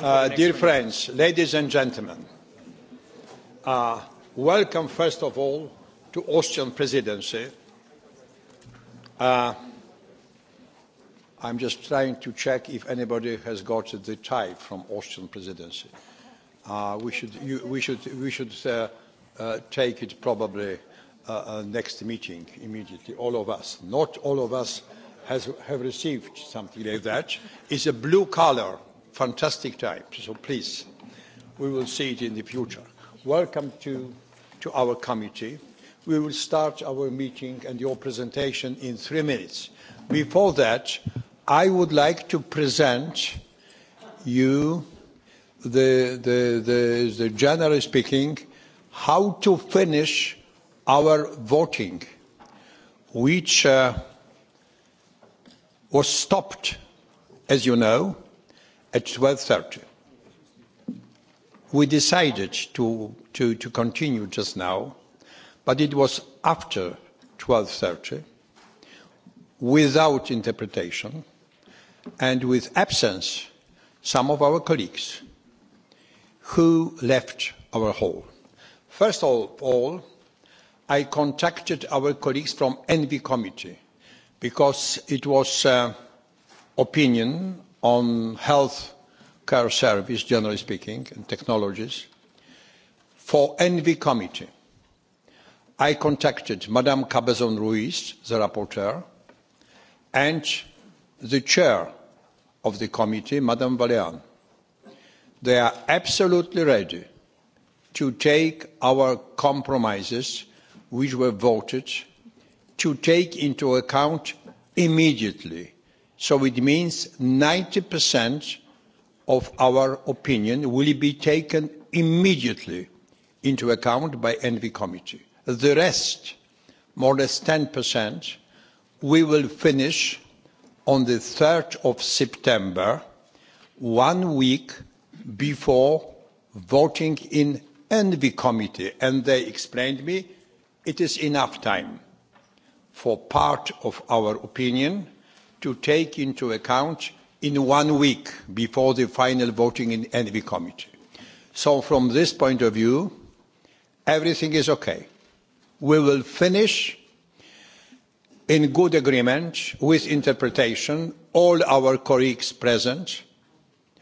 Uh, dear friends, ladies and gentlemen, uh, welcome first of all to Austrian presidency. Uh, I'm just trying to check if anybody has got the tie from Austrian presidency. Uh, we should, you, we should, we should uh, uh, take it probably uh, uh, next meeting immediately, all of us. Not all of us has, have received something like that, is a blue color, fantastic type. So please, we will see it in the future. Welcome to, to our committee. We will start our meeting and your presentation in three minutes. Before that, I would like to present you the, the, the, the generally speaking, how to finish our voting, which uh, was stopped, as you know, at 12.30. We decided to, to, to continue just now, but it was after 12.30 without interpretation and with absence some of our colleagues who left our hall. First of all, I contacted our colleagues from Envy Committee because it was uh, opinion on health care service, generally speaking, and technologies for envy committee. I contacted Madame Cabezon Ruiz, the rapporteur, and the chair of the committee, Madame Valéan. They are absolutely ready to take our compromises which were voted to take into account immediately. So it means 90% of our opinion will be taken immediately into account by Envy Committee. The rest, more or less 10%, we will finish on the 3rd of September, one week before voting in Envy Committee. And they explained to me it is enough time for part of our opinion to take into account in one week before the final voting in NV committee. So from this point of view, everything is okay. We will finish in good agreement with interpretation, all our colleagues present,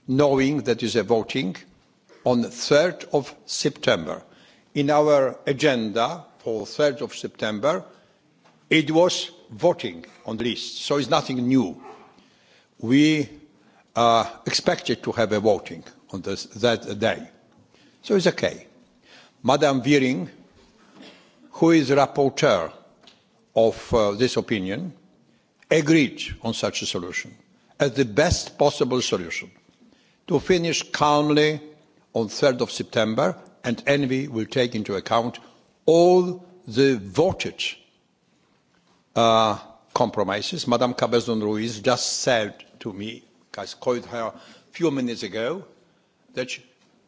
knowing that is a voting on the 3rd of September. In our agenda for 3rd of September, It was voting on the list, so it's nothing new. We uh, expected to have a voting on this, that day, so it's okay. Madame Viering, who is rapporteur of uh, this opinion, agreed on such a solution as the best possible solution to finish calmly on 3rd of September, and Envy will take into account all the voted uh, compromises. Madame Cabezon Ruiz just said to me, I quoted her a few minutes ago, that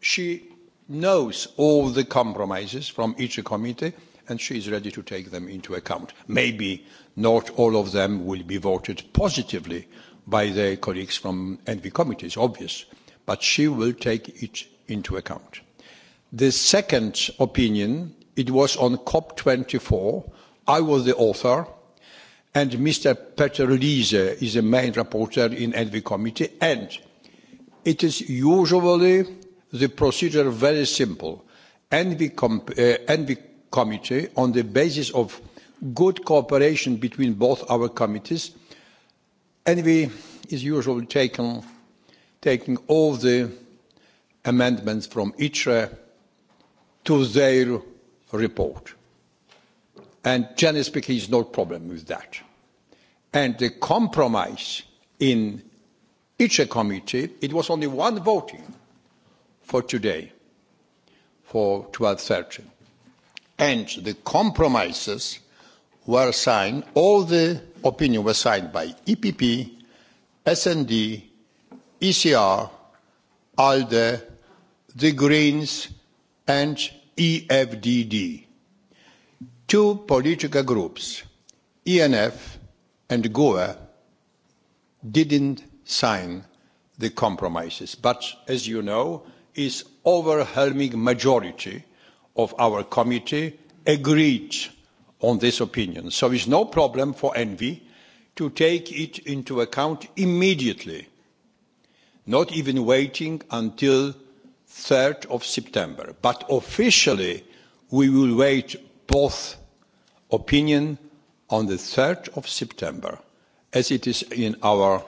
she knows all the compromises from each committee and she is ready to take them into account. Maybe not all of them will be voted positively by their colleagues from envy committees, obvious, but she will take it into account. The second opinion, it was on COP24. I was the author and Mr. Peterlise is the main rapporteur in Envy Committee, and it is usually the procedure very simple. Envy, com uh, Envy Committee, on the basis of good cooperation between both our committees, Envy is usually taken, taking all the amendments from ITRE to their report And generally speaking, is no problem with that. the compromise in each committee, it was only one voting for today, for 12.30. And the compromises were signed, all the opinion was signed by EPP, SND, ECR, ALDE, the Greens, and EFDD two political groups, ENF and GUE, didn't sign the compromises. But as you know, is overwhelming majority of our committee agreed on this opinion. So it's no problem for Envy to take it into account immediately, not even waiting until 3rd of September. But officially, we will wait both opinion on the 3rd of September, as it is in our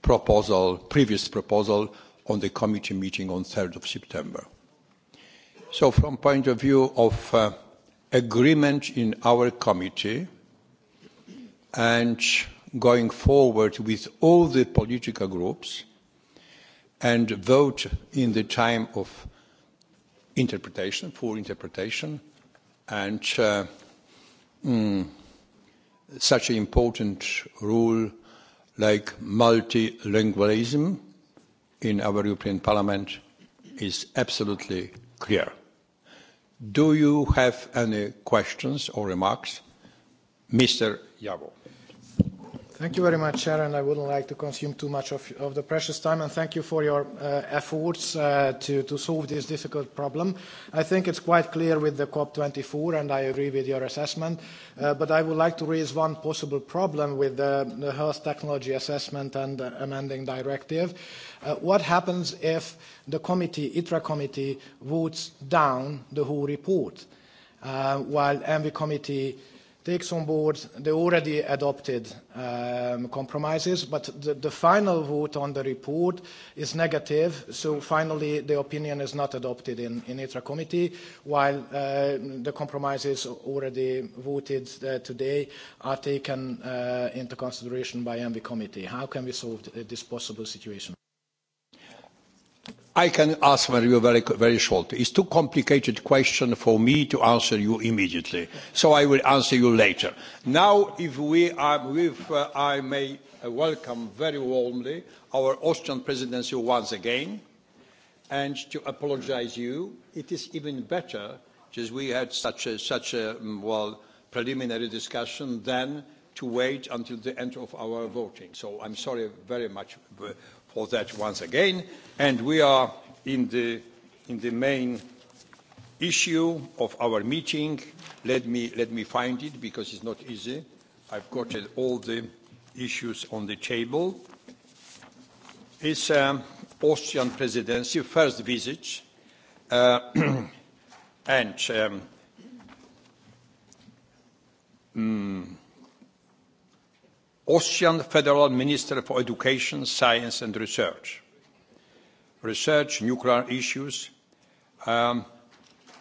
proposal, previous proposal on the committee meeting on 3rd of September. So from point of view of uh, agreement in our committee and going forward with all the political groups and vote in the time of interpretation, full interpretation, and uh, mm, such an important rule like multilingualism in our European Parliament is absolutely clear. Do you have any questions or remarks? Mr. YAVO? Thank you very much, Sharon. I wouldn't like to consume too much of, the precious time, and thank you for your uh, efforts uh, to, solve this difficult problem. I think it's quite clear with the COP24, and I agree with your assessment, uh, but I would like to raise one possible problem with the, health technology assessment and amending directive. what happens if the committee, ITRA committee, votes down the whole report, while ENVI committee takes on board the already adopted um, compromises, but the, the final vote on the report is negative, so finally the opinion is not adopted in, in ITRA committee, while uh, the compromises already voted uh, today are taken uh, into consideration by MV committee. How can we solve uh, this possible situation? I can answer you very, very short. It's too complicated question for me to answer you immediately, so I will answer you later. Now, if we are, if uh, I may welcome very warmly our Austrian presidency once again, and to apologize you, it is even better because we had such a, such a, mm, well, preliminary discussion than to wait until the end of our voting. So I'm sorry very much uh, for that once again. And we are in the, in the main issue of our meeting. Let me, let me find it because it's not easy. I've got all the issues on the table. It's um, Austrian presidency, first visit. Uh, and um, mm, Austrian Federal Minister for Education, Science and Research. Research, nuclear issues. Um,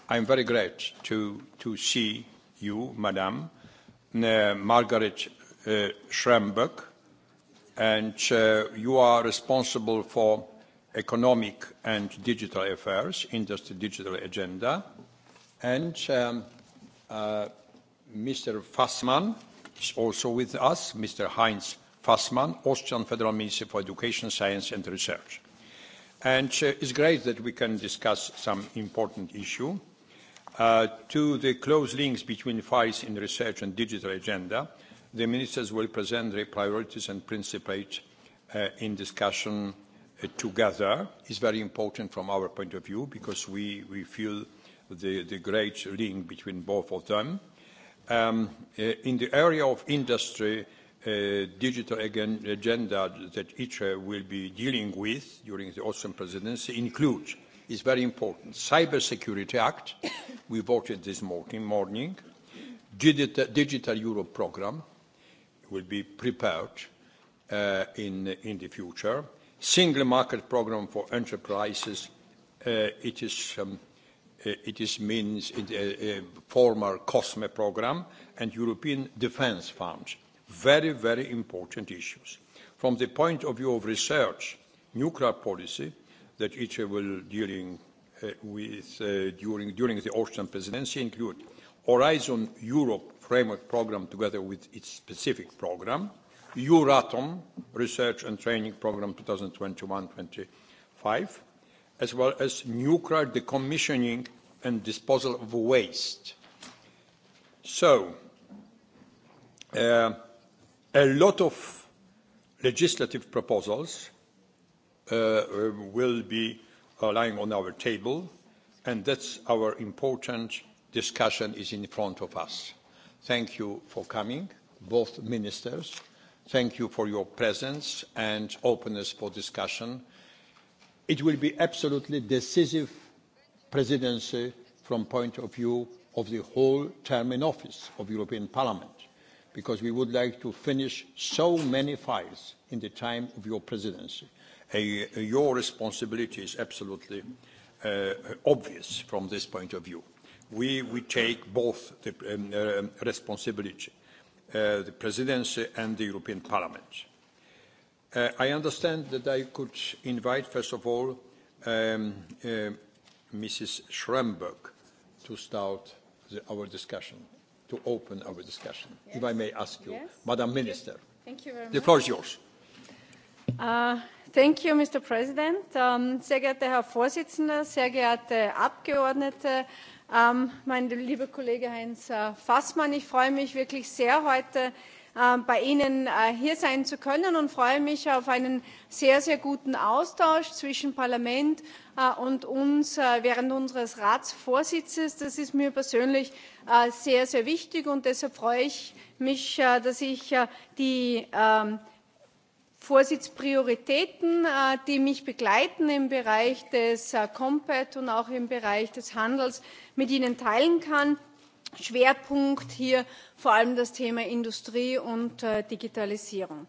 I'm very glad to, to see you, Madam, uh, Margaret uh, Schrembeck, and uh, you are responsible for economic and digital affairs, industry digital agenda, and um, uh, Mr. Fassmann, also with us, Mr. Heinz Fassmann, Austrian Federal Minister for Education, Science and Research. And uh, it's great that we can discuss some important issue. Uh, to the close links between files in research and digital agenda, the ministers will present their priorities and principles uh, in discussion uh, together. It's very important from our point of view because we, we feel the, the great link between both of them. Um, eh, in the area of industry, Uh, digital agenda that ITRE will be dealing with during the Austrian presidency includes, is very important, Cybersecurity Act, we voted this morning, morning. Digital, Digital Europe program will be prepared uh, in, in the future. Single market program for enterprises, uh, it is um, Uh, it is means in the uh, uh, former COSME program and European defense funds. Very, very important issues. From the point of view of research, nuclear policy that each will dealing uh, with uh, during, during the Austrian presidency include Horizon Europe framework program together with its specific program, Euratom research and training program 2021-25, as well as nuclear decommissioning and disposal of waste. So, uh, a lot of legislative proposals uh, will be lying on our table, and that's our important discussion is in front of us. Thank you for coming, both ministers. Thank you for your presence and openness for discussion. It will be absolutely decisive presidency from the point of view of the whole term in office of the European Parliament, because we would like to finish so many files in the time of your presidency. your responsibility is absolutely uh, obvious from this point of view. We, we take both the um, uh, responsibility, uh, the presidency and the European Parliament Uh, I understand that I could invite, first of all, um, uh, Mrs. Schramberg to start the, our discussion, to open our discussion, yes. if I may ask you, yes. Madam Minister. Thank you very much. The floor is yours. Uh, thank you, Mr. President. Um, sehr geehrter Herr Vorsitzender, sehr geehrte Abgeordnete, um, mein lieber Kollege Heinz uh, Fassmann, ich freue mich wirklich sehr, heute Ähm, bei Ihnen äh, hier sein zu können und freue mich auf einen sehr, sehr guten Austausch zwischen Parlament äh, und uns äh, während unseres Ratsvorsitzes. Das ist mir persönlich sehr, sehr wichtig und deshalb freue ich mich, dass ich die ähm, Vorsitzprioritäten, die mich begleiten im Bereich des Compact und auch im Bereich des Handels mit Ihnen teilen kann. Schwerpunkt hier vor allem das Thema Industrie und äh, Digitalisierung.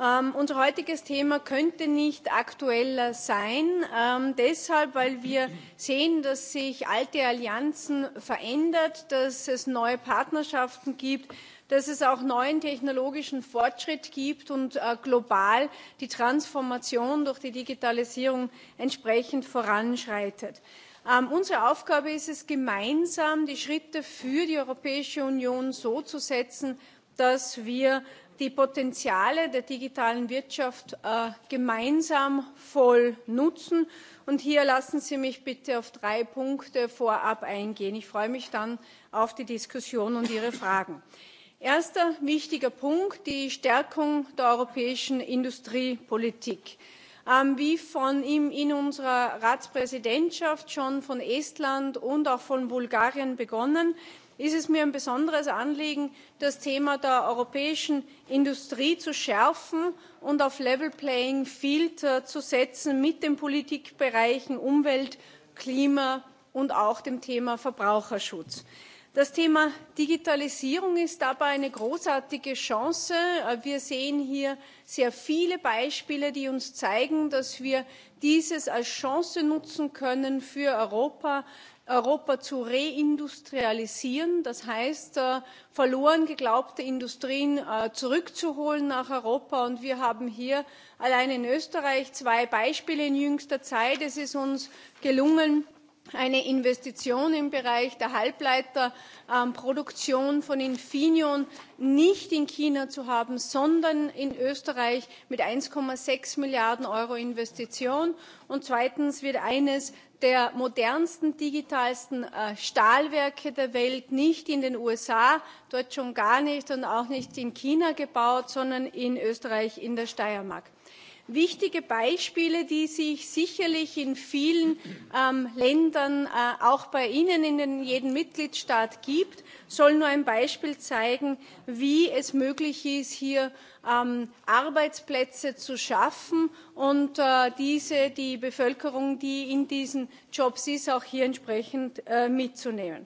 Ähm, unser heutiges Thema könnte nicht aktueller sein, ähm, deshalb, weil wir sehen, dass sich alte Allianzen verändert, dass es neue Partnerschaften gibt, dass es auch neuen technologischen Fortschritt gibt und äh, global die Transformation durch die Digitalisierung entsprechend voranschreitet. Ähm, unsere Aufgabe ist es, gemeinsam die Schritte für die Europäische Union so zu setzen, dass wir die Potenziale der digitalen Wirtschaft äh, gemeinsam voll nutzen. Und hier lassen Sie mich bitte auf drei Punkte vorab eingehen. Ich freue mich dann auf die Diskussion und Ihre Fragen. Erster wichtiger Punkt, die Stärkung der europäischen Industriepolitik ähm, wie von im, in unserer Ratspräsidentschaft schon von Estland und auch von Bulgarien begonnen, ist es mir ein besonderes Anliegen, das Thema der europäischen Industrie zu schärfen und auf Level Playing Field äh, zu setzen mit den Politikbereichen Umwelt, Klima und auch dem Thema Verbraucherschutz das thema digitalisierung ist dabei eine großartige chance. Äh, wir sehen hier sehr viele beispiele die uns zeigen dass wir dies als chance nutzen können für europa europa zu reindustrialisieren das heißt äh, verloren geglaubte industrien äh, zurückzuholen nach europa und wir haben hier allein in österreich zwei beispiele in jüngster zeit es ist uns gelungen eine Investition im Bereich der Halbleiterproduktion ähm, von Infineon nicht in China zu haben, sondern in Österreich mit 1,6 Milliarden Euro Investition. Und zweitens wird eines der modernsten, digitalsten äh, Stahlwerke der Welt nicht in den USA, dort schon gar nicht und auch nicht in China gebaut, sondern in Österreich in der Steiermark wichtige Beispiele, die sich sicherlich in vielen ähm, Ländern, äh, auch bei Ihnen in den, jedem Mitgliedstaat gibt, soll nur ein Beispiel zeigen, wie es möglich ist, hier ähm, Arbeitsplätze zu schaffen und äh, diese, die Bevölkerung, die in diesen Jobs ist, auch hier entsprechend äh, mitzunehmen.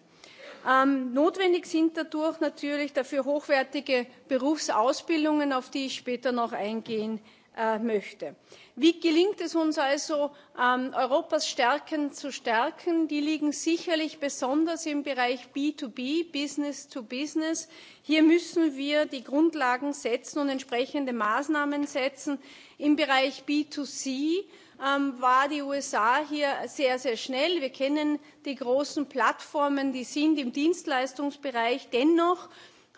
Ähm, notwendig sind dadurch natürlich dafür hochwertige Berufsausbildungen, auf die ich später noch eingehen Äh, möchte. Wie gelingt es uns also, ähm, Europas Stärken zu stärken? Die liegen sicherlich besonders im Bereich B2B, Business to Business. Hier müssen wir die Grundlagen setzen und entsprechende Maßnahmen setzen. Im Bereich B2C ähm, war die USA hier sehr, sehr schnell. Wir kennen die großen Plattformen, die sind im Dienstleistungsbereich. Dennoch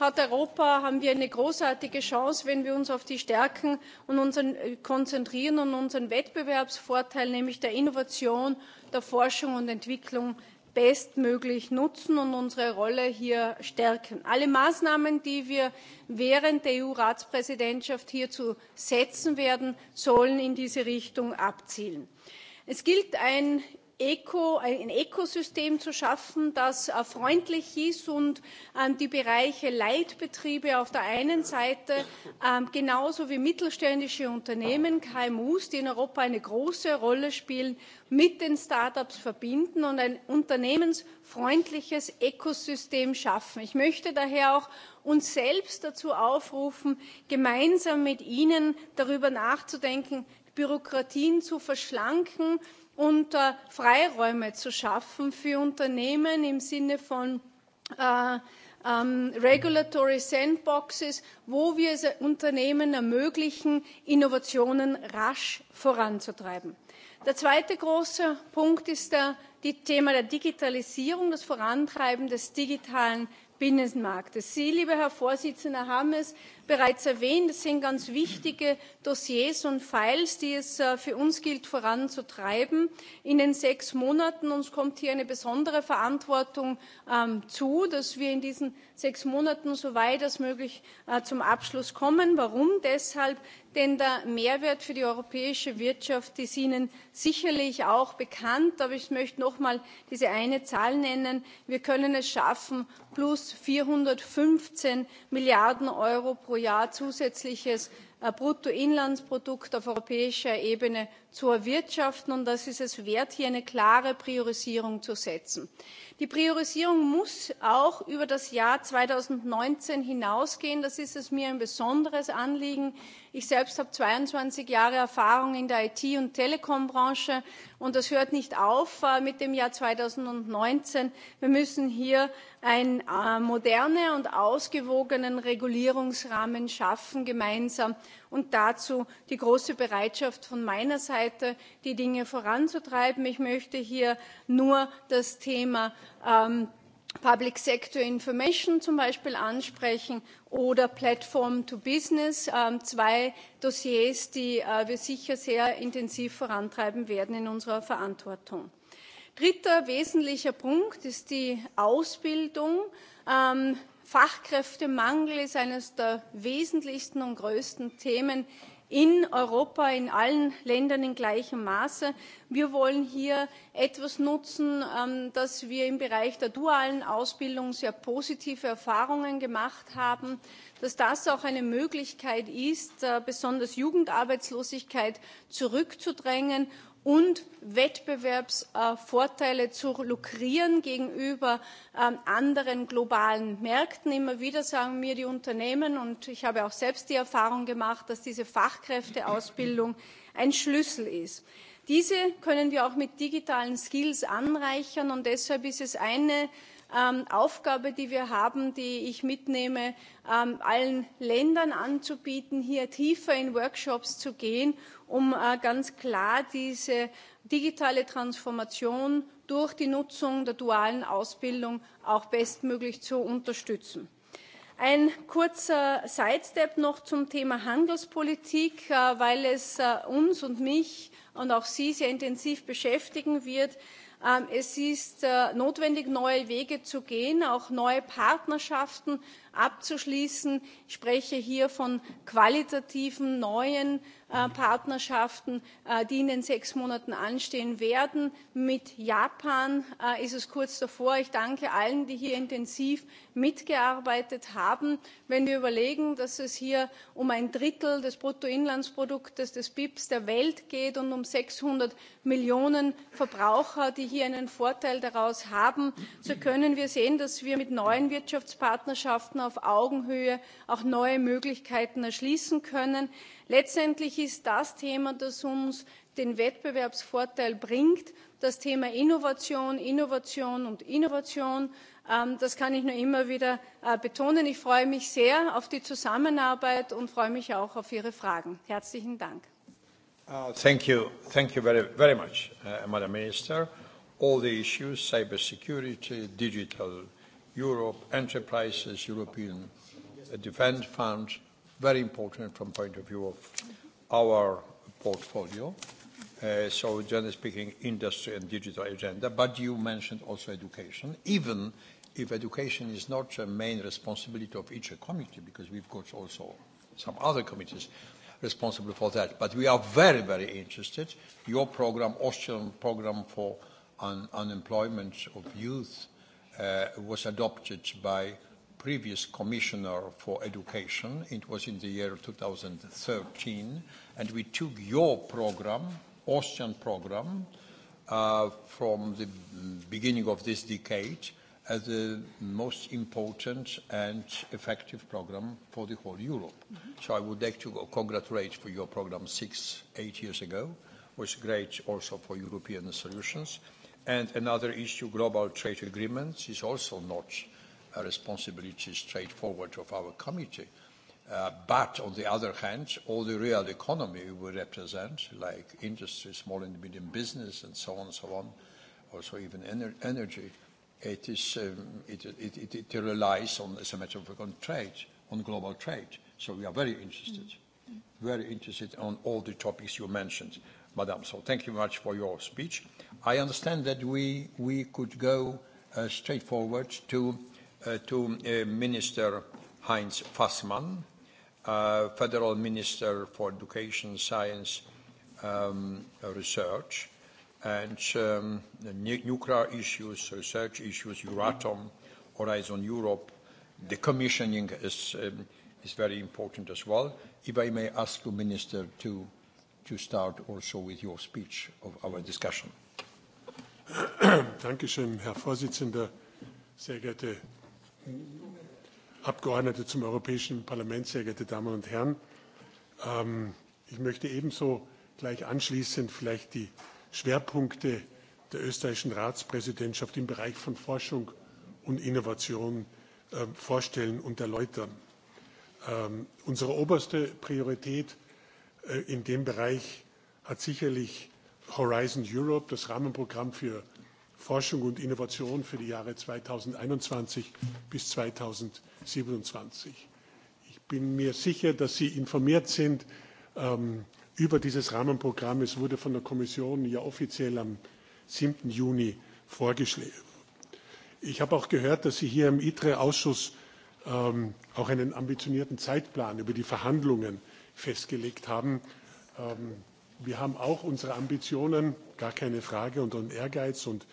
hat Europa haben wir eine großartige Chance, wenn wir uns auf die Stärken und unseren, äh, konzentrieren und unseren Wettbewerbsvorteil, nämlich der Innovation, der Forschung und Entwicklung, bestmöglich nutzen und unsere Rolle hier stärken. Alle Maßnahmen, die wir während der EU-Ratspräsidentschaft hierzu setzen werden, sollen in diese Richtung abzielen. Es gilt ein Äh, ein Ökosystem zu schaffen, das äh, freundlich ist und ähm, die Bereiche Leitbetriebe auf der einen Seite ähm, genauso wie mittelständische Unternehmen, KMUs, die in Europa eine große Rolle spielen, mit den Startups verbinden und ein unternehmensfreundliches Ökosystem schaffen. Ich möchte daher auch uns selbst dazu aufrufen, gemeinsam mit Ihnen darüber nachzudenken, Bürokratien zu verschlanken, und äh, Freiräume zu schaffen für Unternehmen im Sinne von äh, ähm, Regulatory Sandboxes, wo wir es Unternehmen ermöglichen, Innovationen rasch voranzutreiben. Der zweite große Punkt ist der, die Thema der Digitalisierung, das Vorantreiben des digitalen Binnenmarktes. Sie, lieber Herr Vorsitzender, haben es bereits erwähnt. Es sind ganz wichtige Dossiers und Files, die es äh, für uns gilt voranzutreiben in den sechs Monaten. Uns kommt hier eine besondere Verantwortung ähm, zu, dass wir in diesen sechs Monaten so weit als möglich äh, zum Abschluss kommen. Warum deshalb? Denn der Mehrwert für die europäische Wirtschaft ist Ihnen sicherlich auch bekannt. Aber ich möchte noch mal diese eine Zahl nennen. Wir können es schaffen, plus 415 Milliarden Euro pro pro jahr zusätzliches äh, bruttoinlandsprodukt auf europäischer ebene zu erwirtschaften. Und das ist es wert, hier eine klare Priorisierung zu setzen. Die Priorisierung muss auch über das Jahr 2019 hinausgehen. Das ist es mir ein besonderes Anliegen. Ich selbst habe 22 Jahre Erfahrung in der IT- und Telekombranche und das hört nicht auf äh, mit dem Jahr 2019. Wir müssen hier einen äh, modernen und ausgewogenen Regulierungsrahmen schaffen gemeinsam und dazu die große Bereitschaft von meiner Seite weiter die Dinge voranzutreiben. Ich möchte hier nur das Thema ähm, Public Sector Information zum Beispiel ansprechen oder Platform to Business, äh, zwei Dossiers, die äh, wir sicher sehr intensiv vorantreiben werden in unserer Verantwortung. Dritter wesentlicher Punkt ist die Ausbildung. Ähm, Fachkräftemangel ist eines der wesentlichsten und größten Themen in Europa, in allen Ländern in gleichem Maße. Wir wollen hier etwas nutzen, ähm, dass wir im Bereich der dualen Ausbildung sehr positive Erfahrungen gemacht haben, dass das auch eine Möglichkeit ist, äh, besonders Jugendarbeitslosigkeit zurückzudrängen und Wettbewerbsvorteile zu lukrieren gegenüber ähm, anderen globalen Märkten. Immer wieder sagen mir die Unternehmen, und ich habe auch selbst die Erfahrung gemacht, dass diese Fachkräfteausbildung ein Schlüssel ist. Diese können wir auch mit digitalen Skills anreichern und deshalb ist es eine ähm, Aufgabe, die wir haben, die ich mitnehme, ähm, allen Ländern anzubieten, hier tiefer in Workshops zu gehen um äh, ganz klar diese digitale Transformation durch die Nutzung der dualen Ausbildung auch bestmöglich zu unterstützen. Ein kurzer Sidestep noch zum Thema Handelspolitik, äh, weil es äh, uns und mich und auch Sie sehr intensiv beschäftigen wird. Es ist notwendig, neue Wege zu gehen, auch neue Partnerschaften abzuschließen. Ich spreche hier von qualitativen neuen Äh, partnerschaften äh, die in den sechs monaten anstehen werden mit japan äh, ist es kurz davor. ich danke allen die hier intensiv mitgearbeitet haben. wenn wir überlegen dass es hier um ein drittel des bruttoinlandsproduktes des bip der welt geht und um sechshundert millionen verbraucher die hier einen vorteil daraus haben so können wir sehen dass wir mit neuen wirtschaftspartnerschaften auf augenhöhe auch neue möglichkeiten erschließen können. Letztendlich ist das Thema, das uns den Wettbewerbsvorteil bringt, das Thema Innovation, Innovation und Innovation. Ähm, das kann ich nur immer wieder äh, betonen. Ich freue mich sehr auf die Zusammenarbeit und freue mich auch auf Ihre Fragen. Herzlichen Dank. Uh, thank you. Thank you very, very much, uh, Madam Minister. All the issues, cybersecurity, digital Europe, enterprises, European uh, Defence Fund, very important from point of view of our portfolio. Uh, so generally speaking, industry and digital agenda, but you mentioned also education, even if education is not a main responsibility of each committee, because we've got also some other committees responsible for that. But we are very, very interested. Your program, Austrian program for unemployment of youth, uh, was adopted by previous commissioner for education. It was in the year 2013, and we took your program, Austrian program, uh, from the beginning of this decade as the most important and effective program for the whole Europe. Mm -hmm. So I would like to congratulate for your program six, eight years ago, was great also for European solutions. And another issue, global trade agreements, is also not responsibility straightforward of our committee. Uh, but on the other hand, all the real economy we represent, like industry, small and medium business, and so on and so on, also even ener energy, it, is, um, it, it, it, it relies on, as a matter of fact, on trade, on global trade. So we are very interested, mm. very interested on all the topics you mentioned, Madam. So thank you very much for your speech. I understand that we, we could go uh, straightforward to Eh, to eh, Minister Heinz Fassmann, eh, Federal Minister for Education, Science, um, Research, and um, nuclear issues, research issues, Euratom, Horizon Europe, the commissioning is, um, is very important as well. If I may ask you, Minister, to, to start also with your speech of our discussion. Dankeschön, Herr Vorsitzender, sehr geehrte Abgeordnete zum Europäischen Parlament, sehr geehrte Damen und Herren. Ähm, ich möchte ebenso gleich anschließend vielleicht die Schwerpunkte der österreichischen Ratspräsidentschaft im Bereich von Forschung und Innovation äh, vorstellen und erläutern. Ähm, unsere oberste Priorität äh, in dem Bereich hat sicherlich Horizon Europe, das Rahmenprogramm für Forschung und Innovation für die Jahre 2021 bis 2027. Ich bin mir sicher, dass Sie informiert sind ähm, über dieses Rahmenprogramm. Es wurde von der Kommission ja offiziell am 7. Juni vorgeschlagen. Ich habe auch gehört, dass Sie hier im ITRE-Ausschuss ähm, auch einen ambitionierten Zeitplan über die Verhandlungen festgelegt haben. Ähm, wir haben auch unsere Ambitionen, gar keine Frage, und unseren Ehrgeiz und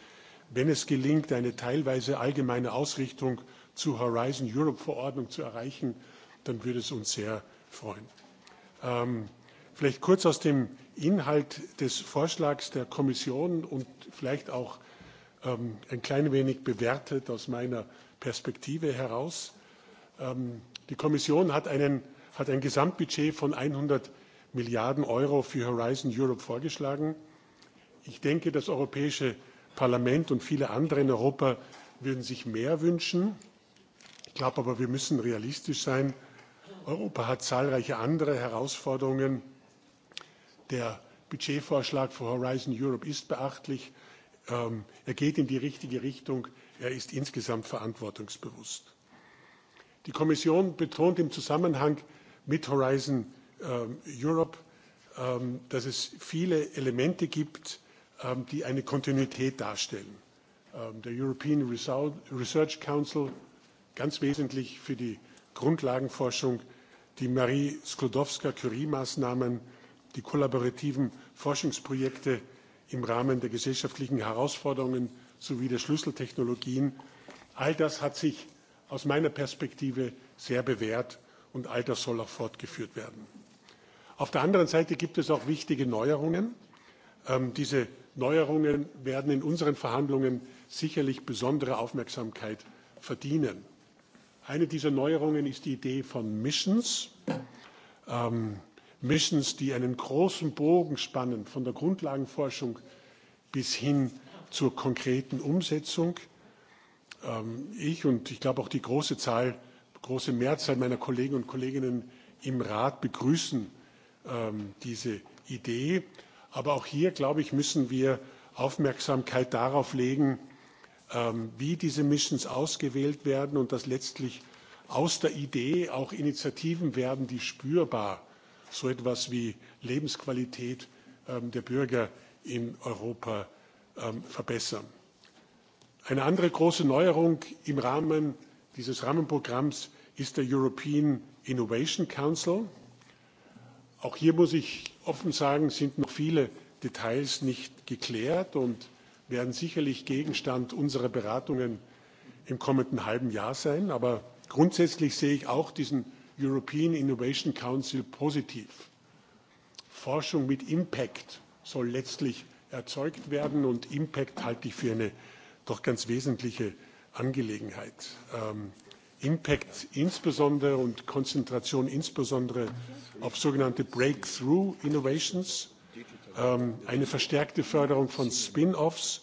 wenn es gelingt, eine teilweise allgemeine Ausrichtung zur Horizon Europe Verordnung zu erreichen, dann würde es uns sehr freuen. Ähm, vielleicht kurz aus dem Inhalt des Vorschlags der Kommission und vielleicht auch ähm, ein klein wenig bewertet aus meiner Perspektive heraus. Ähm, die Kommission hat, einen, hat ein Gesamtbudget von 100 Milliarden Euro für Horizon Europe vorgeschlagen. Ich denke, das Europäische Parlament und viele andere in Europa würden sich mehr wünschen. Ich glaube aber, wir müssen realistisch sein. Europa hat zahlreiche andere Herausforderungen. Der Budgetvorschlag für Horizon Europe ist beachtlich. Ähm, er geht in die richtige Richtung. Er ist insgesamt verantwortungsbewusst. Die Kommission betont im Zusammenhang mit Horizon ähm, Europe, ähm, dass es viele Elemente gibt, Ähm, die eine Kontinuität darstellen. Ähm, der European Research Council, ganz wesentlich für die Grundlagenforschung, die Marie Sklodowska-Curie-Maßnahmen, die kollaborativen Forschungsprojekte im Rahmen der gesellschaftlichen Herausforderungen sowie der Schlüsseltechnologien. All das hat sich aus meiner Perspektive sehr bewährt und all das soll auch fortgeführt werden. Auf der anderen Seite gibt es auch wichtige Neuerungen. Ähm, diese Neuerungen werden in unseren Verhandlungen sicherlich besondere Aufmerksamkeit verdienen. Eine dieser Neuerungen ist die Idee von Missions. Ähm, Missions, die einen großen Bogen spannen von der Grundlagenforschung bis hin zur konkreten Umsetzung. Ähm, ich und ich glaube auch die große Zahl, große Mehrzahl meiner Kollegen und Kolleginnen im Rat begrüßen ähm, diese Idee. Aber auch hier, glaube ich, müssen wir Aufmerksamkeit darauf legen, ähm, wie diese Missions ausgewählt werden und dass letztlich aus der Idee auch Initiativen werden, die spürbar so etwas wie Lebensqualität ähm, der Bürger in Europa ähm, verbessern. Eine andere große Neuerung im Rahmen dieses Rahmenprogramms ist der European Innovation Council. Auch hier muss ich offen sagen, sind noch viele Details nicht geklärt und werden sicherlich Gegenstand unserer Beratungen im kommenden halben Jahr sein. Aber grundsätzlich sehe ich auch diesen European Innovation Council positiv. Forschung mit Impact soll letztlich erzeugt werden und Impact halte ich für eine doch ganz wesentliche Angelegenheit. Ähm, Impact insbesondere und Konzentration insbesondere auf sogenannte Breakthrough Innovations, ähm, eine verstärkte Förderung von Spin-offs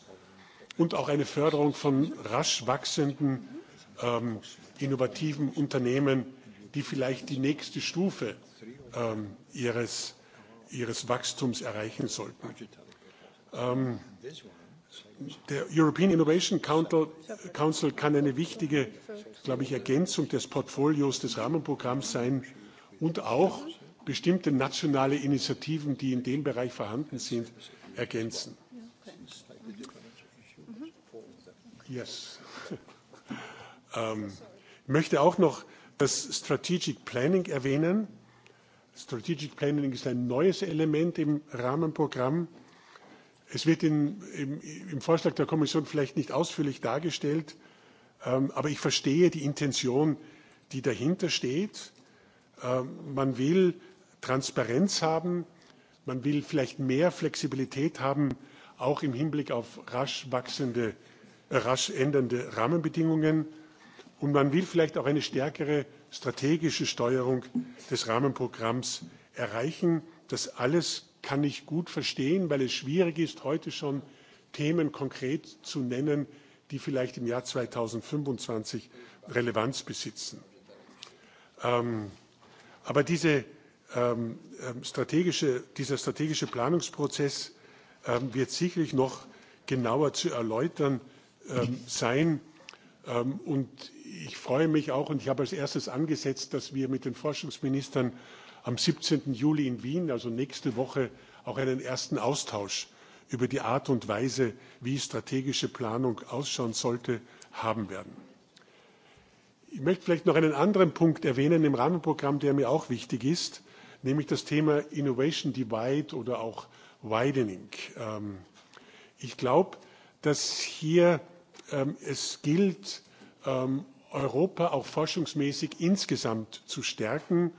und auch eine Förderung von rasch wachsenden ähm, innovativen Unternehmen, die vielleicht die nächste Stufe ähm, ihres, ihres Wachstums erreichen sollten. Der European Innovation Council, kann eine wichtige, glaube ich, Ergänzung des Portfolios des Rahmenprogramms sein und auch bestimmte nationale Initiativen, die in dem Bereich vorhanden sind, ergänzen. Yes. Ähm, ich möchte auch noch das Strategic Planning erwähnen. Strategic Planning ist ein neues Element im Rahmenprogramm Es wird im, im, im Vorschlag der Kommission vielleicht nicht ausführlich dargestellt, ähm, aber ich verstehe die Intention, die dahinter steht. Ähm, man will Transparenz haben, man will vielleicht mehr Flexibilität haben, auch im Hinblick auf rasch wachsende, äh, rasch ändernde Rahmenbedingungen. Und man will vielleicht auch eine stärkere strategische Steuerung des Rahmenprogramms erreichen. Das alles kann ich gut verstehen, weil es schwierig ist, heute schon Themen konkret zu nennen, die vielleicht im Jahr 2025 Relevanz besitzen. Ähm, aber diese, ähm, ähm, strategische, dieser strategische Planungsprozess ähm, wird sicherlich noch genauer zu erläutern ähm, sein. Ähm, und ich freue mich auch, und ich habe als erstes angesetzt, dass wir mit den Forschungsministern am 17. Juli in Wien, also nächste Woche, auch einen ersten Austausch über die Art und Weise, wie strategische Planung ausschauen sollte, haben werden. Ich möchte vielleicht noch einen anderen Punkt erwähnen im Rahmenprogramm, der mir auch wichtig ist, nämlich das Thema Innovation Divide oder auch Widening. Ähm, ich glaube, dass hier ähm, es gilt, ähm, Europa auch forschungsmäßig insgesamt zu stärken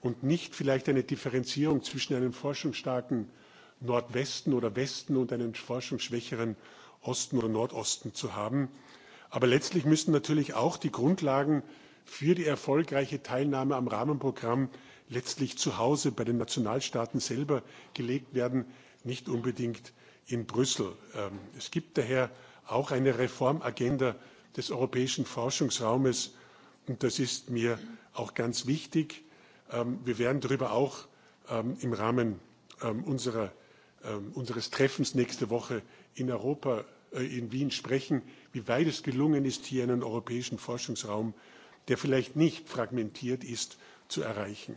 und nicht vielleicht eine Differenzierung zwischen einem forschungsstarken Nordwesten oder Westen und einem forschungsschwächeren Osten oder Nordosten zu haben. Aber letztlich müssen natürlich auch die Grundlagen für die erfolgreiche Teilnahme am Rahmenprogramm letztlich zu Hause bei den Nationalstaaten selber gelegt werden, nicht unbedingt in Brüssel. Ähm, es gibt daher auch eine Reformagenda des europäischen Forschungsraumes und das ist mir auch ganz wichtig. Ähm, wir werden darüber auch ähm, im Rahmen ähm, unserer, unseres Treffens nächste Woche in Europa, äh, in Wien sprechen, wie weit es gelungen ist, hier einen europäischen Forschungsraum, der vielleicht nicht fragmentiert ist, zu erreichen.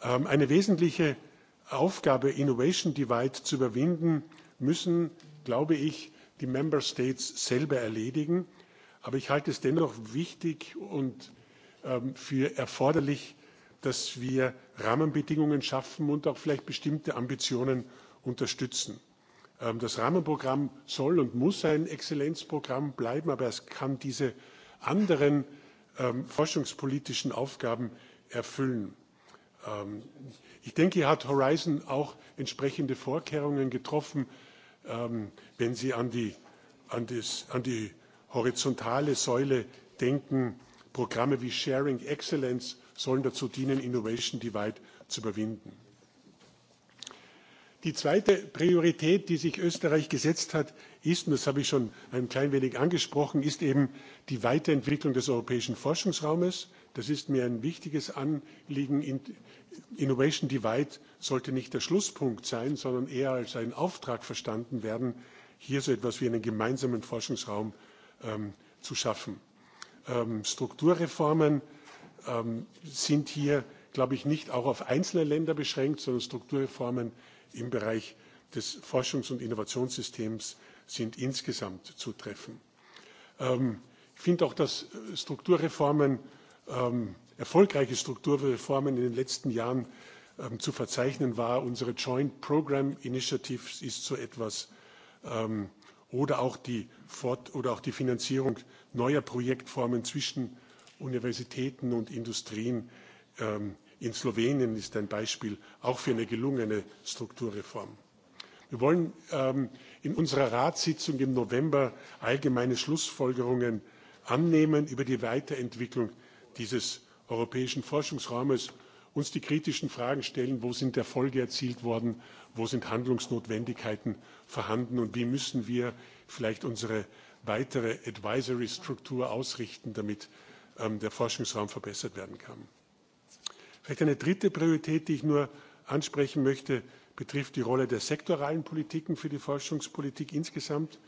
Eine wesentliche Aufgabe, Innovation Divide zu überwinden, müssen, glaube ich, die Member States selber erledigen. Aber ich halte es dennoch wichtig und ähm, für erforderlich, dass wir Rahmenbedingungen schaffen und auch vielleicht bestimmte Ambitionen unterstützen. Ähm, das Rahmenprogramm soll und muss ein Exzellenzprogramm bleiben, aber es kann diese anderen ähm, forschungspolitischen Aufgaben erfüllen. Ähm, ich denke, hier hat Horizon auch entsprechende Vorkehrungen getroffen, wenn Sie an die, an das, an die horizontale Säule denken, Programme wie Sharing Excellence sollen dazu dienen, Innovation Divide zu überwinden. Die zweite Priorität, die sich Österreich gesetzt hat, ist, und das habe ich schon ein klein wenig angesprochen, ist eben die Weiterentwicklung des europäischen Forschungsraumes. Das ist mir ein wichtiges Anliegen. Innovation Divide sollte nicht der Schlusspunkt sein, sondern eher als ein Auftrag verstanden werden, hier so etwas wie einen gemeinsamen Forschungsraum ähm, zu schaffen. Ähm, Strukturreformen Ähm, sind hier, glaube ich, nicht auch auf einzelne Länder beschränkt, sondern Strukturreformen im Bereich des Forschungs- und Innovationssystems sind insgesamt zutreffend. Ähm, ich finde auch, dass Strukturreformen, ähm, erfolgreiche Strukturreformen in den letzten Jahren ähm, zu verzeichnen war. Unsere Joint Program Initiative ist so etwas ähm, oder auch die Fort oder auch die Finanzierung neuer Projektformen zwischen Universitäten und Industrien. Ähm, in Slowenien ist ein Beispiel auch für eine gelungene Strukturreform. Wir wollen ähm, in unserer Ratssitzung im November allgemeine Schlussfolgerungen annehmen über die Weiterentwicklung dieses europäischen Forschungsraumes, uns die kritischen Fragen stellen, wo sind Erfolge erzielt worden, wo sind Handlungsnotwendigkeiten vorhanden und wie müssen wir vielleicht unsere weitere Advisory-Struktur ausrichten, damit Ähm, der Forschungsraum verbessert werden kann. Vielleicht eine dritte Priorität, die ich nur ansprechen möchte, betrifft die Rolle der sektoralen Politiken für die Forschungspolitik insgesamt.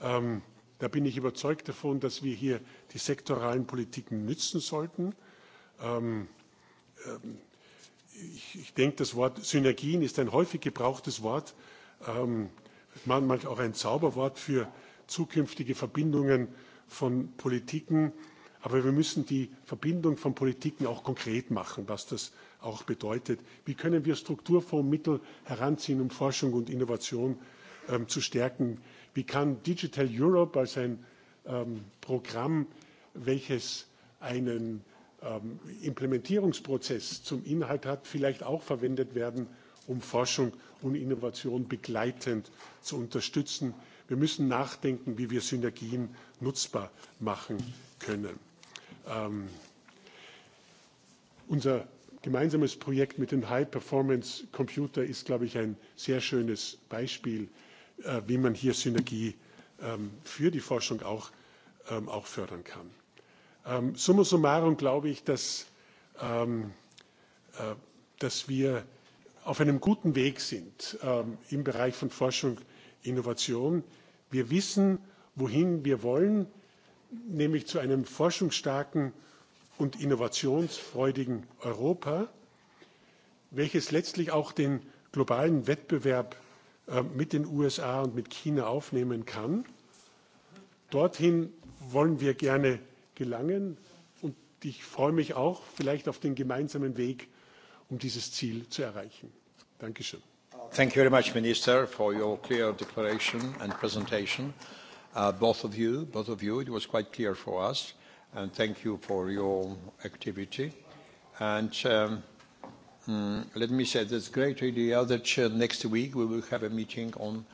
Ähm, da bin ich überzeugt davon, dass wir hier die sektoralen Politiken nützen sollten. Ähm, ich, denke, das Wort Synergien ist ein häufig gebrauchtes Wort, manchmal auch ein Zauberwort für zukünftige Verbindungen von Politiken. Aber wir müssen die Verbindung von Politiken auch konkret machen, was das auch bedeutet. Wie können wir Strukturfondsmittel heranziehen, um Forschung und Innovation ähm, zu stärken? Wie kann Digital Europe als ein ähm, Programm, welches einen ähm, Implementierungsprozess zum Inhalt hat, vielleicht auch verwendet werden, um Forschung und Innovation begleitend zu unterstützen? Wir müssen nachdenken, wie wir Synergien nutzbar machen können. Ähm, unser gemeinsames Projekt mit dem High-Performance-Computer ist, glaube ich, ein sehr schönes Beispiel, äh, wie man hier Synergie ähm, für die Forschung auch, ähm, auch fördern kann. Ähm, summa summarum glaube ich, dass, ähm, äh, dass wir auf einem guten Weg sind ähm, im Bereich von Forschung, und Innovation. Wir wissen, wohin wir wollen nämlich zu einem forschungsstarken und innovationsfreudigen Europa, welches letztlich auch den globalen Wettbewerb äh, mit den USA und mit China aufnehmen kann. Dorthin wollen wir gerne gelangen und ich freue mich auch vielleicht auf den gemeinsamen Weg, um dieses Ziel zu erreichen. Dankeschön. Thank you very much, Minister, for your clear declaration and presentation. Uh, both of you. Both of you. It was quite clear for us, and thank you for your activity. And um, mm, let me say this great idea that uh, next week we will have a meeting on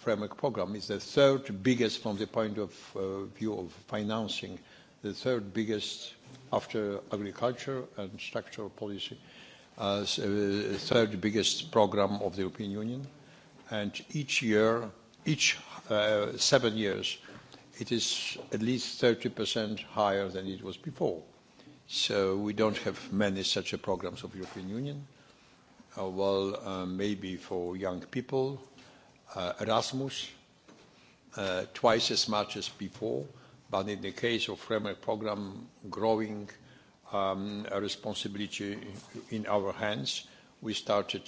framework program. It's the third biggest from the point of uh, view of financing, the third biggest after agriculture and structural policy, uh, so, uh, third biggest program of the European Union. And each year, each Uh, seven years, it is at least 30% higher than it was before. So we don't have many such a programs of European Union. Uh, well, uh, maybe for young people, Erasmus, twice as much as before, but in the case of framework program, growing um, a responsibility in our hands, we started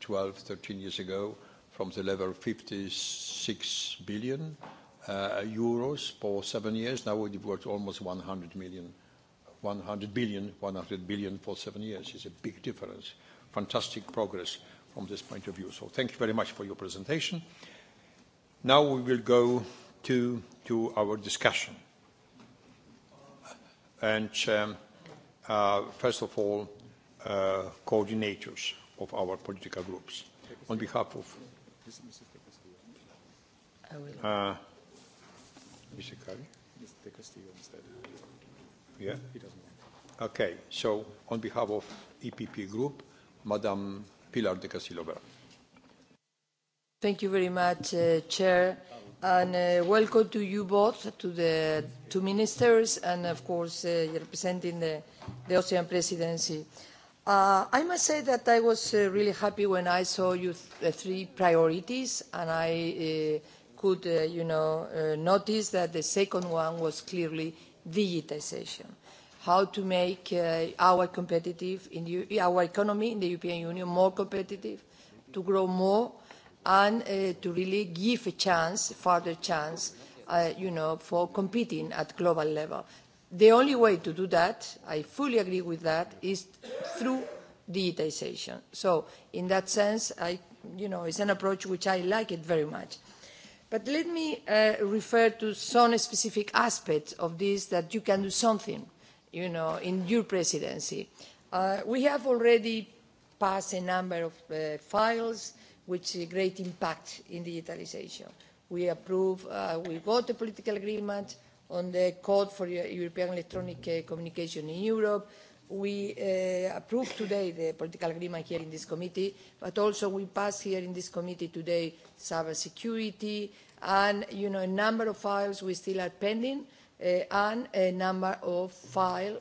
12, 13 years ago from the level of 56 billion uh, euros for seven years. Now it was almost 100 million, 100 billion, 100 billion for seven years. It's a big difference. Fantastic progress from this point of view. So thank you very much for your presentation. Now we will go to, to our discussion. And um, uh, first of all, uh, coordinators of our political groups on behalf of Uh, Mr. Curry? Mr. Castillo instead. Yeah? He doesn't Okay, so on behalf of EPP Group, Madam Pilar de Castillo Thank you very much, uh, Chair, and uh, welcome to you both, to the two ministers, and of course, uh, representing the, the Austrian presidency. Uh, Uh, I must say that I was uh, really happy when I saw you the uh, three priorities, and I uh, could, uh, you know, notice that the second one was clearly digitization. How to make our competitive in our economy in the European Union more competitive, to grow more, and to really give a chance, further chance, you know, for competing at global level. The only way to do that, I fully agree with that, is through digitization. So in that sense, I, you know, it's an approach which I like it very much. But let me uh, refer to some specific aspects of this that you can do something, you know, in your presidency. Uh, we have already passed a number of uh, files which a great impact in digitalization. We approve, uh, we got a political agreement on the Code for European Electronic uh, Communication in Europe. We uh, approved today the political agreement here in this committee, but also we passed here in this committee today cybersecurity and you know, a number of files we still are pending uh, and a number of files,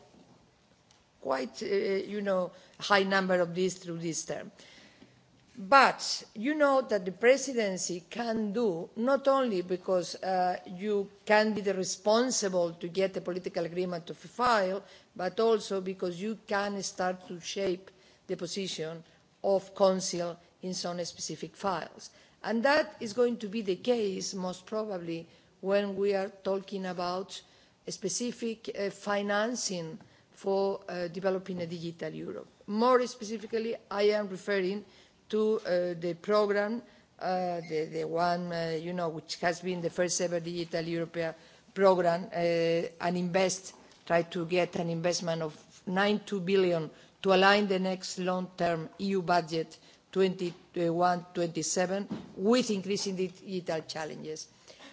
quite uh, you know, high number of these through this term. Uh, but you know that the presidency can do not only because uh, you can be the responsible to get a political agreement to file but also because you can start to shape the position of council in some specific files and that is going to be the case most probably when we are talking about specific uh, financing for uh, developing a digital europe. more specifically i am referring to to uh, the program, uh, the, the one, uh, you know, which has been the first ever digital European program, uh, and invest, try to get an investment of 92 billion to align the next long-term EU budget 21 27 with increasing digital challenges.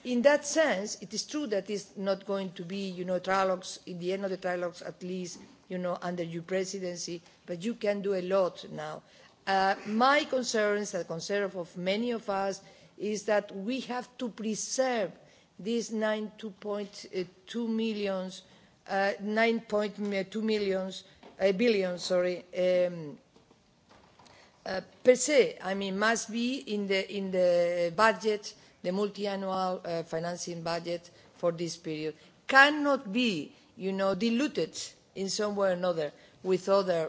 In that sense, it is true that it's not going to be, you know, trilogues, in the end of the trilogues at least, you know, under your presidency, but you can do a lot now. Uh, my concerns and the concern of many of us is that we have to preserve these nine two million uh, two million uh, billion sorry um, per se i mean must be in the in the budget the multiannual financing budget for this period cannot be you know diluted in some way or another with other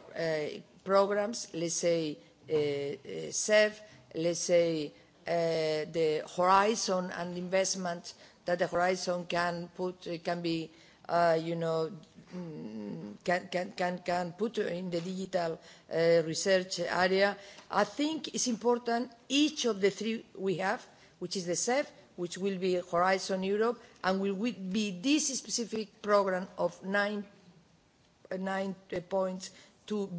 programmes. let's say Eh, eh, serve, let's say, eh, the horizon and investment that the horizon can put, can be, uh, you know, mm, can, can, can, put in the digital research area. I think it's important each of the three we have, which is the CEF, which will be Horizon Europe, and will be this specific program of 9.2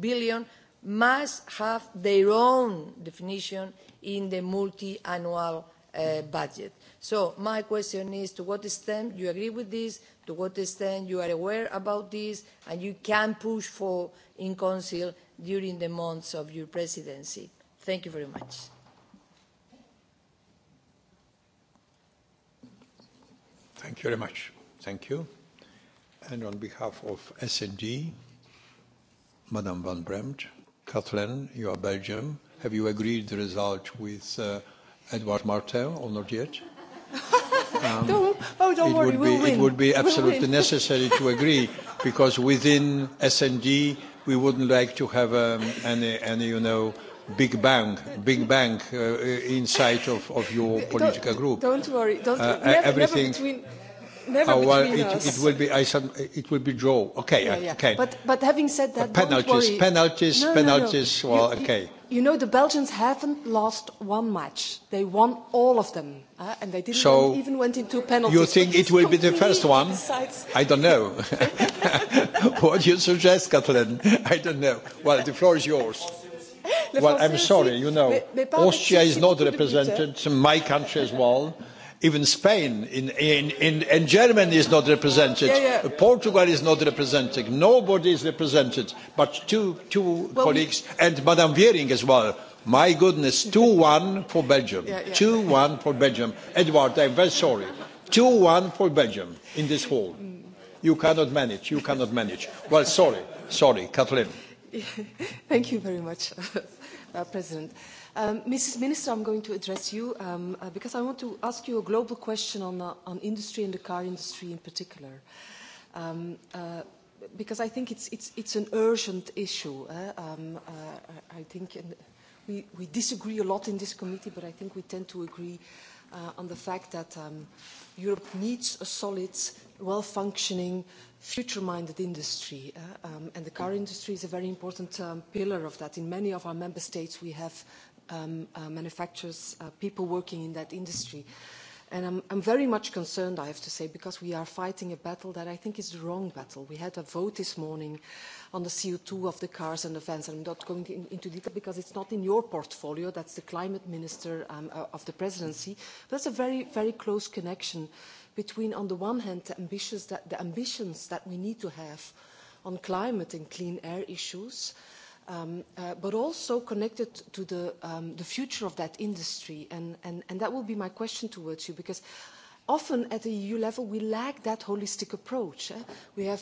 billion must have their own definition in the multi-annual uh, budget. So my question is to what extent you agree with this, to what extent you are aware about this, and you can push for in Council during the months of your presidency. Thank you very much. Thank you very much. Thank you. And on behalf of S&D, Madame Van Bremt. Kathleen, you are Belgium. Have you agreed the result with uh, Edward Martel or not yet? Um, don't, oh, don't it worry, would we'll be, win. It would be absolutely we'll necessary to agree because within S&D we wouldn't like to have um, any, any, you know, big bang, big bang uh, inside of, of your political don't, group. Don't worry. Don't, uh, never, everything, never between never Our, oh, between it, us. It will be, I said, it will be draw. Okay, yeah, yeah. okay. But, but having said that, penalties, don't worry. penalties, no, penalties. No, no. Well, you, okay. You, you know, the Belgians haven't lost one match. They won all of them, uh, and they didn't so even went into penalties. You think it will be the first one? Decides. I don't know. what do you suggest, Kathleen? I don't know. Well, the floor is yours. well, I'm sorry, you know, Austria is not represented, my country as well even Spain in, in, in, and Germany is not represented. Yeah, yeah. Portugal is not represented. Nobody is represented but two, two well, colleagues we... and Madame Viering as well. My goodness, 2-1 for Belgium. 2-1 for Belgium. Edward, I'm very sorry. 2-1 for Belgium in this hall. You cannot manage. You cannot manage. Well, sorry. Sorry, Kathleen. Thank you very much, uh, President. Um, Mrs. Minister, I'm going to address you um, uh, because I want to ask you a global question on, uh, on industry and the car industry in particular. Um, uh, because I think it's, it's, it's an urgent issue. Eh? Um, uh, I think in, we, we disagree a lot in this committee, but I think we tend to agree uh, on the fact that um, Europe needs a solid, well-functioning, future-minded industry. Uh, um, and the car industry is a very important um, pillar of that. In many of our member states, we have um, uh, manufacturers, uh, people working in that industry. And I'm, I'm very much concerned, I have to say, because we are fighting a battle that I think is the wrong battle. We had a vote this morning on the CO2 of the cars and the vans. I'm not going in, into detail because it's not in your portfolio. That's the climate minister um, uh, of the presidency. But that's a very, very close connection between, on the one hand, the ambitions that, the ambitions that we need to have on climate and clean air issues – um, uh, but also connected to the, um, the future of that industry. And, and, and that will be my question towards you, because often at the EU level we lack that holistic approach. Eh? We have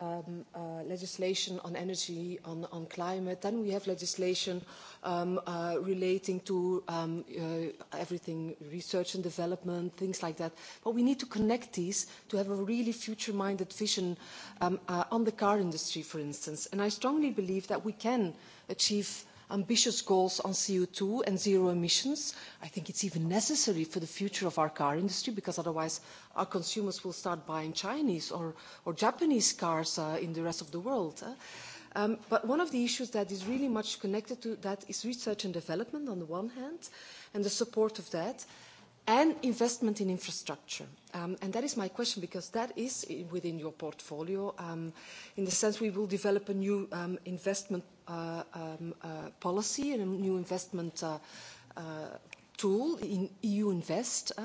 um, uh, legislation on energy, on, on climate, Then we have legislation um, uh, relating to um, uh, everything, research and development, things like that. But we need to connect these to have a really future-minded vision um, uh, on the car industry, for instance. And I strongly believe that we can achieve ambitious goals on co two and zero emissions. i think it's even necessary for the future of our car industry because otherwise our consumers will start buying chinese or, or japanese cars uh, in the rest of the world. Eh? Um, but one of the issues that is really much connected to that is research and development on the one hand and the support of that and investment in infrastructure. Um, and that is my question because that is within your portfolio um, in the sense we will develop a new um, investment uh, um, uh, policy and a new investment uh, uh tool in EU Invest. Uh,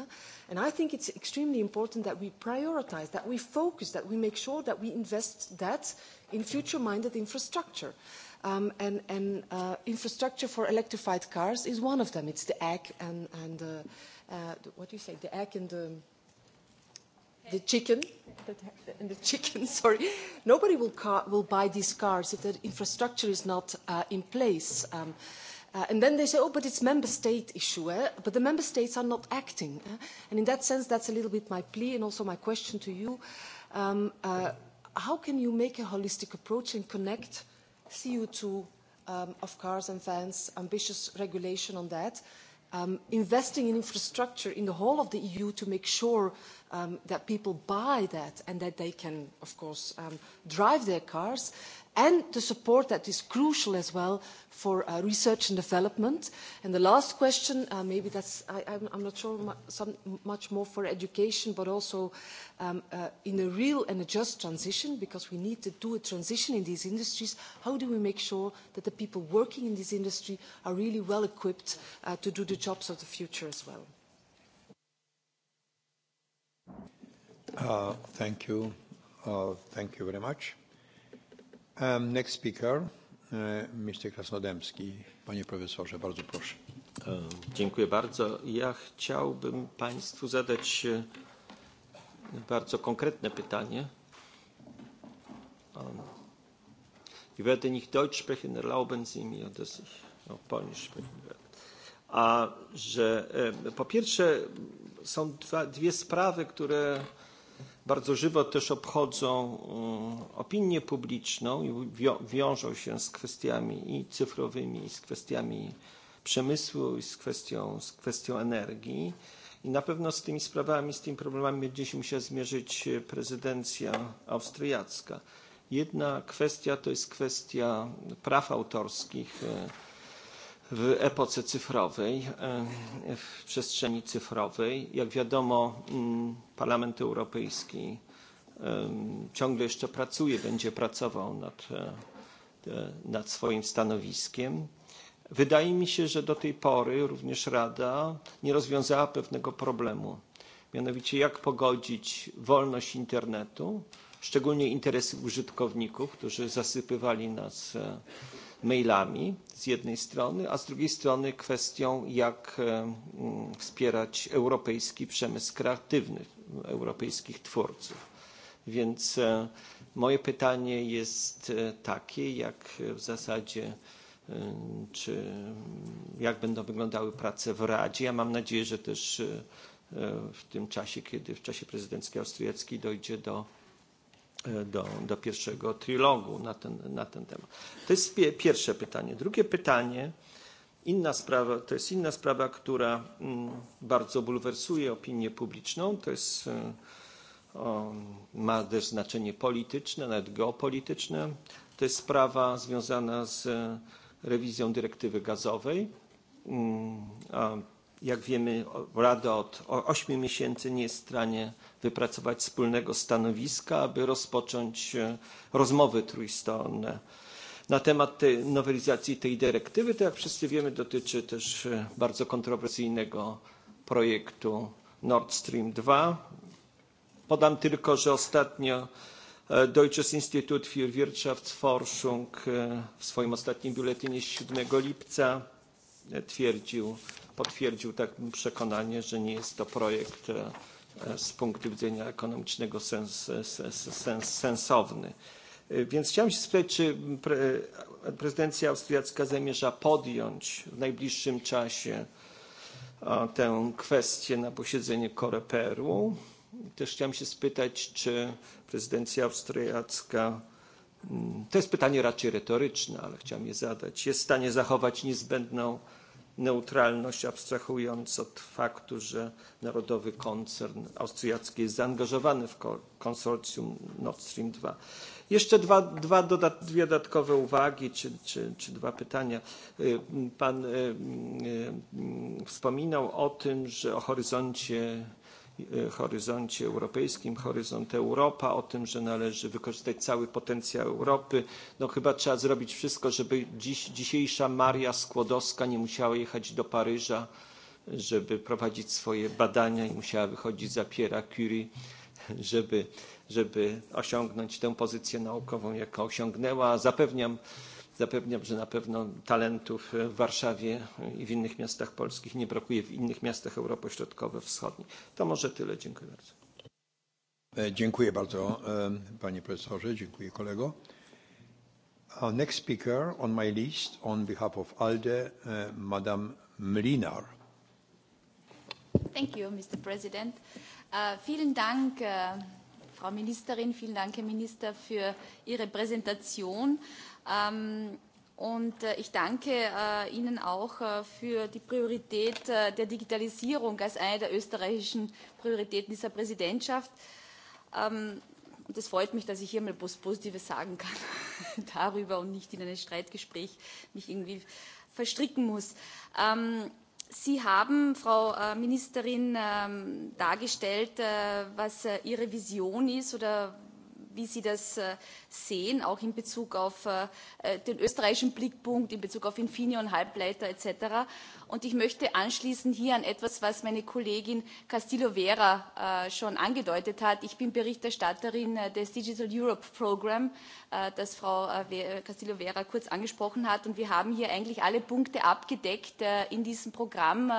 and I think it's extremely important that we prioritise, that we focus, that we make sure that we invest that in future-minded infrastructure. Um, and, and uh, infrastructure for electrified cars is one of them. It's the ag and, and Uh, the, what do you say, the egg and the, the chicken, and the chicken, sorry. Nobody will, car, will buy these cars if the infrastructure is not uh, in place. Um, Uh, and then they say, oh, but it's member state issue. Eh? But the member states are not acting. Eh? And in that sense, that's a little bit my plea and also my question to you. Um, uh, how can you make a holistic approach and connect CO2 um, of cars and vans, ambitious regulation on that, Um, investing in infrastructure in the whole of the EU to make sure um, that people buy that and that they can, of course, um, drive their cars and the support that is crucial as well for uh, research and development. And the last question, uh, maybe that's, I, I'm, not sure some, much more for education, but also um, uh, in a real and a just transition, because we need to do a transition in these industries, how do we make sure that the people working in this industry are really well equipped uh, to do the jobs of the future as well? Uh, thank you. Uh, thank you very much. Um, next speaker, uh, Mr. Krasnodębski. Panie profesorze, bardzo proszę. E, dziękuję bardzo. Ja chciałbym Państwu zadać e, bardzo konkretne pytanie. Über werde nicht Deutsch sprechen, erlauben Sie mir, dass ich auf Polnisch sprechen werde. A że e, po pierwsze są dwie sprawy, które bardzo żywo też obchodzą e, opinię publiczną i wiążą się z kwestiami i cyfrowymi, i z kwestiami przemysłu, i z kwestią, z kwestią energii. I na pewno z tymi sprawami, z tymi problemami będzie się musiała zmierzyć e, prezydencja austriacka. Jedna kwestia to jest kwestia praw autorskich. E, w epoce cyfrowej, e, w przestrzeni cyfrowej. Jak wiadomo, mm, Parlament Europejski e, ciągle jeszcze pracuje, będzie pracował nad, e, nad swoim stanowiskiem. Wydaje mi się, że do tej pory również Rada nie rozwiązała pewnego problemu, mianowicie jak pogodzić wolność internetu, szczególnie interesy użytkowników, którzy zasypywali nas mailami z jednej strony, a z drugiej strony kwestią, jak e, wspierać europejski przemysł kreatywny, europejskich twórców. Więc e, moje pytanie jest e, takie, jak w zasadzie czy jak będą wyglądały prace w Radzie. Ja mam nadzieję, że też w tym czasie, kiedy w czasie prezydencji austriackiej dojdzie do E, do, do pierwszego trilogu na ten, na ten temat. To jest pierwsze pytanie. Drugie pytanie, inna sprawa, to jest inna sprawa, która mm, bardzo bulwersuje opinię publiczną. To jest, e, o, ma też znaczenie polityczne, nawet geopolityczne. To jest sprawa związana z e, rewizją dyrektywy gazowej. Mm, jak wiemy, Rada od 8 miesięcy nie jest w stanie wypracować wspólnego stanowiska, aby rozpocząć e, rozmowy trójstronne. Na temat tej nowelizacji tej dyrektywy, to jak wszyscy wiemy, dotyczy też e, bardzo kontrowersyjnego projektu Nord Stream 2. Podam tylko, że ostatnio e, Deutsches Institut für Wirtschaftsforschung w swoim ostatnim biuletynie z 7 lipca twierdził, potwierdził tak przekonanie, że nie jest to projekt E, z punktu widzenia ekonomicznego sens, sens, sens, sensowny. E, więc chciałem się spytać, czy pre, e, prezydencja austriacka zamierza podjąć w najbliższym czasie a, tę kwestię na posiedzenie Koreperu. Też chciałem się spytać, czy prezydencja austriacka mm, to jest pytanie raczej retoryczne, ale chciałem je zadać. Jest w stanie zachować niezbędną neutralność, abstrahując od faktu, że narodowy koncern austriacki jest zaangażowany w konsorcjum Nord Stream 2. Jeszcze dwa, dwa dodat, dwie dodatkowe uwagi, czy, czy, czy dwa pytania. Pan y, y, y, wspominał o tym, że o horyzoncie E, horyzoncie europejskim, horyzont Europa, o tym, że należy wykorzystać cały potencjał Europy. No chyba trzeba zrobić wszystko, żeby dziś, dzisiejsza Maria Skłodowska nie musiała jechać do Paryża, żeby prowadzić swoje badania i musiała wychodzić za Piera Curie, żeby, żeby osiągnąć tę pozycję naukową, jaką osiągnęła. Zapewniam Zapewniam, że na pewno talentów w Warszawie i w innych miastach polskich nie brakuje w innych miastach Europy Środkowo-Wschodniej. To może tyle. Dziękuję bardzo. E, dziękuję bardzo, e, panie profesorze. Dziękuję, kolego. Our next speaker on my list, on behalf of ALDE, e, Madame Mlinar. Thank you, Mr. President. Uh, vielen Dank, uh, Frau Ministerin, vielen Dank, Herr Minister, für Ihre Präsentation. Ähm, und äh, ich danke äh, Ihnen auch äh, für die Priorität äh, der Digitalisierung als eine der österreichischen Prioritäten dieser Präsidentschaft. Ähm, und es freut mich, dass ich hier mal was Positives sagen kann darüber und nicht in ein Streitgespräch mich irgendwie verstricken muss. Ähm, Sie haben, Frau äh, Ministerin, ähm, dargestellt, äh, was äh, Ihre Vision ist oder wie Sie das äh, sehen, auch in Bezug auf äh, äh, den österreichischen Blickpunkt, in Bezug auf Infineon, Halbleiter etc. Und ich möchte anschließen hier an etwas, was meine Kollegin Castillo Vera äh, schon angedeutet hat. Ich bin Berichterstatterin des Digital Europe Program, das Frau Castillo Vera kurz angesprochen hat. Und wir haben hier eigentlich alle Punkte abgedeckt in diesem Programm,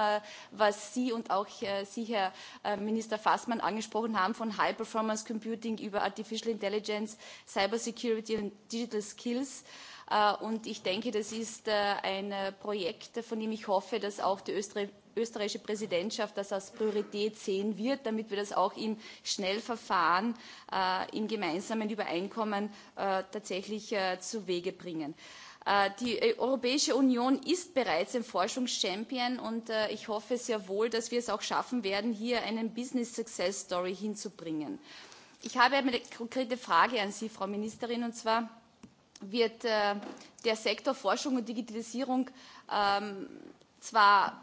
was Sie und auch Sie, Herr Minister Fassmann, angesprochen haben, von High Performance Computing über Artificial Intelligence, Cyber Cybersecurity und Digital Skills. Äh, und ich denke, das ist äh, ein äh, Projekt, von dem ich hoffe, dass auch die österreichische Präsidentschaft das als Priorität sehen wird, damit wir das auch im Schnellverfahren im gemeinsamen Übereinkommen tatsächlich zu Wege bringen. die Europäische Union ist bereits ein Forschungschampion und ich hoffe sehr wohl, dass wir es auch schaffen werden, hier einen Business Success Story hinzubringen. Ich habe eine konkrete Frage an Sie, Frau Ministerin, und zwar wird äh, der Sektor Forschung und Digitalisierung ähm, zwar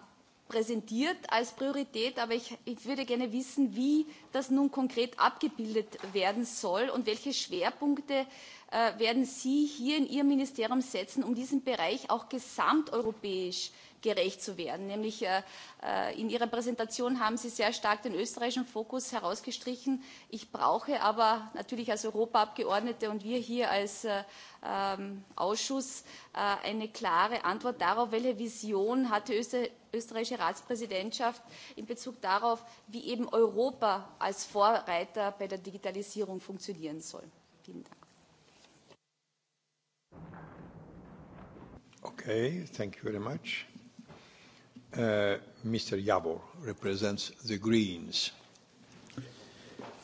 präsentiert als Priorität, aber ich, ich würde gerne wissen, wie das nun konkret abgebildet werden soll und welche Schwerpunkte äh, werden Sie hier in Ihrem Ministerium setzen, um diesen Bereich auch gesamteuropäisch gerecht zu werden. Nämlich äh, äh, in Ihrer Präsentation haben Sie sehr stark den österreichischen Fokus herausgestrichen. Ich brauche aber natürlich als Europaabgeordnete und wir hier als äh, ähm, Ausschuss eine klare Antwort darauf, welche Vision hat die österreichische Ratspräsidentschaft in Bezug darauf, wie eben Europa als Vorreiter bei der Digitalisierung funktionieren soll. Vielen Dank. Okay, thank you very much. Uh, Mr. Jabor represents the Greens.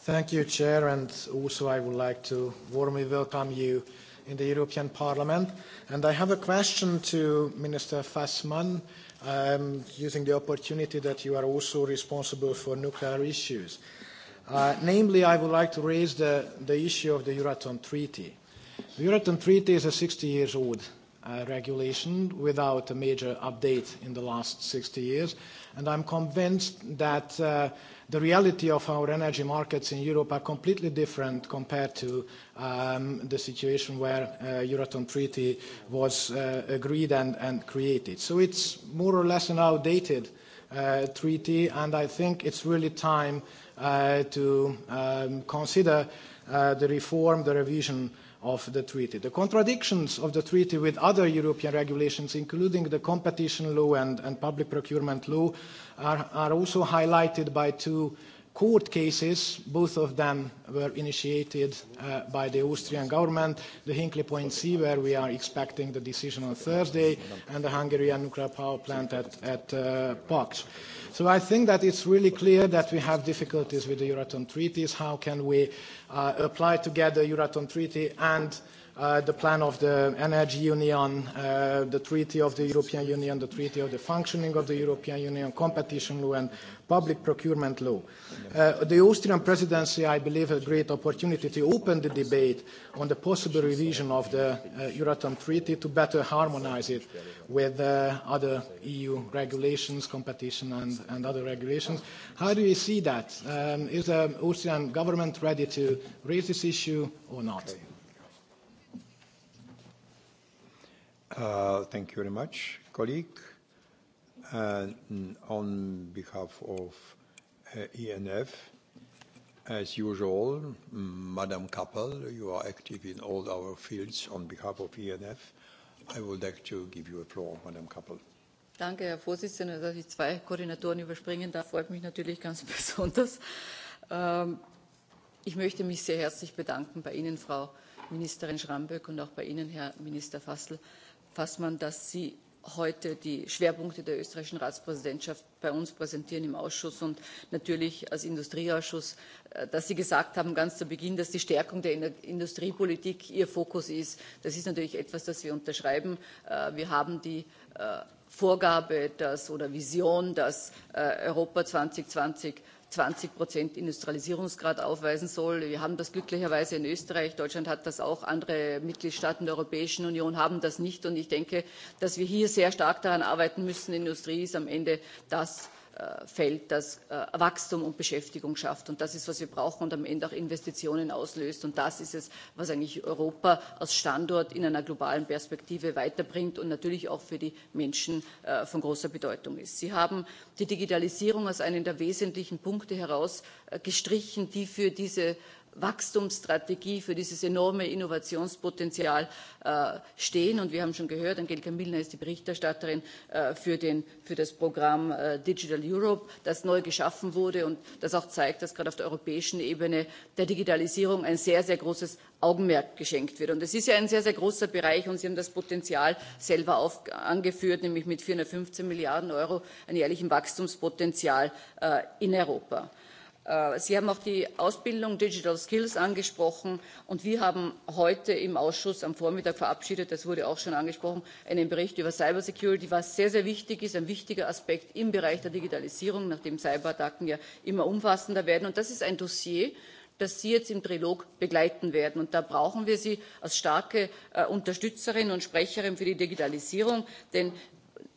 Thank you, Chair, and also I would like to warmly welcome you in the European Parliament. And I have a question to Minister Fassmann, um, using the opportunity that you are also responsible for nuclear issues. Uh, namely, I would like to raise the, issue of the Euratom Treaty. The Euratom Treaty is 60 years old Uh, regulation without a major update in the last 60 years. And I'm convinced that uh, the reality of our energy markets in Europe are completely different compared to um, the situation where uh, Euratom Treaty was uh, agreed and, and created. So it's more or less an outdated uh, treaty, and I think it's really time uh, to um, consider uh, the reform, the revision of the treaty. The contradictions of the treaty with other European regulations, including the competition law and, and public procurement law, are, are also highlighted by two court cases, both of them were initiated uh, by the Austrian government, the Hinkley Point C, where we are expecting the decision on Thursday, and the Hungarian nuclear power plant at, uh, Paks. So I think that it's really clear that we have difficulties with the Euratom treaties. How can we uh, apply together Euratom treaty and uh, the plan of the energy union, uh, the treaty of the European Union, the treaty of the functioning of the European Union, competition law and public procurement law. Uh, the Austrian presidency, I believe, a great opportunity to open the debate on the possible revision of the uh, Euratom Treaty to better harmonize it with uh, other EU regulations, competition and, and other regulations. How do you see that? Um, is the Austrian government ready to raise this issue or not? Uh, thank you very much, colleague. Uh, on behalf of uh, ENF, as usual, Madam Kappel, you are active in all our fields. On behalf of ENF, I would like to give you a floor, Madam Kappel. Danke, Herr Vorsitzender, dass ich zwei Koordinatoren überspringen darf, freut mich natürlich ganz besonders. Ähm, ich möchte mich sehr herzlich bedanken bei Ihnen, Frau Ministerin Schramböck, und auch bei Ihnen, Herr Minister Fassel, fasst man, dass Sie heute die Schwerpunkte der österreichischen Ratspräsidentschaft bei uns präsentieren im Ausschuss und natürlich als Industrieausschuss, äh, dass Sie gesagt haben ganz zu Beginn, dass die Stärkung der Industriepolitik Ihr Fokus ist. Das ist natürlich etwas, das wir unterschreiben. Äh, wir haben die äh, Vorgabe dass, oder Vision, dass Europa 2020 zwanzig industrialisierungsgrad aufweisen soll. wir haben das glücklicherweise in österreich deutschland hat das auch andere mitgliedstaaten der europäischen union haben das nicht und ich denke dass wir hier sehr stark daran arbeiten müssen. industrie ist am ende das Äh, feld das äh, wachstum und beschäftigung schafft. Und das ist was wir brauchen und am ende auch investitionen auslöst. Und das ist es was eigentlich europa als standort in einer globalen perspektive weiterbringt und natürlich auch für die menschen äh, von großer bedeutung ist. sie haben die digitalisierung als einen der wesentlichen punkte herausgestrichen die für diese Wachstumsstrategie für dieses enorme Innovationspotenzial äh, stehen. Und wir haben schon gehört, Angelika Milner ist die Berichterstatterin äh, für, den, für das Programm äh, Digital Europe, das neu geschaffen wurde und das auch zeigt, dass gerade auf der europäischen Ebene der Digitalisierung ein sehr, sehr großes Augenmerk geschenkt wird. Und es ist ja ein sehr, sehr großer Bereich und Sie haben das Potenzial selber auf, angeführt, nämlich mit 415 Milliarden Euro an jährlichem Wachstumspotenzial in Europa. Äh, Sie haben auch die Ausbildung Digital Skills angesprochen. Und wir haben heute im Ausschuss am Vormittag verabschiedet, das wurde auch schon angesprochen, einen Bericht über cyber security was sehr, sehr wichtig ist, ein wichtiger Aspekt im Bereich der Digitalisierung, nachdem Cyberattacken ja immer umfassender werden. Und das ist ein Dossier, das Sie jetzt im Trilog begleiten werden. Und da brauchen wir Sie als starke äh, Unterstützerin und Sprecherin für die Digitalisierung, denn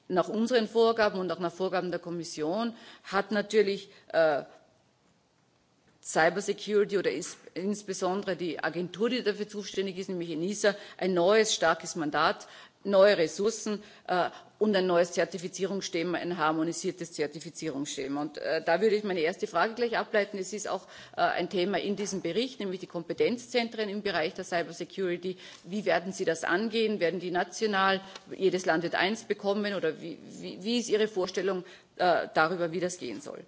nach unseren Vorgaben und auch nach Vorgaben der Kommission hat natürlich äh, Cybersecurity oder insbesondere die Agentur, die dafür zuständig ist, nämlich ENISA, ein neues starkes Mandat, neue Ressourcen äh, und ein neues Zertifizierungsschema, ein harmonisiertes Zertifizierungsschema. Äh, da würde ich meine erste Frage gleich ableiten. Es ist auch äh, ein Thema in diesem Bericht, nämlich die Kompetenzzentren im Bereich der Cybersecurity. Wie werden Sie das angehen? Werden die national, jedes Land wird eins bekommen? Oder wie ist Ihre Vorstellung darüber, wie das gehen soll?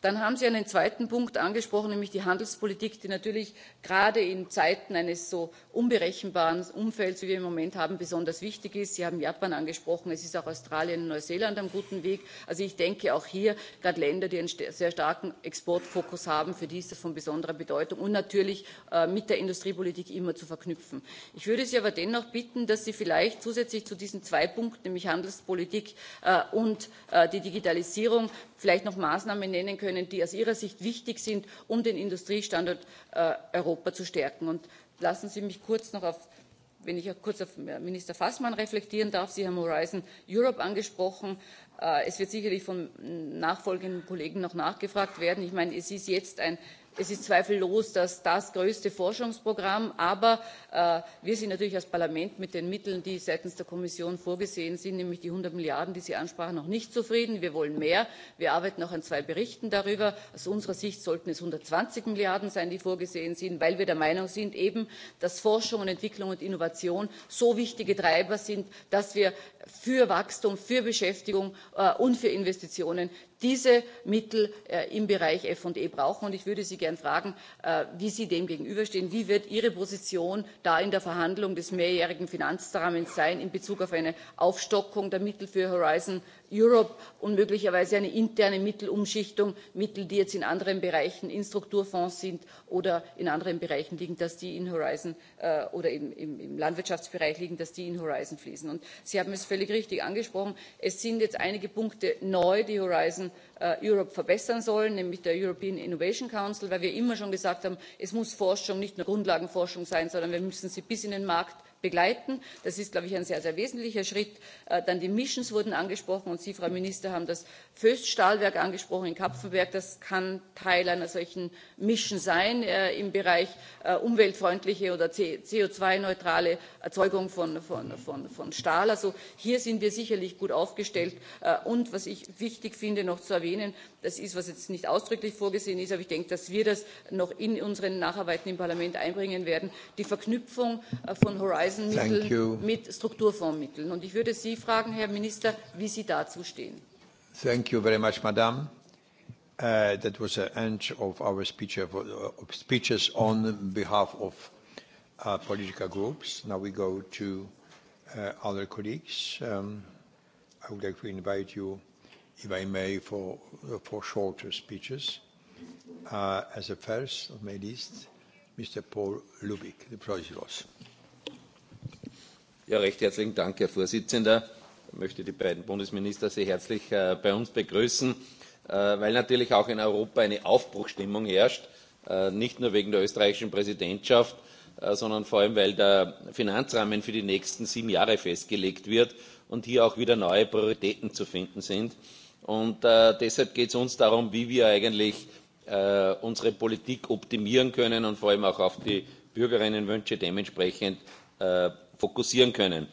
dann haben sie einen zweiten punkt angesprochen nämlich die handelspolitik die natürlich gerade in zeiten eines so unberechenbaren umfelds wie wir im moment haben besonders wichtig ist. sie haben japan angesprochen es ist auch australien und neuseeland auf einem guten weg. also ich denke auch hier gerade länder die einen sehr starken exportfokus haben für die ist das von besonderer bedeutung und natürlich äh, mit der industriepolitik immer zu verknüpfen. ich würde sie aber dennoch bitten dass sie vielleicht zusätzlich zu diesen zwei punkten nämlich handelspolitik äh, und äh, die digitalisierung vielleicht noch maßnahmen nennen können können die aus ihrer sicht wichtig sind um den industriestandort äh, europa zu stärken. lassen sie mich kurz noch auf wenn ich kurz auf Minister Fassmann reflektieren darf, Sie haben Horizon Europe angesprochen. Äh, es wird sicherlich von nachfolgenden Kollegen noch nachgefragt werden. Ich meine, es ist jetzt es ist zweifellos das, größte forschungsprogramm aber äh, wir sind natürlich als parlament mit den mitteln die seitens der kommission vorgesehen sind nämlich die einhundert milliarden die sie ansprachen noch nicht zufrieden. wir wollen mehr. wir arbeiten auch an zwei berichten darüber. aus unserer sicht sollten es einhundertzwanzig milliarden sein die vorgesehen sind weil wir der meinung sind dass forschung entwicklung und innovation so wichtige treiber sind dass wir für wachstum für beschäftigung äh, und für investitionen diese mittel äh, im bereich fe brauchen und ich würde sie gern fragen äh, wie sie dem gegenüberstehen wie wird ihre position da in der verhandlung des mehrjährigen finanzrahmens sein in bezug auf eine aufstockung der mittel für horizont? Europe und möglicherweise eine interne Mittelumschichtung, Mittel, die jetzt in anderen Bereichen in Strukturfonds sind oder in anderen Bereichen liegen, dass die in Horizon äh, oder im, Landwirtschaftsbereich liegen, dass die in Horizon fließen. Und Sie haben es völlig richtig angesprochen. Es sind jetzt einige Punkte neu, die Horizon äh, Europe verbessern sollen, nämlich der European Innovation Council, weil wir immer schon gesagt haben, es muss Forschung, nicht nur Grundlagenforschung sein, sondern wir müssen sie bis in den Markt begleiten. das ist glaube ich ein sehr sehr wesentlicher schritt. Äh, dann die missions wurden angesprochen und sie frau minister haben das voest stahlwerk angesprochen in kapfenberg. das kann teil einer solchen mission sein äh, im bereich äh, umweltfreundliche oder co zwei neutrale erzeugung von, von, von, von stahl. also hier sind wir sicherlich gut aufgestellt. und was ich wichtig finde noch zu erwähnen das ist was jetzt nicht ausdrücklich vorgesehen ist aber ich denke dass wir das noch in unseren nacharbeiten im parlament einbringen werden die verknüpfung von weisen mit Strukturfondsmitteln. Und ich würde Sie fragen, Herr Minister, wie Sie dazu stehen. Thank you very much, Madam. Uh, that was the end of our speech uh, of, uh, speeches on behalf of uh, political groups. Now we go to uh, other colleagues. Um, I would like to invite you, if I may, for, uh, for shorter speeches. Uh, as a first on my list, Mr. Paul Lubick. The floor is yours. Ja, recht herzlichen Dank, Herr Vorsitzender. Ich möchte die beiden Bundesminister sehr herzlich äh, bei uns begrüßen, äh, weil natürlich auch in Europa eine Aufbruchstimmung herrscht, äh, nicht nur wegen der österreichischen Präsidentschaft, äh, sondern vor allem, weil der Finanzrahmen für die nächsten sieben Jahre festgelegt wird und hier auch wieder neue Prioritäten zu finden sind. Und äh, deshalb geht es uns darum, wie wir eigentlich äh, unsere Politik optimieren können und vor allem auch auf die Bürgerinnenwünsche dementsprechend fokussieren können.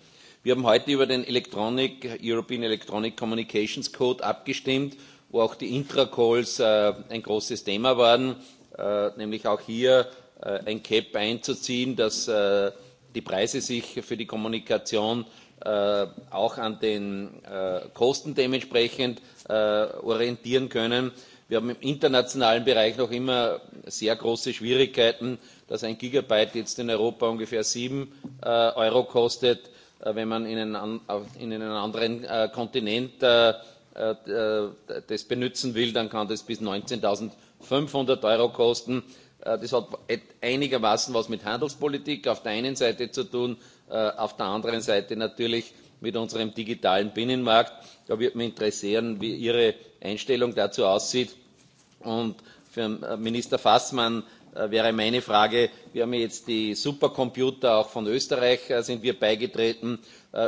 Wir haben heute über den Electronic, European Electronic Communications Code abgestimmt, wo auch die Intracalls äh, ein großes Thema waren, äh, nämlich auch hier äh, ein Cap einzuziehen, dass äh, die Preise sich für die Kommunikation äh, auch an den äh, Kosten dementsprechend äh, orientieren können. Äh, wir haben im internationalen bereich noch immer sehr große schwierigkeiten dass ein gigabyte jetzt in europa ungefähr sieben äh, euro kostet äh, wenn man in einem anderen äh, kontinent das benutzen will dann kann das bis neunzehn fünfhundert euro kosten. das hat einigermaßen etwas mit handelspolitik auf der einen seite zu tun auf der anderen seite natürlich mit unserem digitalen binnenmarkt. da würde mich interessieren wie ihre Einstellung dazu aussieht. Und für äh, Minister Fassmann äh, wäre meine Frage, wir haben jetzt die Supercomputer auch von Österreich äh, sind wir beigetreten.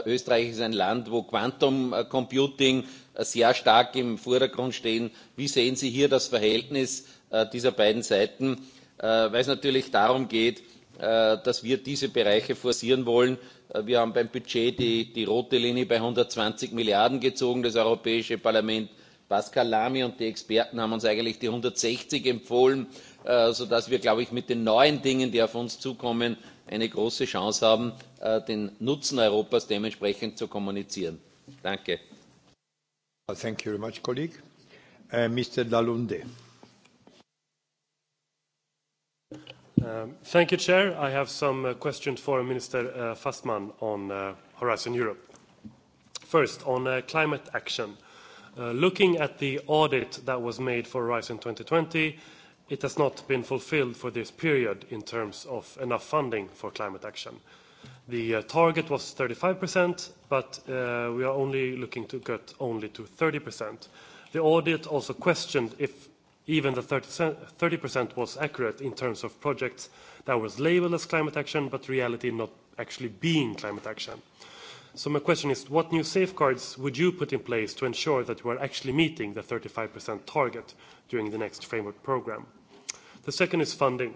Österreich ist ein Land, wo Quantum Computing sehr stark im Vordergrund stehen. Wie sehen Sie hier das Verhältnis dieser beiden Seiten? Weil es natürlich darum geht, dass wir diese Bereiche forcieren wollen. Wir haben beim Budget die, die rote Linie bei 120 Milliarden gezogen. Das Europäische Parlament Pascal Lamy und die Experten haben uns eigentlich die 160 empfohlen, äh, sodass wir, glaube ich, mit den neuen Dingen, die auf uns zukommen, eine große Chance haben, äh, den Nutzen Europas dementsprechend zu kommunizieren. Danke. Thank you very much, colleague. Uh, Mr. Dalunde. Um, thank you, Chair. I have some uh, questions for Minister uh, on uh, Horizon Europe. First, on uh, climate action. Uh, looking at the audit that was made for Horizon 2020, it has not been fulfilled for this period in terms of enough funding for climate action. The uh, target was 35%, but uh, we are only looking to cut only to 30%. The audit also questioned if even the 30% was accurate in terms of projects that was labeled as climate action, but reality not actually being climate action. So my question is, what new safeguards would you put in place to ensure that you are actually meeting the 35% target during the next framework program? The second is funding.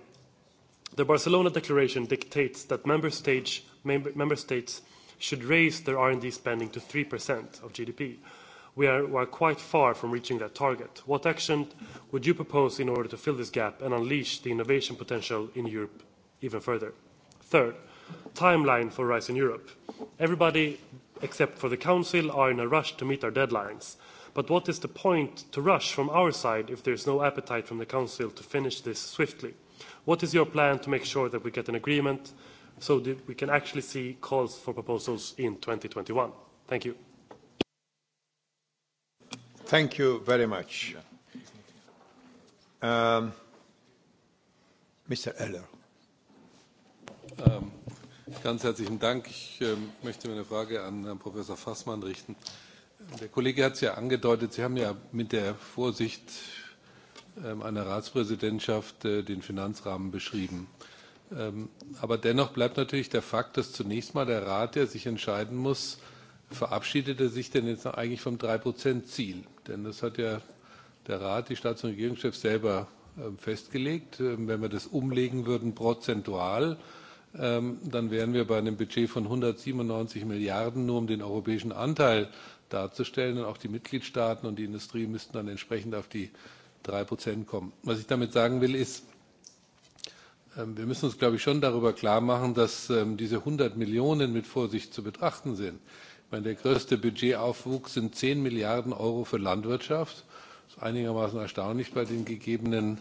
The Barcelona Declaration dictates that member, states should raise their R&D spending to 3% of GDP. we are quite far from reaching that target. What action would you propose in order to fill this gap and unleash the innovation potential in Europe even further? Third, timeline for Horizon Europe. Everybody, except for the Council, are in a rush to meet our deadlines. But what is the point to rush from our side if there is no appetite from the Council to finish this swiftly? What is your plan to make sure that we get an agreement so that we can actually see calls for proposals in 2021? Thank you. Thank you very much. Um, Mr. Eller. Um, Ganz herzlichen Dank. Ich ähm, möchte meine Frage an Herrn Professor Fassmann richten. Der Kollege hat es ja angedeutet, Sie haben ja mit der Vorsicht ähm, einer Ratspräsidentschaft äh, den Finanzrahmen beschrieben. Ähm, aber dennoch bleibt natürlich der Fakt, dass zunächst mal der Rat, der sich entscheiden muss, verabschiedet er sich denn jetzt eigentlich vom 3-Prozent-Ziel? Denn das hat ja der Rat, die Staats- und Regierungschefs selber festgelegt. Wenn wir das umlegen würden prozentual, Ähm, dann wären wir bei einem Budget von 197 Milliarden, nur um den europäischen Anteil darzustellen. Und auch die Mitgliedstaaten und die Industrie müssten dann entsprechend auf die 3 Prozent kommen. Was ich damit sagen will, ist, ähm, wir müssen uns, glaube ich, schon darüber klar machen, dass ähm, diese 100 Millionen mit Vorsicht zu betrachten sind. Ich meine, der größte Budgetaufwuchs sind 10 Milliarden Euro für Landwirtschaft. Das ist einigermaßen erstaunlich bei den gegebenen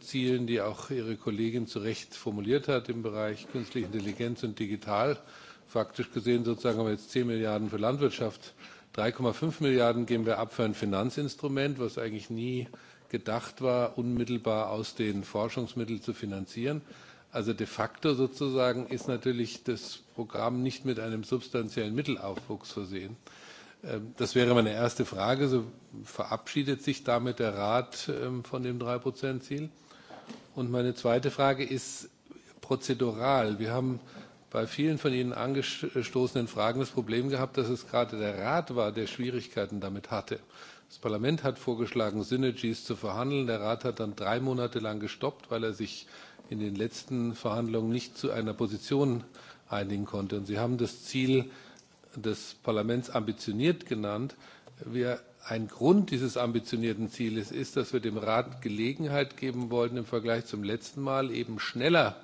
Zielen, die auch Ihre Kollegin zu Recht formuliert hat im Bereich künstliche Intelligenz und digital. Faktisch gesehen sozusagen haben wir jetzt 10 Milliarden für Landwirtschaft, 3,5 Milliarden geben wir ab für ein Finanzinstrument, was eigentlich nie gedacht war, unmittelbar aus den Forschungsmitteln zu finanzieren. Also de facto sozusagen ist natürlich das Programm nicht mit einem substanziellen Mittelaufwuchs versehen. Ähm, das wäre meine erste Frage. So verabschiedet sich damit der Rat ähm, von dem 3-Prozent-Ziel? Und meine zweite Frage ist prozedural. Wir haben bei vielen von Ihnen angestoßenen Fragen das Problem gehabt, dass es gerade der Rat war, der Schwierigkeiten damit hatte. Das Parlament hat vorgeschlagen, Synergies zu verhandeln. Der Rat hat dann drei Monate lang gestoppt, weil er sich in den letzten Verhandlungen nicht zu einer Position einigen konnte. Und Sie haben das Ziel des Parlaments ambitioniert genannt. Wir, ein Grund dieses ambitionierten Zieles ist, dass wir dem Rat Gelegenheit geben wollten, im Vergleich zum letzten Mal eben schneller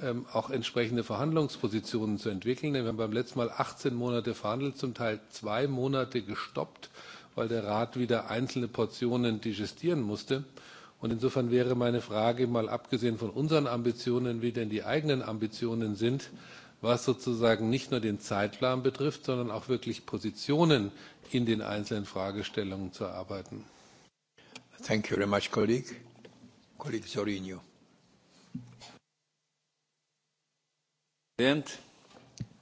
ähm, auch entsprechende Verhandlungspositionen zu entwickeln. Denn wir haben beim letzten Mal 18 Monate verhandelt, zum Teil zwei Monate gestoppt, weil der Rat wieder einzelne Portionen digestieren musste. Und insofern wäre meine Frage, mal abgesehen von unseren Ambitionen, wie denn die eigenen Ambitionen sind, was sozusagen nicht nur den Zeitplan betrifft, sondern auch wirklich Positionen in den einzelnen Fragestellungen zu erarbeiten. Thank you very much, colleague. Colleague Zorinio. Presidente,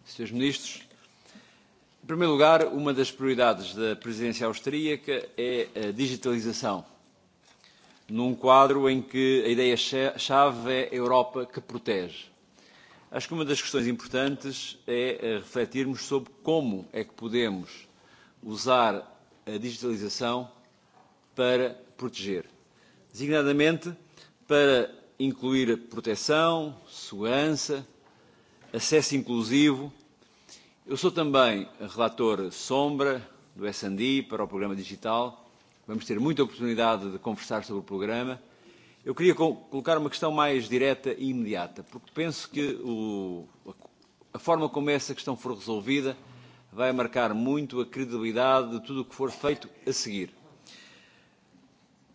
Srs. Ministros, em primeiro lugar, uma das prioridades da presidência austríaca é a digitalização, num quadro em que a ideia-chave é a Europa que protege Acho que uma das questões importantes é eh, refletirmos sobre como é que podemos usar a digitalização para proteger, designadamente para incluir proteção, segurança, acesso inclusivo. Eu sou também relator sombra do S&D para o programa digital. Vamos ter muita oportunidade de conversar sobre o programa Eu queria colocar uma questão mais direta e imediata, porque penso que o, a forma como essa questão for resolvida vai marcar muito a credibilidade de tudo o que for feito a seguir.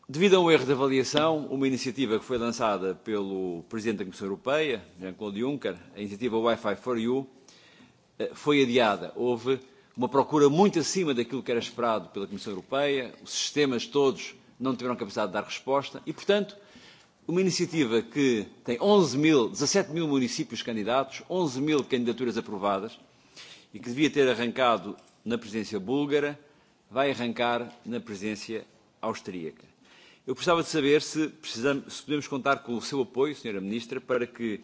Devido a um erro de avaliação, uma iniciativa que foi lançada pelo Presidente da Comissão Europeia, Jean-Claude Juncker, a iniciativa Wi-Fi for You, eh, foi adiada. Houve uma procura muito acima daquilo que era esperado pela Comissão Europeia, os sistemas todos não tiveram capacidade de dar resposta e, portanto, uma iniciativa que tem 11 mil, 17 mil municípios candidatos, 11 mil candidaturas aprovadas e que devia ter arrancado na presidência búlgara, vai arrancar na presidência austríaca. Eu gostava de saber se, precisamos, se podemos contar com o seu apoio, Sra. Ministra, para que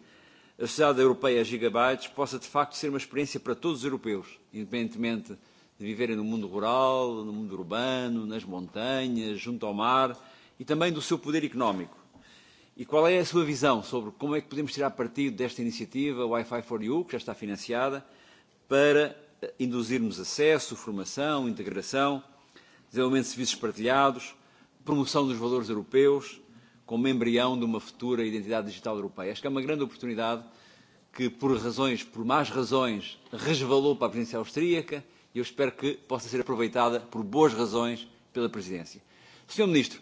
a Sociedade Europeia Gigabytes possa de facto ser uma experiência para todos os europeus, independentemente de viverem no mundo rural, no mundo urbano, nas montanhas, junto ao mar e também do seu poder económico. E qual é a sua visão sobre como é que podemos tirar partido desta iniciativa Wi-Fi for You, que já está financiada, para eh, induzirmos acesso, formação, integração, desenvolvimento de serviços partilhados, promoção dos valores europeus, como embrião de uma futura identidade digital europeia? Acho que é uma grande oportunidade que, por razões, por mais razões, resvalou para a presidência austríaca e eu espero que possa ser aproveitada por boas razões pela presidência. Senhor Ministro,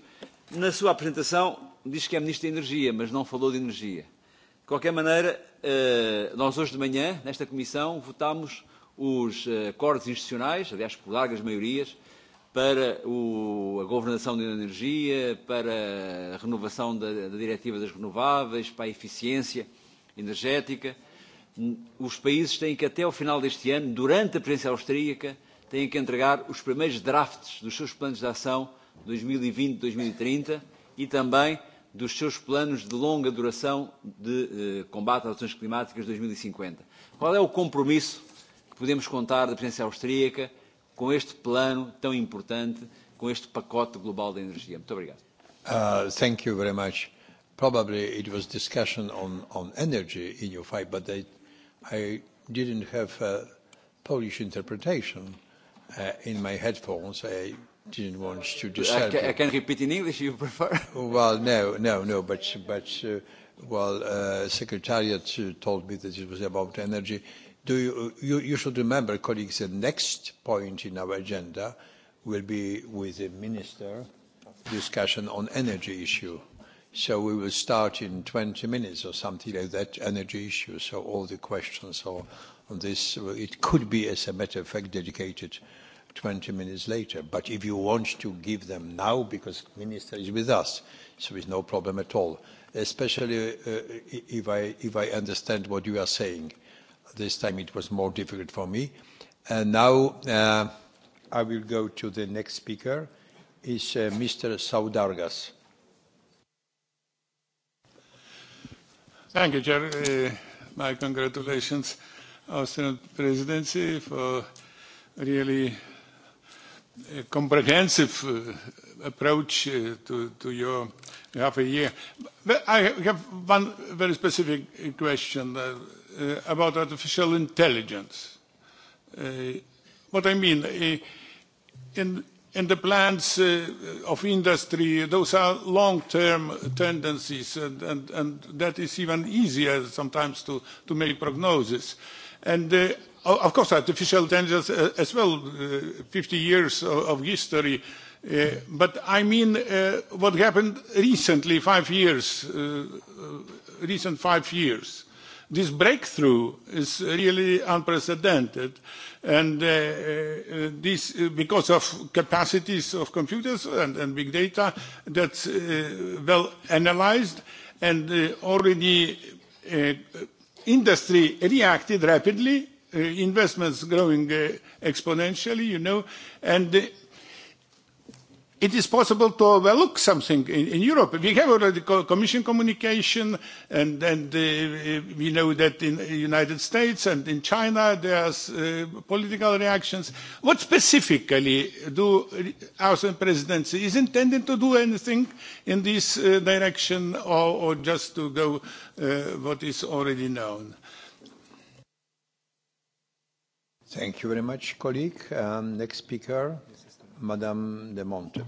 na sua apresentação diz que é Ministro da Energia, mas não falou de energia. De qualquer maneira, eh, nós hoje de manhã, nesta Comissão, votámos os eh, acordos institucionais, aliás, por largas maiorias, para a governação da energia, para a renovação da, diretiva das renováveis, para a eficiência energética. Os países têm que, até ao final deste ano, durante a presidência austríaca, têm que entregar os primeiros drafts dos seus planos de ação 2020-2030 e, e, e também dos seus planos de longa duração de eh, combate às ações climáticas 2050. E Qual é o compromisso que podemos contar da presidência austríaca com este plano tão importante, com este pacote global da energia? Muito obrigado. Uh, thank you very much. Probably it was discussion on, on energy in your fight, but I, I didn't have a Polish interpretation uh, in my headphones. I didn't want to disturb I can, I can repeat in English if you prefer. well, no, no, no, but, but uh, well, uh, Secretariat uh, told me that it was about energy. Do you, you, you should remember, colleagues, the next point in our agenda will be with the Minister discussion on energy issue. So we will start in 20 minutes or something like that, energy issue. So all the questions are on this, it could be, as a matter of fact, dedicated 20 minutes later. But if you want to give them now, because minister is with us, so it's no problem at all. Especially uh, if, I, if I understand what you are saying. This time it was more difficult for me. And now uh, I will go to the next speaker, is uh, Mr. Saudargas. Thank you, Chair. Uh, my congratulations, Austrian presidency, for really comprehensive uh, approach uh, to, your half a year. I have one very specific question uh, about artificial intelligence. What I mean, in, the plans of industry, those are long-term tendencies, and, that is even easier sometimes to, to make prognosis. And Oh, of course, artificial intelligence uh, as well, uh, 50 years of, of history. Uh, but I mean, uh, what happened recently, five years, uh, uh, recent five years. This breakthrough is really unprecedented. And uh, uh, this, uh, because of capacities of computers and, and big data that's uh, well analyzed and uh, already uh, industry reacted rapidly Uh, investments growing uh, exponentially, you know, and uh, it is possible to overlook something in, in Europe. We have already Commission communication, and, and uh, we know that in the United States and in China there are uh, political reactions. What specifically do our presidency is intended to do anything in this uh, direction, or, or just to go uh, what is already known? Thank you very much, colleague. Um, next speaker, Madame De Monte.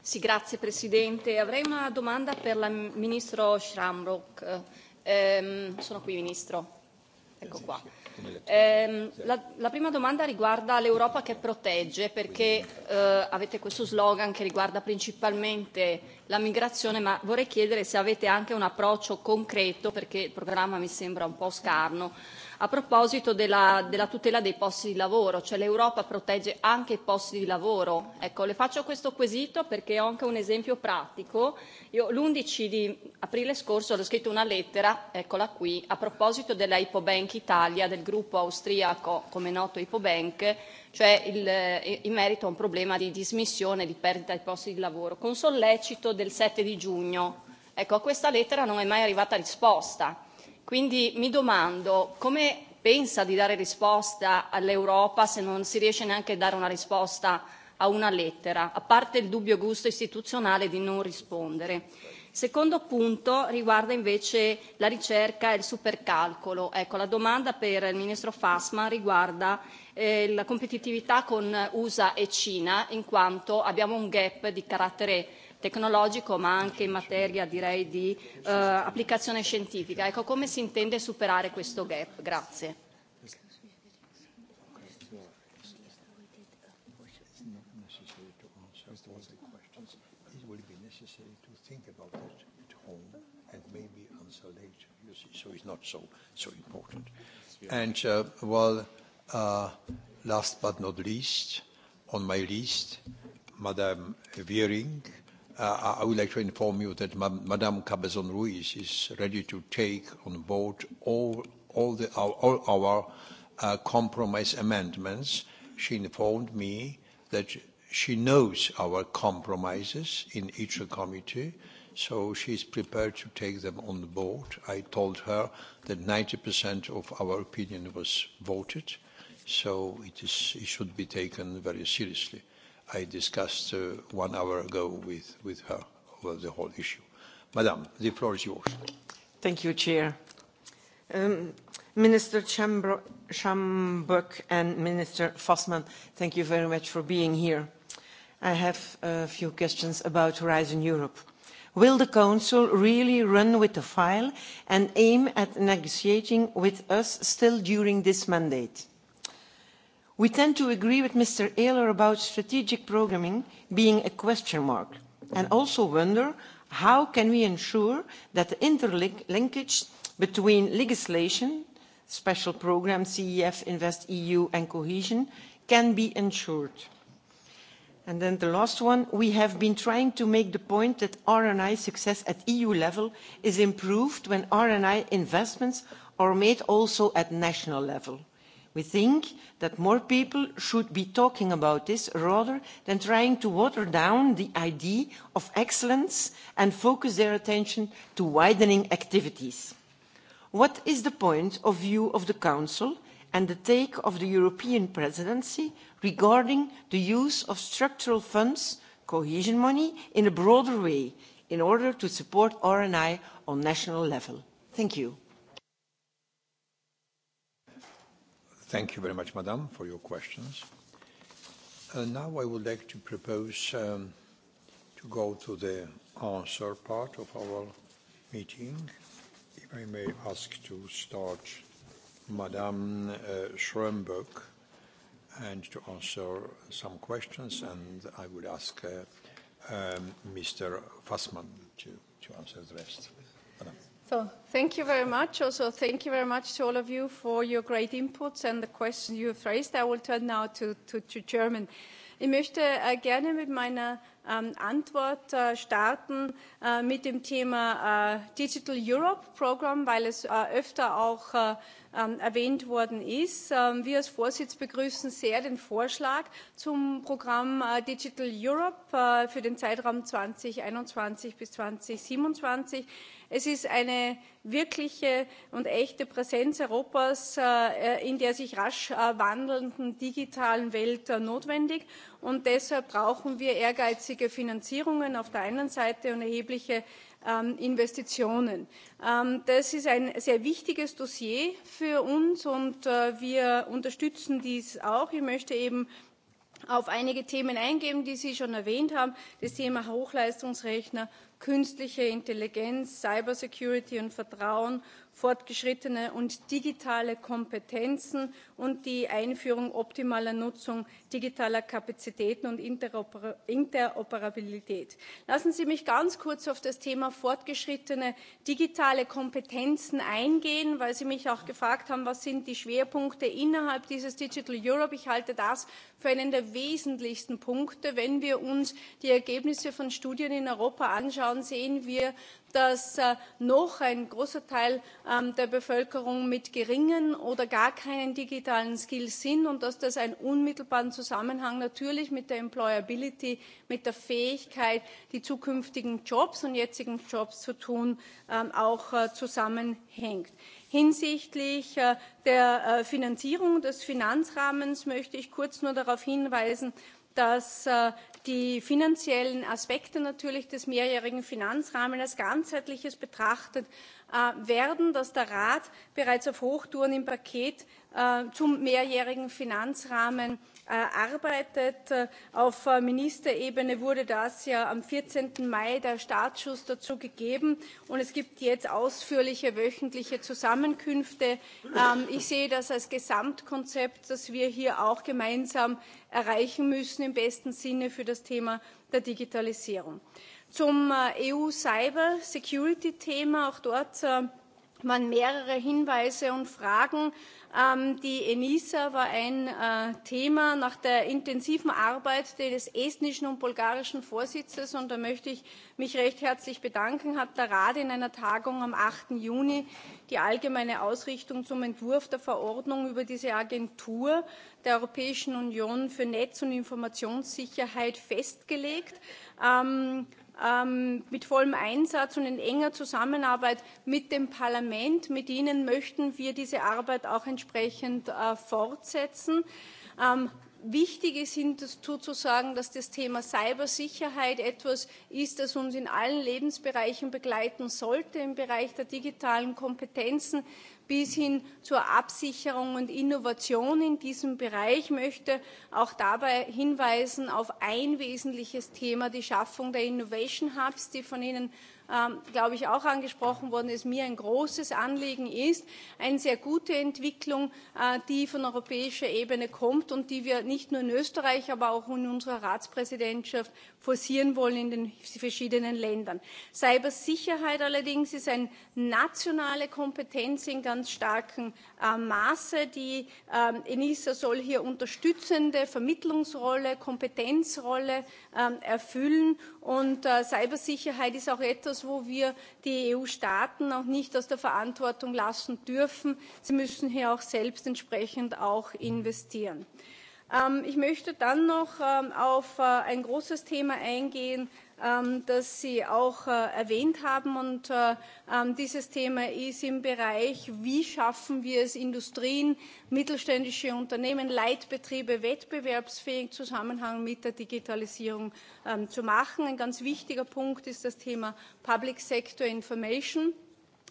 Sì, grazie Presidente. Avrei una domanda per la Ministro Shamrock. Ehm, sono qui, Ministro. Ecco qua. Eh, la, la prima domanda riguarda l'Europa che protegge, perché eh, avete questo slogan che riguarda principalmente la migrazione, ma vorrei chiedere se avete anche un approccio concreto, perché il programma mi sembra un po' scarno, a proposito della, della tutela dei posti di lavoro, cioè l'Europa protegge anche i posti di lavoro. Ecco, le faccio questo quesito perché ho anche un esempio pratico. Io l'11 di aprile scorso ho scritto una lettera, eccola qui, a proposito della Ipobank Italia, del gruppo austriaco, come noto Ipobank, cioè il, eh, in merito a un problema di dismissione, di perdita di posti di lavoro, con sollecito del 7 di giugno. Ecco, a questa lettera non è mai arrivata risposta. Quindi mi domando come pensa di dare risposta all'Europa se non si riesce neanche a dare una risposta a una lettera, a parte il dubbio gusto istituzionale di non rispondere. Secondo punto riguarda invece la ricerca e il supercalcolo. Ecco, la domanda per il ministro Fassman riguarda eh, la competitività con USA e Cina, in quanto abbiamo un gap di carattere tecnologico ma anche in materia direi di eh, applicazione scientifica. Ecco, come si intende superare questo gap? Grazie. so it's not so so important. And uh, well, uh, last but not least, on my list, Madame Wiering, Uh, I would like to inform you that Madame Cabezón Ruiz is ready to take on board all our uh, compromise amendments. She informed me that she knows our compromises in each committee, so she's prepared to take them on board. I told her that 90% of our opinion was voted, so it should be taken very seriously. I discussed uh, one hour ago with, with her over the whole issue. Madam, the floor is yours. Thank you, Chair. Um, Minister Schamburg and Minister Fossman, thank you very much for being here. I have a few questions about Horizon Europe. Will the Council really run with the file and aim at negotiating with us still during this mandate? we tend to agree with mr ehler about strategic programming being a question mark and also wonder how can we ensure that the interlinkage between legislation special programmes cef investeu and cohesion can be ensured. And then the last one we have been trying to make the point that rni success at eu level is improved when rni investments are made also at national level We think that more people should be talking about this rather than trying to water down the idea of excellence and focus their attention to widening activities. What is the point of view of the Council and the take of the European presidency regarding the use of structural funds, cohesion money, in a broader way in order to support R&I on national level? Thank you. Thank you very much, madam, for your questions. Uh, now I would like to propose um, to go to the answer part of our meeting. If I may ask to start Madame uh, and to answer some questions, and I would ask uh, um, Mr. Fassmann to, to answer the rest. Madame. So thank you very much. Also, thank you very much to all of you for your great inputs and the questions you have raised. I will turn now to, to, to German. Ich möchte äh, gerne mit meiner ähm, Antwort äh, starten äh, mit dem Thema äh, Digital Europe Programm, weil es äh, öfter auch äh, ähm, erwähnt worden ist. Ähm, wir als Vorsitz begrüßen sehr den Vorschlag zum Programm äh, Digital Europe äh, für den Zeitraum 2021 bis 2027 es ist eine wirkliche und echte präsenz europas äh, äh, in der sich rasch äh, wandelnden digitalen welt notwendig und deshalb brauchen wir ehrgeizige finanzierungen auf der einen seite und erhebliche ähm, investitionen. Ähm, das ist ein sehr wichtiges dossier für uns und wir unterstützen dies auch. ich möchte eben auf einige themen eingehen die sie schon erwähnt haben das thema hochleistungsrechner künstliche Intelligenz, Cybersecurity und Vertrauen fortgeschrittene und digitale Kompetenzen und die Einführung optimaler Nutzung digitaler Kapazitäten und Interoperabilität. Lassen Sie mich ganz kurz auf das Thema fortgeschrittene digitale Kompetenzen eingehen, weil Sie mich auch gefragt haben, was sind die Schwerpunkte innerhalb dieses Digital Europe. Ich halte das für einen der wesentlichsten Punkte. Wenn wir uns die Ergebnisse von Studien in Europa anschauen, sehen wir, dass äh, noch ein großer Teil ähm, der Bevölkerung mit geringen oder gar keinen digitalen Skills sind und dass das einen unmittelbaren Zusammenhang natürlich mit der Employability, mit der Fähigkeit, die zukünftigen Jobs und jetzigen Jobs zu tun, ähm, auch äh, zusammenhängt. Hinsichtlich äh, der Finanzierung des Finanzrahmens möchte ich kurz nur darauf hinweisen, dass die finanziellen Aspekte natürlich des mehrjährigen Finanzrahmens als ganzheitliches betrachtet äh, werden, dass der Rat bereits auf Hochtouren im Paket äh, zum mehrjährigen Finanzrahmen Äh, arbeitet. Äh, auf äh, Ministerebene wurde das ja am 14. Mai der Startschuss dazu gegeben und es gibt jetzt ausführliche wöchentliche Zusammenkünfte. Ähm, ich sehe das als Gesamtkonzept, das wir hier auch gemeinsam erreichen müssen im besten Sinne für das Thema der Digitalisierung. Zum EU Cyber Security Thema, auch dort waren mehrere Hinweise und Fragen. Ähm, die ENISA war ein äh, Thema nach der intensiven Arbeit des estnischen und bulgarischen Vorsitzes. Und da möchte ich mich recht herzlich bedanken. Hat der Rat in einer Tagung am 8. Juni die allgemeine Ausrichtung zum Entwurf der Verordnung über diese Agentur der Europäischen Union für Netz- und Informationssicherheit festgelegt. Ähm, ähm, mit vollem Einsatz und in enger Zusammenarbeit mit dem Parlament. Mit Ihnen möchten wir diese Arbeit auch entsprechend äh, fortsetzen. Ähm, Wichtig ist hinzu zu sagen, dass das Thema Cybersicherheit etwas ist, das uns in allen Lebensbereichen begleiten sollte. Im Bereich der digitalen Kompetenzen bis hin zur Absicherung und Innovation in diesem Bereich, möchte auch dabei hinweisen auf ein wesentliches Thema, die Schaffung der Innovation Hubs, die von Ihnen Ähm, glaube ich, auch angesprochen worden ist, mir ein großes Anliegen ist, eine sehr gute Entwicklung, äh, die von europäischer Ebene kommt und die wir nicht nur in Österreich, aber auch in unserer Ratspräsidentschaft forcieren wollen in den verschiedenen Ländern. Cybersicherheit allerdings ist eine nationale Kompetenz in ganz starkem äh, Maße. Die ähm, ENISA soll hier unterstützende Vermittlungsrolle, Kompetenzrolle Ähm, erfüllen. Und äh, Cybersicherheit ist auch etwas, wo wir die EU-Staaten auch nicht aus der Verantwortung lassen dürfen. Sie müssen hier auch selbst entsprechend auch investieren. Ähm, ich möchte dann noch ähm, auf äh, ein großes Thema eingehen, Ähm, das Sie auch äh, erwähnt haben. Und äh, ähm, dieses Thema ist im Bereich, wie schaffen wir es, Industrien, mittelständische Unternehmen, Leitbetriebe wettbewerbsfähig im Zusammenhang mit der Digitalisierung ähm, zu machen. Ein ganz wichtiger Punkt ist das Thema Public Sector Information.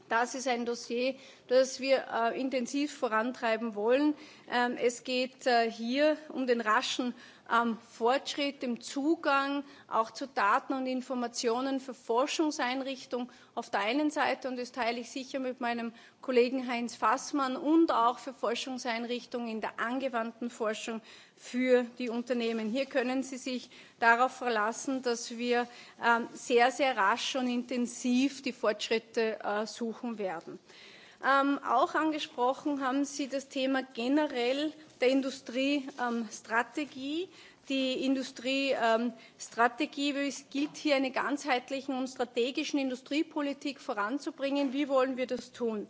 Das ist ein Dossier, das wir äh, intensiv vorantreiben wollen. Ähm, es geht äh, hier um den raschen ähm, Fortschritt im Zugang auch zu Daten und Informationen für Forschungseinrichtungen auf der einen Seite, und das teile ich sicher mit meinem Kollegen Heinz Fassmann, und auch für Forschungseinrichtungen in der angewandten Forschung für die Unternehmen. Hier können Sie sich darauf verlassen, dass wir äh, sehr, sehr rasch und intensiv die Fortschritte äh, suchen werden. Ähm, auch angesprochen haben Sie das Thema generell der Industriestrategie. Die Industriestrategie gilt hier, eine ganzheitlichen und strategischen Industriepolitik voranzubringen. Wie wollen wir das tun?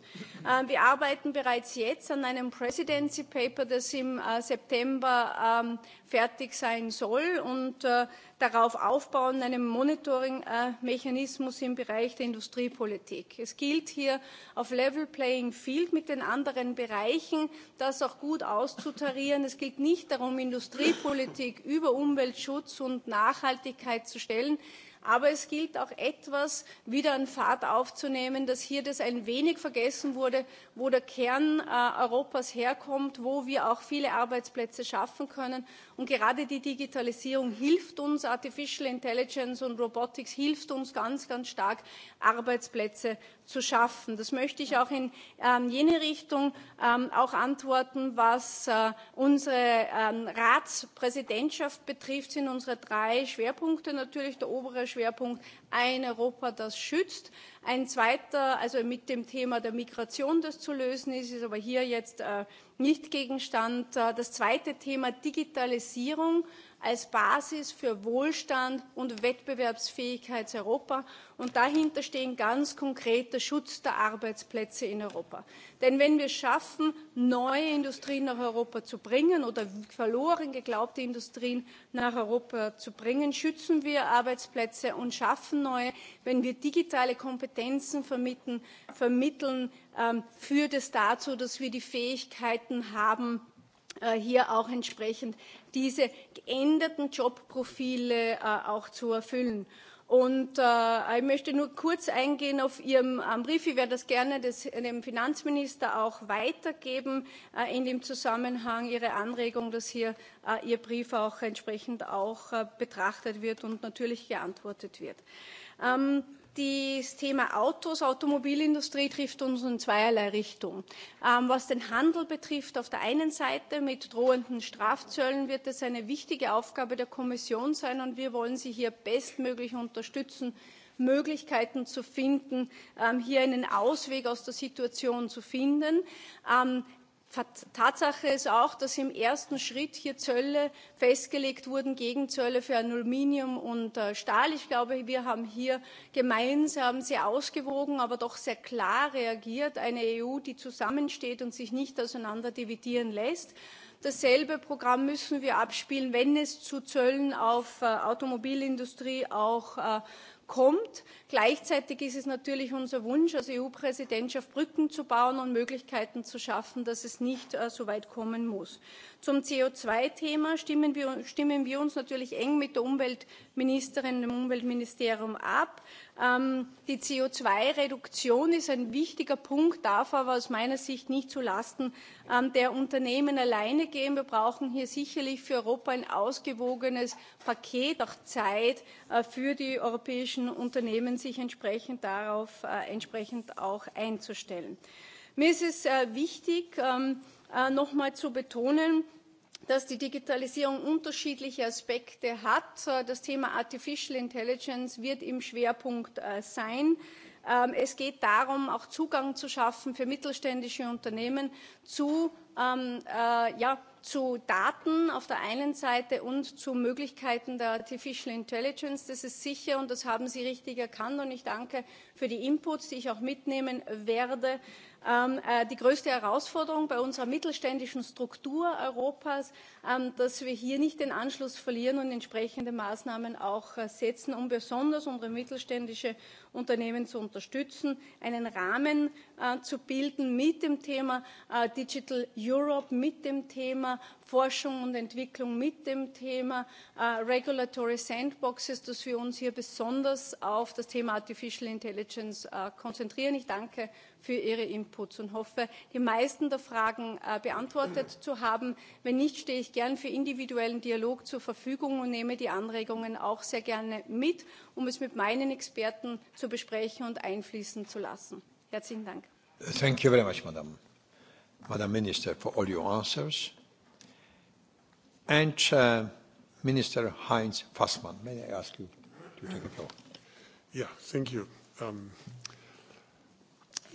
Ähm, wir arbeiten bereits jetzt an einem Presidency Paper, das im äh, September ähm, fertig sein soll. Und äh, darauf aufbauen, einem Monitoring-Mechanismus im Bereich der Industriepolitik. Es gilt hier auf Level Playing Field mit den anderen Bereichen, das auch gut auszutarieren. Es geht nicht darum, Industriepolitik über Umweltschutz und Nachhaltigkeit zu stellen, aber es gilt auch etwas wieder an Fahrt aufzunehmen, dass hier das ein wenig vergessen wurde, wo der Kern äh, Europas herkommt, wo wir auch viele Arbeitsplätze schaffen können Und gerade die Digitalisierung hilft uns, Artificial Intelligence und Robotics hilft uns ganz, ganz stark, Arbeitsplätze zu schaffen. Das möchte ich auch in ähm, jene Richtung ähm, auch antworten, was äh, unsere ähm, Ratspräsidentschaft betrifft, sind unsere drei Schwerpunkte natürlich der obere Schwerpunkt ein Europa, das schützt. Ein zweiter, also mit dem Thema der Migration, das zu lösen ist, ist aber hier jetzt äh, nicht Gegenstand. Äh, das zweite Thema Digitalisierung als Basis für Wohlstand und Wettbewerbsfähigkeit Europa. Und dahinter stehen ganz konkret der Schutz der Arbeitsplätze in Europa. Denn wenn wir es schaffen, neue Industrien nach Europa zu bringen oder verloren geglaubte Industrien nach Europa zu bringen, schützen wir Arbeitsplätze und schaffen neue, wenn wir digitale Kompetenzen vermitteln, vermitteln ähm, führt es dazu, dass wir die Fähigkeiten haben, Äh, hier auch entsprechend diese geänderten Jobprofile äh, auch zu erfüllen. Und äh, ich möchte nur kurz eingehen auf Ihren ähm, Brief. Ich werde das gerne des, dem Finanzminister auch weitergeben äh, in dem Zusammenhang Ihre Anregung, dass hier äh, Ihr Brief auch entsprechend auch äh, betrachtet wird und natürlich geantwortet wird. Ähm, Das Thema Autos, Automobilindustrie trifft uns in zweierlei Richtung. Ähm, was den Handel betrifft, auf der einen Seite mit drohenden Strafzöllen wird es eine wichtige Aufgabe der Kommission sein und wir wollen sie hier bestmöglich unterstützen, Möglichkeiten zu finden, ähm, hier einen Ausweg aus der Situation zu finden. Ähm, Tatsache ist auch, dass im ersten Schritt hier Zölle festgelegt wurden, Gegenzölle für Aluminium und äh, Stahl. Ich glaube, wir haben hier gemeinsam sehr ausgewogen, aber doch sehr klar reagiert. Eine EU, die zusammensteht und sich nicht auseinanderdividieren lässt. Dasselbe Programm müssen wir abspielen, wenn es zu Zöllen auf äh, Automobilindustrie, auch äh, kommt. Gleichzeitig ist es natürlich unser Wunsch als EU-Präsidentschaft, Brücken zu bauen und Möglichkeiten zu schaffen, dass es nicht äh, so weit kommen muss. Zum CO2-Thema stimmen wir, stimmen wir uns natürlich eng mit der Umweltministerin im Umweltministerium ab. Ähm, die CO2-Reduktion ist ein wichtiger Punkt, darf aber aus meiner Sicht nicht zulasten ähm, der Unternehmen alleine gehen. Wir brauchen hier sicherlich für Europa ein ausgewogenes Paket, auch Zeit äh, für die europäischen Unternehmen, sich entsprechend darauf äh, entsprechend auch einzustellen. Mir ist es äh, wichtig, ähm, äh, noch mal zu betonen dass die Digitalisierung unterschiedliche Aspekte hat. Äh, das Thema Artificial Intelligence wird im Schwerpunkt äh, sein. Ähm, es geht darum, auch Zugang zu schaffen für mittelständische Unternehmen zu, ähm, äh, ja, zu Daten auf der einen Seite und zu Möglichkeiten der Artificial Intelligence. Das ist sicher und das haben Sie richtig erkannt und ich danke für die Inputs, die ich auch mitnehmen werde. Ähm, äh, die größte Herausforderung bei unserer mittelständischen Struktur Europas, ähm, dass wir hier nicht den Anschluss verlieren und entsprechende Maßnahmen auch äh, setzen, um besonders unsere mittelständische Unternehmen zu unterstützen, einen Rahmen äh, zu bilden mit dem Thema Digital Europe, mit dem Thema Forschung und Entwicklung, mit dem Thema Regulatory Sandboxes, dass wir uns hier besonders auf das Thema Artificial Intelligence konzentrieren. Ich danke für Ihre Inputs und hoffe, die meisten der Fragen äh, beantwortet zu haben. Wenn nicht, stehe ich gern für individuellen Dialog zur Verfügung und nehme die Anregungen auch sehr gerne mit, um es mit meinen Experten zu besprechen und einfließen zu lassen. Herzlichen Dank. Thank you very much, Madam, Madam Minister, for all your answers. And uh, Minister Heinz Fassmann, may I ask you to take the floor? Yeah, thank you. Um,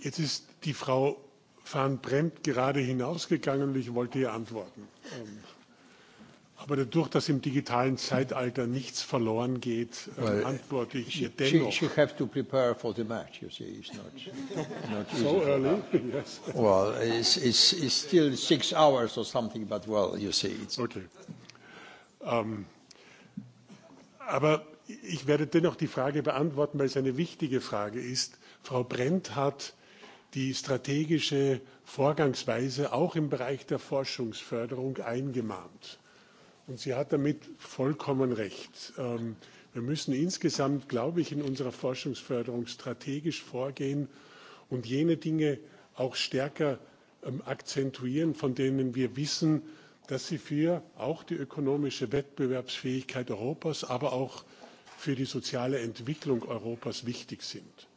Jetzt ist die Frau van Bremt gerade hinausgegangen und ich wollte ihr antworten. Ähm, aber dadurch, dass im digitalen Zeitalter nichts verloren geht, ähm, well, antworte ich she, ihr dennoch. She, she have to prepare for the match, you see. It's not, not easy. So early? Yes. Well, it's, it's, it's still six hours or something, but well, you see. It's okay. Um, aber ich werde dennoch die Frage beantworten, weil es eine wichtige Frage ist. Frau Brent hat die strategische Vorgangsweise auch im Bereich der Forschungsförderung eingemahnt. Und sie hat damit vollkommen recht. Ähm, wir müssen insgesamt, glaube ich, in unserer Forschungsförderung strategisch vorgehen und jene Dinge auch stärker ähm, akzentuieren, von denen wir wissen, dass sie für auch die ökonomische Wettbewerbsfähigkeit Europas, aber auch für die soziale Entwicklung Europas wichtig sind.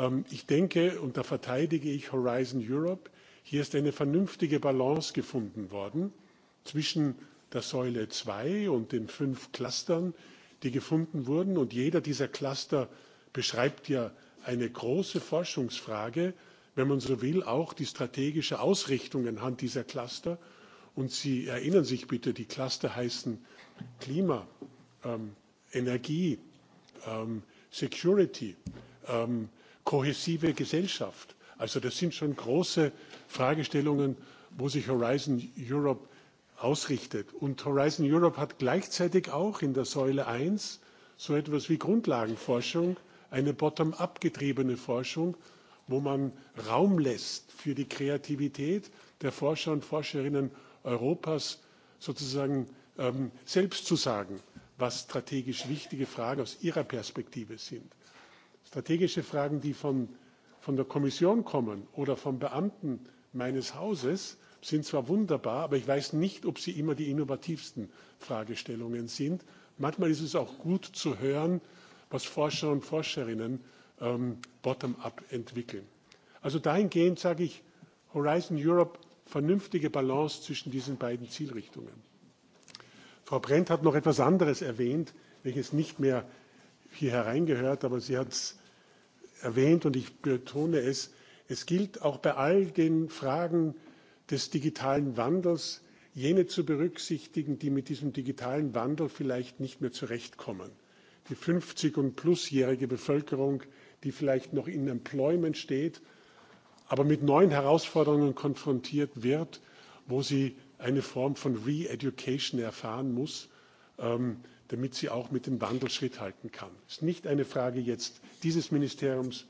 Ähm, ich denke, und da verteidige ich Horizon Europe, hier ist eine vernünftige Balance gefunden worden zwischen der Säule 2 und den fünf Clustern, die gefunden wurden. Und jeder dieser Cluster beschreibt ja eine große Forschungsfrage, wenn man so will, auch die strategische Ausrichtung anhand dieser Cluster. Und Sie erinnern sich bitte, die Cluster heißen Klima, ähm, Energie, ähm, Security, ähm, kohäsive Gesellschaft. Also das sind schon große Fragestellungen, wo sich Horizon Europe ausrichtet. Und Horizon Europe hat gleichzeitig auch in der Säule 1 so etwas wie Grundlagenforschung, eine bottom-up getriebene Forschung, wo man Raum lässt für die Kreativität der Forscher und Forscherinnen Europas, sozusagen ähm, selbst zu sagen, was strategisch wichtige Fragen aus ihrer Perspektive sind strategische Fragen, die von, von der Kommission kommen oder von Beamten meines Hauses, sind zwar wunderbar, aber ich weiß nicht, ob sie immer die innovativsten Fragestellungen sind. Manchmal ist es auch gut zu hören, was Forscher und Forscherinnen ähm, bottom-up entwickeln. Also dahingehend sage ich Horizon Europe vernünftige Balance zwischen diesen beiden Zielrichtungen. Frau Brent hat noch etwas anderes erwähnt, welches nicht mehr hier hereingehört, aber sie hat es erwähnt und ich betone es, es gilt auch bei all den Fragen des digitalen Wandels, jene zu berücksichtigen, die mit diesem digitalen Wandel vielleicht nicht mehr zurechtkommen. Die 50- und plusjährige Bevölkerung, die vielleicht noch in Employment steht, aber mit neuen Herausforderungen konfrontiert wird, wo sie eine Form von Re-Education erfahren muss. Ähm, damit sie auch mit dem Wandel Schritt halten kann. Es ist nicht eine Frage jetzt dieses Ministeriums,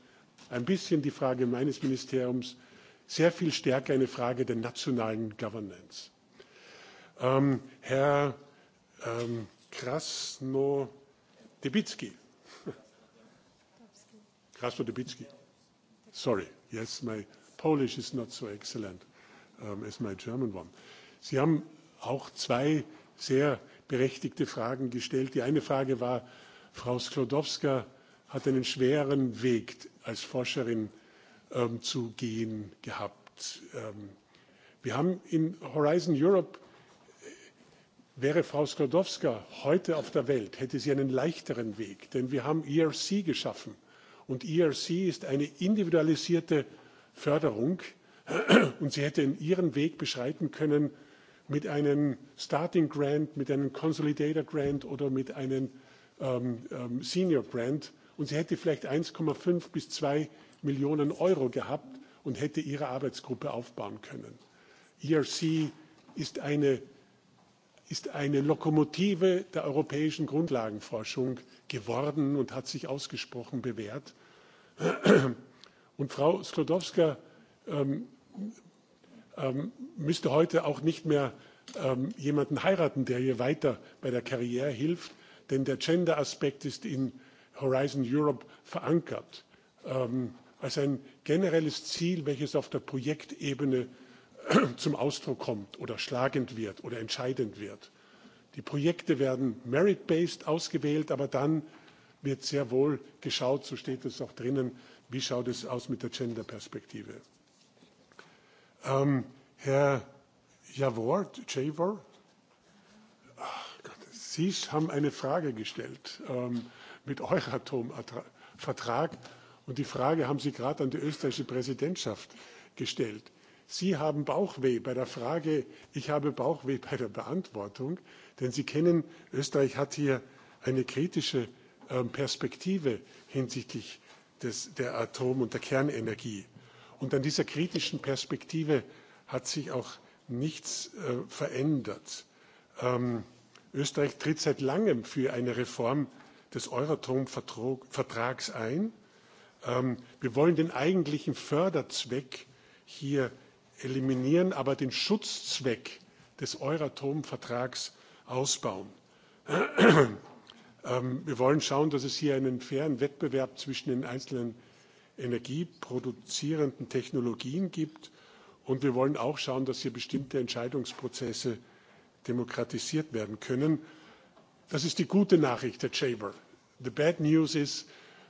ein bisschen die Frage meines Ministeriums, sehr viel stärker eine Frage der nationalen Governance. Ähm, Herr ähm, Krasnodebitsky. Krasnodebitsky. Sorry, yes, my Polish is not so excellent um, as my German one. Sie haben auch zwei sehr berechtigte Fragen gestellt. Die eine Frage war, Frau Sklodowska hat einen schweren Weg als Forscherin ähm, zu gehen gehabt. Ähm, wir haben in Horizon Europe, äh, wäre Frau Sklodowska heute auf der Welt, hätte sie einen leichteren Weg, denn wir haben ERC geschaffen. Und ERC ist eine individualisierte Förderung. Und sie hätte ihren Weg beschreiten können, mit einem Starting Grant, mit einem Consolidator Grant oder mit einem ähm, ähm, Senior Grant. Und sie hätte vielleicht 1,5 bis 2 Millionen Euro gehabt und hätte ihre Arbeitsgruppe aufbauen können. ERC ist eine, ist eine Lokomotive der europäischen Grundlagenforschung geworden und hat sich ausgesprochen bewährt. Und Frau Sklodowska ähm, ähm, müsste heute auch nicht mehr ähm, jemanden heiraten, der ihr weiter bei der Karriere hilft, denn der Gender-Aspekt ist in Horizon Europe verankert ähm, als ein generelles Ziel, welches auf der Projektebene zum Ausdruck kommt oder schlagend wird oder entscheidend wird. Die Projekte werden merit-based ausgewählt, aber dann wird sehr wohl geschaut, so steht es auch drinnen, wie schaut es aus mit der Gender-Perspektive. Um, Herr Javor, Javor, Sie haben eine Frage gestellt ähm, mit eurem Atomvertrag und die Frage haben Sie gerade an die österreichische Präsidentschaft gestellt. Sie haben Bauchweh bei der Frage, ich habe Bauchweh bei der Beantwortung, denn Sie kennen, Österreich hat hier eine kritische ähm, Perspektive hinsichtlich des, der Atom- und der Kernenergie. Und an dieser kritischen Perspektive hat sich auch nichts äh, verändert. Ähm, Österreich tritt seit langem für eine Reform des Euratom-Vertrags ein. Ähm, wir wollen den eigentlichen Förderzweck hier eliminieren, aber den Schutzzweck des Euratom-Vertrags ausbauen. Ähm, wir wollen schauen, dass es hier einen fairen Wettbewerb zwischen den einzelnen energieproduzierenden Technologien gibt. Und wir wollen auch schauen, dass hier bestimmte Entscheidungsprozesse demokratisiert werden können. Das ist die gute Nachricht Herr Chamber. The bad news is,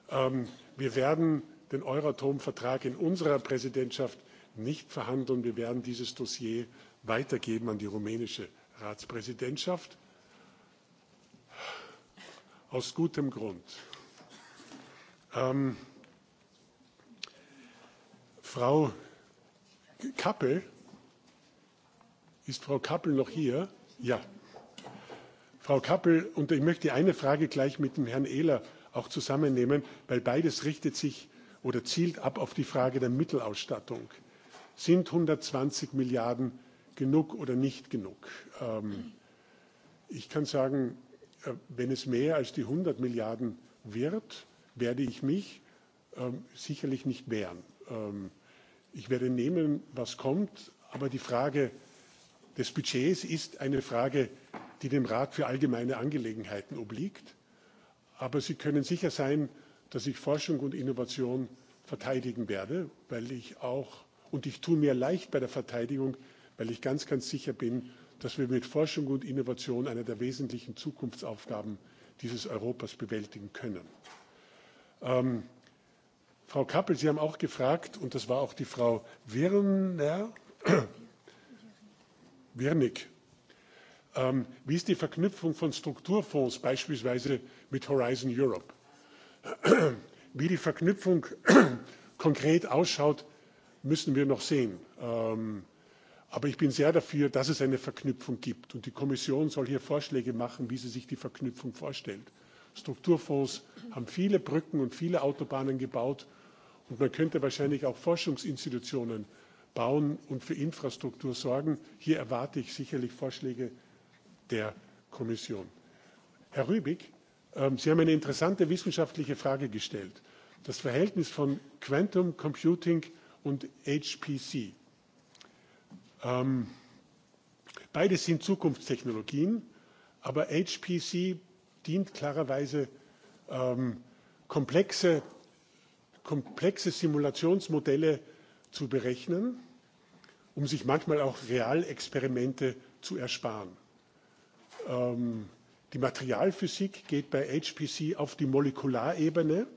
ähm, wir werden den Euratom-Vertrag in unserer Präsidentschaft nicht verhandeln. Wir werden dieses Dossier weitergeben an die rumänische Ratspräsidentschaft. Aus gutem Grund. Ähm, Frau Kappel, ist Frau Kappel noch hier? Ja. Frau Kappel, und ich möchte eine Frage gleich mit dem Herrn Ehler auch zusammennehmen, weil beides richtet sich oder zielt ab auf die Frage der Mittelausstattung. Sind 120 Milliarden genug oder nicht genug? Ähm, ich kann sagen, äh, wenn es mehr als die 100 Milliarden wird, werde ich mich ähm, sicherlich nicht wehren. Ähm, Ich werde nehmen, was kommt. Aber die Frage des Budgets ist eine Frage, die dem Rat für allgemeine Angelegenheiten obliegt. Aber Sie können sicher sein, dass ich Forschung und Innovation verteidigen werde, weil ich auch, und ich tue mir leicht bei der Verteidigung, weil ich ganz, ganz sicher bin, dass wir mit Forschung und Innovation eine der wesentlichen Zukunftsaufgaben dieses Europas bewältigen können. Ähm, Frau Kappel, Sie haben auch gefragt, und das war auch die Frau Wirner, Wirnig, ähm, wie ist die Verknüpfung von Strukturfonds beispielsweise mit Horizon Europe? wie die Verknüpfung konkret ausschaut, müssen wir noch sehen. Ähm, aber ich bin sehr dafür, dass es eine Verknüpfung gibt. Und die Kommission soll hier Vorschläge machen, wie sie sich die Verknüpfung vorstellt. Strukturfonds haben viele Brücken und viele Autobahnen gebaut Und man könnte wahrscheinlich auch Forschungsinstitutionen bauen und für Infrastruktur sorgen. Hier erwarte ich sicherlich Vorschläge der Kommission. Herr Rübig, ähm, Sie haben eine interessante wissenschaftliche Frage gestellt. Das Verhältnis von Quantum Computing und HPC. Ähm, Beide sind Zukunftstechnologien, aber HPC dient klarerweise ähm, komplexe komplexe Simulationsmodelle zu berechnen, um sich manchmal auch Realexperimente zu ersparen. Ähm, die Materialphysik geht bei HPC auf die Molekularebene,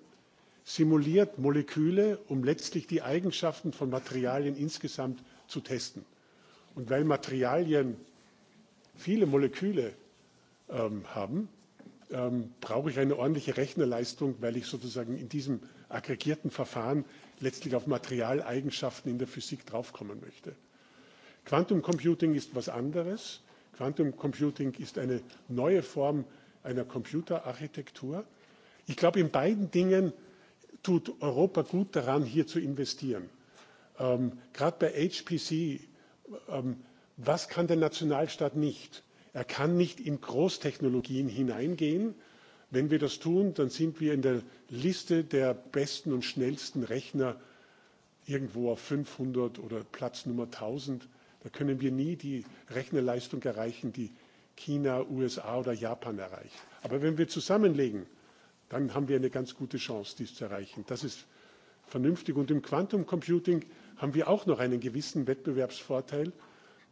simuliert Moleküle, um letztlich die Eigenschaften von Materialien insgesamt zu testen. Und weil Materialien viele Moleküle ähm, haben, ähm, brauche ich eine ordentliche Rechnerleistung, weil ich sozusagen in diesem aggregierten Verfahren letztlich auf Materialeigenschaften in der Physik draufkommen möchte. Quantum Computing ist was anderes. Quantum Computing ist eine neue Form einer Computerarchitektur. Ich glaube, in beiden Dingen tut Europa gut daran, hier zu investieren. Ähm, Gerade bei HPC, ähm, was kann der Nationalstaat nicht? Er kann nicht in Großtechnologien hineingehen, wenn wir das tun dann sind wir in der liste der besten und schnellsten rechner irgendwo auf 500 oder platz nummer 1000 da können wir nie die rechnerleistung erreichen die china usa oder japan erreicht. aber wenn wir zusammenlegen dann haben wir eine ganz gute chance dies zu erreichen. das ist vernünftig. und im quantum computing haben wir auch noch einen gewissen wettbewerbsvorteil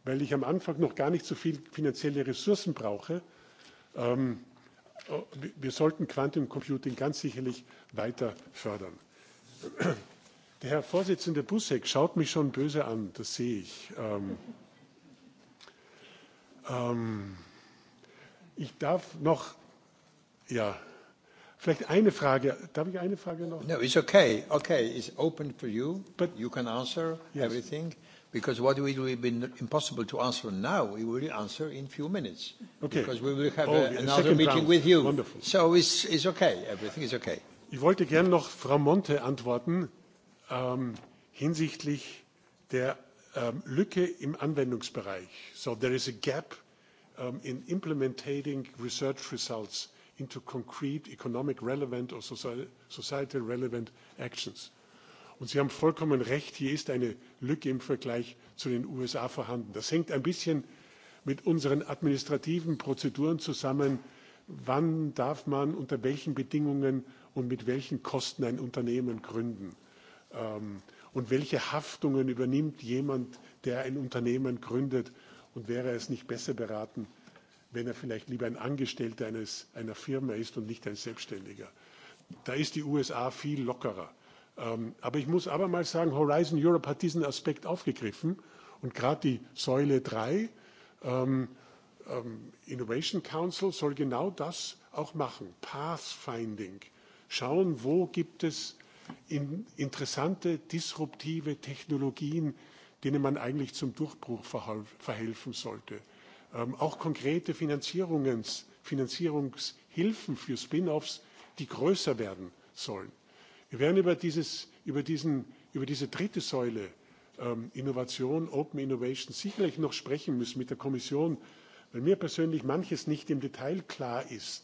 weil ich am anfang noch gar nicht so viel finanzielle ressourcen brauche. Ähm, wir sollten Quantum Computing ganz sicherlich weiter fördern. Der Herr Vorsitzende Busseck schaut mich schon böse an, das sehe ich. Ähm, ähm, ich darf noch, ja, vielleicht eine Frage. Darf ich eine Frage noch? No, it's okay. Okay, it's open for you. But you can answer yes. everything because what will would be been impossible to answer now, we will answer in few minutes. Okay. Because we will have oh, a, uh, another meeting round. with you. Wonderful. So it's, it's okay. Everything is okay. Ich wollte gerne noch Frau Monte antworten um, hinsichtlich der um, Lücke im Anwendungsbereich. So there is a gap um, in implementing research results into concrete economic relevant or societal relevant actions. Und Sie haben vollkommen recht, hier ist eine Lücke im Vergleich zu den USA vorhanden. Das hängt ein bisschen mit unseren administrativen Prozeduren zusammen. Wann darf man unter welchen Bedingungen und mit welchen Kosten ein Unternehmen gründen? Ähm, und welche Haftungen übernimmt jemand, der ein Unternehmen gründet? Und wäre es nicht besser beraten, wenn er vielleicht lieber ein Angestellter eines, einer Firma ist und nicht ein Selbstständiger? Da ist die USA viel lockerer. Ähm, aber ich muss abermals sagen, Horizon Europe hat diesen Aspekt aufgegriffen und gerade die Säule 3, ähm, ähm, Innovation Council, soll genau das auch machen. Pathfinding. Schauen, wo gibt es in, interessante, disruptive Technologien, denen man eigentlich zum Durchbruch verhelfen sollte. Ähm, auch konkrete Finanzierungs, Finanzierungshilfen für Spin-offs, die größer werden sollen. Wir werden über, dieses, über, diesen, über diese dritte Säule ähm, Innovation, Open Innovation sicherlich noch sprechen müssen mit der Kommission, weil mir persönlich manches nicht im Detail klar ist.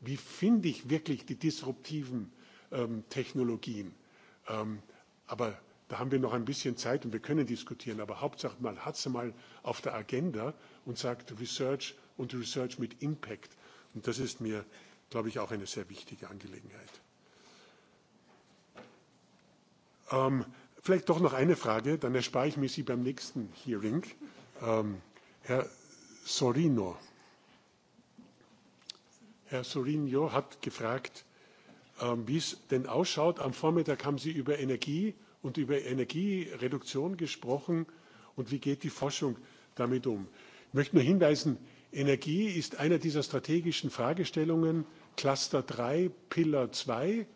Wie finde ich wirklich die disruptiven ähm, Technologien? Ähm, aber da haben wir noch ein bisschen Zeit und wir können diskutieren. Aber Hauptsache mal hat sie mal auf der Agenda und sagt Research und Research mit Impact. Und das ist mir, glaube ich, auch eine sehr wichtige Angelegenheit. Ähm, vielleicht doch noch eine Frage, dann erspare ich mir sie beim nächsten Hearing. Ähm, Herr Sorino. Herr Sorino hat gefragt, ähm, wie es denn ausschaut. Am Vormittag haben Sie über Energie und über Energiereduktion gesprochen und wie geht die Forschung damit um. Ich möchte nur hinweisen, Energie ist eine dieser strategischen Fragestellungen, Cluster 3, Pillar 2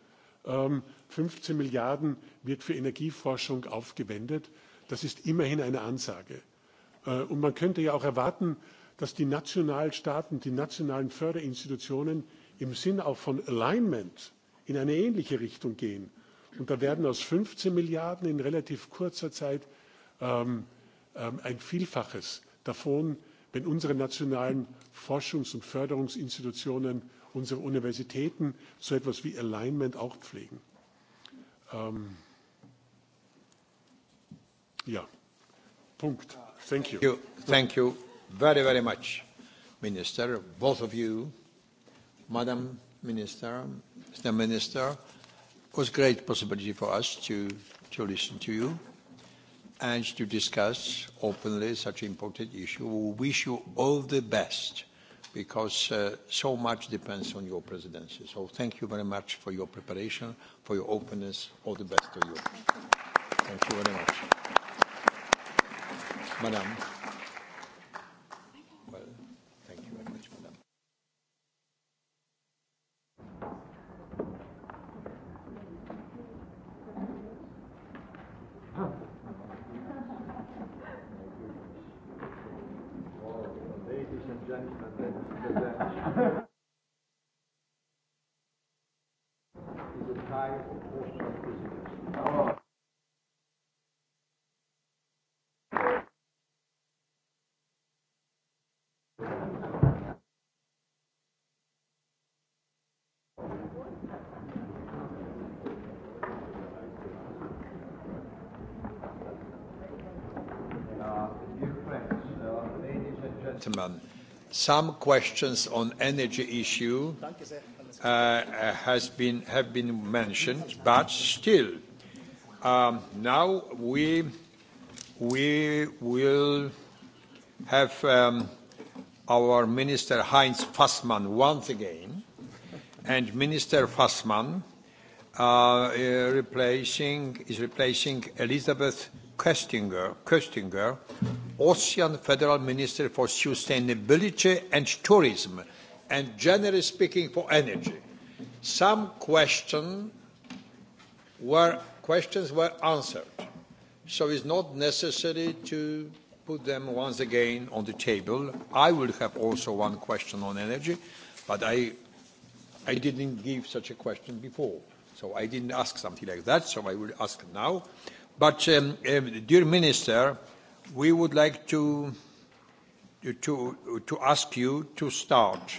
15 ähm, Milliarden wird für Energieforschung aufgewendet. Das ist immerhin eine Ansage. Äh, und man könnte ja auch erwarten, dass die Nationalstaaten, die nationalen Förderinstitutionen im Sinne auch von Alignment in eine ähnliche Richtung gehen. Und da werden aus 15 Milliarden in relativ kurzer Zeit ähm, ähm, ein Vielfaches davon, wenn unsere nationalen Forschungs- und Förderungsinstitutionen unsere Universitäten so etwas wie Alignment auch pflegen. Ähm, ja, Punkt. Thank you. Thank you very, very much, Minister, both of you, Madam Minister, Mr. Minister. It was a great possibility for us to, to listen to you and to discuss openly such important issue. We wish you all the best because uh, so much depends on your presidency. So thank you very much for your preparation, for your openness. All the best to you. Thank you, thank you very much. Madam. gentlemen, some questions on energy issue uh, uh, has been, have been mentioned, but still, um, now we, we will have um, our Minister Heinz Fassmann once again, and Minister Fassmann uh, replacing, is replacing Elisabeth Köstinger, Köstinger, Austrian Federal Minister for Sustainability and Tourism, and generally speaking for energy. Some question were, questions were answered, so it's not necessary to put them once again on the table. I would have also one question on energy, but I, I didn't give such a question before. So I didn't ask something like that, so I will ask now. But, um, uh, dear Minister, we would like to, to, to ask you to start.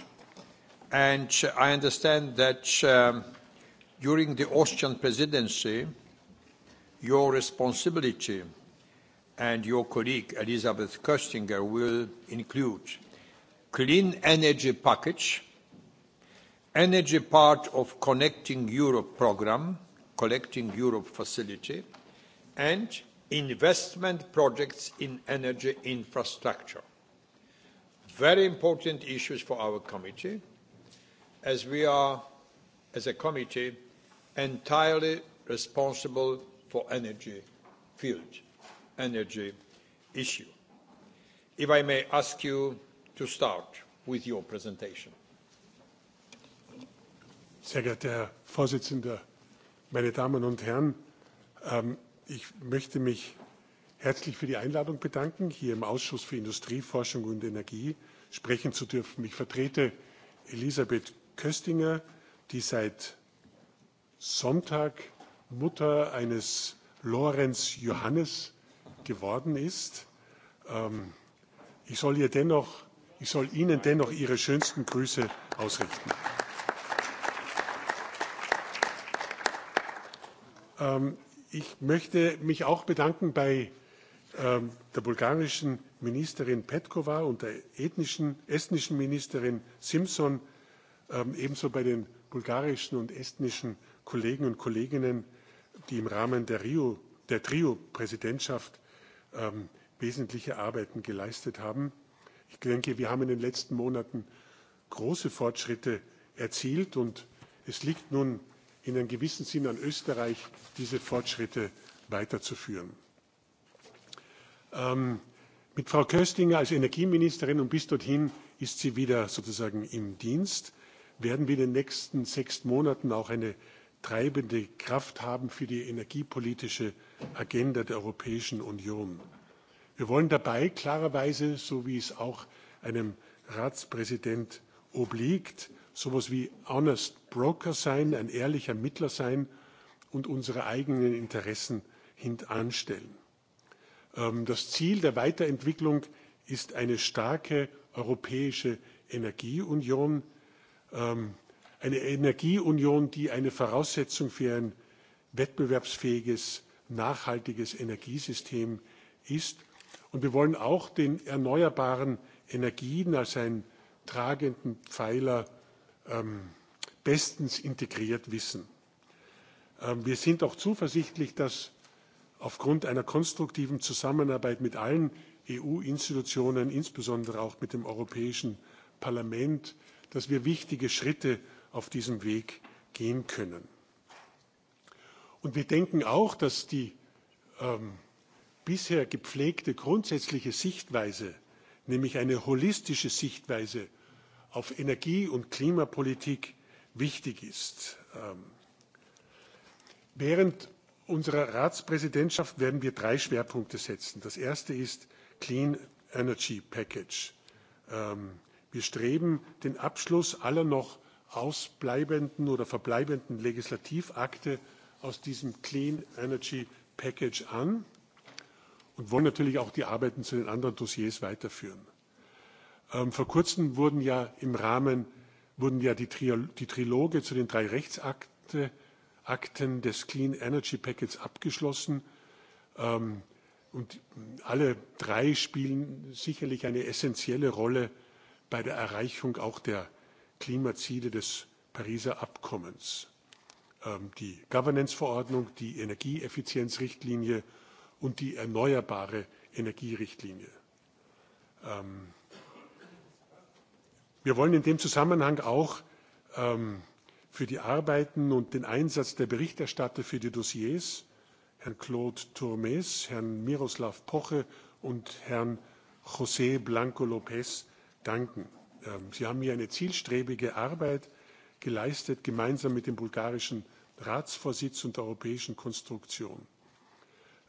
And I understand that um, during the Austrian presidency, your responsibility and your colleague Elisabeth Köstinger will include clean energy package, energy part of Connecting Europe program, Collecting Europe facility, and investment projects in energy infrastructure. Very important issues for our committee, as we are, as a committee, entirely responsible for energy field, energy issue. If I may ask you to start with your presentation. Sehr geehrter Herr Vorsitzender, meine Damen und Herren, ähm, Ich möchte mich herzlich für die Einladung bedanken, hier im Ausschuss für Industrie, Forschung und Energie sprechen zu dürfen. Ich vertrete Elisabeth Köstinger, die seit Sonntag Mutter eines Lorenz Johannes geworden ist. Ähm, ich soll ihr dennoch, ich soll Ihnen dennoch Ihre schönsten Grüße ausrichten. Applaus ähm, Ich möchte mich auch bedanken bei ähm, der bulgarischen Ministerin Petkova und der ethnischen, estnischen Ministerin Simpson, ähm, ebenso bei den bulgarischen und estnischen Kollegen und Kolleginnen, die im Rahmen der, Rio, der Trio-Präsidentschaft ähm, wesentliche Arbeiten geleistet haben. Ich denke, wir haben in den letzten Monaten große Fortschritte erzielt und es liegt nun in einem gewissen Sinn an Österreich, diese Fortschritte weiterzuführen. Ähm, mit Frau Köstinger als Energieministerin und bis dorthin ist sie wieder sozusagen im Dienst, werden wir in den nächsten sechs Monaten auch eine treibende Kraft haben für die energiepolitische Agenda der Europäischen Union. Wir wollen dabei klarerweise, so wie es auch einem Ratspräsident obliegt, sowas wie honest broker sein, ein ehrlicher Mittler sein und unsere eigenen Interessen hintanstellen. Ähm, das Ziel der Weiterentwicklung ist eine starke europäische Energieunion, ähm, eine Energieunion, die eine Voraussetzung für ein wettbewerbsfähiges, nachhaltiges Energiesystem ist. Und wir wollen auch den erneuerbaren Energien als einen tragenden Pfeiler Ähm, bestens integriert wissen. Ähm, wir sind auch zuversichtlich, dass aufgrund einer konstruktiven Zusammenarbeit mit allen EU-Institutionen, insbesondere auch mit dem Europäischen Parlament, dass wir wichtige Schritte auf diesem Weg gehen können. Und wir denken auch, dass die ähm, bisher gepflegte grundsätzliche Sichtweise, nämlich eine holistische Sichtweise auf Energie- und Klimapolitik wichtig ist. Ähm, während unserer Ratspräsidentschaft werden wir drei Schwerpunkte setzen. Das erste ist Clean Energy Package. Ähm, wir streben den Abschluss aller noch ausbleibenden oder verbleibenden Legislativakte aus diesem Clean Energy Package an und wollen natürlich auch die Arbeiten zu den anderen Dossiers weiterführen. Ähm, vor kurzem wurden ja im Rahmen wurden ja die, Tri die Triloge zu den drei Rechtsakten Akten des Clean Energy Packets abgeschlossen. Ähm, und alle drei spielen sicherlich eine essentielle Rolle bei der Erreichung auch der Klimaziele des Pariser Abkommens. Ähm, die Governance-Verordnung, die Energieeffizienzrichtlinie und die erneuerbare Energierichtlinie. Ähm, wir wollen in dem zusammenhang auch ähm, für die arbeiten und den einsatz der berichterstatter für die dossiers herrn claude turmes herrn miroslav poche und herrn jos blanco lopez danken. Ähm, sie haben hier eine zielstrebige arbeit geleistet gemeinsam mit dem bulgarischen ratsvorsitz und der europäischen konstruktion.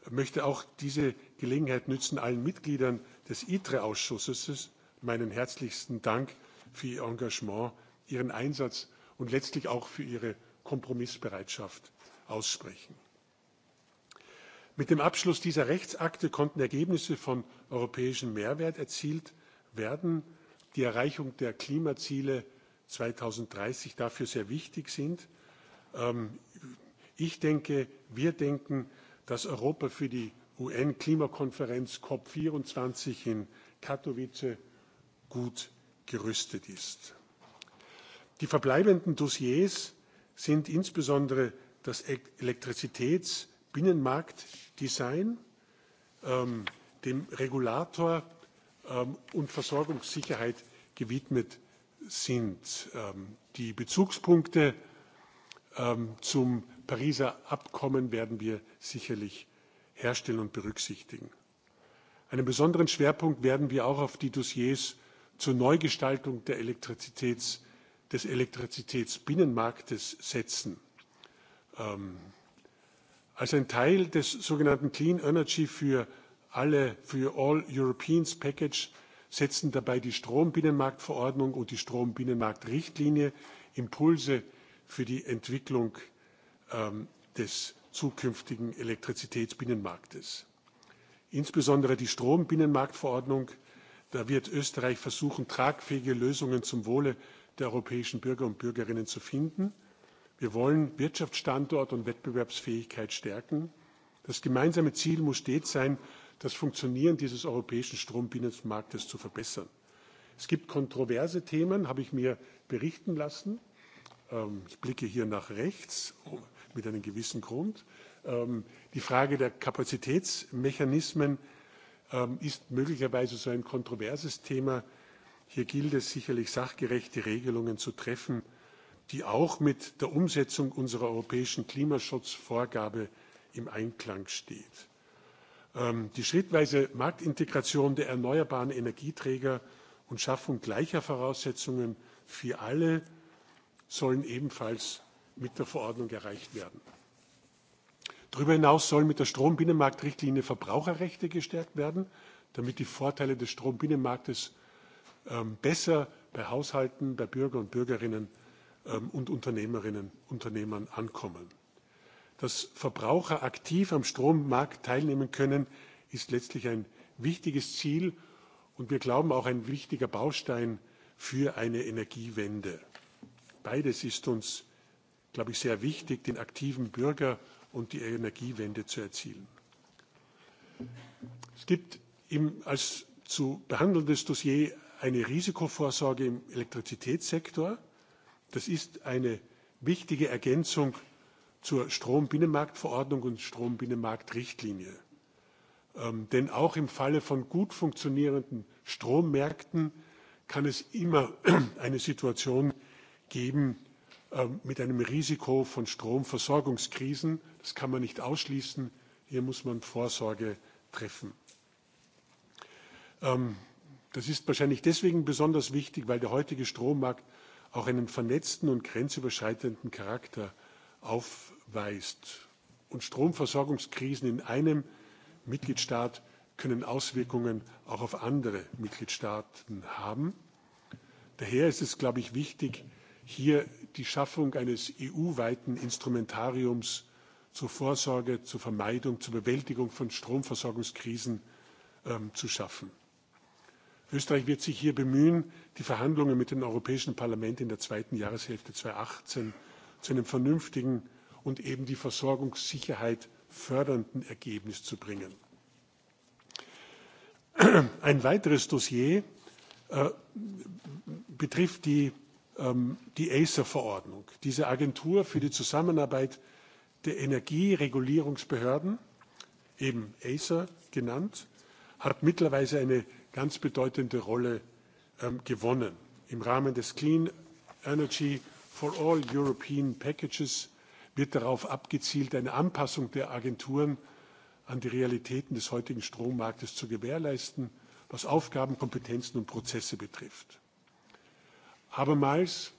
ich möchte auch diese gelegenheit nützen allen mitgliedern des itre ausschusses meinen herzlichsten dank für ihr Engagement, ihren Einsatz und letztlich auch für ihre Kompromissbereitschaft aussprechen. Mit dem Abschluss dieser Rechtsakte konnten Ergebnisse von europäischem Mehrwert erzielt werden, die Erreichung der Klimaziele 2030 dafür sehr wichtig sind. Ähm, ich denke, wir denken, dass Europa für die UN-Klimakonferenz COP24 in Katowice gut gerüstet ist. Die verbleibenden Dossiers sind insbesondere das Elektrizitätsbinnenmarktdesign, ähm, dem Regulator ähm, und Versorgungssicherheit gewidmet sind. Ähm, die Bezugspunkte ähm, zum Pariser Abkommen werden wir sicherlich herstellen und berücksichtigen. Einen besonderen Schwerpunkt werden wir auch auf die Dossiers zur Neugestaltung der Elektrizitäts, des Elektrizitätsbinnenmarktes setzen. Ähm, als ein Teil des sogenannten Clean Energy für alle, für All Europeans Package setzen dabei die Strombinnenmarktverordnung und die Strombinnenmarktrichtlinie Impulse für die Entwicklung ähm, des zukünftigen Elektrizitätsbinnenmarktes. Insbesondere die Strombinnenmarktverordnung Da wird Österreich versuchen, tragfähige Lösungen zum Wohle der europäischen Bürger und Bürgerinnen zu finden. Wir wollen Wirtschaftsstandort und Wettbewerbsfähigkeit stärken. Das gemeinsame Ziel muss stets sein, das Funktionieren dieses europäischen Strombinnenmarktes zu verbessern. Es gibt kontroverse Themen, habe ich mir berichten lassen. Ähm, ich blicke hier nach rechts oh, mit einem gewissen Grund. Ähm, die Frage der Kapazitätsmechanismen Ähm, ist möglicherweise so ein kontroverses Thema. Hier gilt es sicherlich, sachgerechte Regelungen zu treffen, die auch mit der Umsetzung unserer europäischen Klimaschutzvorgabe im Einklang steht. Ähm, die schrittweise Marktintegration der erneuerbaren Energieträger und Schaffung gleicher Voraussetzungen für alle sollen ebenfalls mit der Verordnung erreicht werden. Darüber hinaus sollen mit der Strombinnenmarktrichtlinie Verbraucherrechte gestärkt werden, damit die Vorteile des Strombinnenmarktes ähm, besser bei Haushalten, bei Bürger und Bürgerinnen ähm, und Unternehmerinnen und Unternehmern ankommen. Dass Verbraucher aktiv am Strommarkt teilnehmen können, ist letztlich ein wichtiges Ziel und wir glauben auch ein wichtiger Baustein für eine Energiewende. Beides ist uns, glaube ich, sehr wichtig, den aktiven Bürger und die Energiewende zu erzielen. Es gibt im als zu behandelndes Dossier eine Risikovorsorge im Elektrizitätssektor. Das ist eine wichtige Ergänzung zur Strombinnenmarktverordnung und Strombinnenmarktrichtlinie. Ähm, denn auch im Falle von gut funktionierenden Strommärkten kann es immer eine Situation geben, Ähm, mit einem Risiko von Stromversorgungskrisen. Das kann man nicht ausschließen. Hier muss man Vorsorge treffen. Ähm, das ist wahrscheinlich deswegen besonders wichtig, weil der heutige Strommarkt auch einen vernetzten und grenzüberschreitenden Charakter aufweist. Und Stromversorgungskrisen in einem Mitgliedstaat können Auswirkungen auch auf andere Mitgliedstaaten haben. Daher ist es, glaube ich, wichtig, hier die Schaffung eines EU-weiten Instrumentariums zur Vorsorge, zur Vermeidung, zur Bewältigung von Stromversorgungskrisen ähm, zu schaffen. Österreich wird sich hier bemühen, die Verhandlungen mit dem Europäischen Parlament in der zweiten Jahreshälfte 2018 zu einem vernünftigen und eben die Versorgungssicherheit fördernden Ergebnis zu bringen. Ein weiteres Dossier äh, betrifft die Ähm, die ACER-Verordnung, diese Agentur für die Zusammenarbeit der Energieregulierungsbehörden, eben ACER genannt, hat mittlerweile eine ganz bedeutende Rolle ähm, gewonnen im Rahmen des Clean Energy for All European Packages wird darauf abgezielt, eine Anpassung der Agenturen an die Realitäten des heutigen Strommarktes zu gewährleisten, was Aufgaben, Kompetenzen und Prozesse betrifft. Habermals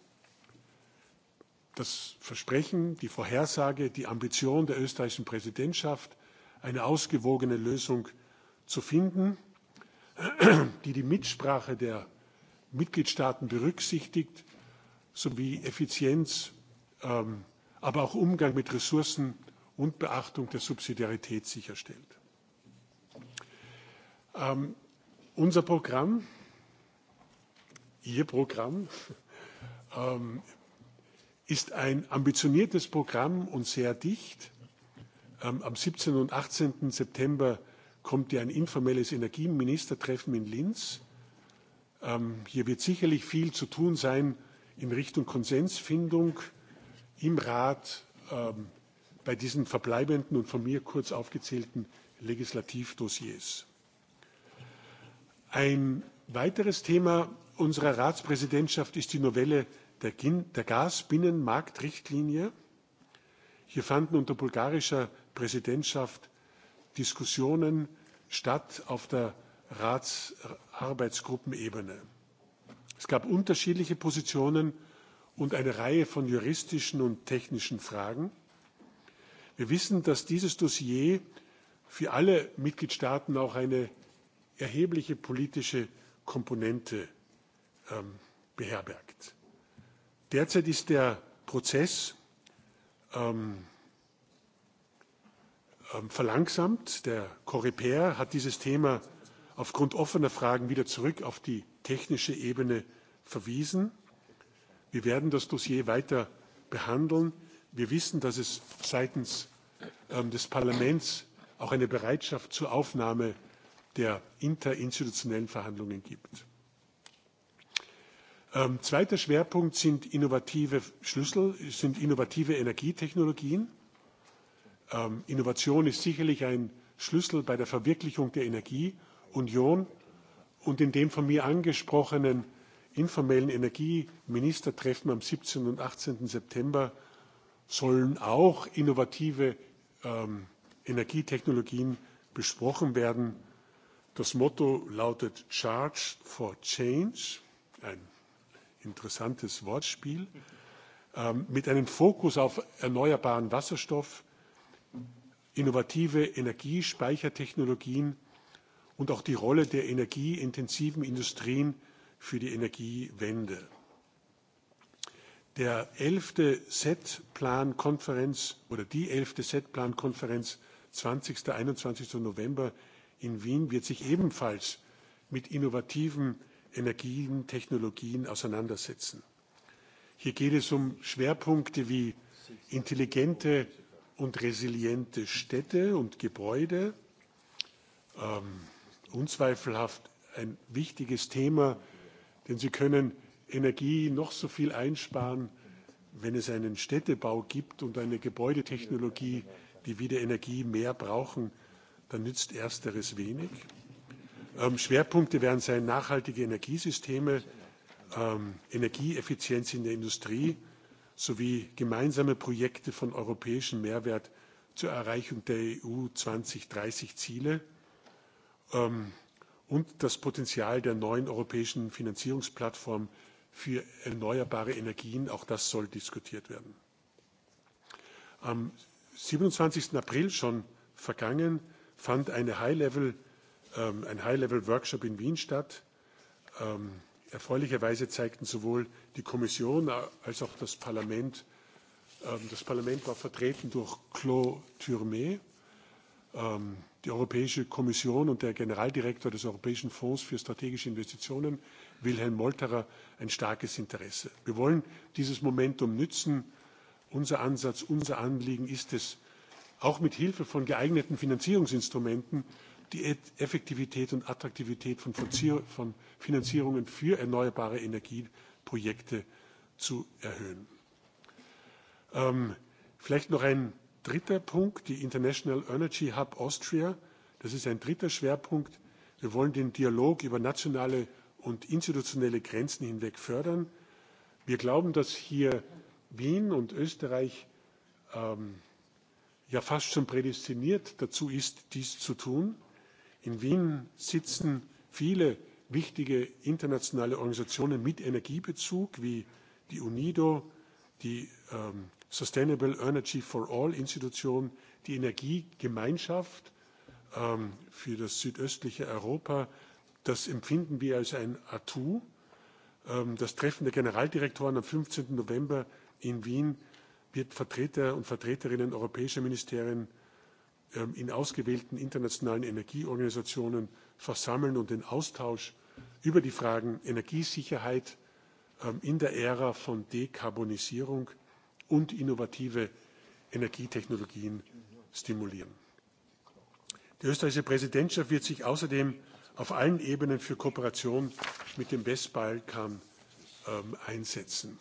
das Versprechen, die Vorhersage, die Ambition der österreichischen Präsidentschaft, eine ausgewogene Lösung zu finden, die die Mitsprache der Mitgliedstaaten berücksichtigt, sowie Effizienz, ähm, aber auch Umgang mit Ressourcen und Beachtung der Subsidiarität sicherstellt. Ähm, unser Programm Ihr Programm ähm, ist ein ambitioniertes Programm und sehr dicht. Ähm, am 17. und 18. September kommt ja ein informelles Energieministertreffen in Linz. Ähm, hier wird sicherlich viel zu tun sein in Richtung Konsensfindung im Rat ähm, bei diesen verbleibenden und von mir kurz aufgezählten Legislativdossiers. Ein weiteres Thema, unserer Ratspräsidentschaft ist die Novelle der, der Gasbinnenmarktrichtlinie. Hier fanden unter bulgarischer Präsidentschaft Diskussionen statt auf der Ratsarbeitsgruppenebene. Es gab unterschiedliche Positionen und eine Reihe von juristischen und technischen Fragen. Wir wissen, dass dieses Dossier für alle Mitgliedstaaten auch eine erhebliche politische Komponente ähm, beherbergt. Derzeit er ist der Prozess ähm, ähm, verlangsamt. Der Coreper hat dieses Thema aufgrund offener Fragen wieder zurück auf die technische Ebene verwiesen. Wir werden das Dossier weiter behandeln. Wir wissen, dass es seitens ähm, des Parlaments auch eine Bereitschaft zur Aufnahme der interinstitutionellen Verhandlungen gibt. Ähm, zweiter Schwerpunkt sind innovative Schlüssel, sind innovative Energietechnologien. Ähm, Innovation ist sicherlich ein Schlüssel bei der Verwirklichung der Energieunion und in dem von mir angesprochenen informellen Energieministertreffen am 17. und 18. September sollen auch innovative ähm, Energietechnologien besprochen werden. Das Motto lautet Charge for Change, ein interessantes Wortspiel, ähm, mit einem Fokus auf erneuerbaren Wasserstoff, innovative Energiespeichertechnologien und auch die Rolle der energieintensiven Industrien für die Energiewende. Der 11. SET-Plan-Konferenz oder die 11. SET-Plan-Konferenz 20. 21. November in Wien wird sich ebenfalls mit innovativen Energien, Technologien auseinandersetzen. Hier geht es um Schwerpunkte wie intelligente und resiliente Städte und Gebäude. Ähm, unzweifelhaft ein wichtiges Thema, denn Sie können Energie noch so viel einsparen, wenn es einen Städtebau gibt und eine Gebäudetechnologie, die wieder Energie mehr brauchen, dann nützt ersteres wenig. Ähm, Schwerpunkte werden sein nachhaltige Energiesysteme, ähm, Energieeffizienz in der Industrie sowie gemeinsame Projekte von europäischem Mehrwert zur Erreichung der EU 2030 Ziele ähm, und das Potenzial der neuen europäischen Finanzierungsplattform für erneuerbare Energien. Auch das soll diskutiert werden. Am 27. April schon vergangen fand eine High Level Ähm, ein High-Level-Workshop in Wien statt. Ähm, erfreulicherweise zeigten sowohl die Kommission äh, als auch das Parlament, ähm, das Parlament war vertreten durch Claude Turmet, die Europäische Kommission und der Generaldirektor des Europäischen Fonds für strategische Investitionen, Wilhelm Molterer, ein starkes Interesse. Wir wollen dieses Momentum nützen. Unser Ansatz, unser Anliegen ist es, auch mit Hilfe von geeigneten Finanzierungsinstrumenten die e- Effektivität und Attraktivität von, von Finanzierungen für erneuerbare Energieprojekte zu erhöhen. Ähm, vielleicht noch ein dritter Punkt, die International Energy Hub Austria. Das ist ein dritter Schwerpunkt. Wir wollen den Dialog über nationale und institutionelle Grenzen hinweg fördern. Wir glauben, dass hier Wien und Österreich ähm, ja fast schon prädestiniert dazu ist, dies zu tun. In Wien sitzen viele wichtige internationale Organisationen mit Energiebezug wie die UNIDO, die ähm, Sustainable Energy for All Institution, die Energiegemeinschaft ähm, für das südöstliche Europa. Das empfinden wir als ein Atout. Ähm, das Treffen der Generaldirektoren am 15. November in Wien wird Vertreter und Vertreterinnen europäischer Ministerien Ähm, in ausgewählten internationalen Energieorganisationen versammeln und den Austausch über die Fragen Energiesicherheit ähm, in der Ära von Dekarbonisierung und innovative Energietechnologien stimulieren. Die österreichische Präsidentschaft wird sich außerdem auf allen Ebenen für Kooperation mit dem Westbalkan ähm, einsetzen.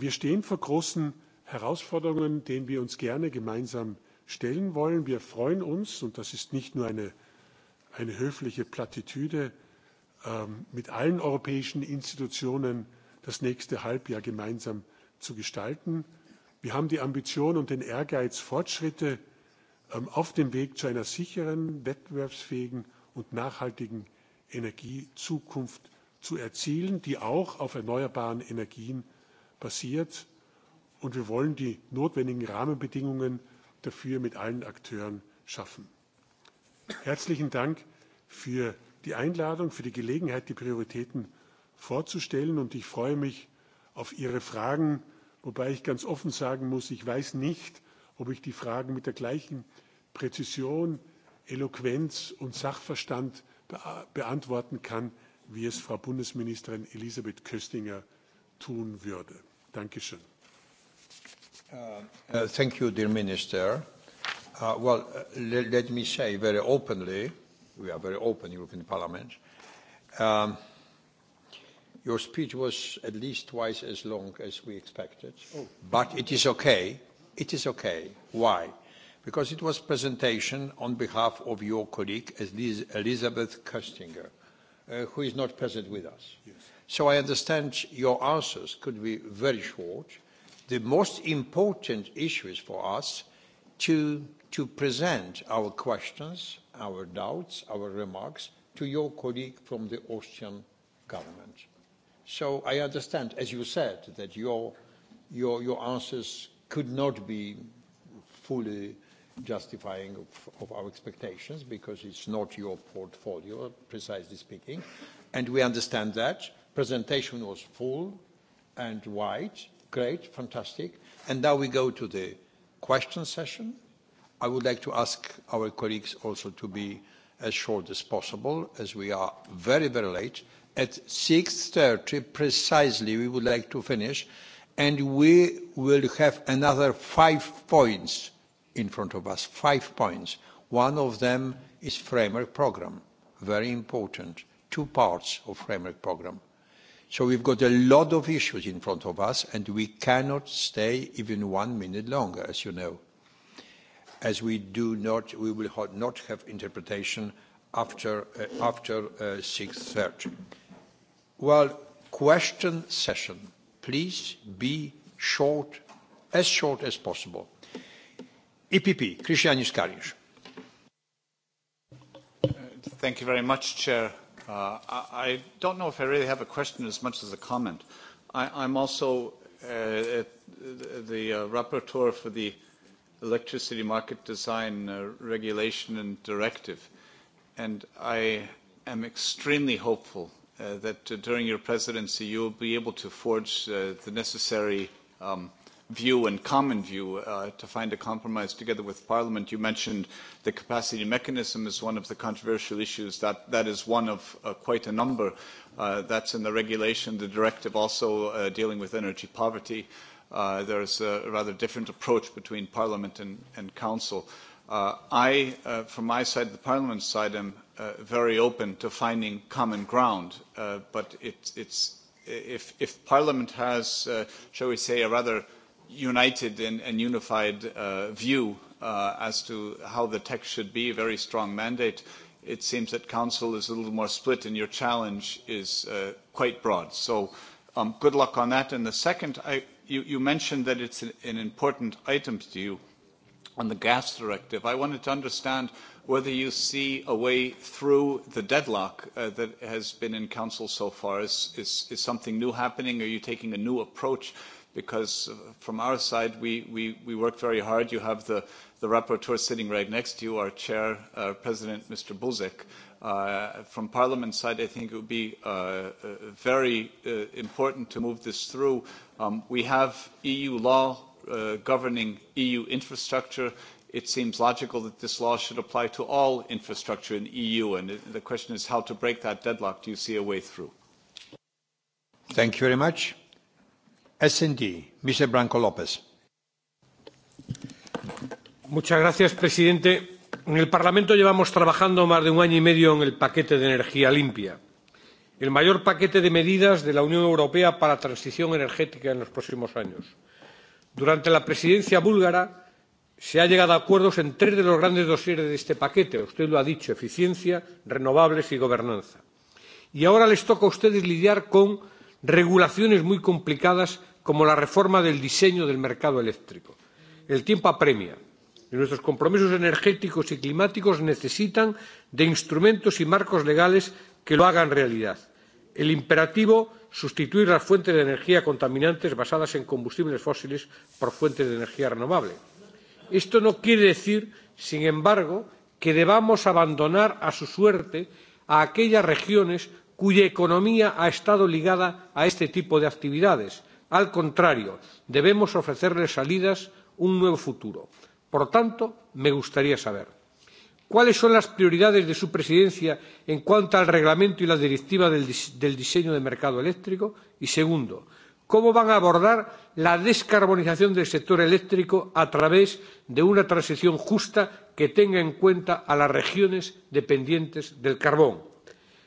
Wir stehen vor großen Herausforderungen, denen wir uns gerne gemeinsam stellen wollen. Wir freuen uns, und das ist nicht nur eine, eine höfliche Plattitüde, ähm, mit allen europäischen Institutionen das nächste Halbjahr gemeinsam zu gestalten. Wir haben die Ambition und den Ehrgeiz, Fortschritte ähm, auf dem Weg zu einer sicheren, wettbewerbsfähigen und nachhaltigen Energiezukunft zu erzielen, die auch auf erneuerbaren Energien basiert. Und wir wollen die notwendigen Rahmenbedingungen dafür mit allen Akteuren schaffen. Herzlichen Dank für die Einladung, für die Gelegenheit, die Prioritäten vorzustellen. Und ich freue mich auf Ihre Fragen, wobei ich ganz offen sagen muss, ich weiß nicht, ob ich die Fragen mit der gleichen Präzision, Eloquenz und Sachverstand be beantworten kann, wie es Frau Bundesministerin Elisabeth Köstinger tun würde. Dankeschön. Uh, uh, thank you, dear Minister. Uh, well, uh, le let me say very openly, we are very open European Parliament, um, your speech was at least twice as long as we expected, oh. but it is okay. It is okay. Why? Because it was presentation on behalf of your colleague, Elizabeth Köstinger, uh, who is not present with us. Yes. So I understand your answers could be very short, the most important issues for us to, to present our questions, our doubts, our remarks to your colleague from the Austrian government. So I understand, as you said, that your, your, your answers could not be fully justifying of, of our expectations because it's not your portfolio, precisely speaking. And we understand that. Presentation was full and wide Great, fantastic. And now we go to the question session. I would like to ask our colleagues also to be as short as possible, as we are very, very late. At 6:30 precisely, we would like to finish, and we will have another five points in front of us. Five points. One of them is framework program, very important. Two parts of framework program So we've got a lot of issues in front of us, and we cannot stay even one minute longer, as you know. As we do not, we will not have interpretation after, uh, after uh, 6.30. Well, question session. Please be short, as short as possible. EPP, Christian Iskaric. Thank you very much, Chair. Uh, I, don't know if I really have a question as much as a comment. I, I'm also uh, the uh, rapporteur for the electricity market design uh, regulation and directive, and I am extremely hopeful uh, that uh, during your presidency you will be able to forge uh, the necessary um, view and common view uh, to find a compromise together with Parliament. You mentioned the capacity mechanism is one of the controversial issues. That, that is one of uh, quite a number. Uh, that's in the regulation, the directive also uh, dealing with energy poverty. Uh, there is a rather different approach between Parliament and, and Council. Uh, I, uh, from my side, the Parliament side, am uh, very open to finding common ground, uh, but it, it's, if, if Parliament has, uh, shall we say, a rather united and, and unified uh, view uh, as to how the text should be, a very strong mandate. It seems that Council is a little more split and your challenge is uh, quite broad. So um, good luck on that. And the second, I, you, you mentioned that it's an, an important item to you on the gas directive. I wanted to understand whether you see a way through the deadlock uh, that has been in Council so far. Is, is, is something new happening? Are you taking a new approach? because uh, from our side, we, we, we worked very hard. You have the, the rapporteur sitting right next to you, our chair, uh, President Mr. Buzek. Uh, from Parliament's side, I think it would be uh, uh very uh, important to move this through. Um, we have EU law governing EU infrastructure. It seems logical that this law should apply to all infrastructure in the EU, and the question is how to break that deadlock. Do you see a way through? Thank you very much. Señor presidente, en el Parlamento llevamos trabajando más de un año y medio en el paquete de energía limpia, el mayor paquete de medidas de la Unión Europea para la transición energética en los próximos años. Durante la presidencia búlgara se ha llegado a acuerdos en tres de los grandes dosieres de este paquete, usted lo ha dicho, eficiencia, renovables y gobernanza. Y ahora les toca a ustedes lidiar con regulaciones muy complicadas como la reforma del diseño del mercado eléctrico. el tiempo apremia y nuestros compromisos energéticos y climáticos necesitan de instrumentos y marcos legales que lo hagan realidad. el imperativo sustituir las fuentes de energía contaminantes basadas en combustibles fósiles por fuentes de energía renovable. esto no quiere decir sin embargo que debamos abandonar a su suerte a aquellas regiones cuya economía ha estado ligada a este tipo de actividades Al contrario, debemos ofrecerles salidas, un nuevo futuro. Por tanto, me gustaría saber cuáles son las prioridades de su presidencia en cuanto al reglamento y la directiva del, dis diseño de mercado eléctrico y, segundo, cómo van a abordar la descarbonización del sector eléctrico a través de una transición justa que tenga en cuenta a las regiones dependientes del carbón.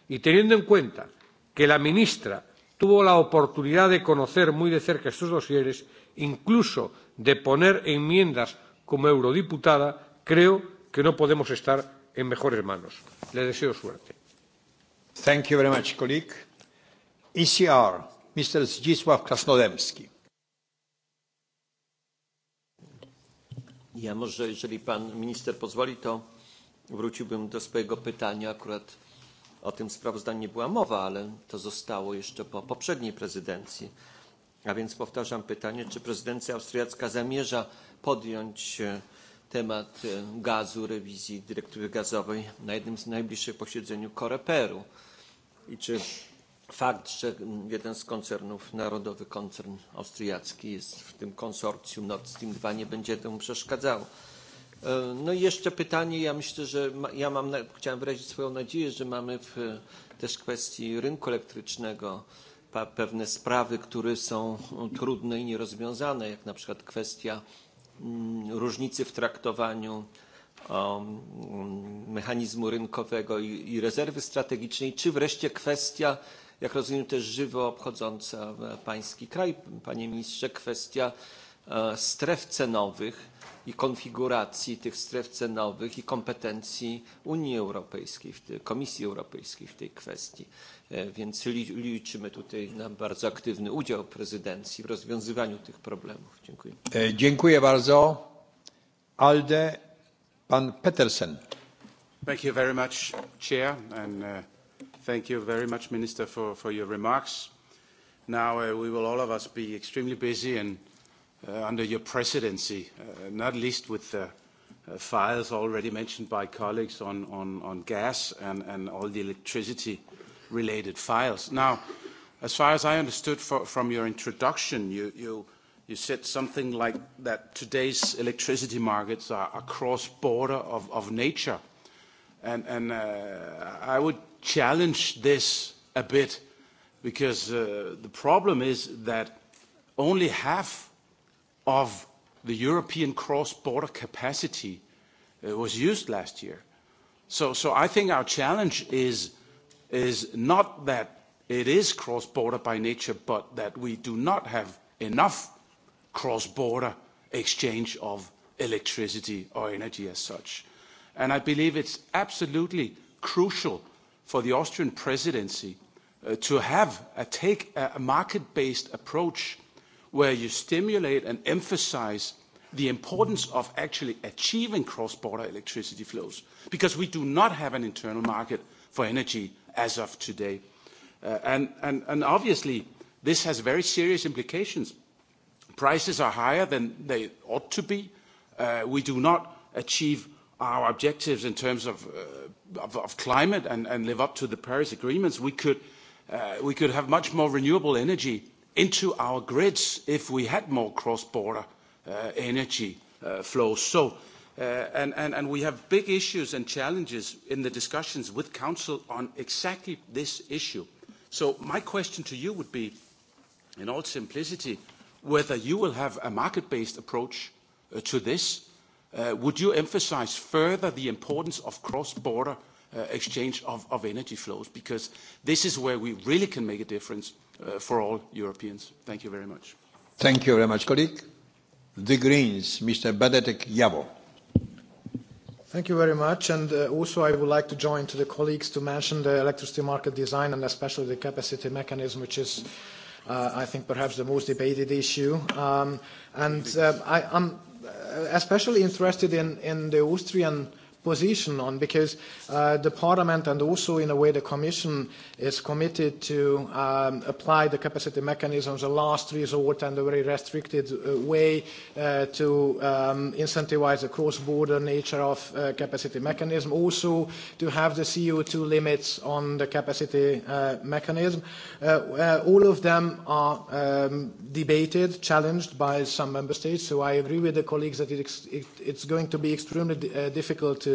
Y teniendo en cuenta que la ministra tuvo la oportunidad de conocer muy de cerca estos dosieres, incluso de poner enmiendas como eurodiputada, creo que no podemos estar en mejores manos. Le deseo suerte. Thank you very much, colleague. ECR, Mr. Zdzisław Krasnodębski. Ja może, jeżeli pan minister pozwoli, to wróciłbym do swojego pytania akurat o tym sprawozdaniu nie była mowa, ale to zostało jeszcze po poprzedniej prezydencji. A więc powtarzam pytanie, czy prezydencja austriacka zamierza podjąć e, temat e, gazu, rewizji dyrektywy gazowej na jednym z najbliższych posiedzeniu Koreperu i czy fakt, że jeden z koncernów, narodowy koncern austriacki jest w tym konsorcjum Nord Stream 2 nie będzie temu przeszkadzał. E, no i jeszcze pytanie, ja myślę, że ma, ja mam, chciałem wyrazić swoją nadzieję, że mamy w też kwestii rynku elektrycznego pewne sprawy, które są trudne i nierozwiązane, jak na przykład kwestia mm, różnicy w traktowaniu mechanizmu rynkowego i, i rezerwy strategicznej, czy wreszcie kwestia, jak rozumiem, też żywo obchodząca pański kraj, panie ministrze, kwestia e, stref cenowych i konfiguracji tych stref cenowych i kompetencji Unii Europejskiej, Komisji Europejskiej w tej kwestii. E, więc liczymy tutaj na bardzo aktywny udział prezydencji w rozwiązywaniu tych problemów. Dziękuję. E, dziękuję bardzo. ALDE, pan Petersen. Thank you very much, Chair, and uh, thank you very much, Minister, for, for your remarks. Now, uh, we will all of us be extremely busy and Uh, under your presidency, uh, not least with the uh, fires already mentioned by colleagues on, on, on gas and, and all the electricity-related fires. Now, as far as I understood from your introduction, you, you, you said something like that today's electricity markets are, cross-border of, of nature. And, and I would challenge this a bit because the problem is that only half of the European cross-border capacity uh, was used last year. So, I think our challenge is, not that it is cross-border by nature, but that we do not have enough cross-border exchange of electricity or energy as such. And I believe it's absolutely crucial for the Austrian presidency uh, to have take a market-based approach where you stimulate and emphasize the importance of actually achieving cross-border electricity flows, because we do not have an internal market for energy as of today. Uh, and, and, and obviously, this has very serious implications. Prices are higher than they ought to be. Uh, we do not achieve our objectives in terms of, uh, of, of climate and, and live up to the Paris agreements. We could, uh, we could have much more renewable energy into our grids if we had more cross-border uh, energy uh, flows. So, uh, and, and, and we have big issues and challenges in the discussions with Council on exactly this issue. So my question to you would be, in all simplicity, whether you will have a market-based approach uh, to this. Uh, would you emphasize further the importance of cross-border Uh, exchange of, energy flows, because this is where we really can make a difference uh, for all Europeans. Thank you very much. Thank you very much, colleague. The Greens, Mr. Benedek Javo. Thank you very much. And uh, also, I would like to join to the colleagues to mention the electricity market design and especially the capacity mechanism, which is, I think, perhaps the most debated issue. Um, and I, I'm especially interested in the Austrian position on because uh, the Parliament and also in a way the Commission is committed to um, apply the capacity mechanisms, a last resort and a very restricted uh, way uh, to um, incentivize the cross-border nature of uh, capacity mechanism, also to have the CO2 limits on the capacity uh, mechanism. Uh, uh, all of them are um, debated, challenged by some member states, so I agree with the colleagues that it, it, it's going to be extremely uh, difficult to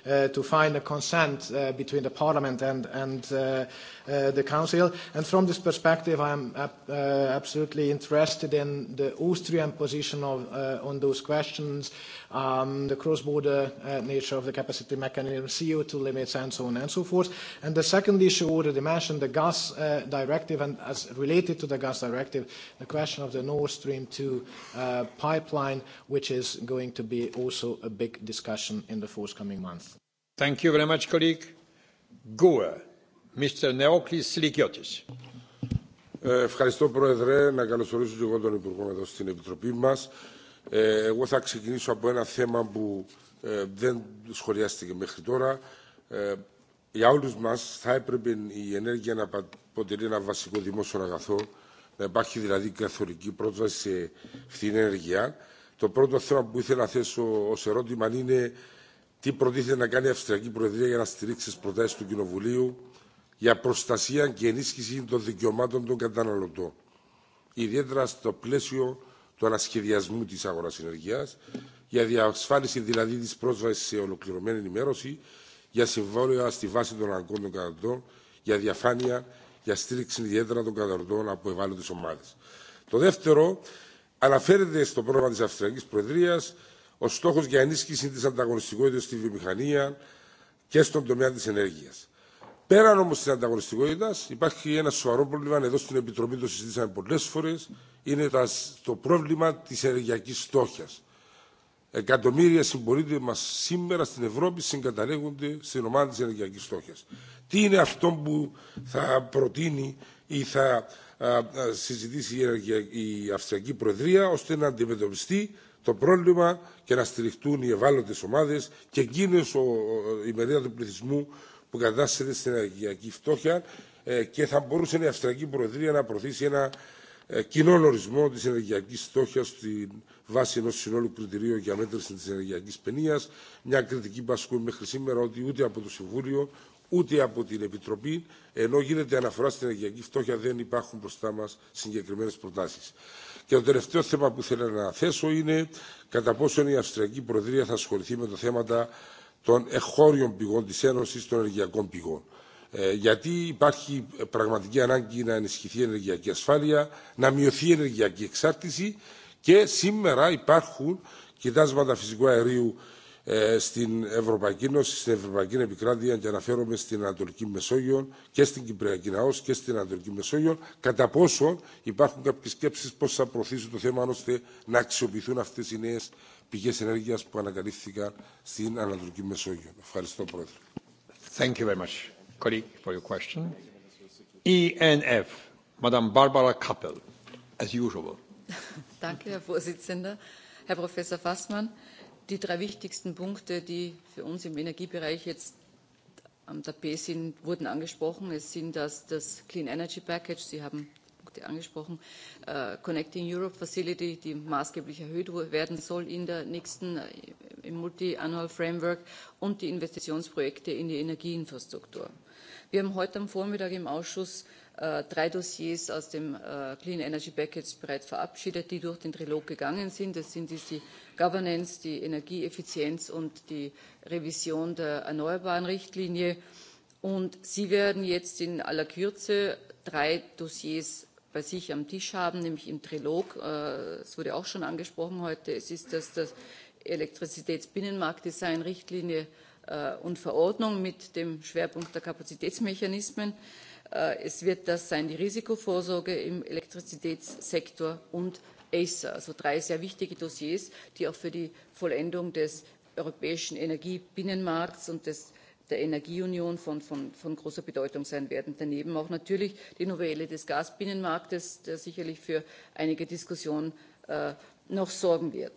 uh, to find a consent uh, between the Parliament and, and uh, uh, the Council. And from this perspective, I am uh, absolutely interested in the Austrian position of, uh, on those questions, um, the cross-border uh, nature of the capacity mechanism, CO2 limits, and so on and so forth. And the second issue already mentioned, the gas uh, directive, and as related to the gas directive, the question of the Nord Stream 2 uh, pipeline, which is going to be also a big discussion in the forthcoming month. Thank you very much, colleague. Gue, Mr. Neoklis Silikiotis. Ευχαριστώ, Πρόεδρε. Να καλωσορίσω και εγώ τον Υπουργό εδώ στην Επιτροπή μας. εγώ θα ξεκινήσω από ένα θέμα που δεν σχολιάστηκε μέχρι τώρα. για όλους μας θα έπρεπε η ενέργεια να αποτελεί ένα βασικό δημόσιο αγαθό, να υπάρχει δηλαδή καθολική πρόσβαση σε φθηνή ενέργεια. Το πρώτο θέμα που ήθελα να θέσω ως ερώτημα είναι τι προτίθεται να κάνει η Αυστριακή Προεδρία για να στηρίξει τι προτάσει του Κοινοβουλίου για προστασία και ενίσχυση των δικαιωμάτων των καταναλωτών, ιδιαίτερα στο πλαίσιο του ανασχεδιασμού τη αγορά ενεργεία, για διασφάλιση δηλαδή τη πρόσβαση σε ολοκληρωμένη ενημέρωση, για συμβόλαια στη βάση των αναγκών των καταναλωτών, για διαφάνεια, για στήριξη ιδιαίτερα των καταναλωτών από ευάλωτε ομάδε. Το δεύτερο, αναφέρεται στο πρόγραμμα τη Αυστριακή Προεδρία ο στόχο για ενίσχυση τη ανταγωνιστικότητα στη βιομηχανία και στον τομέα τη ενέργεια. Πέραν όμω τη ανταγωνιστικότητα, υπάρχει ένα σοβαρό πρόβλημα. Εδώ στην Επιτροπή το συζήτησαμε πολλέ φορέ. Είναι το πρόβλημα τη ενεργειακή στόχια. Εκατομμύρια συμπολίτε μα σήμερα στην Ευρώπη συγκαταλέγονται στην ομάδα τη ενεργειακή στόχια. Τι είναι αυτό που θα προτείνει ή θα συζητήσει η Αυστριακή Προεδρία ώστε να αντιμετωπιστεί το πρόβλημα και να στηριχτούν οι ευάλωτε ομάδε και εκείνε η μερίδα του πληθυσμού που κατάσταται στην ενεργειακή φτώχεια ε, και θα μπορούσε η Αυστριακή Προεδρία να προωθήσει ένα ε, κοινό ορισμό τη ενεργειακή φτώχεια στη βάση ενό συνόλου κριτηρίου για μέτρηση τη ενεργειακή παινία. Μια κριτική που ασκούμε μέχρι σήμερα ότι ούτε από το Συμβούλιο ούτε από την Επιτροπή, ενώ γίνεται αναφορά στην ενεργειακή φτώχεια, δεν υπάρχουν μπροστά μα συγκεκριμένε προτάσει. Και το τελευταίο θέμα που θέλω να θέσω είναι κατά πόσον η Αυστριακή Προεδρία θα ασχοληθεί με το θέματα των εχώριων πηγών της Ένωσης των ενεργειακών πηγών. Ε, γιατί υπάρχει πραγματική ανάγκη να ενισχυθεί η ενεργειακή ασφάλεια, να μειωθεί η ενεργειακή εξάρτηση και σήμερα υπάρχουν κοιτάσματα φυσικού αερίου στην Ευρωπαϊκή Ένωση, στην Ευρωπαϊκή Επικράτεια και αναφέρομαι στην Ανατολική Μεσόγειο και στην Κυπριακή Ναός και στην Ανατολική Μεσόγειο, κατά πόσο υπάρχουν κάποιες σκέψεις πώς θα προωθήσει το θέμα ώστε να αξιοποιηθούν αυτές οι νέες πηγές ενέργειας που ανακαλύφθηκαν στην Ανατολική Μεσόγειο. Ευχαριστώ, Πρόεδρε. Thank you very much, colleague, for your question. ENF, Madame Barbara Kappel, as usual. Danke, Herr Vorsitzender. Herr Professor Fassmann die drei wichtigsten Punkte, die für uns im Energiebereich jetzt am Tapet sind, wurden angesprochen. Es sind das, das Clean Energy Package, Sie haben Punkte angesprochen, äh, Connecting Europe Facility, die maßgeblich erhöht werden soll in der nächsten, äh, im Multi-Annual Framework und die Investitionsprojekte in die Energieinfrastruktur. Wir haben heute am Vormittag im Ausschuss äh, drei Dossiers aus dem äh, Clean Energy Package bereits verabschiedet, die durch den Trilog gegangen sind. Das sind die Governance, die Energieeffizienz und die Revision der erneuerbaren Richtlinie. Und Sie werden jetzt in aller Kürze drei Dossiers bei sich am Tisch haben, nämlich im Trilog. Äh, es wurde auch schon angesprochen heute. Es ist das, das Elektrizitätsbinnenmarktdesign Richtlinie äh, und Verordnung mit dem Schwerpunkt der Kapazitätsmechanismen. Äh, es wird das sein, die Risikovorsorge im Elektrizitätssektor und Acer, also drei sehr wichtige Dossiers, die auch für die Vollendung des europäischen Energiebinnenmarkts und des der Energieunion von, von, von großer Bedeutung sein werden. Daneben auch natürlich die Novelle des Gasbinnenmarktes, der sicherlich für einige Diskussionen äh, noch sorgen wird.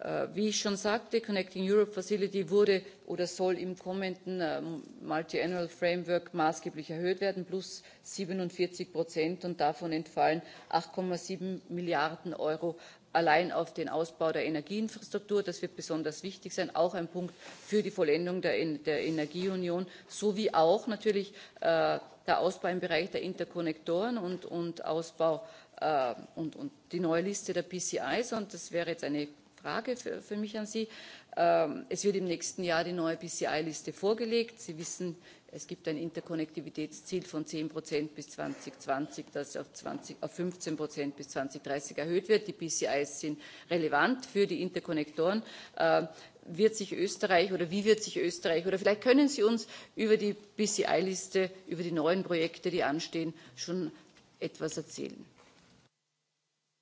Äh, wie ich schon sagte, Connecting Europe Facility wurde oder soll im kommenden ähm, Multiannual Framework maßgeblich erhöht werden, plus 47 Prozent und davon entfallen 8,7 Milliarden Euro allein auf den Ausbau der Energieinfrastruktur. Das wird besonders wichtig sein, auch ein Punkt für die Vollendung der, der Energieunion, sowie auch natürlich äh, der Ausbau im Bereich der Interkonnektoren und, und Ausbau äh, und, und die neue Liste der PCIs. Und das wäre jetzt eine Frage für, für mich an Sie. Ähm, es wird im nächsten Jahr die neue PCI-Liste vorgelegt. Sie wissen, es gibt ein Interkonnektivitätsziel von 10 Prozent bis 2020, das auf, 20, auf 15 Prozent bis 2030 erhöht wird. Die PCIs sind relevant für die Interkonnektoren. Ähm, wird sich Österreich oder wie wird sich Österreich oder vielleicht können Sie uns über die BCI-Liste, über die neuen Projekte, die anstehen, schon etwas erzählen.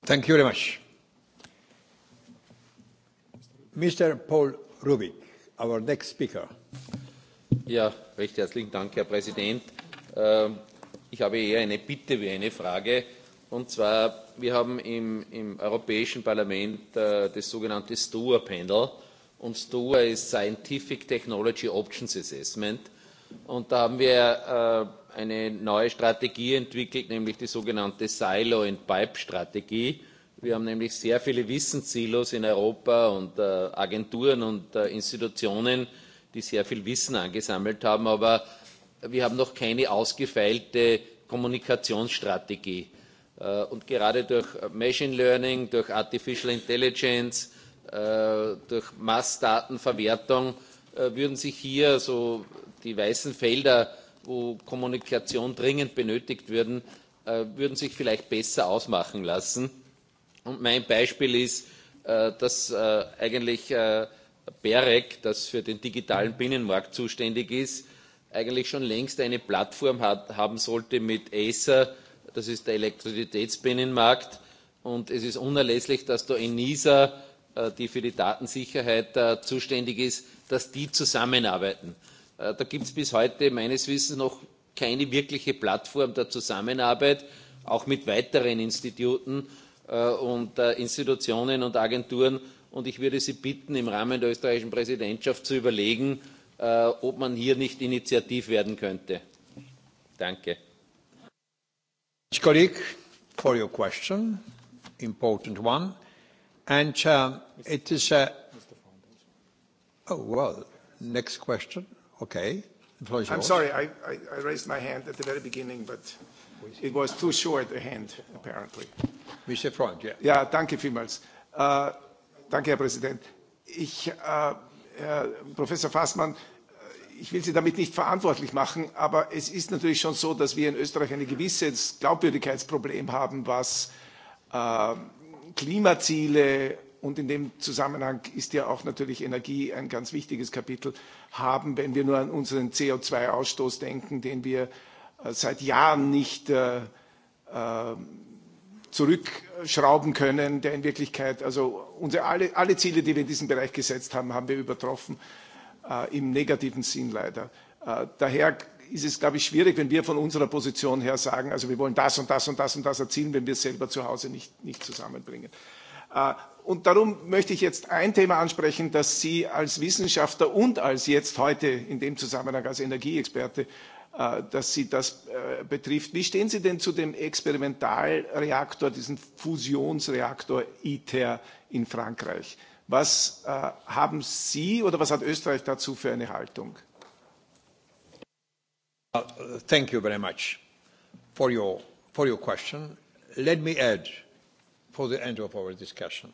Thank you very much. Mr. Paul Rubik, our next speaker. Ja, recht herzlichen Dank, Herr Präsident. Ähm, ich habe eher eine Bitte wie eine Frage. Und zwar, wir haben im, im Europäischen Parlament äh, das sogenannte STOA Panel. Und STOA ist Scientific Technology Options Assessment. Und da haben wir äh, eine neue Strategie entwickelt, nämlich die sogenannte Silo-and-Pipe-Strategie. Wir haben nämlich sehr viele Wissenssilos in Europa und äh, Agenturen und äh, Institutionen, die sehr viel Wissen angesammelt haben, aber wir haben noch keine ausgefeilte Kommunikationsstrategie. Äh, und gerade durch Machine Learning, durch Artificial Intelligence, äh, durch Massdatenverwertung äh, würden sich hier so die weißen Felder, wo Kommunikation dringend benötigt würden, äh, würden sich vielleicht besser ausmachen lassen Und mein Beispiel ist, äh, dass äh, eigentlich äh, BEREC, das für den digitalen Binnenmarkt zuständig ist, eigentlich schon längst eine Plattform hat, haben sollte mit Acer, das ist der Elektrizitätsbinnenmarkt. Und es ist unerlässlich, dass da ENISA, die für die Datensicherheit zuständig ist, dass die zusammenarbeiten. Da gibt es bis heute meines Wissens noch keine wirkliche Plattform der Zusammenarbeit, auch mit weiteren Instituten. Äh, und äh, Institutionen und Agenturen. Und ich würde Sie bitten, im Rahmen der österreichischen Präsidentschaft zu überlegen, äh, ob man hier nicht initiativ werden könnte. Danke. for your question, important one. And uh, it is a... Uh, oh, well, next question. Okay. I'm sorry, I, I, I raised my hand at the very beginning, but It was too short a hand, apparently. Mr. Freund, yeah. Ja, danke vielmals. Äh, danke, Herr Präsident. Ich, äh, Herr Professor Fassmann, äh, ich will Sie damit nicht verantwortlich machen, aber es ist natürlich schon so, dass wir in Österreich ein gewisses Glaubwürdigkeitsproblem haben, was äh, Klimaziele und in dem Zusammenhang ist ja auch natürlich Energie ein ganz wichtiges Kapitel haben, wenn wir nur an unseren CO2-Ausstoß denken, den wir Äh, seit Jahren nicht äh, äh, zurückschrauben können, der in Wirklichkeit, also unsere, alle, alle Ziele, die wir in diesem Bereich gesetzt haben, haben wir übertroffen, äh, im negativen Sinn leider. Äh, daher ist es, glaube ich, schwierig, wenn wir von unserer Position her sagen, also wir wollen das und das und das und das erzielen, wenn wir es selber zu Hause nicht, nicht zusammenbringen. und darum möchte ich jetzt ein Thema ansprechen, das Sie als Wissenschaftler und als jetzt heute in dem Zusammenhang als Energieexperte äh, Äh, dass Sie das äh, betrifft. Wie stehen Sie denn zu dem Experimentalreaktor, diesem Fusionsreaktor ITER in Frankreich? Was äh, haben Sie oder was hat Österreich dazu für eine Haltung? Uh, thank you very much for your, for your question. Let me add, for the end of our discussion,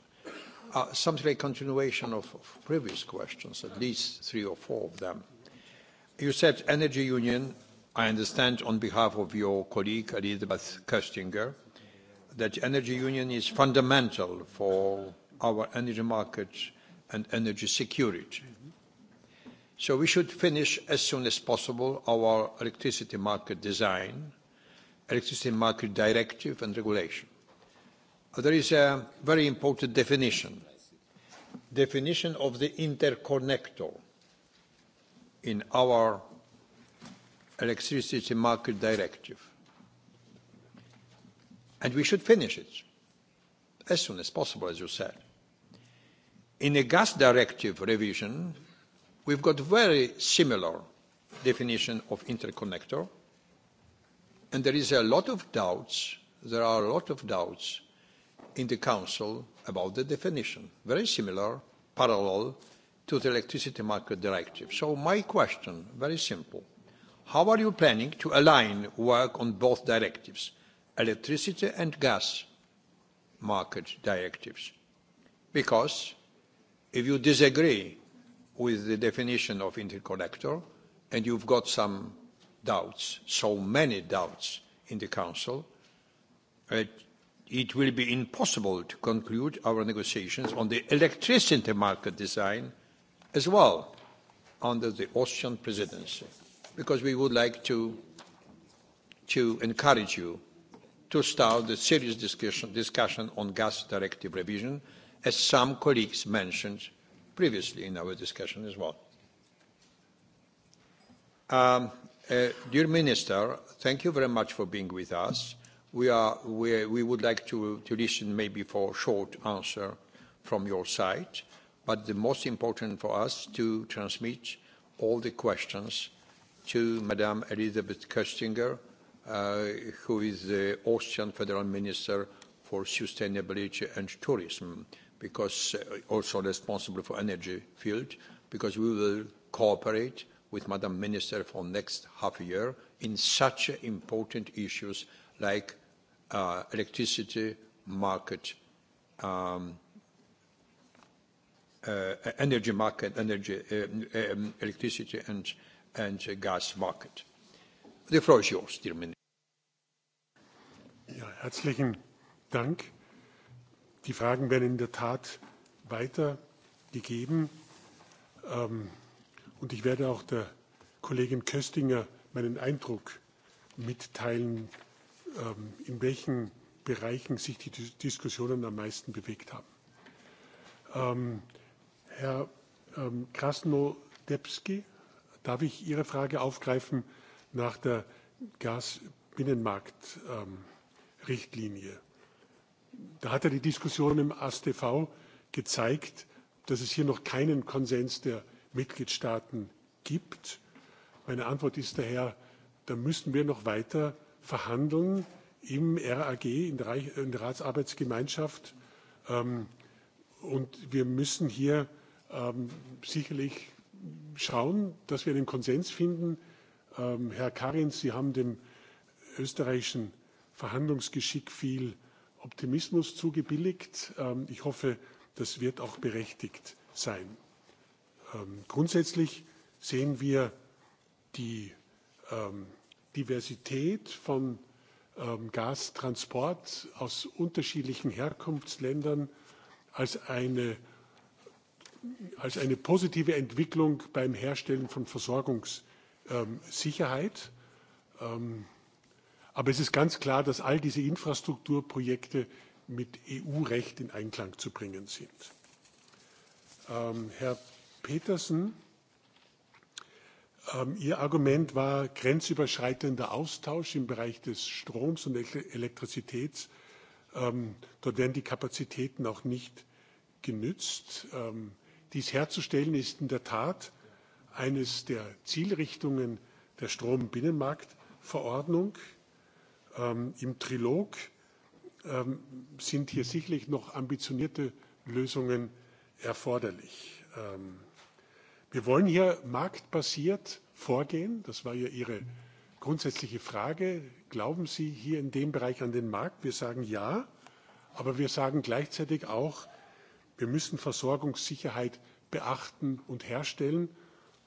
uh, something like continuation of, of previous questions, at least three or four of them. You said energy union I understand on behalf of your colleague, Elizabeth Köstinger, that energy union is fundamental for our energy markets and energy security. So we should finish as soon as possible our electricity market design, electricity market directive and regulation. There is a very important definition, definition of the interconnector in our electricity market directive. And we should finish it as soon as possible, as you said. In the gas directive revision, we've got very similar definition of interconnector, and there is a lot of doubts, there are a lot of doubts in the Council about the definition, very similar, parallel to the electricity market directive. So my question, very simple how are you planning to align work on both directives, electricity and gas market directives? Because if you disagree with the definition of interconnector, and you've got some doubts, so many doubts in the Council, it, it will be impossible to conclude our negotiations on the electricity market design as well under the Austrian presidency because we would like to, to encourage you to start the serious discussion, discussion on gas directive revision, as some colleagues mentioned previously in our discussion as well. Um, uh, dear Minister, thank you very much for being with us. We, are, we, we would like to, to listen maybe for a short answer from your side, but the most important for us to transmit all the questions to Madame Elizabeth Köstinger, uh, who is the Austrian Federal Minister for Sustainability and Tourism, because uh, also responsible for energy field, because we will cooperate with Madam Minister for next half year in such important issues like uh, electricity market, um, uh, e-, energy market, energy, um, um electricity and and gas market. The floor is yours, dear Minister. Ja, herzlichen Dank. Die Fragen werden in der Tat weitergegeben. Ähm, und ich werde auch der Kollegin Köstinger meinen Eindruck mitteilen, ähm, in welchen Bereichen sich die Diskussionen am meisten bewegt haben. Ähm, Herr ähm, Krasnodebski Darf ich Ihre Frage aufgreifen nach der Gasbinnenmarktrichtlinie? Da hat ja die Diskussion im AStV gezeigt, dass es hier noch keinen Konsens der Mitgliedstaaten gibt. Meine Antwort ist daher, da müssen wir noch weiter verhandeln im RAG, in der, Reich in der Ratsarbeitsgemeinschaft. Ähm, und wir müssen hier ähm, sicherlich schauen, dass wir einen Konsens finden. Ähm, Herr Karin, Sie haben dem österreichischen Verhandlungsgeschick viel Optimismus zugebilligt. Ähm, ich hoffe, das wird auch berechtigt sein. Ähm, grundsätzlich sehen wir die ähm, Diversität von ähm, Gastransport aus unterschiedlichen Herkunftsländern als eine als eine positive Entwicklung beim Herstellen von Versorgungssicherheit. Ähm, aber es ist ganz klar, dass all diese Infrastrukturprojekte mit EU-Recht in Einklang zu bringen sind. Ähm, Herr Petersen, ähm, Ihr Argument war grenzüberschreitender Austausch im Bereich des Stroms und Elektrizitäts. Dort werden die Kapazitäten auch nicht genützt. Dies herzustellen ist in der Tat eines der Zielrichtungen der Strombinnenmarktverordnung. Ähm, Im Trilog ähm, sind hier sicherlich noch ambitionierte Lösungen erforderlich. Ähm, wir wollen hier marktbasiert vorgehen. Das war ja Ihre grundsätzliche Frage. Glauben Sie hier in dem Bereich an den Markt? Wir sagen ja, aber wir sagen gleichzeitig auch, Wir müssen Versorgungssicherheit beachten und herstellen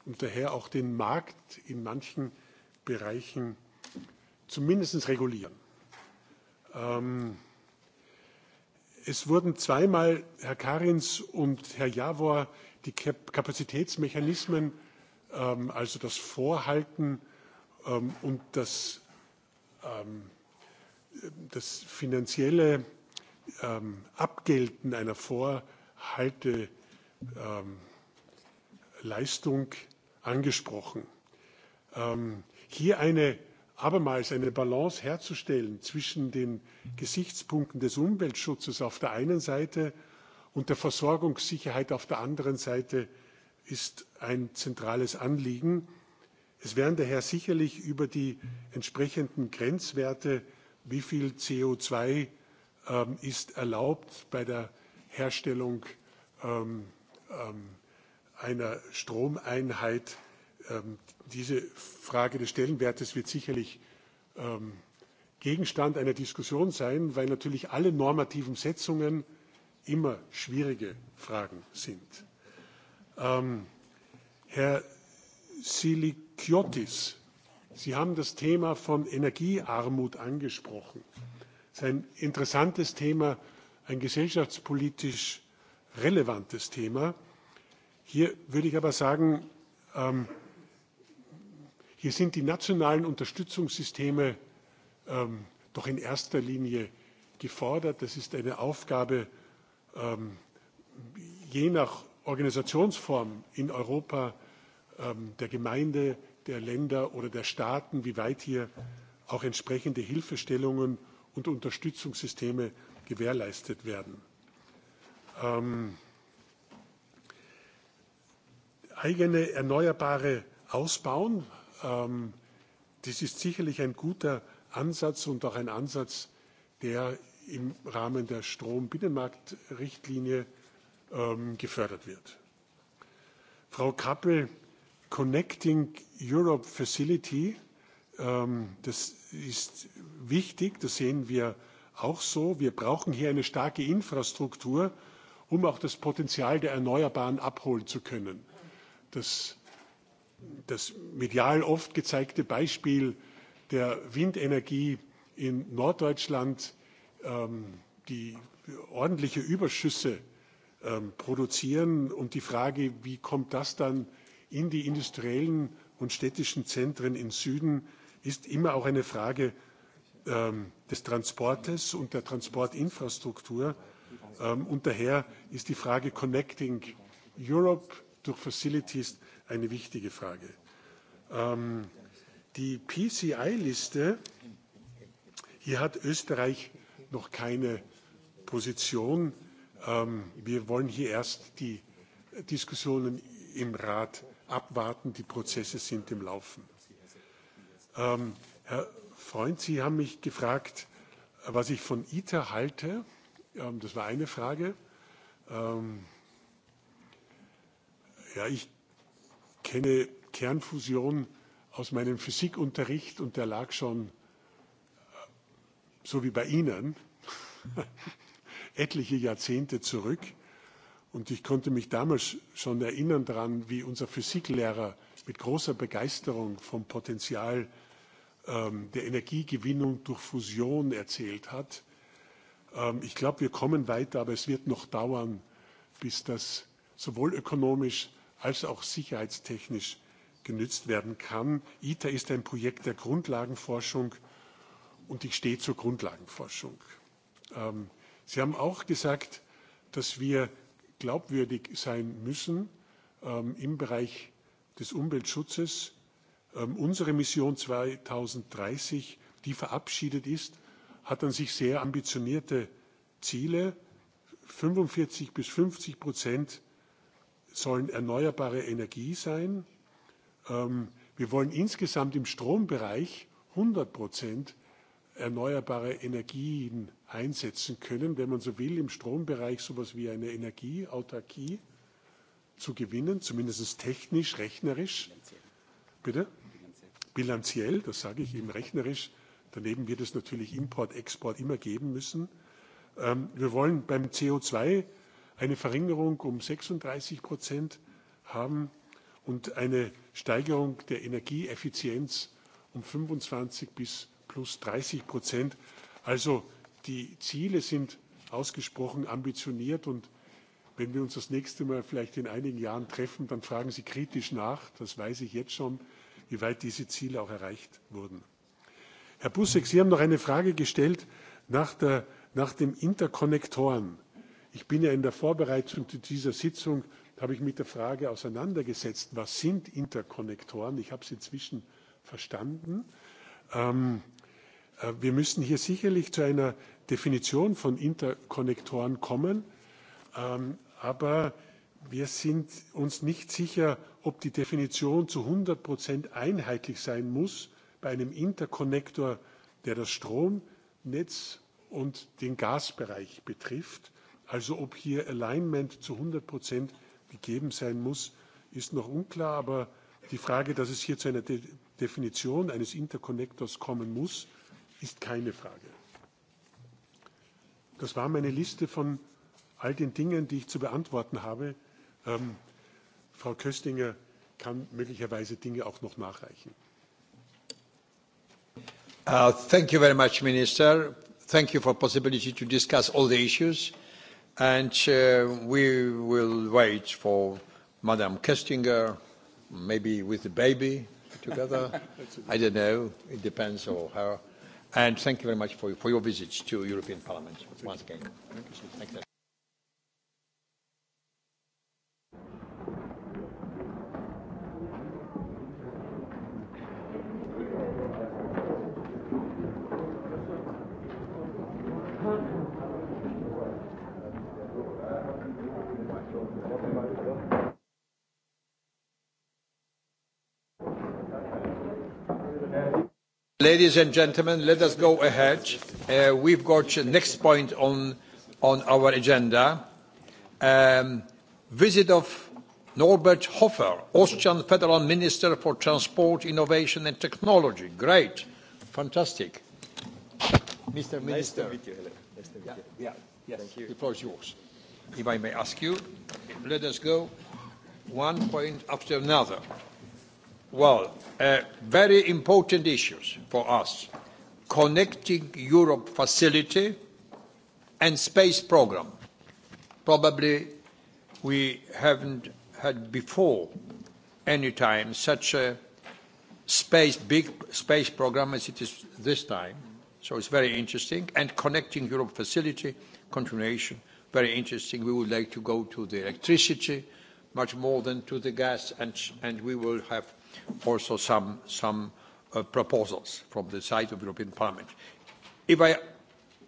und daher auch den Markt in manchen Bereichen zumindest regulieren. Ähm, es wurden zweimal Herr Karins und Herr Jawor die Kapazitätsmechanismen, ähm, also das Vorhalten ähm, und das, ähm, das finanzielle ähm, Abgelten einer Vor- Halteleistung ähm, angesprochen. Ähm, hier eine abermals eine Balance herzustellen zwischen den Gesichtspunkten des Umweltschutzes auf der einen Seite und der Versorgungssicherheit auf der anderen Seite ist ein zentrales Anliegen. Es werden daher sicherlich über die entsprechenden Grenzwerte, wie viel CO2 ähm, ist erlaubt bei der Herstellung ähm, ähm, einer Stromeinheit. Ähm, diese Frage des Stellenwertes wird sicherlich ähm, Gegenstand einer Diskussion sein, weil natürlich alle normativen Setzungen immer schwierige Fragen sind. Ähm, Herr Silikiotis, Sie haben das Thema von Energiearmut angesprochen. Das ist ein interessantes Thema, ein gesellschaftspolitisch relevantes Thema. Hier würde ich aber sagen, ähm, hier sind die nationalen Unterstützungssysteme ähm, doch in erster Linie gefordert. Das ist eine Aufgabe ähm, je nach Organisationsform in Europa ähm, der Gemeinde, der Länder oder der Staaten, wie weit hier auch entsprechende Hilfestellungen und Unterstützungssysteme gewährleistet werden. Ähm, eigene Erneuerbare ausbauen, ähm, das ist sicherlich ein guter Ansatz und auch ein Ansatz, der im Rahmen der Strombinnenmarktrichtlinie ähm, gefördert wird. Frau Kappel, Connecting Europe Facility, ähm, das ist wichtig, das sehen wir auch so. Wir brauchen hier eine starke Infrastruktur, um auch das Potenzial der Erneuerbaren abholen zu können. Das, das medial oft gezeigte Beispiel der Windenergie in Norddeutschland, ähm, die ordentliche Überschüsse ähm, produzieren und die Frage, wie kommt das dann in die industriellen und städtischen Zentren im Süden, ist immer auch eine Frage Ähm, des Transportes und der Transportinfrastruktur. Ähm, und daher ist die Frage Connecting Europe durch Facilities eine wichtige Frage. Ähm, die PCI-Liste, hier hat Österreich noch keine Position. Wir wollen hier erst die Diskussionen im Rat abwarten. Die Prozesse sind im Laufen. Herr Freund, Sie haben mich gefragt, was ich von ITER halte. Ähm, das war eine Frage. Ähm, ja, ich kenne Kernfusion aus meinem Physikunterricht und der lag schon, äh, so wie bei Ihnen, etliche Jahrzehnte zurück. Und ich konnte mich damals schon erinnern daran, wie unser Physiklehrer mit großer Begeisterung vom Potenzial Ähm, der Energiegewinnung durch Fusion erzählt hat. Ähm, ich glaube, wir kommen weiter, aber es wird noch dauern, bis das sowohl ökonomisch als auch sicherheitstechnisch genützt werden kann. ITER ist ein Projekt der Grundlagenforschung und ich stehe zur Grundlagenforschung. Ähm, Sie haben auch gesagt, dass wir glaubwürdig sein müssen im Bereich des Umweltschutzes. Ähm, unsere Mission 2030, die verabschiedet ist, hat an sich sehr ambitionierte Ziele. 45 bis 50 Prozent sollen erneuerbare Energie sein. Ähm, wir wollen insgesamt im Strombereich 100 Prozent erneuerbare Energien einsetzen können, wenn man so will, im Strombereich so etwas wie eine Energieautarkie zu gewinnen, zumindest technisch, rechnerisch. Bitte? bilanziell, das sage ich eben rechnerisch, daneben wird es natürlich Import, Export immer geben müssen. Ähm, wir wollen beim CO2 eine Verringerung um 36 Prozent haben und eine Steigerung der Energieeffizienz um 25 bis plus 30 Prozent. Also die Ziele sind ausgesprochen ambitioniert und wenn wir uns das nächste Mal vielleicht in einigen Jahren treffen, dann fragen Sie kritisch nach. Das weiß ich jetzt schon wie weit diese Ziele auch erreicht wurden. Herr Busek, Sie haben noch eine Frage gestellt nach, der, nach dem Interkonnektoren. Ich bin ja in der Vorbereitung zu dieser Sitzung, habe ich mit der Frage auseinandergesetzt, was sind Interkonnektoren? Ich habe es inzwischen verstanden. Ähm, äh, wir müssen hier sicherlich zu einer Definition von Interkonnektoren kommen. Ähm, aber wir sind uns nicht sicher, ob die Definition zu 100 Prozent einheitlich sein muss bei einem Interkonnektor, der das Stromnetz und den Gasbereich betrifft. Also ob hier Alignment zu 100 Prozent gegeben sein muss, ist noch unklar. Aber die Frage, dass es hier zu einer De Definition eines Interkonnektors kommen muss, ist keine Frage. Das war meine Liste von all den Dingen, die ich zu beantworten habe. Ähm, Frau Köstinger kann möglicherweise Dinge auch noch nachreichen. Uh, thank you very much, Minister. Thank you for the possibility to discuss all the issues. And uh, we will wait for Madame Köstinger, maybe with the baby together. I don't know. It depends on her. And thank you very much for, for your visit to European Parliament once again. Thank you. Thank you. Ladies and gentlemen, let us go ahead. Uh, we've got next point on, on our agenda. Um, visit of Norbert Hofer, Austrian Federal Minister for Transport, Innovation and Technology. Great. Fantastic. Mr. Minister. Nice to meet you, Helen. Nice to meet you. Yeah. yeah. Yes. Thank you. The floor is yours. If I may ask you, let us go one point after another. Well, uh, very important issues for us. Connecting Europe facility and space program. Probably we haven't had before any time such a space, big space program as it is this time. So it's very interesting. And connecting Europe facility, continuation, very interesting. We would like to go to the electricity much more than to the gas, and, and we will have also some, some uh, proposals from the side of European Parliament. If I,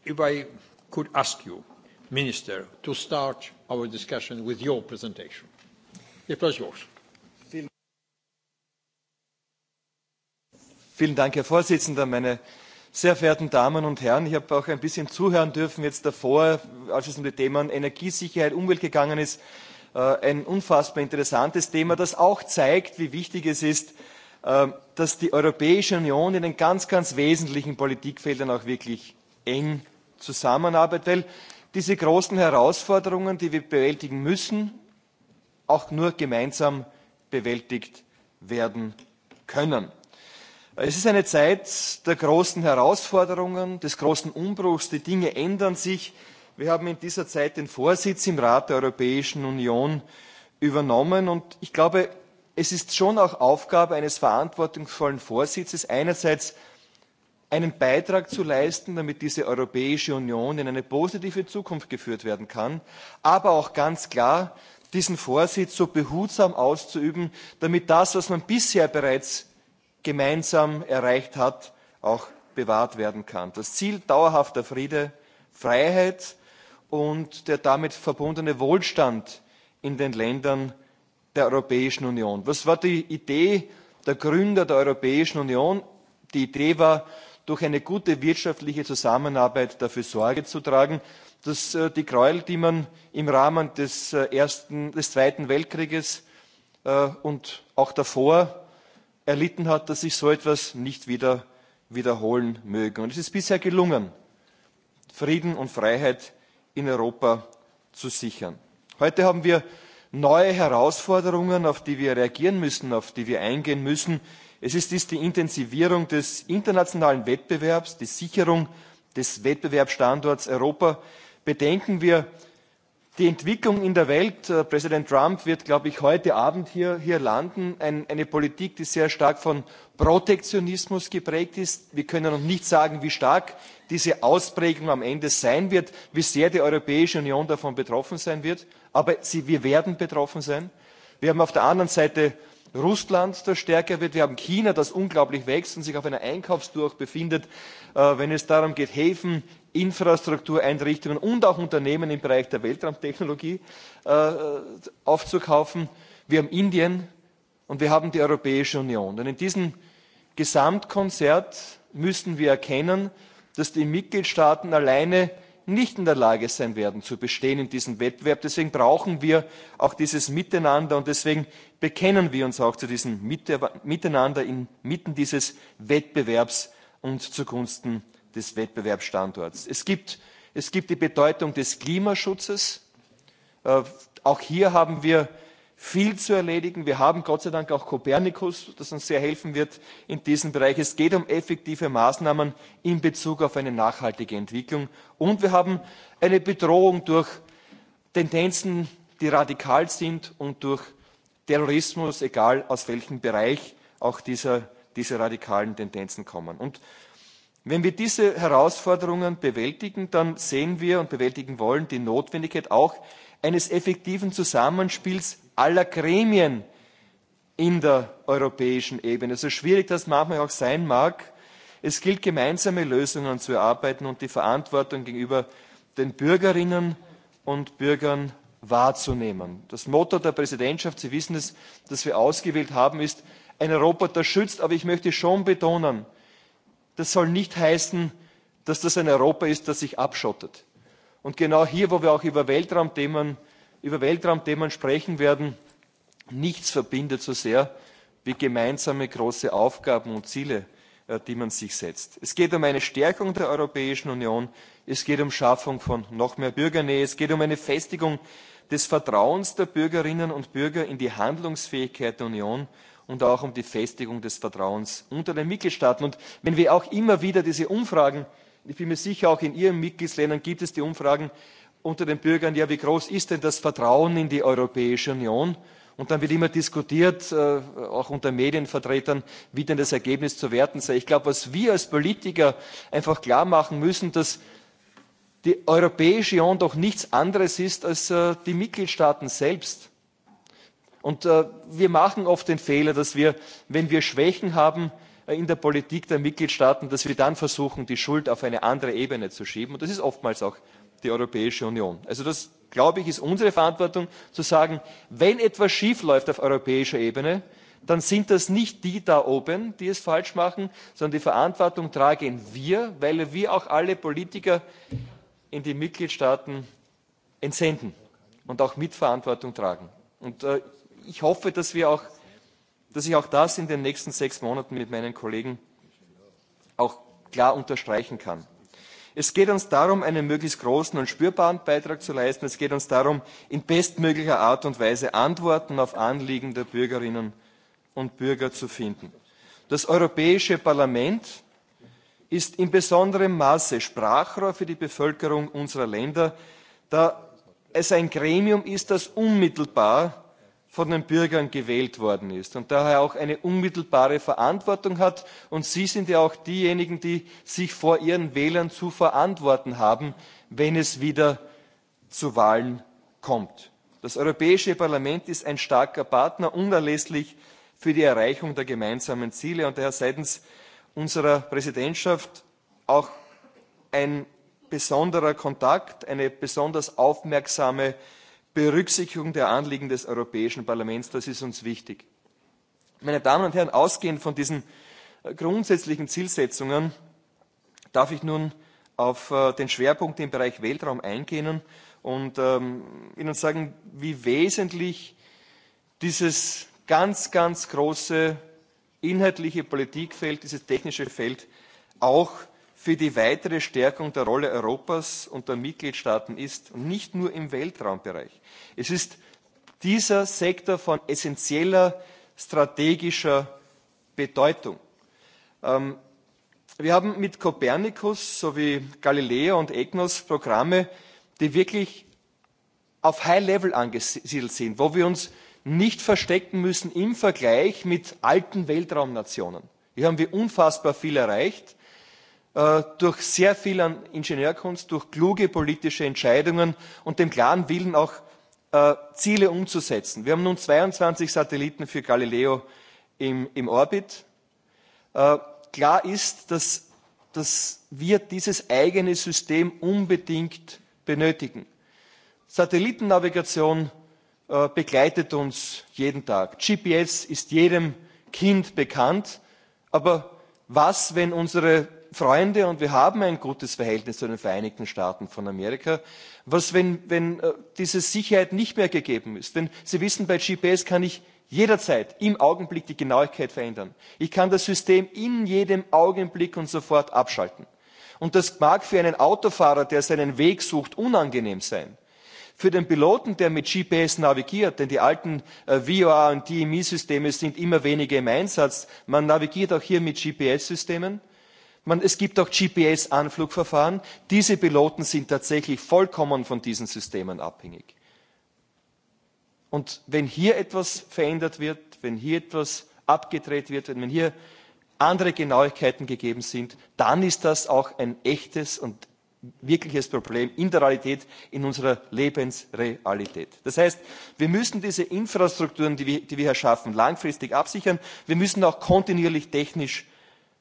if I could ask you, Minister, to start our discussion with your presentation. The floor is yours. Vielen Dank, Herr Vorsitzender, meine sehr verehrten Damen und Herren. Ich habe auch ein bisschen zuhören dürfen jetzt davor, als es um die Themen Energiesicherheit, Umwelt gegangen ist. Äh, ein unfassbar interessantes Thema, das auch zeigt, wie wichtig es ist, ähm, dass die Europäische Union in den ganz, ganz wesentlichen Politikfeldern auch wirklich eng zusammenarbeitet, weil diese großen Herausforderungen, die wir bewältigen müssen, auch nur gemeinsam bewältigt werden können. Es ist eine Zeit der großen Herausforderungen, des großen Umbruchs. Die Dinge ändern sich wir haben in dieser zeit den vorsitz im rat der europäischen union übernommen und ich glaube es ist schon auch aufgabe eines verantwortungsvollen vorsitzes einerseits einen beitrag zu leisten damit diese europäische union in eine positive zukunft geführt werden kann aber auch ganz klar diesen vorsitz so behutsam auszuüben damit das was man bisher bereits gemeinsam erreicht hat auch bewahrt werden kann das ziel dauerhafter friede freiheit und der damit verbundene Wohlstand in den Ländern der Europäischen Union. Was war die Idee der Gründer der Europäischen Union? Die Idee war, durch eine gute wirtschaftliche Zusammenarbeit dafür Sorge zu tragen, dass äh, die Gräuel, die man im Rahmen des, äh, ersten, des Zweiten Weltkrieges äh, und auch davor erlitten hat, dass sich so etwas nicht wieder wiederholen möge. Und es ist bisher gelungen, Frieden und Freiheit in Europa zu sichern. Heute haben wir neue Herausforderungen, auf die wir reagieren müssen, auf die wir eingehen müssen. Es ist dies die Intensivierung des internationalen Wettbewerbs, die Sicherung des Wettbewerbsstandorts Europa. Bedenken wir Die Entwicklung in der Welt, äh, Präsident Trump wird, glaube ich, heute Abend hier, hier landen. Ein, eine Politik, die sehr stark von Protektionismus geprägt ist. Wir können noch nicht sagen, wie stark diese Ausprägung am Ende sein wird, wie sehr die Europäische Union davon betroffen sein wird. Aber sie, wir werden betroffen sein. Wir haben auf der anderen Seite Russland, das stärker wird. Wir haben China, das unglaublich wächst und sich auf einer Einkaufstour befindet, äh, wenn es darum geht, Häfen, Infrastruktureinrichtungen und auch Unternehmen im Bereich der Weltraumtechnologie äh, aufzukaufen. Wir haben Indien und wir haben die Europäische Union. Und in diesem Gesamtkonzert müssen wir erkennen, dass die Mitgliedstaaten alleine nicht in der Lage sein werden zu bestehen in diesem Wettbewerb. Deswegen brauchen wir auch dieses Miteinander und deswegen bekennen wir uns auch zu diesem Miteinander inmitten dieses Wettbewerbs und zugunsten des Wettbewerbsstandorts. Es gibt, es gibt die Bedeutung des Klimaschutzes. Äh, auch hier haben wir viel zu erledigen. Wir haben Gott sei Dank auch Kopernikus, das uns sehr helfen wird in diesem Bereich. Es geht um effektive Maßnahmen in Bezug auf eine nachhaltige Entwicklung. Und wir haben eine Bedrohung durch Tendenzen, die radikal sind und durch Terrorismus, egal aus welchem Bereich auch dieser, diese radikalen Tendenzen kommen. Und wenn wir diese Herausforderungen bewältigen, dann sehen wir und bewältigen wollen die Notwendigkeit auch eines effektiven Zusammenspiels aller Gremien in der europäischen Ebene. So schwierig das manchmal auch sein mag, es gilt, gemeinsame Lösungen zu erarbeiten und die Verantwortung gegenüber den Bürgerinnen und Bürgern wahrzunehmen. Das Motto der Präsidentschaft, Sie wissen es, das wir ausgewählt haben, ist ein Europa, das schützt. Aber ich möchte schon betonen, das soll nicht heißen, dass das ein Europa ist, das sich abschottet. Und genau hier, wo wir auch über Weltraumthemen über Weltraumthemen sprechen werden. Nichts verbindet so sehr wie gemeinsame große Aufgaben und Ziele, äh, die man sich setzt. Es geht um eine Stärkung der Europäischen Union, es geht um Schaffung von noch mehr Bürgernähe, es geht um eine Festigung des Vertrauens der Bürgerinnen und Bürger in die Handlungsfähigkeit der Union und auch um die Festigung des Vertrauens unter den Mitgliedstaaten. Und wenn wir auch immer wieder diese Umfragen, ich bin mir sicher, auch in Ihren Mitgliedsländern gibt es die Umfragen, unter den Bürgern, ja, wie groß ist denn das Vertrauen in die Europäische Union? Und dann wird immer diskutiert, äh, auch unter Medienvertretern, wie denn das Ergebnis zu werten sei. Ich glaube, was wir als Politiker einfach klar machen müssen, dass die Europäische Union doch nichts anderes ist als äh, die Mitgliedstaaten selbst. Und äh, wir machen oft den Fehler, dass wir, wenn wir Schwächen haben, in der Politik der Mitgliedstaaten, dass wir dann versuchen, die Schuld auf eine andere Ebene zu schieben. Und das ist oftmals auch die Europäische Union. Also das, glaube ich, ist unsere Verantwortung zu sagen, wenn etwas schiefläuft auf europäischer Ebene, dann sind das nicht die da oben, die es falsch machen, sondern die Verantwortung tragen wir, weil wir auch alle Politiker in die Mitgliedstaaten entsenden und auch Mitverantwortung tragen. Und äh, ich hoffe, dass, wir auch, dass ich auch das in den nächsten sechs Monaten mit meinen Kollegen auch klar unterstreichen kann. Es geht uns darum, einen möglichst großen und spürbaren Beitrag zu leisten. Es geht uns darum, in bestmöglicher Art und Weise Antworten auf Anliegen der Bürgerinnen und Bürger zu finden. Das Europäische Parlament ist in besonderem Maße Sprachrohr für die Bevölkerung unserer Länder, da es ein Gremium ist, das unmittelbar von den Bürgern gewählt worden ist und daher auch eine unmittelbare Verantwortung hat. Und Sie sind ja auch diejenigen, die sich vor Ihren Wählern zu verantworten haben, wenn es wieder zu Wahlen kommt. Das Europäische Parlament ist ein starker Partner, unerlässlich für die Erreichung der gemeinsamen Ziele und daher seitens unserer Präsidentschaft auch ein besonderer Kontakt, eine besonders aufmerksame Berücksichtigung der Anliegen des Europäischen Parlaments. Das ist uns wichtig. Meine Damen und Herren, ausgehend von diesen äh, grundsätzlichen Zielsetzungen darf ich nun auf äh, den Schwerpunkt im Bereich Weltraum eingehen und ähm, Ihnen sagen, wie wesentlich dieses ganz, ganz große inhaltliche Politikfeld, dieses technische Feld auch für die weitere Stärkung der Rolle Europas und der Mitgliedstaaten ist, und nicht nur im Weltraumbereich. Es ist dieser Sektor von essentieller strategischer Bedeutung. Ähm, wir haben mit Copernicus sowie Galileo und EGNOS Programme, die wirklich auf High Level angesiedelt sind, wo wir uns nicht verstecken müssen im Vergleich mit alten Weltraumnationen. Hier haben wir unfassbar viel erreicht Äh, durch sehr viel an Ingenieurkunst, durch kluge politische Entscheidungen und dem klaren Willen auch äh, Ziele umzusetzen. Wir haben nun 22 Satelliten für Galileo im, im Orbit. Äh, klar ist, dass, dass wir dieses eigene System unbedingt benötigen. Satellitennavigation begleitet uns jeden Tag. GPS ist jedem Kind bekannt. Aber was, wenn unsere Freunde und wir haben ein gutes Verhältnis zu den Vereinigten Staaten von Amerika. Was, wenn, wenn äh, diese Sicherheit nicht mehr gegeben ist? Denn Sie wissen, bei GPS kann ich jederzeit im Augenblick die Genauigkeit verändern. Ich kann das System in jedem Augenblick und sofort abschalten. Und das mag für einen Autofahrer, der seinen Weg sucht, unangenehm sein. Für den Piloten, der mit GPS navigiert, denn die alten äh, VOA und dme systeme sind immer weniger im Einsatz, man navigiert auch hier mit GPS-Systemen. Man, es gibt auch GPS-Anflugverfahren. Diese Piloten sind tatsächlich vollkommen von diesen Systemen abhängig. Und wenn hier etwas verändert wird, wenn hier etwas abgedreht wird, wenn hier andere Genauigkeiten gegeben sind, dann ist das auch ein echtes und wirkliches Problem in der Realität, in unserer Lebensrealität. Das heißt, wir müssen diese Infrastrukturen, die wir, die wir hier schaffen, langfristig absichern. Wir müssen auch kontinuierlich technisch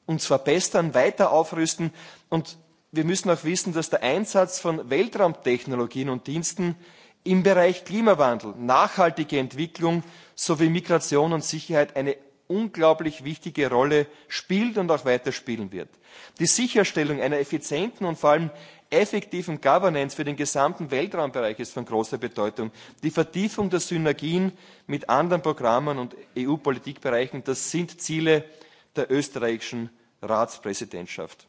uns verbessern, weiter aufrüsten. Und wir müssen auch wissen, dass der Einsatz von Weltraumtechnologien und Diensten im Bereich Klimawandel, nachhaltige Entwicklung sowie Migration und Sicherheit eine unglaublich wichtige Rolle spielt und auch weiter spielen wird. Die Sicherstellung einer effizienten und vor allem effektiven Governance für den gesamten Weltraumbereich ist von großer Bedeutung. Die Vertiefung der Synergien mit anderen Programmen und EU-Politikbereichen, das sind Ziele, der österreichischen Ratspräsidentschaft.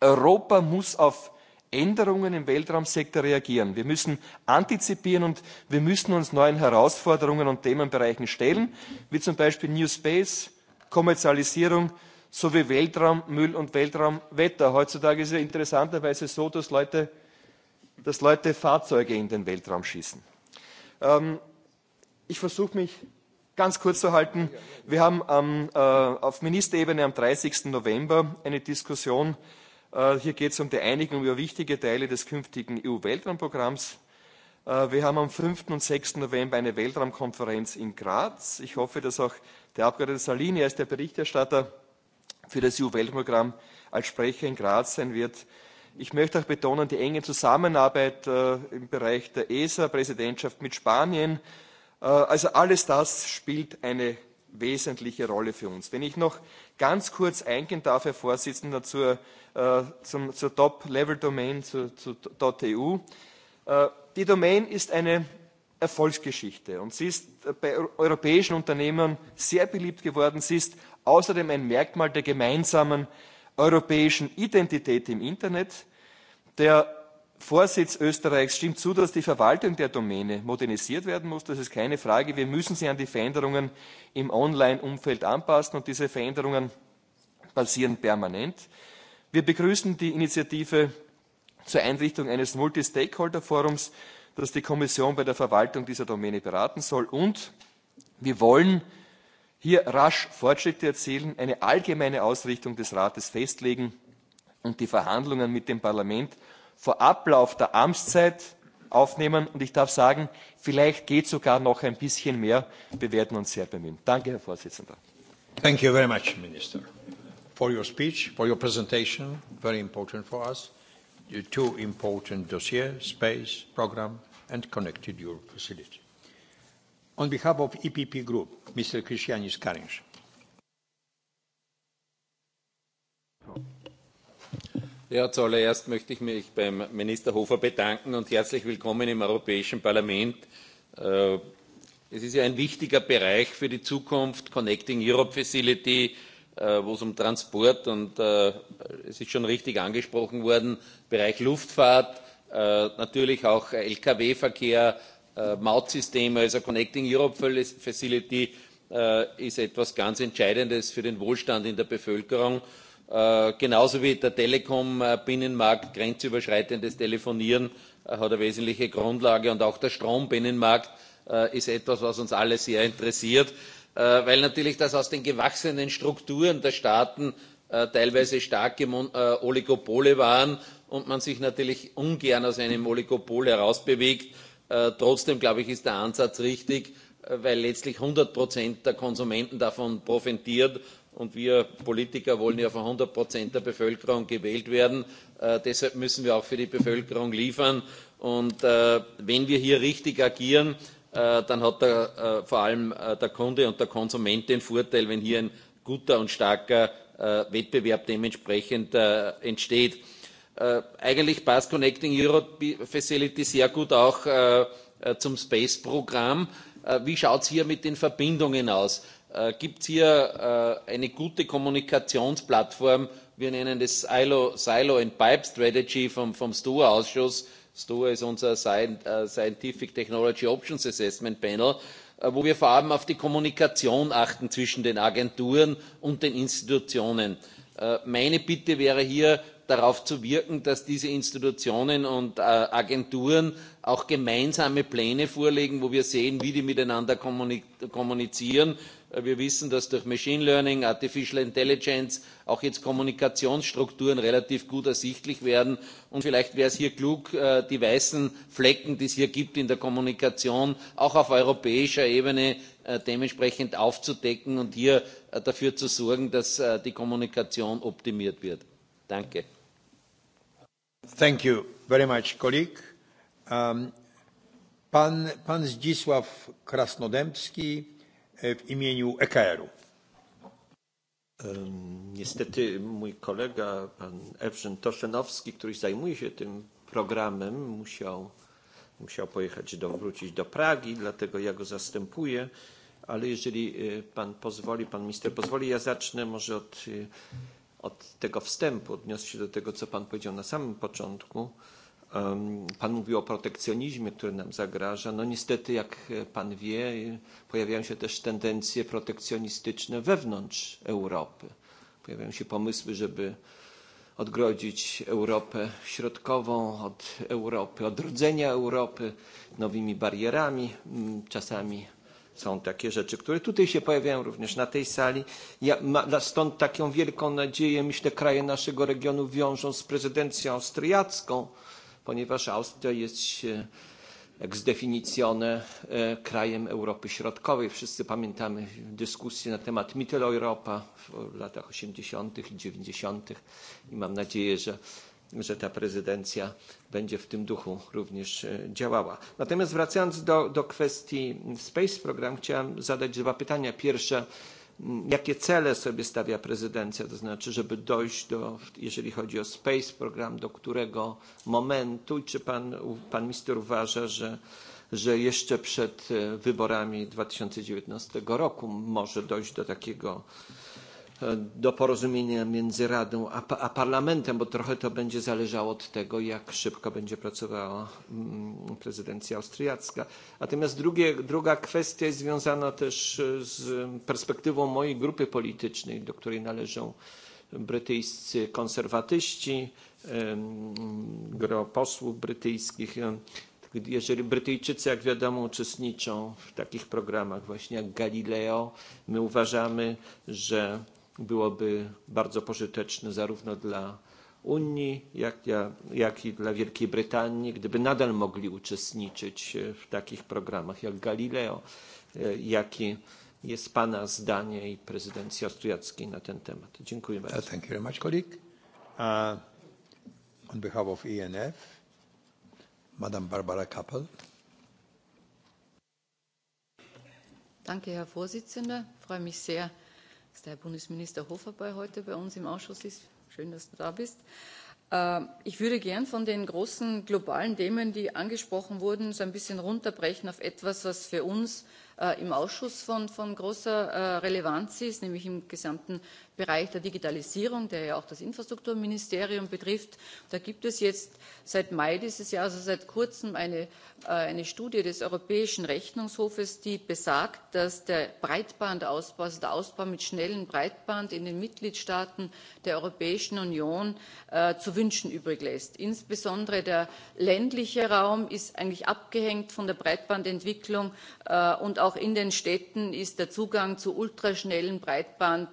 Europa muss auf Änderungen im Weltraumsektor reagieren. Wir müssen antizipieren und wir müssen uns neuen Herausforderungen und Themenbereichen stellen, wie zum Beispiel New Space, Kommerzialisierung sowie Weltraummüll und Weltraumwetter. Heutzutage ist es ja interessanterweise so, dass Leute, dass Leute Fahrzeuge in den Weltraum schießen. Ähm, ich versuche mich ganz kurz zu halten. Wir haben am, äh, auf Ministerebene am 30. November eine Diskussion. Äh, hier geht es um die Einigung über wichtige Teile des künftigen EU-Weltraumprogramms. Äh, wir haben am 5. und 6. November eine Weltraumkonferenz in Graz. Ich hoffe, dass auch der Abgeordnete Salini als der Berichterstatter für das eu weltprogramm als Sprecher in Graz sein wird. Ich möchte auch betonen, die enge Zusammenarbeit äh, im Bereich der ESA-Präsidentschaft mit Spanien, Äh, also alles das spielt eine wesentliche Rolle für uns. Wenn ich noch ganz kurz eingehen darf, Herr Vorsitzender, zur, äh, zum, zur Top-Level-Domain, zu, zu .eu. Äh, die Domain ist eine Erfolgsgeschichte und sie ist bei europäischen Unternehmen sehr beliebt geworden. Sie ist außerdem ein Merkmal der gemeinsamen europäischen Identität im Internet. Der Vorsitz Österreichs stimmt zu, dass die Verwaltung der Domäne modernisiert werden muss. Das ist keine Frage. Wir müssen sie an die Veränderungen im Online-Umfeld anpassen und diese Veränderungen passieren permanent. Wir begrüßen die Initiative zur Einrichtung eines Multi-Stakeholder-Forums, das die Kommission bei der Verwaltung dieser Domäne beraten soll. Und wir wollen hier rasch Fortschritte erzielen, eine allgemeine Ausrichtung des Rates festlegen und die Verhandlungen mit dem Parlament vor Ablauf der Amtszeit aufnehmen. Und ich darf sagen, vielleicht geht sogar noch ein bisschen mehr. Wir werden uns sehr bemühen. Danke, Herr Vorsitzender. Thank you very much, Minister, for your speech, for your presentation. Very important for us. The two important dossiers, space program and connected Europe facility. On behalf of EPP Group, Mr. Christianis Karinj. Ja, zuallererst möchte ich mich beim Minister Hofer bedanken und herzlich willkommen im Europäischen Parlament. Äh, es ist ja ein wichtiger Bereich für die Zukunft, Connecting Europe Facility, äh, wo es um Transport und äh, es ist schon richtig angesprochen worden, Bereich Luftfahrt, natürlich auch Lkw-Verkehr, Mautsysteme, also Connecting Europe Facility ist etwas ganz Entscheidendes für den Wohlstand in der Bevölkerung. Äh, genauso wie der Telekom-Binnenmarkt, äh, grenzüberschreitendes Telefonieren äh, hat eine wesentliche Grundlage und auch der Strombinnenmarkt ist etwas, was uns alle sehr interessiert, äh, weil natürlich das aus den gewachsenen Strukturen der Staaten teilweise starke Oligopole waren und man sich natürlich ungern aus einem Oligopol herausbewegt. trotzdem, glaube ich, ist der Ansatz richtig, weil letztlich einhundert der Konsumenten davon profitieren und wir politiker wollen ja von einhundert der bevölkerung gewählt werden. Äh, deshalb müssen wir auch für die bevölkerung liefern. und äh, wenn wir hier richtig agieren äh, dann hat vor allem der kunde und der konsument den vorteil wenn hier ein guter und starker wettbewerb dementsprechend entsteht. eigentlich passt connecting europe facility sehr gut auch zum space programm. wie schaut es hier mit den verbindungen aus? Äh, gibt es hier äh, eine gute Kommunikationsplattform. Wir nennen das Silo, Silo and Pipe Strategy vom, vom STOA-Ausschuss. STOA ist unser äh, Scientific Technology Options Assessment Panel wo wir vor allem auf die Kommunikation achten zwischen den Agenturen und den Institutionen. Meine Bitte wäre hier, darauf zu wirken, dass diese Institutionen und äh, Agenturen auch gemeinsame Pläne vorlegen, wo wir sehen, wie die miteinander kommunizieren. Äh, wir wissen, dass durch Machine Learning, Artificial Intelligence auch jetzt Kommunikationsstrukturen relativ gut ersichtlich werden. Und vielleicht wäre es hier klug, äh, die weißen Flecken, die es hier gibt in der Kommunikation, auch auf europäischer Ebene äh, dementsprechend aufzudecken und hier dafür zu sorgen, dass die Kommunikation optimiert wird. Danke. Thank you very much, colleague. Um, pan, pan Zdzisław Krasnodębski e, w imieniu EKR-u. Um, niestety mój kolega, pan Ewrzyn Toszenowski, który zajmuje się tym programem, musiał, musiał pojechać, do, wrócić do Pragi, dlatego ja go zastępuję. Ale jeżeli e, pan pozwoli, pan minister pozwoli, ja zacznę może od e, od tego wstępu odniosę się do tego, co Pan powiedział na samym początku. Pan mówił o protekcjonizmie, który nam zagraża. No niestety, jak Pan wie, pojawiają się też tendencje protekcjonistyczne wewnątrz Europy. Pojawiają się pomysły, żeby odgrodzić Europę Środkową od Europy, odrodzenia Europy nowymi barierami, czasami są takie rzeczy, które tutaj się pojawiają również na tej sali. Ja, ma, stąd taką wielką nadzieję, myślę, kraje naszego regionu wiążą z prezydencją austriacką, ponieważ Austria jest się ex definicione e, krajem Europy Środkowej. Wszyscy pamiętamy dyskusję na temat Mitteleuropa w latach 80. i 90. i mam nadzieję, że że ta prezydencja będzie w tym duchu również e, działała. Natomiast wracając do, do kwestii Space Program, chciałem zadać dwa pytania. Pierwsze, jakie cele sobie stawia prezydencja, to znaczy, żeby dojść do, jeżeli chodzi o Space Program, do którego momentu i czy pan, pan minister uważa, że że jeszcze przed e, wyborami 2019 roku może dojść do takiego E, do porozumienia między Radą a, a Parlamentem, bo trochę to będzie zależało od tego, jak szybko będzie pracowała mm, prezydencja austriacka. Natomiast drugie, druga kwestia jest związana też e, z perspektywą mojej grupy politycznej, do której należą brytyjscy konserwatyści, e, gro posłów brytyjskich. Jeżeli Brytyjczycy, jak wiadomo, uczestniczą w takich programach właśnie jak Galileo, my uważamy, że byłoby bardzo pożyteczne zarówno dla Unii, jak, jak i dla Wielkiej Brytanii, gdyby nadal mogli uczestniczyć w takich programach jak Galileo, e, jak jest Pana zdanie i prezydencji austriackiej na ten temat. Dziękuję bardzo. Uh, thank you very much, colleague. Uh, on behalf of ENF, Madame Barbara Kappel. Danke, Herr Vorsitzender. Ich freue mich sehr, dass der Herr Bundesminister Hofer bei heute bei uns im Ausschuss ist. Schön, dass du da bist. Äh, ich würde gern von den großen globalen Themen, die angesprochen wurden, so ein bisschen runterbrechen auf etwas, was für uns Äh, im Ausschuss von, von großer äh, Relevanz ist, nämlich im gesamten Bereich der Digitalisierung, der ja auch das Infrastrukturministerium betrifft. Da gibt es jetzt seit Mai dieses Jahres, also seit kurzem, eine, äh, eine Studie des Europäischen Rechnungshofes, die besagt, dass der Breitbandausbau, also der Ausbau mit schnellem Breitband in den Mitgliedstaaten der Europäischen Union äh, zu wünschen übrig lässt. Insbesondere der ländliche Raum ist eigentlich abgehängt von der Breitbandentwicklung äh, und auch auch in den städten ist der zugang zu ultraschnellem breitband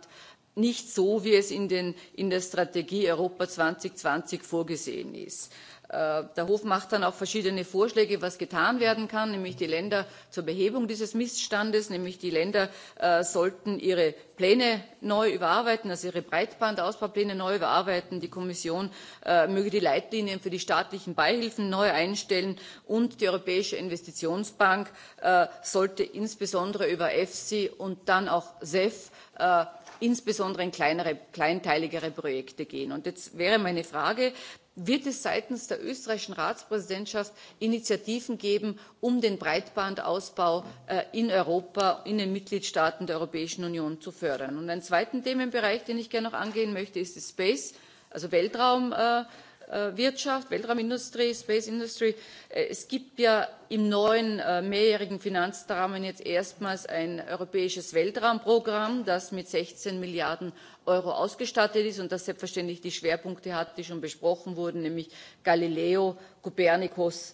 nicht so wie es in, den, in der strategie europa zweitausendzwanzig vorgesehen ist. Äh, der Hof macht dann auch verschiedene Vorschläge, was getan werden kann, nämlich die Länder zur Behebung dieses Missstandes, nämlich die Länder äh, sollten ihre Pläne neu überarbeiten, also ihre Breitbandausbaupläne neu überarbeiten. Die Kommission äh, möge die Leitlinien für die staatlichen Beihilfen neu einstellen und die Europäische Investitionsbank äh, sollte insbesondere über EFSI und dann auch SEF äh, insbesondere in kleinere, kleinteiligere Projekte gehen. Und jetzt wäre meine Frage, wird es seitens der österreichischen ratspräsidentschaft initiativen geben um den breitbandausbau äh, in europa in den mitgliedstaaten der europäischen union zu fördern? einen zweiten themenbereich den ich gerne noch angehen möchte ist space also weltraum. Äh, Äh, Wirtschaft, Weltraumindustrie, Space Industry. Äh, es gibt ja im neuen äh, mehrjährigen Finanzrahmen jetzt erstmals ein europäisches Weltraumprogramm, das mit 16 Milliarden Euro ausgestattet ist und das selbstverständlich die Schwerpunkte hat, die schon besprochen wurden, nämlich Galileo, Copernicus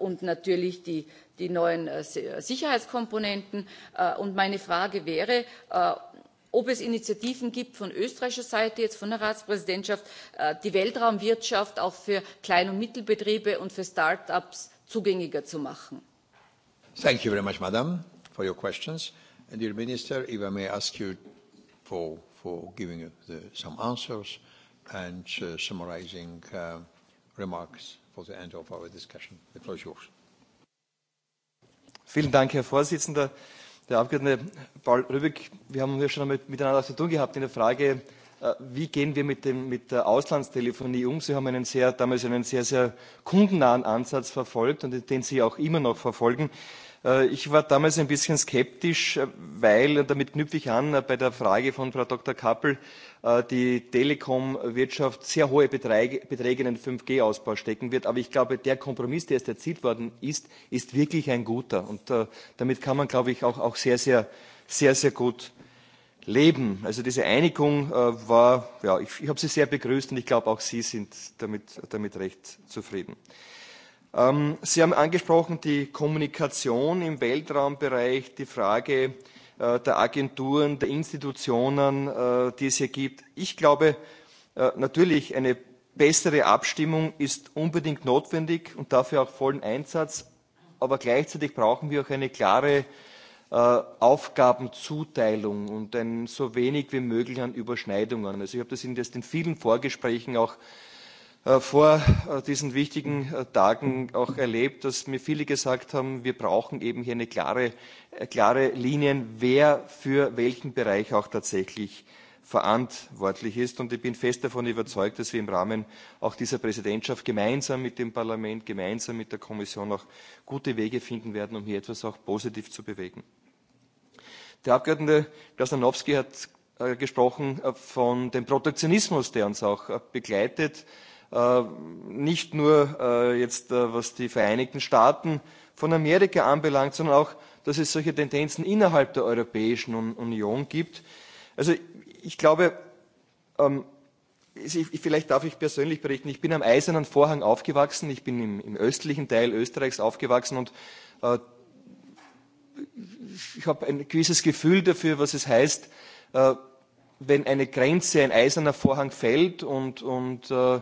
und natürlich die, die neuen Sicherheitskomponenten. Und meine Frage wäre, ob es Initiativen gibt von österreichischer Seite, jetzt von der Ratspräsidentschaft, äh, die Weltraumwirtschaft auch für Klein- und Mittelbetriebe und für Start-ups zugänglicher zu machen. Thank you very much, Madam, for your questions. And dear Minister, if I may ask you for, for giving the, some answers and uh, summarizing uh, remarks for the end of our discussion. The floor is yours. Vielen Dank, Herr Vorsitzender. Der Abgeordnete Paul Rübig, wir haben ja schon miteinander zu tun gehabt in der Frage, äh, wie gehen wir mit, dem, mit der Auslandstelefonie um? Sie haben einen sehr, damals einen sehr, sehr kundennahen Ansatz verfolgt und den Sie auch immer noch verfolgen. Äh, ich war damals ein bisschen skeptisch, äh, weil, und damit knüpfe ich an äh, bei der Frage von Frau Dr. Kappel, die Telekom-Wirtschaft sehr hohe Beträge, in den 5G-Ausbau stecken wird. Aber ich glaube, der Kompromiss, der jetzt erzielt worden ist, ist wirklich ein guter. Und damit kann man, glaube ich, auch, auch sehr, sehr, sehr, sehr gut leben. Also diese Einigung war, ja, ich, ich habe sie sehr begrüßt und ich glaube, auch Sie sind damit, damit recht zufrieden. Ähm, Sie haben angesprochen die Kommunikation im Weltraumbereich, die Frage äh, der Agenturen, der Institutionen, äh, die es hier gibt. Ich glaube, äh, natürlich eine bessere Abstimmung ist unbedingt notwendig und dafür auch vollen Einsatz. Aber gleichzeitig brauchen wir auch eine klare äh, Aufgabenzuteilung und ein so wenig wie möglich an Überschneidungen. Also ich habe das in, das in vielen Vorgesprächen auch Äh, vor äh, diesen wichtigen äh, Tagen auch erlebt, dass mir viele gesagt haben, wir brauchen eben hier eine klare, klare Linien, wer für welchen Bereich auch tatsächlich verantwortlich ist. Und ich bin fest davon überzeugt, dass wir im Rahmen auch dieser Präsidentschaft gemeinsam mit dem Parlament, gemeinsam mit der Kommission auch gute Wege finden werden, um hier etwas auch positiv zu bewegen. Der Abgeordnete Krasnanowski hat gesprochen von dem Protektionismus, der uns auch begleitet. Äh, nicht nur äh, jetzt äh, was die Vereinigten Staaten von Amerika anbelangt, sondern auch, dass es solche Tendenzen innerhalb der Europäischen Union gibt. Also ich glaube, ähm, vielleicht darf ich persönlich berichten, ich bin am Eisernen Vorhang aufgewachsen, ich bin im, im östlichen Teil Österreichs aufgewachsen und äh, ich habe ein gewisses Gefühl dafür, was es heißt, äh, wenn eine Grenze, ein eiserner Vorhang fällt und, und äh,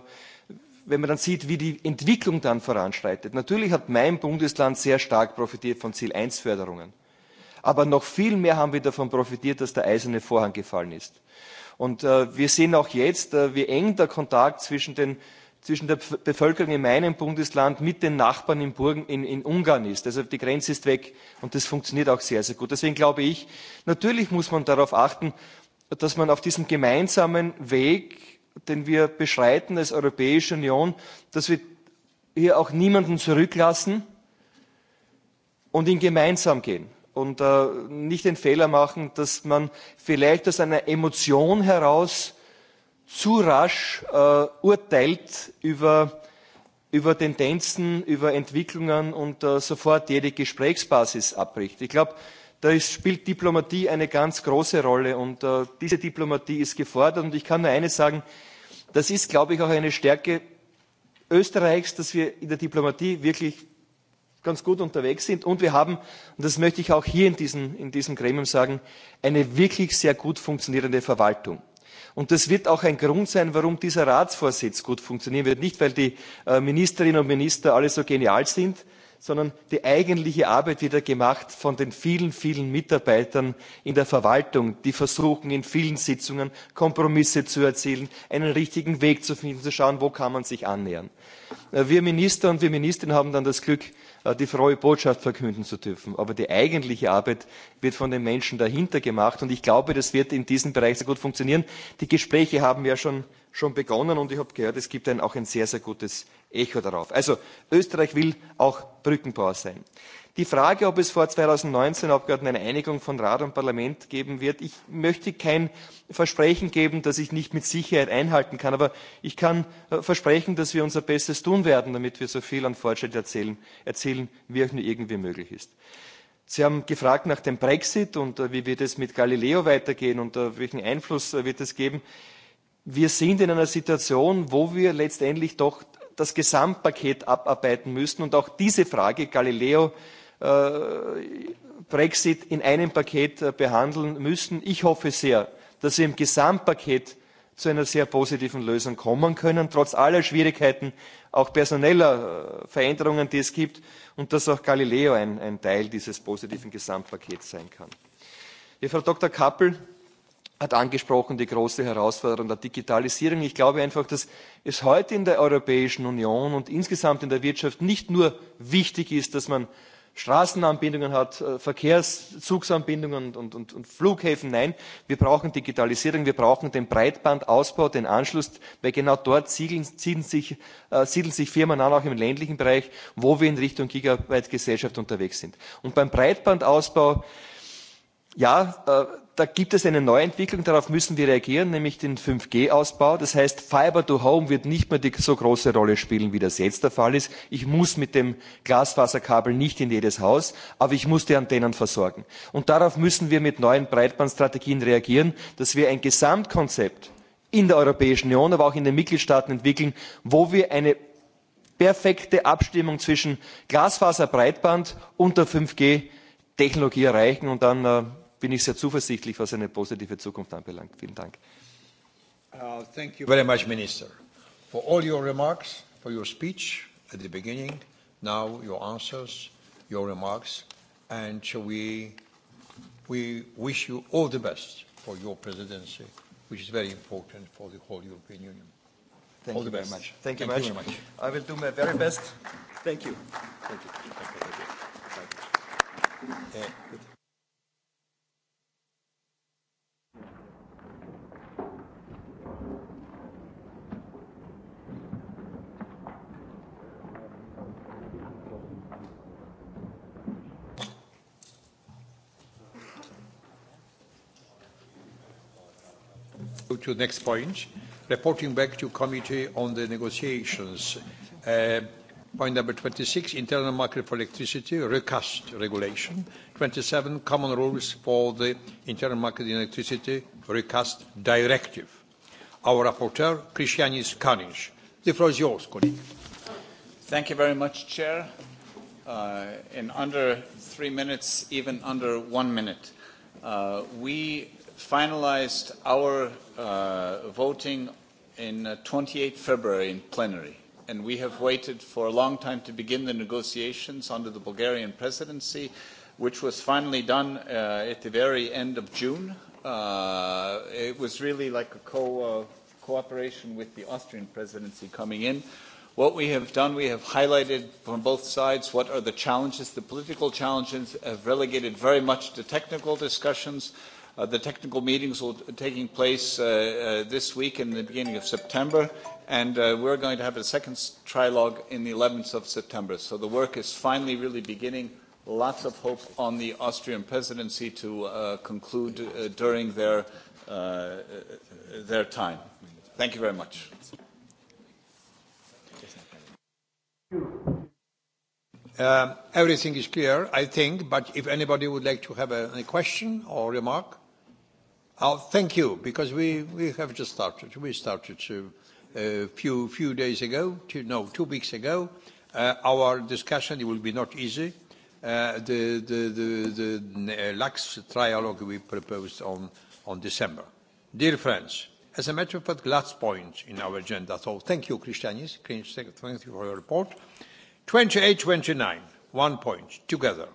wenn man dann sieht, wie die Entwicklung dann voranschreitet. Natürlich hat mein Bundesland sehr stark profitiert von Ziel 1 Förderungen. Aber noch viel mehr haben wir davon profitiert, dass der eiserne Vorhang gefallen ist. Und äh, wir sehen auch jetzt, äh, wie eng der Kontakt zwischen, den, zwischen der Bevölkerung in meinem Bundesland mit den Nachbarn in, Burgen, in, in Ungarn ist. Also die Grenze ist weg und das funktioniert auch sehr, sehr gut. Deswegen glaube ich, natürlich muss man darauf achten, dass man auf diesem gemeinsamen Weg den wir beschreiten als Europäische Union, dass wir hier auch niemanden zurücklassen und ihn gemeinsam gehen und äh, nicht den Fehler machen, dass man vielleicht aus einer Emotion heraus zu rasch äh, urteilt über, über Tendenzen, über Entwicklungen und äh, sofort jede Gesprächsbasis abbricht. Ich glaube, Da ist, spielt Diplomatie eine ganz große Rolle und äh, diese Diplomatie ist gefordert. Und ich kann nur eines sagen, das ist, glaube ich, auch eine Stärke Österreichs, dass wir in der Diplomatie wirklich ganz gut unterwegs sind. Und wir haben, und das möchte ich auch hier in diesem, in diesem Gremium sagen, eine wirklich sehr gut funktionierende Verwaltung. Und das wird auch ein Grund sein, warum dieser Ratsvorsitz gut funktionieren wird. Nicht, weil die äh, Ministerinnen und Minister alle so genial sind, sondern die eigentliche Arbeit wird gemacht von den vielen, vielen Mitarbeitern in der Verwaltung, die versuchen, in vielen Sitzungen Kompromisse zu erzielen, einen richtigen Weg zu finden, zu schauen, wo kann man sich annähern. Äh, wir Minister und wir Ministerinnen haben dann das Glück, äh, die frohe Botschaft verkünden zu dürfen. Aber die eigentliche Arbeit wird von den Menschen dahinter gemacht. Und ich glaube, das wird in diesem Bereich sehr gut funktionieren. Die Gespräche haben ja schon, schon begonnen und ich habe gehört, es gibt ein, auch ein sehr, sehr gutes Echo darauf. Also Österreich will auch Brückenbauer sein. Die Frage, ob es vor 2019 Abgeordneten eine Einigung von Rat und Parlament geben wird, ich möchte kein Versprechen geben, das ich nicht mit Sicherheit einhalten kann, aber ich kann äh, versprechen, dass wir unser Bestes tun werden, damit wir so viel an Fortschritt erzählen, erzählen wie auch nur irgendwie möglich ist. Sie haben gefragt nach dem Brexit und äh, wie wird es mit Galileo weitergehen und äh, welchen Einfluss wird es geben. Wir sind in einer Situation, wo wir letztendlich doch das Gesamtpaket abarbeiten müssen. Und auch diese Frage Galileo äh, Brexit in einem Paket äh, behandeln müssen. Ich hoffe sehr, dass wir im Gesamtpaket zu einer sehr positiven Lösung kommen können, trotz aller Schwierigkeiten, auch personeller äh, Veränderungen, die es gibt, und dass auch Galileo ein, ein Teil dieses positiven Gesamtpakets sein kann. Ja, Frau Dr. Kappel, hat angesprochen die große Herausforderung der Digitalisierung. Ich glaube einfach, dass es heute in der Europäischen Union und insgesamt in der Wirtschaft nicht nur wichtig ist, dass man Straßenanbindungen hat, äh, Verkehrszugsanbindungen und, und, und Flughäfen. Nein, wir brauchen Digitalisierung, wir brauchen den Breitbandausbau, den Anschluss, weil genau dort siedeln, siedeln, sich, äh, siedeln sich Firmen an, auch im ländlichen Bereich, wo wir in Richtung Gigabyte-Gesellschaft unterwegs sind. Und beim Breitbandausbau, ja, äh, Da gibt es eine Neuentwicklung, darauf müssen wir reagieren, nämlich den 5G-Ausbau. Das heißt, Fiber to Home wird nicht mehr die so große Rolle spielen, wie das jetzt der Fall ist. Ich muss mit dem Glasfaserkabel nicht in jedes Haus, aber ich muss die Antennen versorgen. Und darauf müssen wir mit neuen Breitbandstrategien reagieren, dass wir ein Gesamtkonzept in der Europäischen Union, aber auch in den Mitgliedstaaten entwickeln, wo wir eine perfekte Abstimmung zwischen Glasfaserbreitband und der 5G Technologie erreichen und dann äh, bin ich sehr zuversichtlich, was eine positive Zukunft anbelangt. Vielen Dank. Uh, thank you very much, Minister, for all your remarks, for your speech at the beginning, now your answers, your remarks, and we, we wish you all the best for your presidency, which is very important for the whole European Union. Thank all you the best. very much. Thank you, thank you much. you very much. I will do my very best. Thank you. Thank you. Thank you. Thank you. Thank you. Thank you. Yeah. Uh, Good. to the next point, reporting back to committee on the negotiations. Uh, point number 26, internal market for electricity, recast regulation. 27, common rules for the internal market in electricity, recast directive. Our rapporteur, Christianis Kanis. The floor is yours, colleague. Thank you very much, Chair. Uh, in under three minutes, even under one minute, uh, we finalized our uh, voting in 28 uh, February in plenary, and we have waited for a long time to begin the negotiations under the Bulgarian presidency, which was finally done uh, at the very end of June. Uh, it was really like a co uh, cooperation with the Austrian presidency coming in. What we have done, we have highlighted from both sides what are the challenges. The political challenges have relegated very much to technical discussions Uh, the technical meetings will taking place uh, uh, this week in the beginning of September, and uh, we're going to have a second trilogue in the 11th of September. So the work is finally really beginning. Lots of hope on the Austrian presidency to uh, conclude uh, during their, uh, uh their time. Thank you very much. Uh, everything is clear, I think, but if anybody would like to have a, a question or remark. Oh, thank you, because we, we have just started. We started a uh, few, few days ago, two, no, two weeks ago. Uh, our discussion it will be not easy. Uh, the the, the, the uh, Lux trialogue we proposed on, on December. Dear friends, as a matter of fact, last point in our agenda. So thank you, Christianis. Thank you for your report. 28, 29, one point, together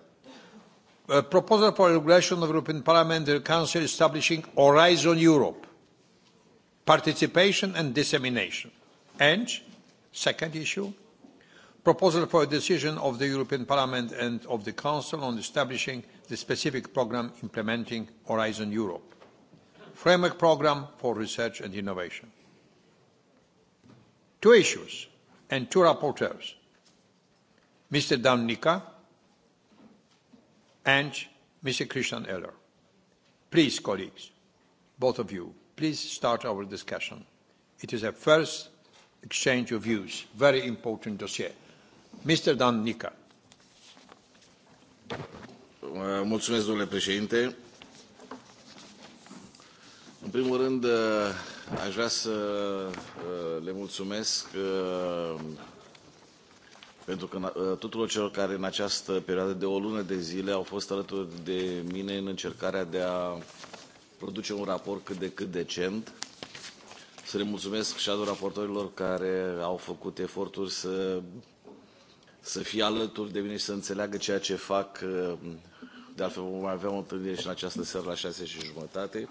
a proposal for a regulation of the European Parliament and Council establishing Horizon Europe, participation and dissemination. And second issue, proposal for a decision of the European Parliament and of the Council on establishing the specific programme implementing Horizon Europe, framework programme for research and innovation. Two issues and two rapporteurs, Mr. Dan Nika, and Mr. Christian Eller. Please, colleagues, both of you, please start our discussion. It is a first exchange of views, very important dossier. Mr. Dan Nica. Uh, mulțumesc, domnule președinte. În primul rând, uh, aș vrea să uh, le mulțumesc pentru că uh, tuturor celor care în această perioadă de o lună de zile au fost alături de mine în încercarea de a produce un raport cât de cât decent. Să le mulțumesc shadow raportorilor care au făcut eforturi să, să fie alături de mine și să înțeleagă ceea ce fac. Uh, de altfel vom mai avea o întâlnire și în această seară la șase și jumătate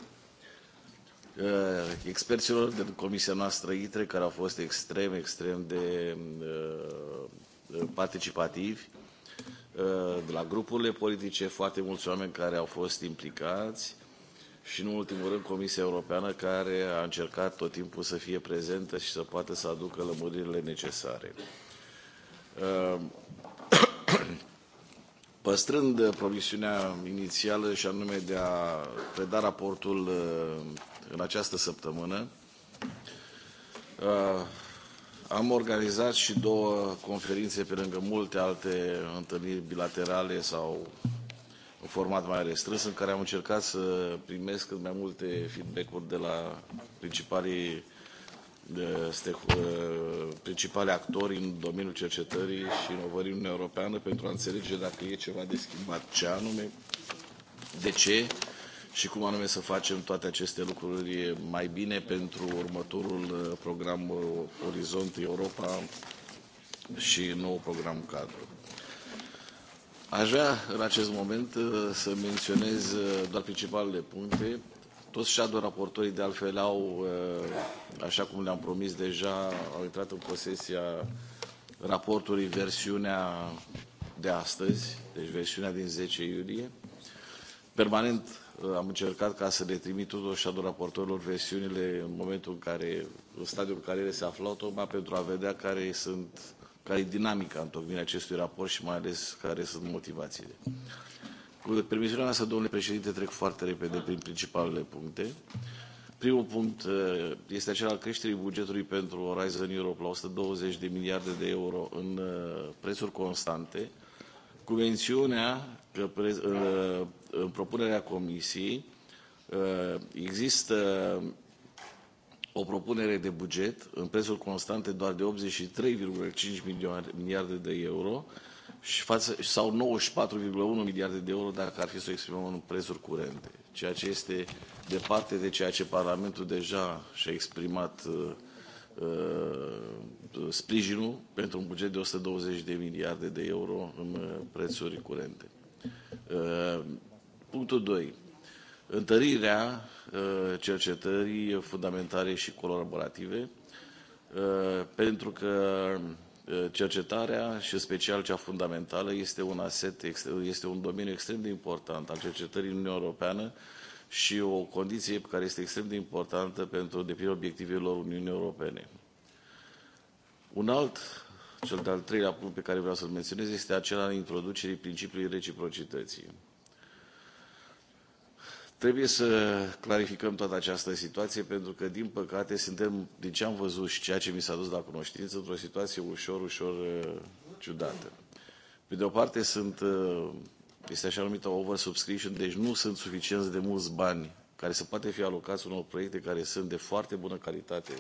uh, experților din comisia noastră ITRE, care au fost extrem, extrem de uh, Eh, participativi eh, de la grupurile politice, foarte mulți oameni care au fost implicați și, în ultimul rând, Comisia Europeană, care a încercat tot timpul să fie prezentă și să poată să aducă lămuririle necesare. Eh, păstrând promisiunea inițială și anume de a preda raportul în această săptămână, Am organizat și două conferințe pe lângă multe alte întâlniri bilaterale sau în format mai restrâns, în care am încercat să primesc cât mai multe feedback-uri de la principalii, de, principalii actori în domeniul cercetării și inovării în Uniunea Europeană pentru a înțelege dacă e ceva de schimbat, ce anume, de ce și cum anume să facem toate aceste lucruri e mai bine pentru următorul uh, program uh, Orizont Europa și nou program cadru. Aș vrea în acest moment uh, să menționez doar principalele puncte. Toți shadow raportorii de altfel au, așa cum le-am promis deja, au intrat în posesia raportului versiunea de astăzi, deci versiunea din 10 iulie. Permanent am încercat ca să le trimit tuturor shadow raportorilor versiunile în momentul în care, în stadiul în care ele se aflau, tocmai pentru a vedea care sunt, care e dinamica întocmirea acestui raport și mai ales care sunt motivațiile. Cu permisiunea noastră, domnule președinte, trec foarte repede prin principalele puncte. Primul punct eh, este acela al creșterii bugetului pentru Horizon Europe la 120 de miliarde de euro în eh, prețuri constante, cu mențiunea că eh, în propunerea Comisiei uh, există o propunere de buget în prețuri constante doar de 83,5 miliarde de euro și față, sau 94,1 miliarde de euro dacă ar fi să o exprimăm în prețuri curente, ceea ce este departe de ceea ce Parlamentul deja și-a exprimat uh, uh sprijinul pentru un buget de 120 de miliarde de euro în uh, prețuri curente. Uh, Punctul 2. Întărirea cercetării fundamentare și colaborative, pentru că cercetarea și în special cea fundamentală este un aset, este un domeniu extrem de important al cercetării în Uniunea Europeană și o condiție care este extrem de importantă pentru îndeplinirea obiectivelor Uniunii Europene. Un alt, cel de-al treilea punct pe care vreau să-l menționez, este acela al introducerii principiului reciprocității. Trebuie să clarificăm toată această situație pentru că, din păcate, suntem, din ce am văzut și ceea ce mi s-a dus la cunoștință, într-o situație ușor, ușor uh, ciudată. Pe de o parte sunt, uh, este așa numită oversubscription, deci nu sunt suficienți de mulți bani care să poate fi alocați unor proiecte care sunt de foarte bună calitate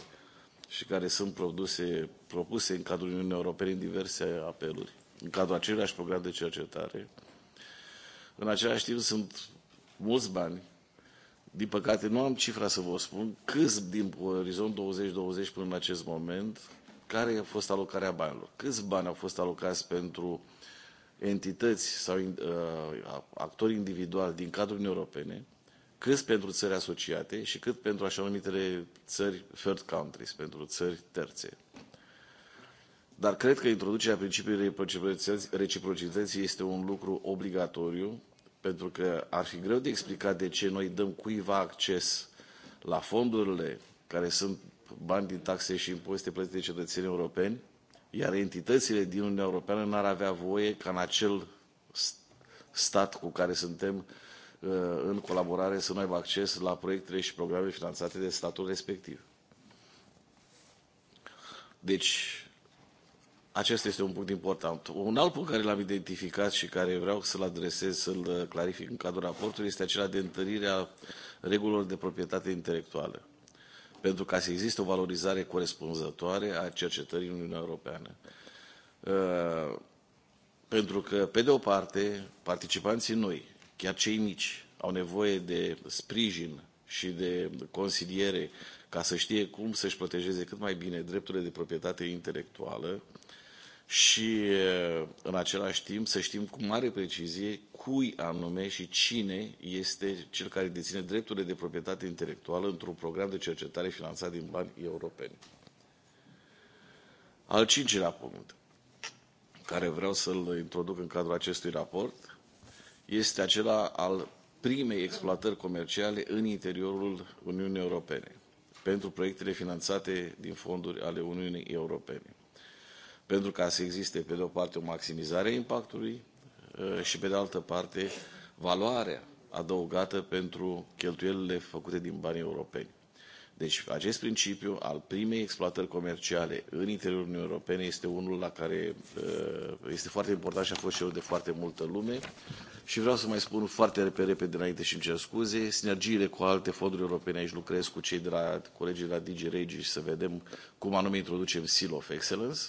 și care sunt produse, propuse în cadrul Uniunii Europene în diverse apeluri, în cadrul aceluiași program de cercetare. În același timp sunt mulți bani. Din păcate, nu am cifra să vă spun câți din Orizont 2020 până în acest moment, care a fost alocarea banilor. Câți bani au fost alocați pentru entități sau uh, actori individuali din cadrul Uniunii Europene, cât pentru țări asociate și cât pentru așa numitele țări third countries, pentru țări terțe. Dar cred că introducerea principiului reciprocității este un lucru obligatoriu pentru că ar fi greu de explicat de ce noi dăm cuiva acces la fondurile care sunt bani din taxe și impozite plătite de cetățenii europeni, iar entitățile din Uniunea Europeană n-ar avea voie ca în acel stat cu care suntem uh, în colaborare să nu aibă acces la proiectele și programele finanțate de statul respectiv. Deci, Acesta este un punct important. Un alt punct care l-am identificat și care vreau să-l adresez, să-l uh, clarific în cadrul raportului, este acela de întărire a regulilor de proprietate intelectuală. Pentru ca să existe o valorizare corespunzătoare a cercetării în Uniunea Europeană. Uh, pentru că, pe de o parte, participanții noi, chiar cei mici, au nevoie de sprijin și de consiliere ca să știe cum să-și protejeze cât mai bine drepturile de proprietate intelectuală, și uh, în același timp să știm cu mare precizie cui anume și cine este cel care deține drepturile de proprietate intelectuală într-un program de cercetare finanțat din bani europeni. Al cincilea punct care vreau să-l introduc în cadrul acestui raport este acela al primei exploatări comerciale în interiorul Uniunii Europene pentru proiectele finanțate din fonduri ale Uniunii Europene pentru ca să existe, pe de o parte, o maximizare a impactului uh, și, pe de altă parte, valoarea adăugată pentru cheltuielile făcute din banii europeni. Deci acest principiu al primei exploatări comerciale în interiorul Uniunii Europene este unul la care uh, este foarte important și a fost și eu de foarte multă lume. Și vreau să mai spun foarte repede, repede înainte și îmi cer scuze, sinergiile cu alte fonduri europene, aici lucrez cu cei de la colegii de la DG Regi și să vedem cum anume introducem Seal of Excellence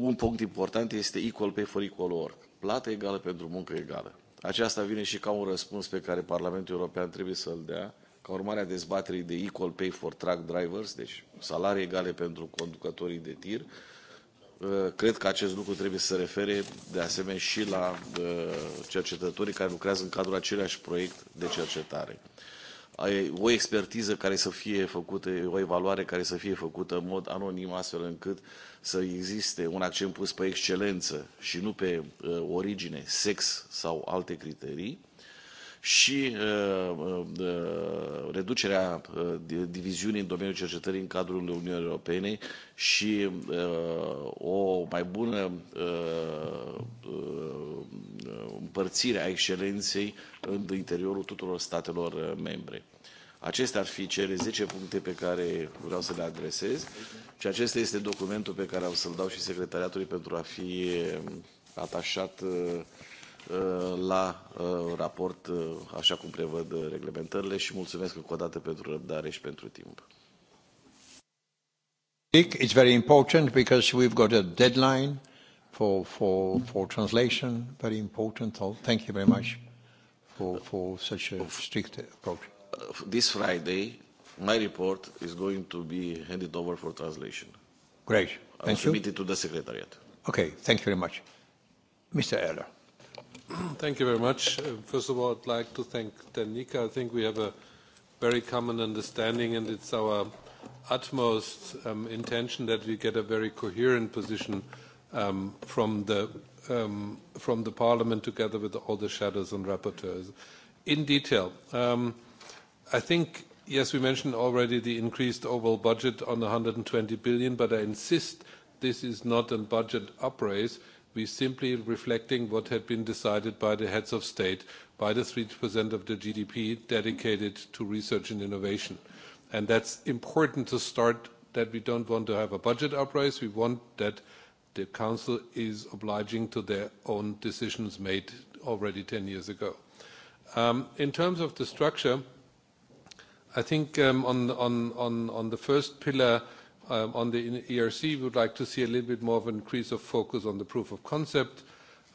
un punct important este equal pay for equal work, plată egală pentru muncă egală. Aceasta vine și ca un răspuns pe care Parlamentul European trebuie să-l dea, ca urmare a dezbaterii de equal pay for truck drivers, deci salarii egale pentru conducătorii de tir, uh, Cred că acest lucru trebuie să se refere de asemenea și la uh, cercetătorii care lucrează în cadrul aceleași proiect de cercetare o expertiză care să fie făcută, o evaluare care să fie făcută în mod anonim, astfel încât să existe un accent pus pe excelență și nu pe uh, origine, sex sau alte criterii și uh, uh, uh, reducerea diviziunii în domeniul cercetării în cadrul Uniunii Europene și o mai bună împărțire a excelenței în interiorul tuturor statelor membre. Acestea ar fi cele 10 puncte pe care vreau să le adresez și acesta este documentul pe care am să-l dau și secretariatului pentru a fi atașat uh, Eh, la eh, raport eh, așa cum prevăd reglementările și mulțumesc încă o dată pentru răbdare și pentru timp. It's very important because we've got a deadline for, for, for translation, very important. Thank you very much for, for such a strict approach. This Friday, my report is going to be handed over for translation. Great. Thank I'll you. submit it to the secretariat. Okay, thank you very much. Mr. Eller. Thank you very much. Uh, first of all, I'd like to thank Danica. I think we have a very common understanding, and it's our utmost um, intention that we get a very coherent position um, um, from the Parliament together with all the shadows and rapporteurs. In detail, I think, yes, we mentioned already the increased overall budget on 120 billion, but I insist this is not a budget up raise. We simply reflecting what had been decided by the heads of state by the 3% of the GDP dedicated to research and innovation. And that's important to start that we don't want to have a budget uprise. We want that the Council is obliging to their own decisions made already 10 years ago. Um, in terms of the structure, I think um, on, on, on, on the first pillar, Um, on the ERC, we would like to see a little bit more of an increase of focus on the proof of concept.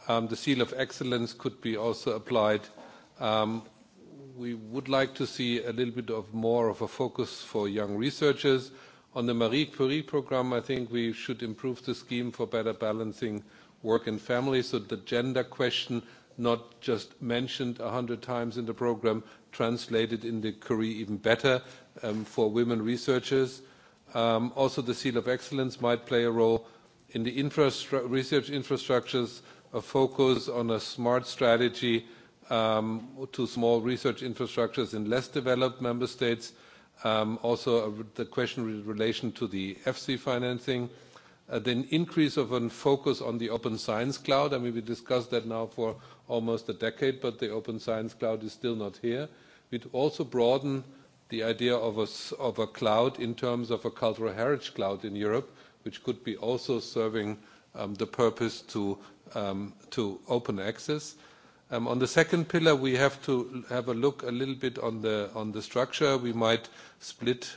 Um, the seal of excellence could be also applied. Um, we would like to see a little bit of more of a focus for young researchers. On the Marie Curie program, I think we should improve the scheme for better balancing work and family, so the gender question not just mentioned 100 times in the program, translated in the Curie even better um, for women researchers. Um, also, the Seal of Excellence might play a role in the infrastructure, research infrastructures, a focus on a smart strategy um, to small research infrastructures in less developed member states. Um, also, the question in relation to the EFSI financing. Uh, then increase of a focus on the open science cloud. I mean, we discussed that now for almost a decade, but the open science cloud is still not here. We'd also broaden the idea of a, of a cloud in terms of a cultural heritage cloud in Europe, which could be also serving um, the purpose to, um, to open access. Um, on the second pillar, we have to have a look a little bit on the, on the structure. We might split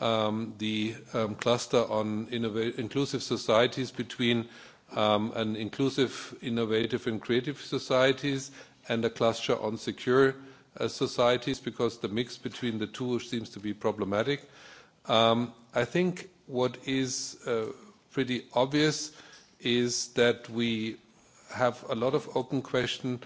um, the um, cluster on inclusive societies between um, an inclusive, innovative, and creative societies and a cluster on secure Uh, societies because the mix between the two seems to be problematic. Um, I think what is uh, pretty obvious is that we have a lot of open question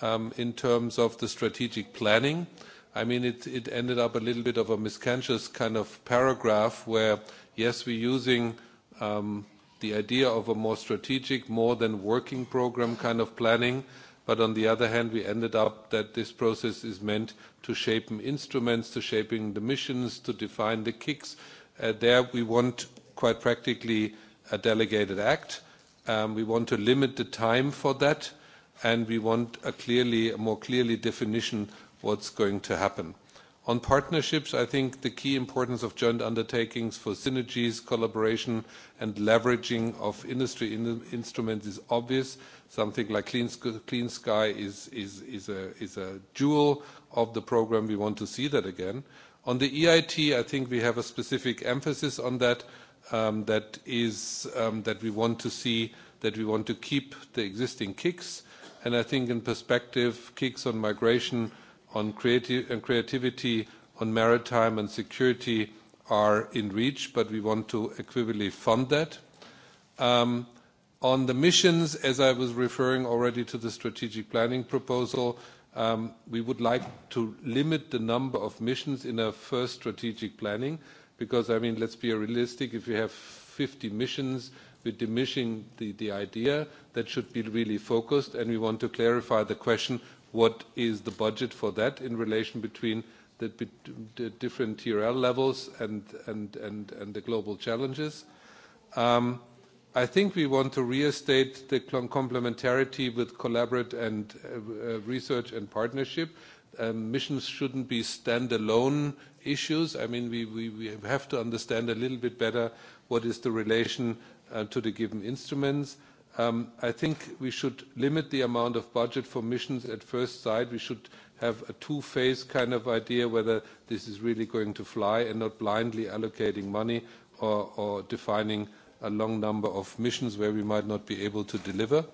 um, in terms of the strategic planning. I mean, it, it ended up a little bit of a miscanthus kind of paragraph where, yes, we're using um, the idea of a more strategic, more than working program kind of planning, But on the other hand, we ended up that this process is meant to shaping instruments, to shaping the missions, to define the kicks. Uh, there we want quite practically a delegated act. Um, we want to limit the time for that, and we want a clearly, a more clearly definition what's going to happen. On partnerships, I think the key importance of joint undertakings for synergies, collaboration, and leveraging of industry in instruments is obvious. Something like Clean, Sky is, a, jewel of the program. We want to see that again. On the EIT, I think we have a specific emphasis on that. Um, that is um, that we want to see that we want to keep the existing kicks. And I think in perspective, kicks on migration, on creative and creativity, on maritime and security are in reach, but we want to equivalently fund that. Um, on the missions, as I was referring already to the strategic planning proposal, um, we would like to limit the number of missions in our first strategic planning, because, I mean, let's be realistic, if you have 50 missions, we're diminishing the, idea. That should be really focused, we want to clarify the question, what is the budget for that in relation between the, different TRL levels and, the global challenges? Um, I think we want to reinstate the complementarity with collaborate and uh, uh, research and partnership. Um, missions shouldn't be standalone issues. I mean, we, have to understand a little bit better what is the relation uh, to the given instruments. Um, I think we should limit the amount of budget for missions at first sight. We should have a two-phase kind of idea whether this is really going to fly and not blindly allocating money or defining a long number of missions where we might not be able to deliver.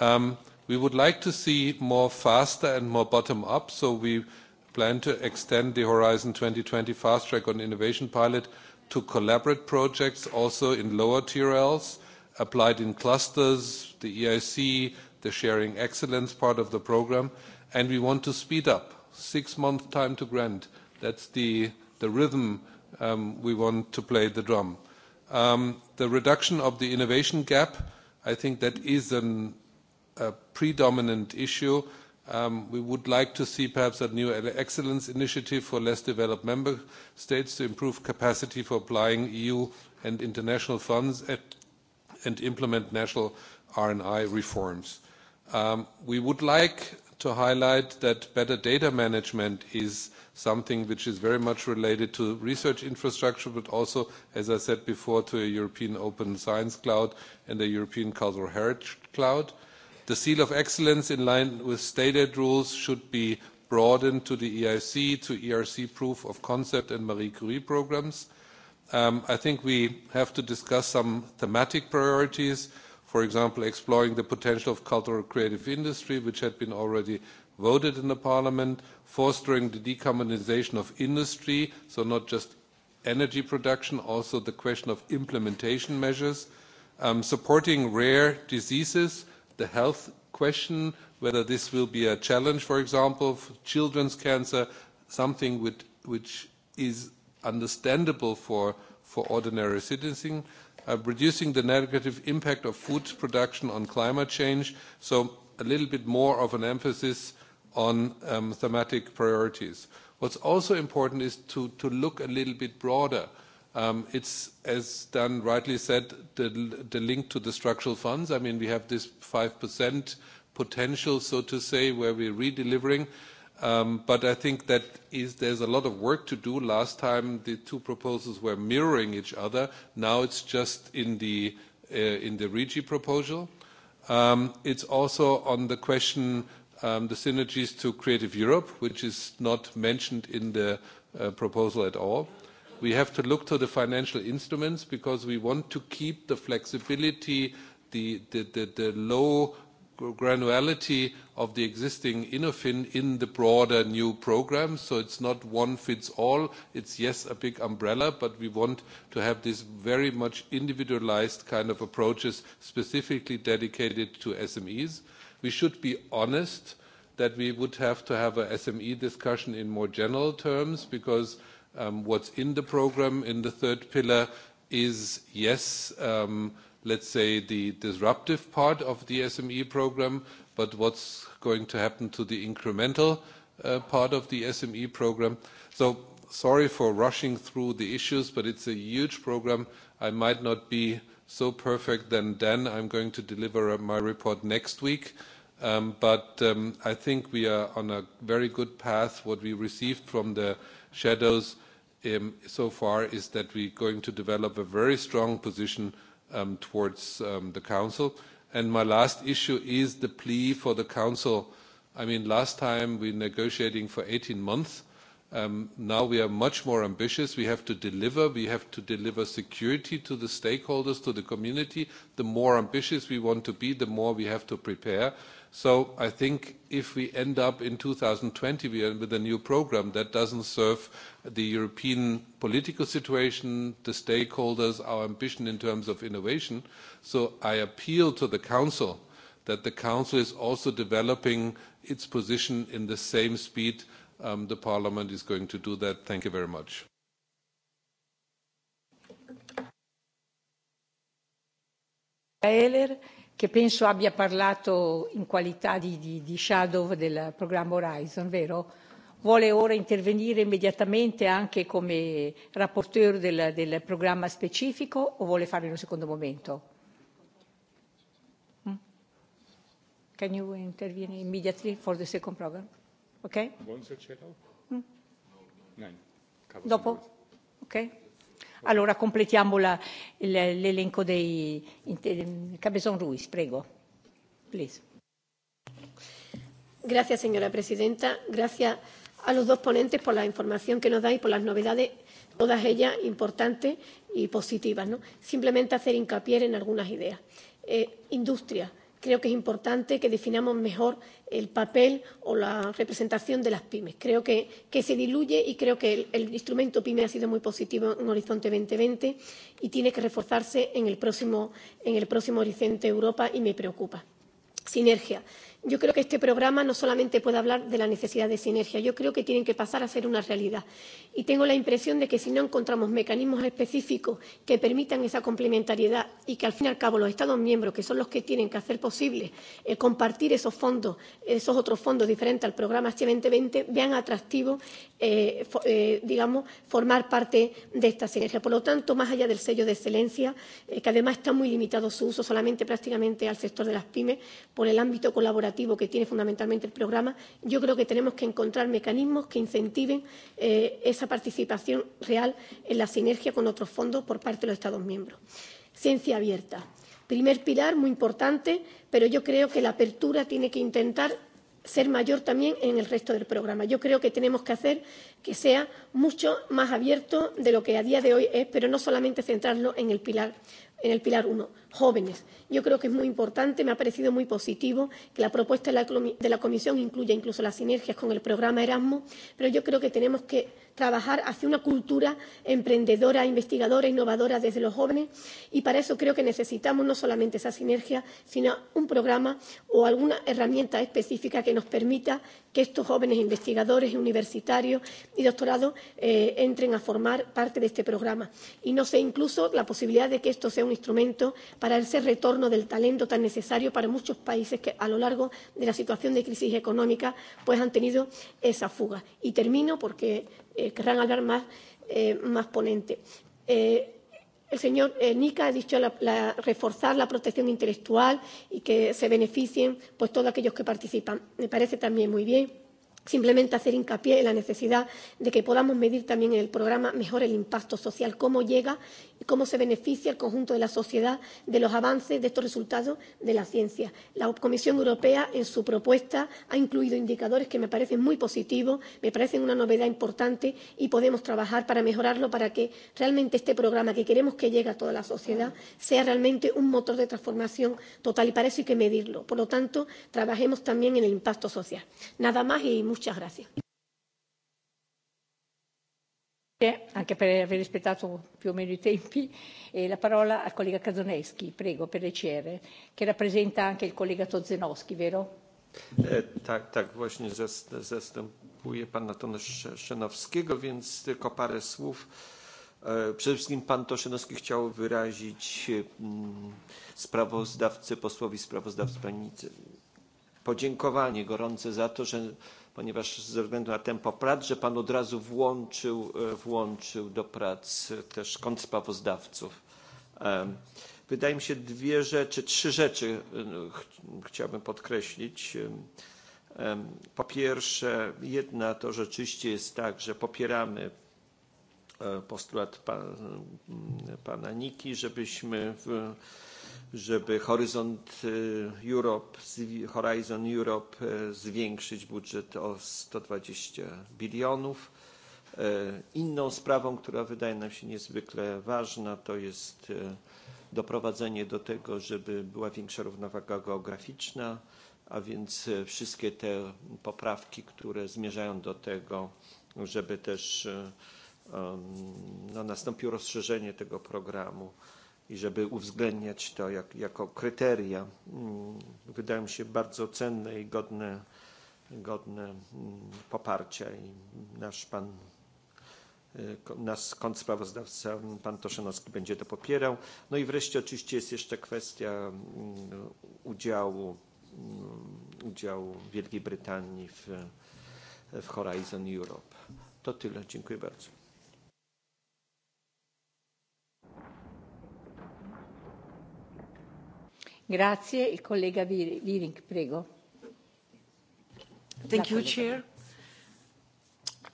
Um, we would like to see more faster and more bottom-up, so we plan to extend the Horizon 2020 fast track on innovation pilot to collaborate projects also in lower TRLs, applied in clusters, the EIC, the sharing excellence part of the program, and we want to speed up. Six-month time to grant. That's the, the rhythm um, we want to play the drum. Um, the reduction of the innovation gap, I think that is a predominant issue. Um, we would like to see perhaps a new excellence initiative for less developed member states to improve capacity for applying EU and international funds and implement national R&I reforms. Um, we would like to highlight that better data management is something which is very much related to research infrastructure, but also, as I said before, to a European Open Science Cloud and a European Cultural Heritage Cloud. The seal of excellence in line with stated rules should be broadened to the EIC, to ERC proof of concept and Marie Curie programs. Um, I think we have to discuss some thematic priorities for example, exploring the potential of cultural creative industry, which had been already voted in the parliament, fostering the decarbonization of industry, so not just energy production, also the question of implementation measures, um, supporting rare diseases, the health question, whether this will be a challenge, for example, for children's cancer, something which, which is understandable for, for ordinary citizens, Uh, reducing the negative impact of food production on climate change, so a little bit more of an emphasis on um, thematic priorities. What's also important is to, look a little bit broader. Um, it's, as Dan rightly said, the, link to the structural funds. I mean, we have this 5% potential, so to say, where we're redelivering. Um, but I think that is, there's a lot of work to do. Last time the two proposals were mirroring each other. Now it's just in the, uh, in the RIGI proposal. Um, it's also on the question, um, the synergies to Creative Europe, which is not mentioned in the uh, proposal at all. We have to look to the financial instruments because we want to keep the flexibility, the, the, the, the low granularity of the existing Innofin in the broader new program. So it's not one fits all. It's, yes, a big umbrella, but we want to have this very much individualized kind of approaches specifically dedicated to SMEs. We should be honest that we would have to have a SME discussion in more general terms because um, what's in the program in the third pillar is, yes, um, let's say, the disruptive part of the SME program, but what's going to happen to the incremental uh, part of the SME program. So sorry for rushing through the issues, but it's a huge program. I might not be so perfect than Dan. I'm going to deliver uh, my report next week. Um, but um, I think we are on a very good path. What we received from the shadows um, so far is that we're going to develop a very strong position Um, towards um, the Council. And my last issue is the plea for the Council. I mean, last time we were negotiating for 18 months. Um, now we are much more ambitious. We have to deliver. We have to deliver security to the stakeholders, to the community. The more ambitious we want to be, the more we have to prepare So I think if we end up in 2020 we are with a new program that doesn't serve the European political situation, the stakeholders, our ambition in terms of innovation. So I appeal to the Council that the Council is also developing its position in the same speed um, the Parliament is going to do that. Thank you very much. Gaeler che penso abbia parlato in qualità di, di, di shadow del programma Horizon, vero? Vuole ora intervenire immediatamente anche come rapporteur del, del programma specifico o vuole farlo in un secondo momento? Mm? Can you intervene immediately for the second program? Okay? Mm? No, no, no, Dopo? Ok? Allora completiamo la, l'elenco dei... Cabezon Ruiz, prego. Please. Gracias, señora presidenta. Gracias a los dos ponentes por la información que nos da y por las novedades, todas ellas importantes y positivas. ¿no? Simplemente hacer hincapié en algunas ideas. Eh, industria creo que es importante que definamos mejor el papel o la representación de las pymes. Creo que, que se diluye y creo que el, el instrumento PYME ha sido muy positivo en Horizonte 2020 y tiene que reforzarse en el próximo, en el próximo Horizonte Europa y me preocupa. Sinergia yo creo que este programa no solamente puede hablar de la necesidad de sinergia, yo creo que tiene que pasar a ser una realidad. Y tengo la impresión de que si no encontramos mecanismos específicos que permitan esa complementariedad y que al fin y al cabo los Estados miembros, que son los que tienen que hacer posible eh, compartir esos fondos, esos otros fondos diferentes al programa Este 2020, vean atractivo, eh, for, eh, digamos, formar parte de esta sinergia. Por lo tanto, más allá del sello de excelencia, eh, que además está muy limitado su uso solamente prácticamente al sector de las pymes, por el ámbito colaborativo educativo que tiene fundamentalmente el programa, yo creo que tenemos que encontrar mecanismos que incentiven eh, esa participación real en la sinergia con otros fondos por parte de los Estados miembros. Ciencia abierta. Primer pilar, muy importante, pero yo creo que la apertura tiene que intentar ser mayor también en el resto del programa. Yo creo que tenemos que hacer que sea mucho más abierto de lo que a día de hoy es, pero no solamente centrarlo en el pilar, en el pilar 1 jóvenes. Yo creo que es muy importante, me ha parecido muy positivo que la propuesta de la Comisión incluya incluso las sinergias con el programa Erasmus, pero yo creo que tenemos que trabajar hacia una cultura emprendedora, investigadora, innovadora desde los jóvenes y para eso creo que necesitamos no solamente esa sinergia, sino un programa o alguna herramienta específica que nos permita que estos jóvenes investigadores, universitarios y doctorados eh, entren a formar parte de este programa. Y no sé, incluso la posibilidad de que esto sea un instrumento para para ese retorno del talento tan necesario para muchos países que a lo largo de la situación de crisis económica pues han tenido esa fuga. Y termino porque eh, querrán hablar más, eh, más ponentes. Eh, el señor eh, Nica ha dicho la, la, reforzar la protección intelectual y que se beneficien pues todos aquellos que participan. Me parece también muy bien simplemente hacer hincapié en la necesidad de que podamos medir también en el programa mejor el impacto social, cómo llega y cómo se beneficia el conjunto de la sociedad de los avances de estos resultados de la ciencia. La Comisión Europea en su propuesta ha incluido indicadores que me parecen muy positivos, me parecen una novedad importante y podemos trabajar para mejorarlo para que realmente este programa que queremos que llegue a toda la sociedad sea realmente un motor de transformación total y para eso hay que medirlo. Por lo tanto, trabajemos también en el impacto social. Nada más y muchas Muchas gracias. Eh, anche per aver rispettato più o meno i tempi, eh, la parola al collega Kazoneschi, prego, per l'ECR, che rappresenta anche il collega Tozenowski, vero? E, tak, tak, właśnie zastępuje pana Tomaszenowskiego, więc tylko parę słów. E, przede wszystkim pan Toszynowski chciał wyrazić mm, sprawozdawcy, posłowi sprawozdawcy, pani podziękowanie gorące za to, że ponieważ ze względu na tempo prac, że Pan od razu włączył, e, włączył do prac też kontrsprawozdawców. E, wydaje mi się dwie rzeczy, trzy rzeczy e, ch chciałbym podkreślić. Po pierwsze, jedna to rzeczywiście jest tak, że popieramy postulat pan, pana Niki, żebyśmy w, żeby Horyzont Europe, Horizon Europe zwiększyć budżet o 120 bilionów. Inną sprawą, która wydaje nam się niezwykle ważna, to jest doprowadzenie do tego, żeby była większa równowaga geograficzna, a więc wszystkie te poprawki, które zmierzają do tego, żeby też no, nastąpiło rozszerzenie tego programu i żeby uwzględniać to jak, jako kryteria. Mm, wydają się bardzo cenne i godne, godne mm, poparcia i nasz pan nas kąt sprawozdawca, pan Toszanowski będzie to popierał. No i wreszcie oczywiście jest jeszcze kwestia mm, udziału, udziału Wielkiej Brytanii w, w Horizon Europe. To tyle. Dziękuję bardzo. Thank you, Chair.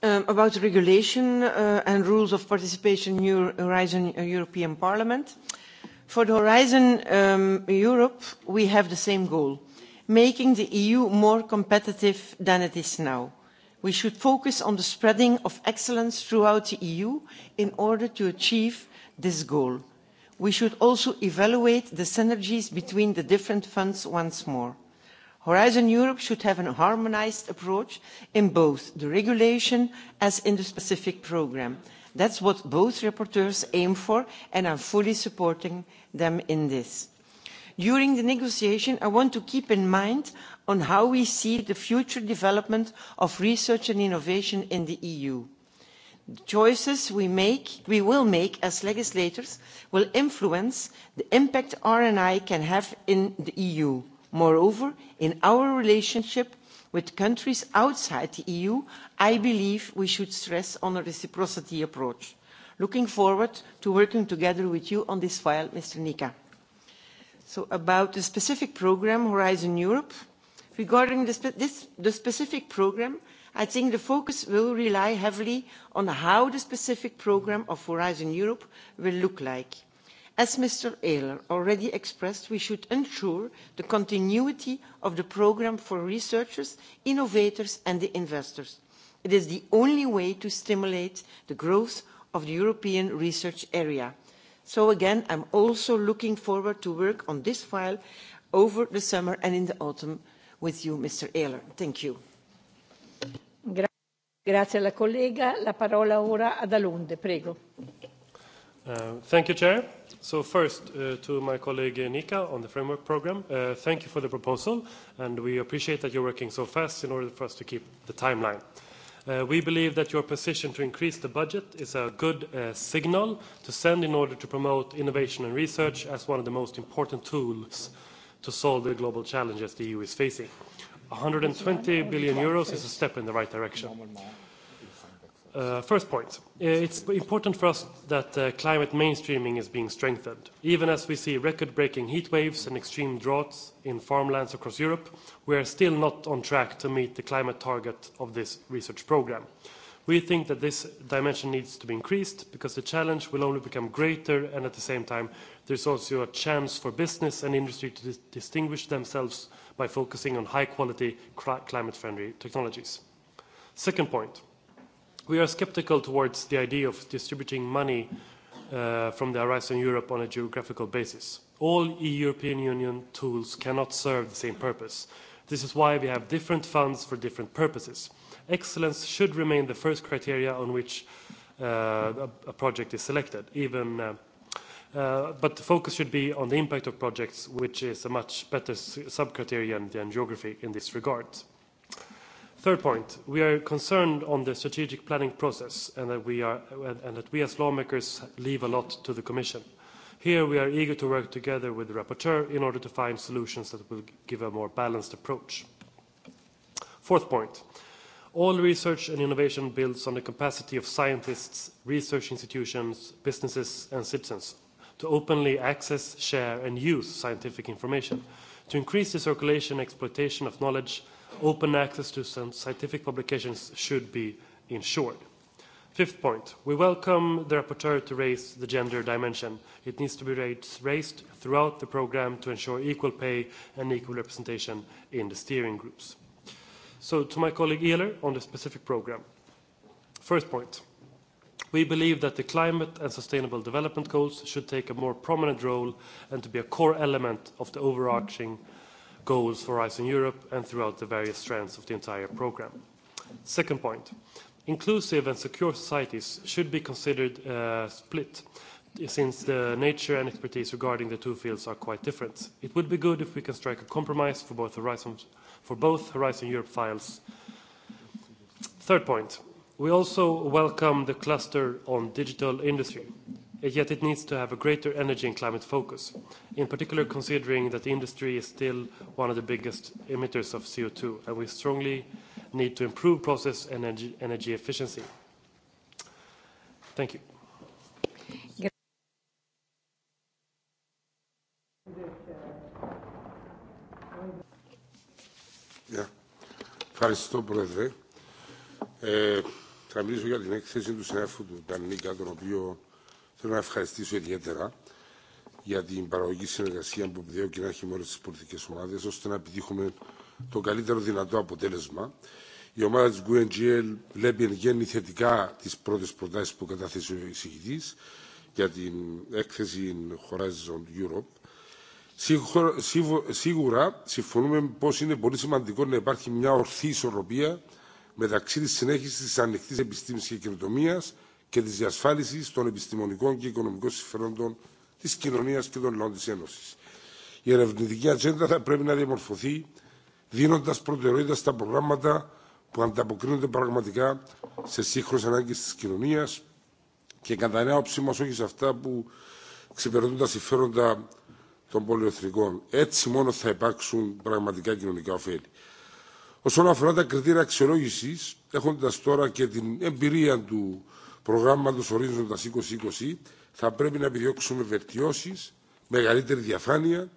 Um, about regulation uh, and rules of participation Euro Horizon uh, European Parliament. For the Horizon um, Europe, we have the same goal, making the EU more competitive than it is now. We should focus on the spreading of excellence throughout the EU in order to achieve this goal we should also evaluate the synergies between the different funds once more. Horizon Europe should have a harmonised approach in both the regulation and in the specific programme. that is what both rapporteurs aim for, and i am fully supporting them in this. During the negotiation, I want to keep in mind how we see the future development of research and innovation in the EU choices we make we will make as legislators will influence the impact rni can have in the eu. moreover in our relationship with countries outside the eu i believe we should stress the reciprocity approach. looking forward to working together with you on this file mr nica. So about the specific programme horizon europe regarding this, specific programme I think the focus will rely heavily on how the specific programme of Horizon Europe will look like. As Mr. Ehler already expressed, we should ensure the continuity of the programme for researchers, innovators and the investors. It is the only way to stimulate the growth of the European research area. So again, I'm also looking forward to work on this file over the summer and in the autumn with you, Mr. Ehler. Thank you. Grazie alla collega. La parola ora ad Alunde, prego. Uh, thank you, Chair. So first, uh, to my colleague Nika on the framework program, uh, thank you for the proposal, and we appreciate that you're working so fast in order for us to keep the timeline. Uh, we believe that your position to increase the budget is a good uh, signal to send in order to promote innovation and research as one of the most important tools to solve the global challenges the EU is facing. Uh, 120 billion euros is a step in the right direction. Uh, first point, uh, it's important for us that uh, climate mainstreaming is being strengthened. Even as we see record-breaking heat waves and extreme droughts in farmlands across Europe, we are still not on track to meet the climate target of this research program. We think that this dimension needs to be increased because the challenge will only become greater and at the same time There's also a chance for business and industry to dis distinguish themselves by focusing on high-quality, climate-friendly technologies. Second point, we are skeptical towards the idea of distributing money uh, from the Horizon Europe on a geographical basis. All European Union tools cannot serve the same purpose. This is why we have different funds for different purposes. Excellence should remain the first criteria on which uh, a, a project is selected, even uh, Uh, but the focus should be on the impact of projects, which is a much better sub-criterion than geography in this regard. Third point, we are concerned on the strategic planning process and that we are, and that we as lawmakers leave a lot to the Commission. Here, we are eager to work together with the rapporteur in order to find solutions that will give a more balanced approach. Fourth point, all research and innovation builds on the capacity of scientists, research institutions, businesses, and citizens to openly access, share, and use scientific information, to increase the circulation and exploitation of knowledge, open access to scientific publications should be ensured. Fifth point, we welcome the rapporteur to raise the gender dimension. It needs to be raised throughout the programme to ensure equal pay and equal representation in the steering groups. So to my colleague Ehler on the specific programme. First point, We believe that the climate and sustainable development goals should take a more prominent role and to be a core element of the overarching goals for Horizon Europe and throughout the various strands of the entire program. Second point, inclusive and secure societies should be considered uh, split since the nature and expertise regarding the two fields are quite different. It would be good if we can strike a compromise for both Horizon, for both Horizon Europe files. Third point, We also welcome the cluster on digital industry, yet it needs to have a greater energy and climate focus, in particular considering that the industry is still one of the biggest emitters of CO2, and we strongly need to improve process and energy, efficiency. Thank you. Yeah. Ευχαριστώ, Πρόεδρε θα μιλήσω για την έκθεση του συνάδελφου του Ντανίκα, τον οποίο θέλω να ευχαριστήσω ιδιαίτερα για την παραγωγή συνεργασία που επιδιώκει να έχει με όλε τι πολιτικέ ομάδε, ώστε να επιτύχουμε το καλύτερο δυνατό αποτέλεσμα. Η ομάδα τη GUNGL βλέπει εν γέννη θετικά τι πρώτε προτάσει που κατάθεσε ο εισηγητή για την έκθεση Horizon Europe. Σίγουρα συμφωνούμε πω είναι πολύ σημαντικό να υπάρχει μια ορθή ισορροπία μεταξύ της συνέχισης της ανοιχτής επιστήμης και καινοτομίας και της διασφάλισης των επιστημονικών και οικονομικών συμφερόντων της κοινωνίας και των λαών της Ένωσης. Η ερευνητική ατζέντα θα πρέπει να διαμορφωθεί δίνοντας προτεραιότητα στα προγράμματα που ανταποκρίνονται πραγματικά σε σύγχρονες ανάγκες της κοινωνίας και κατά νέα όψη μας όχι σε αυτά που ξεπερνούν τα συμφέροντα των πολυεθνικών. Έτσι μόνο θα υπάρξουν πραγματικά κοινωνικά ωφέλη. Όσον αφορά τα κριτήρια αξιολόγηση, έχοντα τώρα και την εμπειρία του προγράμματο Ορίζοντα 2020, θα πρέπει να επιδιώξουμε βελτιώσει, μεγαλύτερη διαφάνεια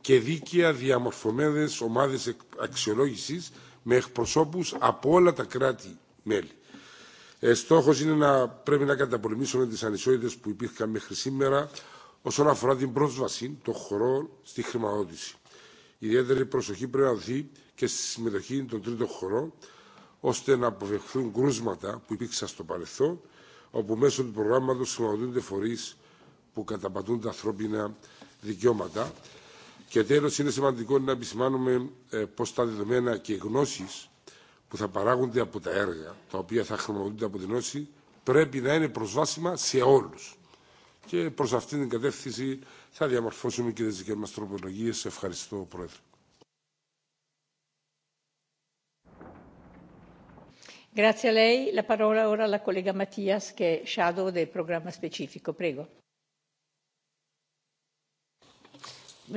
και δίκαια διαμορφωμένε ομάδε αξιολόγηση με εκπροσώπου από όλα τα κράτη-μέλη. Ε, Στόχο είναι να πρέπει να καταπολεμήσουμε τι ανισότητε που υπήρχαν μέχρι σήμερα όσον αφορά την πρόσβαση των χωρών στη χρηματοδότηση. Ιδιαίτερη προσοχή πρέπει να δοθεί και στη συμμετοχή των τρίτων χωρών, ώστε να αποφευχθούν κρούσματα που υπήρξαν στο παρελθόν, όπου μέσω του προγράμματο χρηματοδοτούνται φορεί που καταπατούν τα ανθρώπινα δικαιώματα. Και τέλο, είναι σημαντικό να επισημάνουμε πω τα δεδομένα και οι γνώσει που θα παράγονται από τα έργα, τα οποία θα χρηματοδοτούνται από την Όση, πρέπει να είναι προσβάσιμα σε όλου. Και προ αυτήν την κατεύθυνση θα διαμορφώσουμε και τι δικέ μα τροπολογίε. Ευχαριστώ, Πρόεδρε.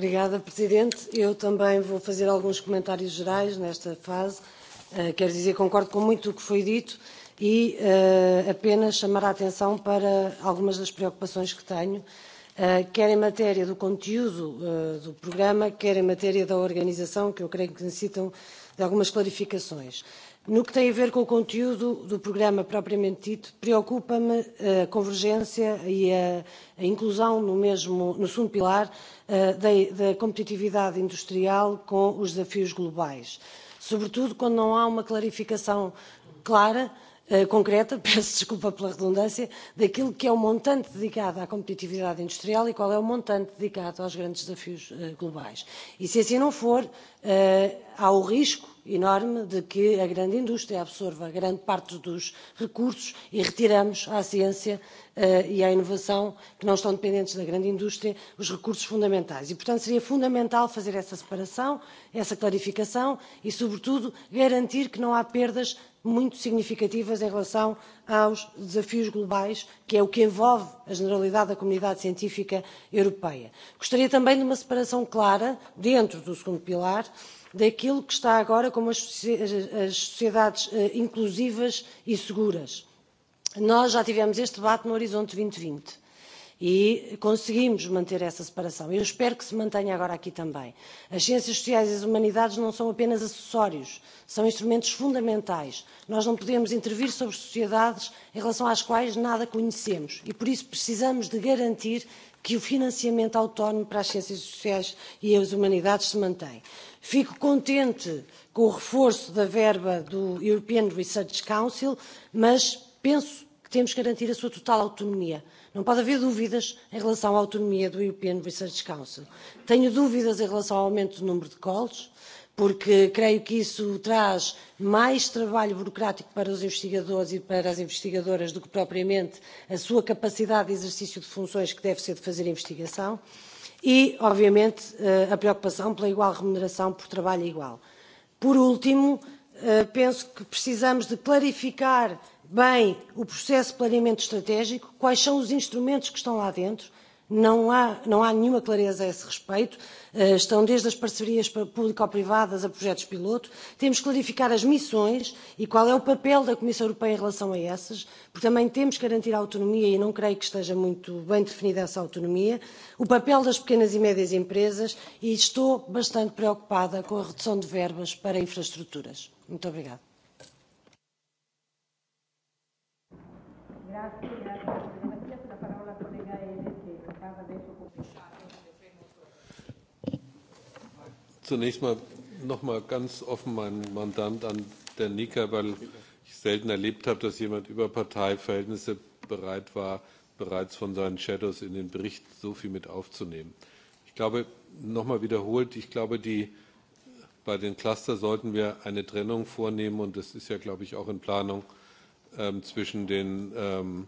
senhora presidente eu também vou fazer alguns comentários gerais nesta fase. Eh, quero dizer que concordo com muito do que foi dito e eh, apenas chamar a atenção para algumas das preocupações que tenho eh, quer em matéria do conteúdo do programa quer em matéria da organização que eu creio que necessitam de algumas clarificações. No que tem a ver com o conteúdo do programa propriamente dito, preocupa-me a convergência e a, a inclusão no mesmo, no segundo pilar, eh, da, da competitividade industrial com os desafios globais. Sobretudo quando não há uma clarificação clara eh, concreta, peço desculpa pela redundância, daquilo que é o montante dedicado à competitividade industrial e qual é o montante dedicado aos grandes desafios eh, globais. E se assim não for, há o risco enorme de que a grande indústria absorva grande parte dos recursos e retiramos à ciência uh, e à inovação, que não estão dependentes da grande indústria, os recursos fundamentais. E, portanto, seria fundamental fazer essa separação, essa clarificação e, sobretudo, garantir que não há perdas muito significativas em relação aos desafios globais, que é o que envolve a generalidade da comunidade científica europeia. Gostaria também de uma separação clara, dentro do segundo pilar, daquilo que está agora como as sociedades eh, inclusivas e seguras. Nós já tivemos este debate no Horizonte 2020 e, e conseguimos manter essa separação. Eu espero que se mantenha agora aqui também. As ciências sociais e as humanidades não são apenas acessórios, são instrumentos fundamentais. Nós não podemos intervir sobre sociedades em relação às quais nada conhecemos e por isso precisamos de garantir que o financiamento autónomo para as ciências sociais e as humanidades se mantém. Fico contente com o reforço da verba do European Research Council, mas penso que temos que garantir a sua total autonomia. Não pode haver dúvidas em relação à autonomia do European Research Council. Tenho dúvidas em relação ao aumento do número de colos, porque creio que isso traz mais trabalho burocrático para os investigadores e para as investigadoras do que propriamente a sua capacidade de exercício de funções, que deve ser de fazer investigação, e, obviamente, eh, a preocupação pela igual remuneração por trabalho igual. Por último, eh, penso que precisamos de clarificar bem o processo de planeamento estratégico, quais são os instrumentos que estão lá dentro, Não há, não há nenhuma clareza a esse respeito. Eh, estão desde as parcerias público-privadas a projetos-piloto. Temos que clarificar as missões e qual é o papel da Comissão Europeia em relação a essas, porque também temos que garantir a autonomia e não creio que esteja muito bem definida essa autonomia. O papel das pequenas e médias empresas e estou bastante preocupada com a redução de verbas para infraestruturas. Muito obrigada. Gracias. zunächst mal noch mal ganz offen mein Mandant an der Nika, weil ich selten erlebt habe, dass jemand über Parteiverhältnisse bereit war, bereits von seinen Shadows in den Bericht so viel mit aufzunehmen. Ich glaube, noch mal wiederholt, ich glaube, die, bei den Cluster sollten wir eine Trennung vornehmen und das ist ja, glaube ich, auch in Planung ähm, zwischen den ähm,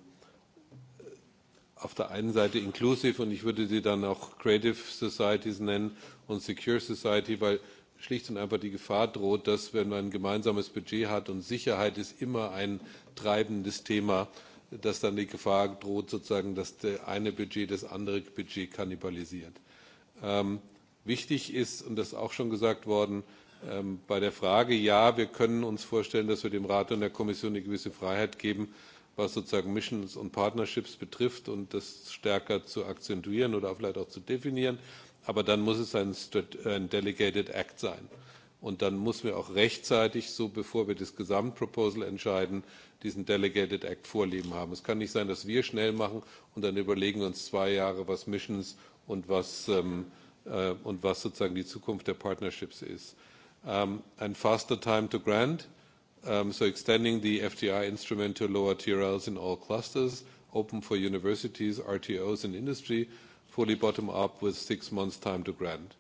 auf der einen Seite inclusive und ich würde sie dann auch Creative Societies nennen und Secure Society, weil schlicht und einfach die Gefahr droht, dass wenn man ein gemeinsames Budget hat und Sicherheit ist immer ein treibendes Thema, dass dann die Gefahr droht, sozusagen, dass der eine Budget das andere Budget kannibalisiert. Ähm, wichtig ist, und das ist auch schon gesagt worden, ähm, bei der Frage, ja, wir können uns vorstellen, dass wir dem Rat und der Kommission eine gewisse Freiheit geben, was sozusagen Missions und Partnerships betrifft und das stärker zu akzentuieren oder vielleicht auch zu definieren. Aber dann muss es ein, ein Delegated Act sein. Und dann müssen wir auch rechtzeitig, so bevor wir das Gesamtproposal entscheiden, diesen Delegated Act vorliegen haben. Es kann nicht sein, dass wir schnell machen und dann überlegen uns zwei Jahre, was Missions und was, ähm, äh, und was sozusagen die Zukunft der Partnerships ist. Ähm, ein faster time to grant Um, so extending the FDI instrument to lower TRLs in all clusters, open for universities, RTOs, and industry, fully bottom-up with six months' time to grant.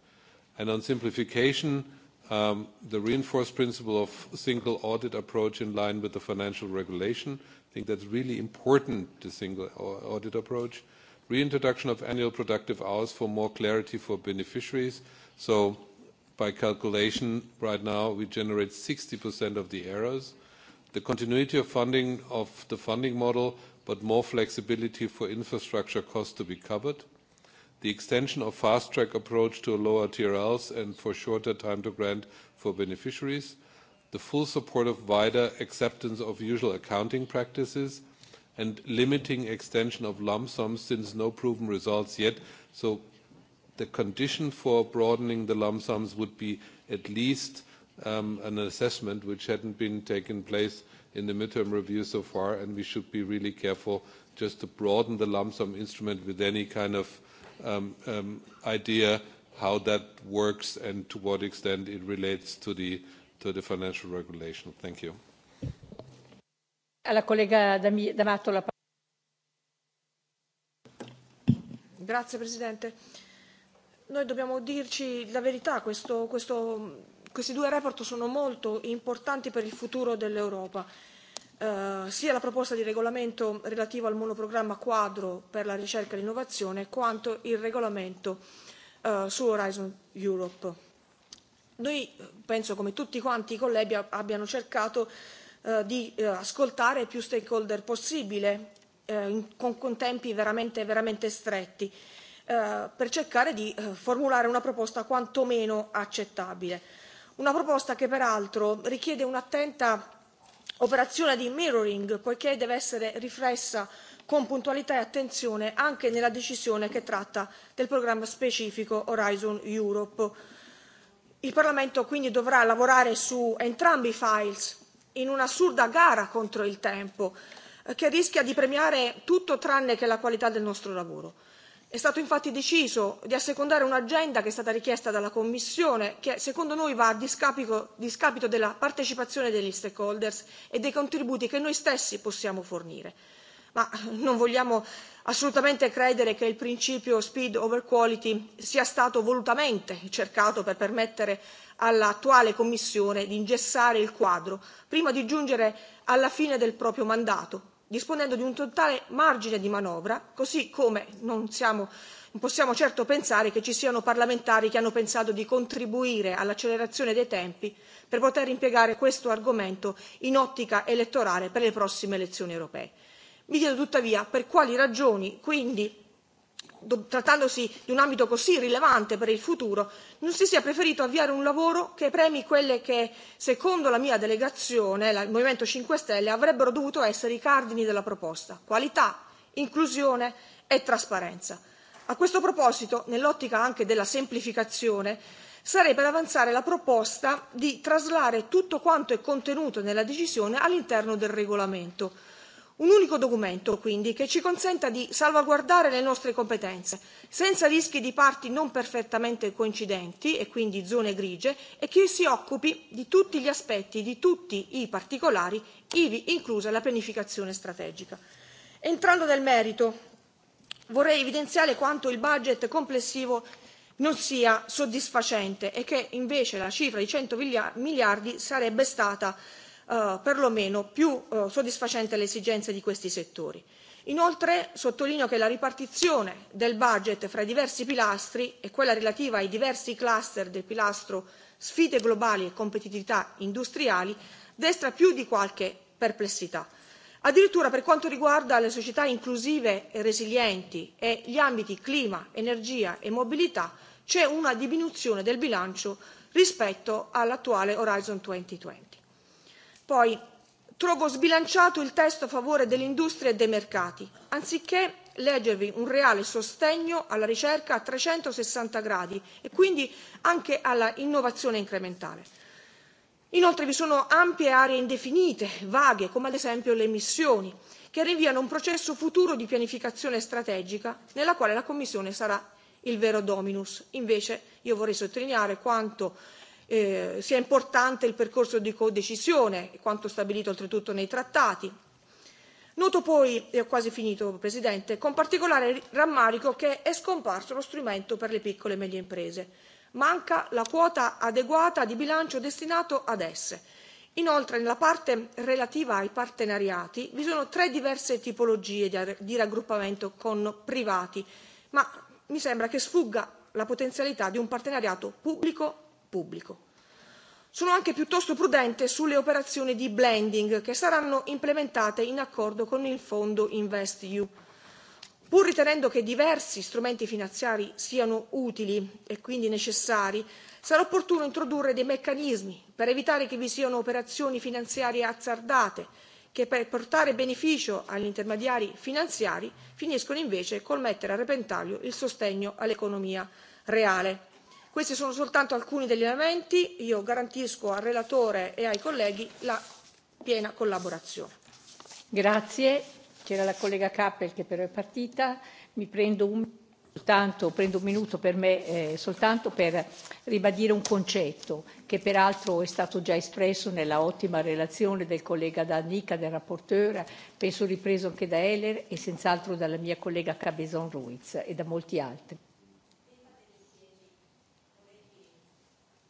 And on simplification, um, the reinforced principle of single audit approach in line with the financial regulation. I think that's really important, the single audit approach. Reintroduction of annual productive hours for more clarity for beneficiaries. So By calculation, right now, we generate 60% of the errors. The continuity of funding of the funding model, but more flexibility for infrastructure costs to be covered. The extension of fast-track approach to lower TRLs and for shorter time to grant for beneficiaries. The full support of wider acceptance of usual accounting practices and limiting extension of lump sums since no proven results yet. So the condition for broadening the lump sums would be at least um, an assessment which hadn't been taken place in the midterm review so far, and we should be really careful just to broaden the lump sum instrument with any kind of um, um, idea how that works and to what extent it relates to the, to the financial regulation. Thank you. Grazie Presidente noi dobbiamo dirci la verità, questo, questo, questi due report sono molto importanti per il futuro dell'Europa. Uh, sia la proposta di regolamento relativo al monoprogramma quadro per la ricerca e l'innovazione quanto il regolamento uh, su Horizon Europe. Noi penso come tutti quanti i colleghi abbiano cercato uh, di uh, ascoltare più stakeholder possibile uh, in, con, con tempi veramente, veramente stretti. Uh, Eh, per cercare di eh, formulare una proposta quantomeno accettabile. Una proposta che peraltro richiede un'attenta operazione di mirroring poiché deve essere riflessa con puntualità e attenzione anche nella decisione che tratta del programma specifico Horizon Europe. Il Parlamento quindi dovrà lavorare su entrambi i files in un'assurda gara contro il tempo eh, che rischia di premiare tutto tranne che la qualità del nostro lavoro. È stato infatti deciso di assecondare un'agenda che è stata richiesta dalla Commissione, che secondo noi va a discapito, discapito della partecipazione degli stakeholders e dei contributi che noi stessi possiamo fornire. Ma non vogliamo assolutamente credere che il principio speed over quality sia stato volutamente cercato per permettere all'attuale Commissione di ingessare il quadro prima di giungere alla fine del proprio mandato disponendo di un totale margine di manovra, così come non siamo non possiamo certo pensare che ci siano parlamentari che hanno pensato di contribuire all'accelerazione dei tempi per poter impiegare questo argomento in ottica elettorale per le prossime elezioni europee. Mi chiedo tuttavia per quali ragioni, quindi, trattandosi di un ambito così rilevante per il futuro, non si sia preferito avviare un lavoro che premi quelle che, secondo la mia delegazione, il Movimento 5 Stelle, avrebbero dovuto essere i cardini della proposta qualità, inclusione e trasparenza. A questo proposito, nell'ottica anche della semplificazione, sarei per avanzare la proposta di traslare tutto quanto è contenuto nella decisione all'interno del regolamento Un unico documento, quindi, che ci consenta di salvaguardare le nostre competenze, senza rischi di parti non perfettamente coincidenti e quindi zone grigie, e che si occupi di tutti gli aspetti, di tutti i particolari, ivi inclusa la pianificazione strategica. Entrando nel merito, vorrei evidenziare quanto il budget complessivo non sia soddisfacente e che invece la cifra di 100 miliardi sarebbe stata Eh, perlomeno più eh, soddisfacente alle esigenze di questi settori. Inoltre sottolineo che la ripartizione del budget fra i diversi pilastri e quella relativa ai diversi cluster del pilastro sfide globali e competitività industriali destra più di qualche perplessità. Addirittura per quanto riguarda le società inclusive e resilienti e gli ambiti clima, energia e mobilità c'è una diminuzione del bilancio rispetto all'attuale Horizon 2020. Poi trovo sbilanciato il testo a favore dell'industria e dei mercati, anziché leggervi un reale sostegno alla ricerca a 360 gradi e quindi anche alla innovazione incrementale. Inoltre vi sono ampie aree indefinite, vaghe, come ad esempio le missioni, che rinviano un processo futuro di pianificazione strategica nella quale la Commissione sarà il vero dominus. Invece io vorrei sottolineare quanto eh, sia importante il percorso di codecisione, e quanto stabilito oltretutto nei trattati. Noto poi, e ho quasi finito Presidente, con particolare rammarico che è scomparso lo strumento per le piccole e medie imprese. Manca la quota adeguata di bilancio destinato ad esse. Inoltre, nella parte relativa ai partenariati, vi sono tre diverse tipologie di raggruppamento con privati, ma mi sembra che sfugga la potenzialità di un partenariato pubblico pubblico. Sono anche piuttosto prudente sulle operazioni di blending che saranno implementate in accordo con il fondo InvestEU. Pur ritenendo che diversi strumenti finanziari siano utili e quindi necessari, sarà opportuno introdurre dei meccanismi per evitare che vi siano operazioni finanziarie azzardate che per portare beneficio agli intermediari finanziari finiscono invece col mettere a repentaglio il sostegno all'economia reale. Questi sono soltanto alcuni degli elementi. Io garantisco al relatore e ai colleghi la piena collaborazione. Grazie. C'era la collega Kappel che però è partita. Mi prendo un, tanto, prendo un minuto per me eh, soltanto per ribadire un concetto che peraltro è stato già espresso nella ottima relazione del collega D'Annica, del rapporteur, penso ripreso anche da Heller e senz'altro dalla mia collega Cabezon Ruiz e da molti altri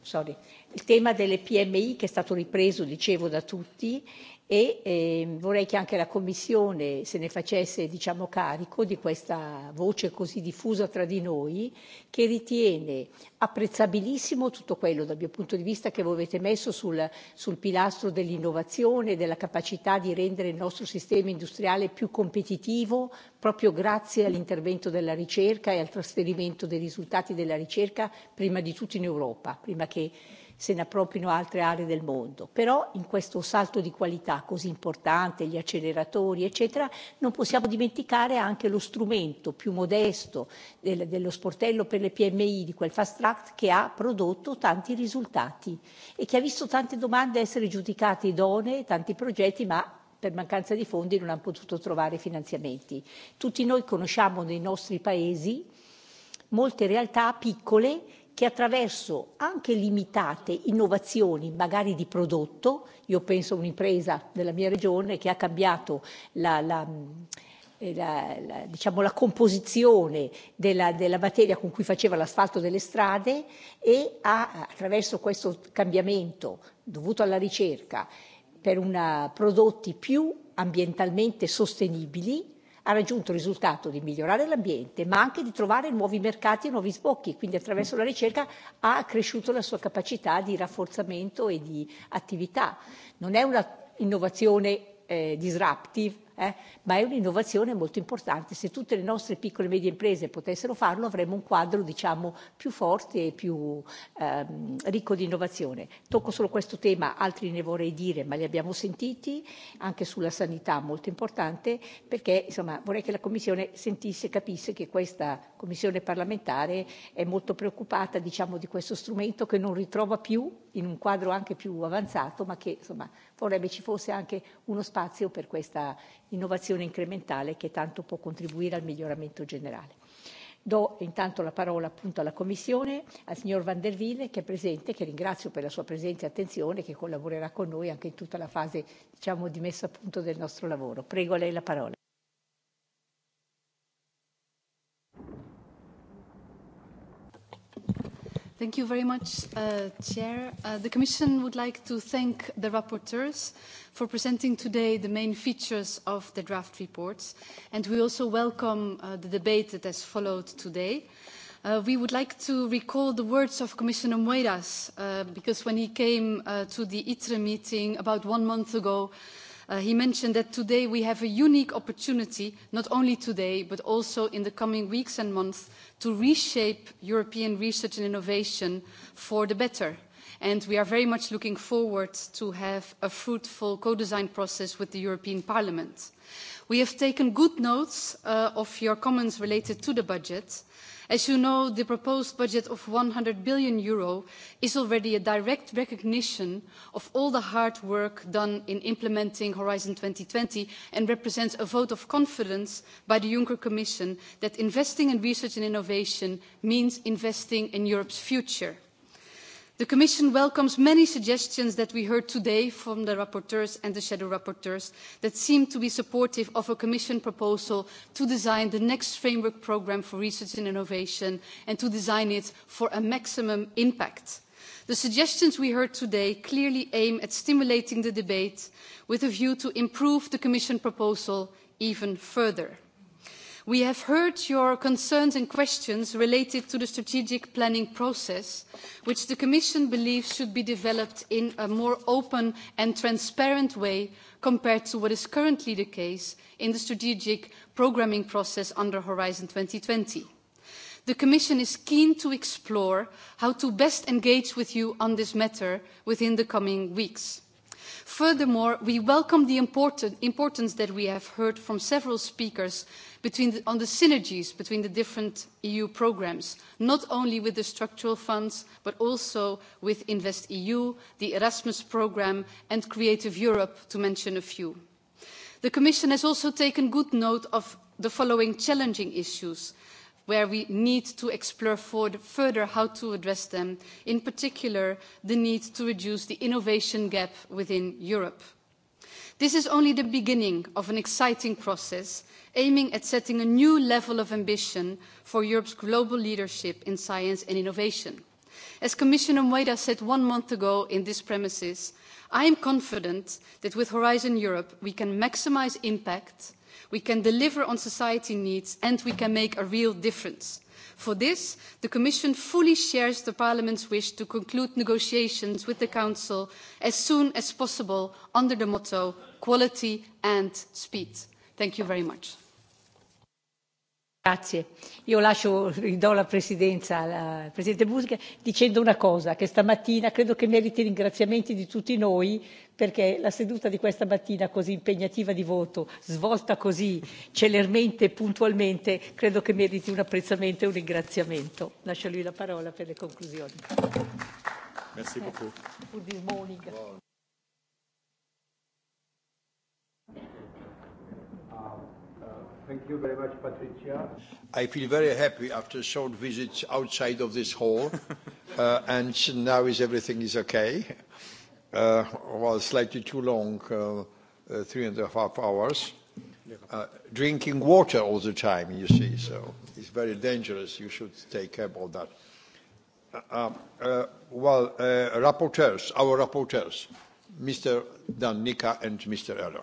sorry. Il tema delle PMI che è stato ripreso, dicevo, da tutti e ehm, vorrei che anche la Commissione se ne facesse diciamo, carico di questa voce così diffusa tra di noi che ritiene apprezzabilissimo tutto quello dal mio punto di vista che voi avete messo sul, sul pilastro dell'innovazione, della capacità di rendere il nostro sistema industriale più competitivo proprio grazie all'intervento della ricerca e al trasferimento dei risultati della ricerca prima di tutto in Europa, prima che se ne appropriano altre aree del mondo. Però in questo salto di qualità così importante, gli acceleratori, eccetera, non possiamo dimenticare anche lo strumento più modesto del, dello sportello per le PMI, di quel fast track che ha prodotto tanti risultati e che ha visto tante domande essere giudicate idonee, tanti progetti, ma per mancanza di fondi non hanno potuto trovare finanziamenti. Tutti noi conosciamo nei nostri paesi molte realtà piccole che attraverso anche limitate innovazioni, magari di prodotto, io penso a un'impresa della mia regione che ha cambiato la, la, eh, la, la, diciamo, la composizione della, della materia con cui faceva l'asfalto delle strade e ha, attraverso questo cambiamento dovuto alla ricerca per una, prodotti più ambientalmente sostenibili, ha raggiunto il risultato di migliorare l'ambiente, ma anche di trovare nuovi mercati e nuovi sbocchi, quindi attraverso la ricerca ha accresciuto la sua capacità di rafforzamento e di attività. Non è una innovazione eh, disruptive, eh? ma è un'innovazione molto importante. Se tutte le nostre piccole e medie imprese potessero farlo avremmo un quadro diciamo, più forte e più ehm, ricco di innovazione. Tocco solo questo tema, altri ne vorrei dire, ma li abbiamo sentiti, anche sulla sanità molto importante, perché insomma, vorrei che la Commissione sentisse e capisse che questa Commissione parlamentare è molto preoccupata diciamo, di questo strumento che non ritrova più in un quadro anche più avanzato, ma che insomma, vorrebbe ci fosse anche uno spazio per questa innovazione incrementale che tanto può contribuire al miglioramento generale. Do intanto la parola appunto alla Commissione, al signor Van der Ville che è presente, che ringrazio per la sua presenza e attenzione, che collaborerà con noi anche in tutta la fase diciamo, di messa a punto del nostro lavoro. Prego, a lei la parola. Thank you very much, uh, Chair. Uh, the Commission would like to thank the rapporteurs for presenting today the main features of the draft reports, and we also welcome uh, the debate that has followed today. Uh, we would like to recall the words of Commissioner Moedas, uh, because when he came uh, to the ITRE meeting about one month ago, Uh, he mentioned that today we have a unique opportunity, not only today, but also in the coming weeks and months, to reshape European research and innovation for the better and we are very much looking forward to have a fruitful co-design process with the European Parliament. We have taken good notes uh, of your comments related to the budget, As you know, the proposed budget of EUR 100 billion Euro is already a direct recognition of all the hard work done in implementing Horizon 2020 and represents a vote of confidence by the Juncker Commission that investing in research and innovation means investing in Europe's future. The Commission welcomes many suggestions that we heard today from the rapporteurs and the shadow rapporteurs that seem to be supportive of a Commission proposal to design the next framework programme for research and innovation and to design it for a maximum impact. The suggestions we heard today clearly aim at stimulating the debate with a view to improve the Commission proposal even further. We have heard your concerns and questions related to the strategic planning process, which the Commission believes should be developed in a more open and transparent way compared to what is currently the case in the strategic programming process under Horizon 2020. The Commission is keen to explore how to best engage with you on this matter within the coming weeks. Furthermore, we welcome the important, importance that we have heard from several speakers between the, on the synergies between the different EU programmes, not only with the structural funds, but also with InvestEU, the Erasmus programme, and Creative Europe, to mention a few. The Commission has also taken good note of the following challenging issues where we need to explore further how to address them, in particular the need to reduce the innovation gap within Europe. This is only the beginning of an exciting process aiming at setting a new level of ambition for Europe's global leadership in science and innovation. As Commissioner Moedas said one month ago in this premises, I am confident that with Horizon Europe we can maximise impact, We can deliver on society needs and we can make a real difference. For this, the Commission fully shares the Parliament's wish to conclude negotiations with the Council as soon as possible under the motto quality and speed. Thank you very much. Grazie. Io lascio, ridò la presidenza al Presidente Busca dicendo una cosa, che stamattina credo che meriti ringraziamenti di tutti noi perché la seduta di questa mattina così impegnativa di voto, svolta così celermente e puntualmente, credo che meriti un apprezzamento e un ringraziamento. Lascio lui la parola per le conclusioni. Merci eh, beaucoup. Good morning. Thank you very much, Patricia. I feel very happy after a short visit outside of this hall, uh, and now is everything is okay. Uh, well, slightly too long, uh, uh, three and a half hours. Uh, drinking water all the time, you see, so it's very dangerous. You should take care of that. Uh, uh, uh, well, uh, rapporteurs, our rapporteurs, Mr. Dan Nika and Mr. Eller.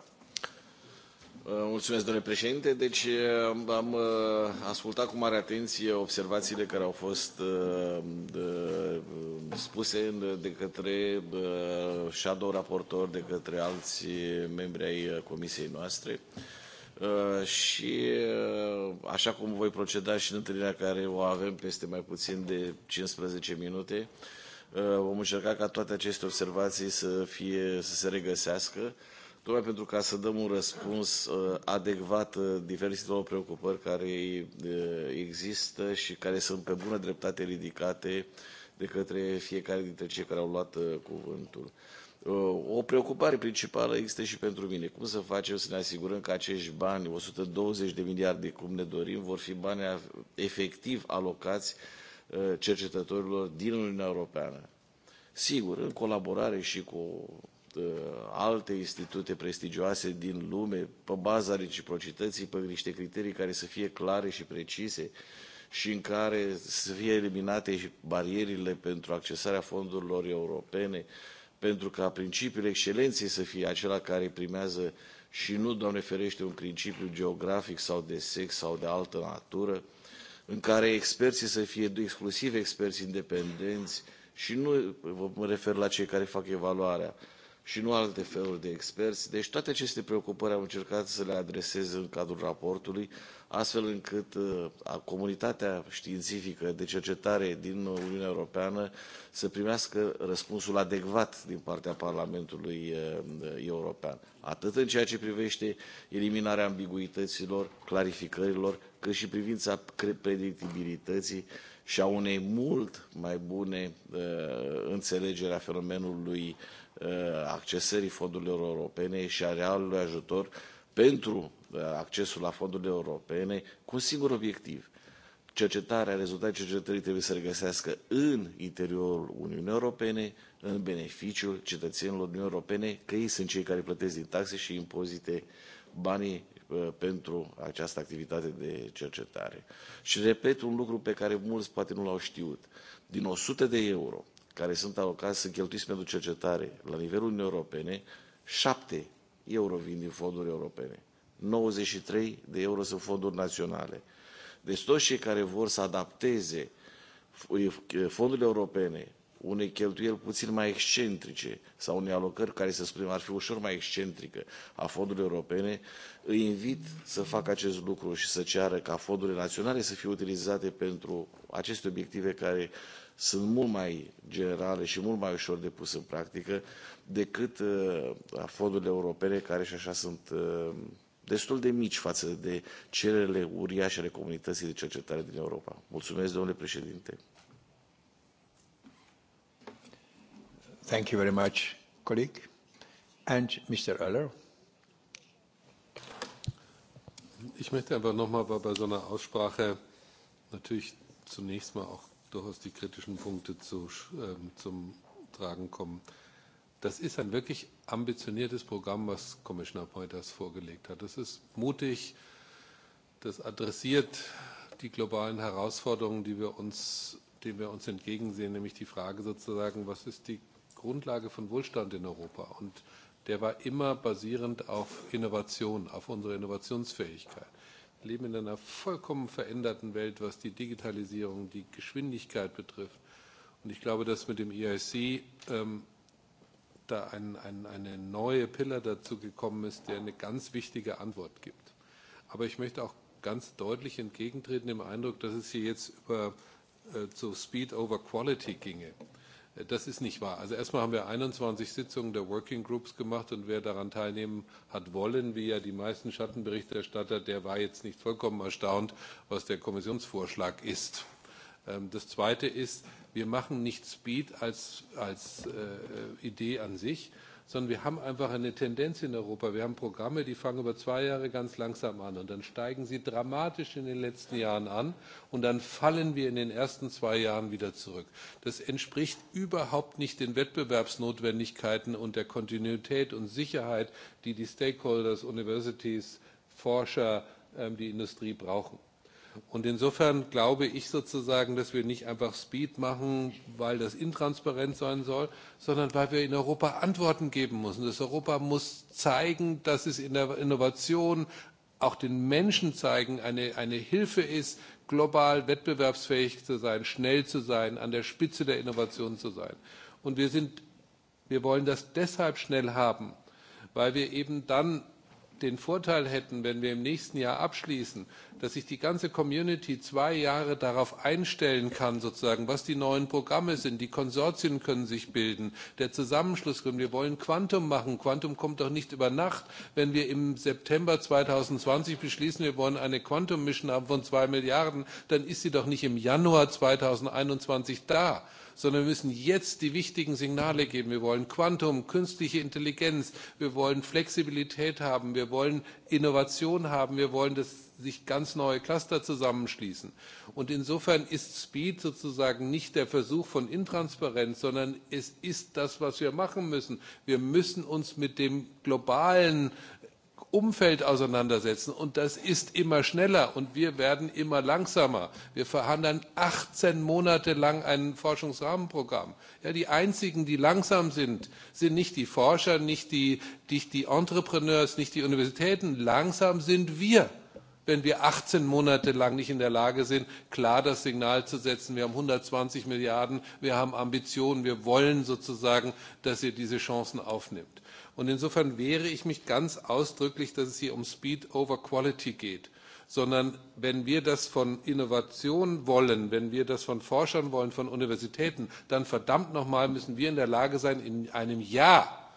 Uh, mulțumesc, domnule președinte. Deci uh, am uh, ascultat cu mare atenție observațiile care au fost spuse de către shadow raportor, de către alți membri ai comisiei noastre. Și așa cum voi proceda și în întâlnirea care o avem peste mai puțin de 15 minute, vom încerca ca toate aceste observații să, fie, să se regăsească tocmai pentru ca să dăm un răspuns uh, adecvat uh, diferitelor preocupări care uh, există și care sunt pe bună dreptate ridicate de către fiecare dintre cei care au luat cuvântul. O preocupare principală există și pentru mine. Cum să facem să ne asigurăm că acești bani, 120 de miliarde, cum ne dorim, vor fi bani efectiv alocați cercetătorilor din Uniunea Europeană? Sigur, în colaborare și cu Uh, alte institute prestigioase din lume pe baza reciprocității, pe niște criterii care să fie clare și precise și în care să fie eliminate și barierile pentru accesarea fondurilor europene, pentru ca principiul excelenței să fie acela care primează și nu, Doamne ferește, un principiu geografic sau de sex sau de altă natură, în care experții să fie exclusiv experți independenți și nu mă refer la cei care fac evaluarea, și nu alte feluri de experți. Deci toate aceste preocupări am încercat să le adresez în cadrul raportului, astfel încât uh, comunitatea științifică de cercetare din Uniunea Europeană să primească răspunsul adecvat din partea Parlamentului uh, European, atât în ceea ce privește eliminarea ambiguităților, clarificărilor, cât și privința predictibilității și a unei mult mai bune uh, înțelegeri a fenomenului uh, Uh, accesării fondurilor europene și a realului ajutor pentru uh, accesul la fondurile europene cu un singur obiectiv. Cercetarea, rezultatele cercetării trebuie să regăsească în interiorul Uniunii Europene, în beneficiul cetățenilor Uniunii Europene, că ei sunt cei care plătesc din taxe și impozite banii uh, pentru această activitate de cercetare. Și repet un lucru pe care mulți poate nu l-au știut. Din 100 de euro care sunt alocați, sunt cheltuiți pentru cercetare la nivelul Uniunii Europene, 7 euro vin din fonduri europene. 93 de euro sunt fonduri naționale. Deci toți cei care vor să adapteze e, e, fondurile europene unei cheltuieli puțin mai excentrice sau unei alocări care, să spunem, ar fi ușor mai excentrică a fondurilor europene, îi invit să facă acest lucru și să ceară ca fondurile naționale să fie utilizate pentru aceste obiective care sunt mult mai generale și mult mai ușor de pus în practică decât uh, fondurile europene care și așa sunt uh, destul de mici față de cererile uriașe ale comunității de cercetare din Europa. Mulțumesc, domnule președinte. Thank you very much, colleague. And Mr. Oeller. Ich möchte einfach nochmal bei, bei so einer Aussprache natürlich zunächst mal auch durchaus die kritischen Punkte zu, ähm, zum Tragen kommen. Das ist ein wirklich ambitioniertes Programm, was Commissioner Pointers vorgelegt hat. Das ist mutig, das adressiert die globalen Herausforderungen, die wir uns, denen wir uns entgegensehen, nämlich die Frage sozusagen, was ist die Grundlage von Wohlstand in Europa? Und der war immer basierend auf Innovation, auf unsere Innovationsfähigkeit leben in einer vollkommen veränderten Welt, was die Digitalisierung, die Geschwindigkeit betrifft. Und ich glaube, dass mit dem EIC ähm, da ein, ein, eine neue Pillar dazu gekommen ist, der eine ganz wichtige Antwort gibt. Aber ich möchte auch ganz deutlich entgegentreten dem Eindruck, dass es hier jetzt über äh, so Speed over Quality ginge. Das ist nicht wahr. Also erstmal haben wir 21 Sitzungen der Working Groups gemacht und wer daran teilnehmen hat wollen, wie ja die meisten Schattenberichterstatter, der war jetzt nicht vollkommen erstaunt, was der Kommissionsvorschlag ist. Ähm, das Zweite ist, wir machen nicht Speed als, als äh, äh Idee an sich, sondern wir haben einfach eine Tendenz in Europa. Wir haben Programme, die fangen über zwei Jahre ganz langsam an und dann steigen sie dramatisch in den letzten Jahren an und dann fallen wir in den ersten zwei Jahren wieder zurück. Das entspricht überhaupt nicht den Wettbewerbsnotwendigkeiten und der Kontinuität und Sicherheit, die die Stakeholders, Universities, Forscher, ähm, die Industrie brauchen. Und insofern glaube ich sozusagen, dass wir nicht einfach Speed machen, weil das intransparent sein soll, sondern weil wir in Europa Antworten geben müssen. Das Europa muss zeigen, dass es in der Innovation auch den Menschen zeigen, eine, eine Hilfe ist, global wettbewerbsfähig zu sein, schnell zu sein, an der Spitze der Innovation zu sein. Und wir, sind, wir wollen das deshalb schnell haben, weil wir eben dann den Vorteil hätten, wenn wir im nächsten Jahr abschließen, dass sich die ganze Community zwei Jahre darauf einstellen kann, sozusagen, was die neuen Programme sind. Die Konsortien können sich bilden, der Zusammenschluss können. Wir wollen Quantum machen. Quantum kommt doch nicht über Nacht. Wenn wir im September 2020 beschließen, wir wollen eine Quantum-Mission haben von zwei Milliarden, dann ist sie doch nicht im Januar 2021 da sondern wir müssen jetzt die wichtigen Signale geben. Wir wollen Quantum, künstliche Intelligenz, wir wollen Flexibilität haben, wir wollen Innovation haben, wir wollen, dass sich ganz neue Cluster zusammenschließen. Und insofern ist Speed sozusagen nicht der Versuch von Intransparenz, sondern es ist das, was wir machen müssen. Wir müssen uns mit dem globalen Umfeld auseinandersetzen. Und das ist immer schneller und wir werden immer langsamer. Wir verhandeln 18 Monate lang ein Forschungsrahmenprogramm. Ja, die einzigen, die langsam sind, sind nicht die Forscher, nicht die, nicht die Entrepreneurs, nicht die Universitäten. Langsam sind wir wenn wir 18 Monate lang nicht in der Lage sind, klar das Signal zu setzen, wir haben 120 Milliarden, wir haben Ambitionen, wir wollen sozusagen, dass ihr diese Chancen aufnimmt. Und insofern wehre ich mich ganz ausdrücklich, dass es hier um Speed over Quality geht sondern wenn wir das von Innovation wollen, wenn wir das von Forschern wollen, von Universitäten, dann verdammt nochmal müssen wir in der Lage sein, in einem Jahr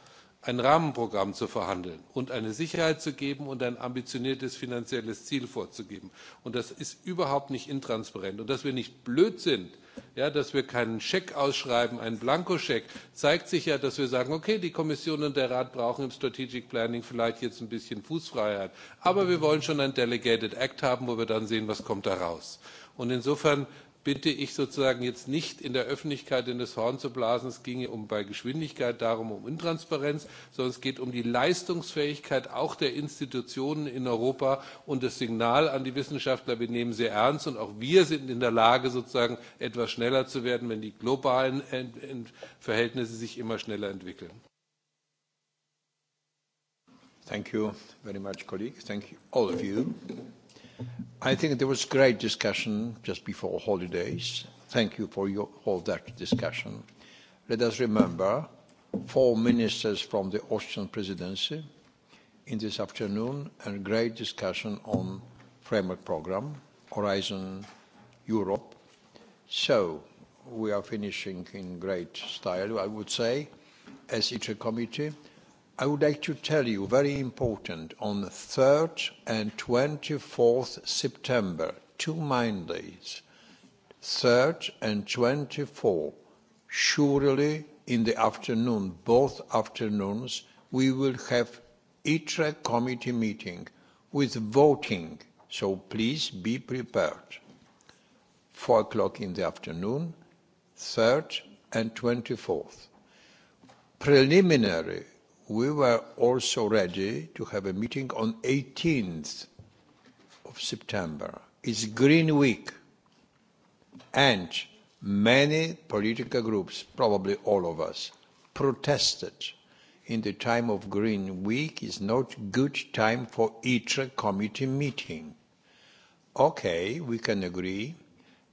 ein Rahmenprogramm zu verhandeln und eine Sicherheit zu geben und ein ambitioniertes finanzielles Ziel vorzugeben. Und das ist überhaupt nicht intransparent. Und dass wir nicht blöd sind, ja, dass wir keinen Scheck ausschreiben, einen Blankoscheck, zeigt sich ja, dass wir sagen, okay, die Kommission und der Rat brauchen im Strategic Planning vielleicht jetzt ein bisschen Fußfreiheit. Aber wir wollen schon ein Delegated Act haben, wo wir dann sehen, was kommt da raus. Und insofern bitte ich sozusagen jetzt nicht in der Öffentlichkeit in das Horn zu blasen. Es ginge um bei Geschwindigkeit darum, um Intransparenz, sondern es geht um die Leistungsfähigkeit auch der Institutionen in Europa und das Signal an die Wissenschaftler, wir nehmen sie ernst und auch wir sind in der Lage, sozusagen etwas schneller zu werden, wenn die globalen Verhältnisse sich immer schneller entwickeln. Thank you very much, colleagues. Thank you, all of you. I think there was great discussion just before holidays. Thank you for your, all that discussion. Let us remember four ministers from the Austrian presidency in this afternoon and great discussion on framework program, Horizon Europe. So we are finishing in great style, I would say, as each committee. I would like to tell you very important on 3rd and 24th September, two days, 3rd and 24th, surely in the afternoon, both afternoons, we will have ITRE committee meeting with voting, so please be prepared. 4 o'clock in the afternoon, 3rd and 24th. Preliminary we were also ready to have a meeting on 18th of September. It's Green Week. And many political groups, probably all of us, protested in the time of Green Week is not good time for each committee meeting. Okay, we can agree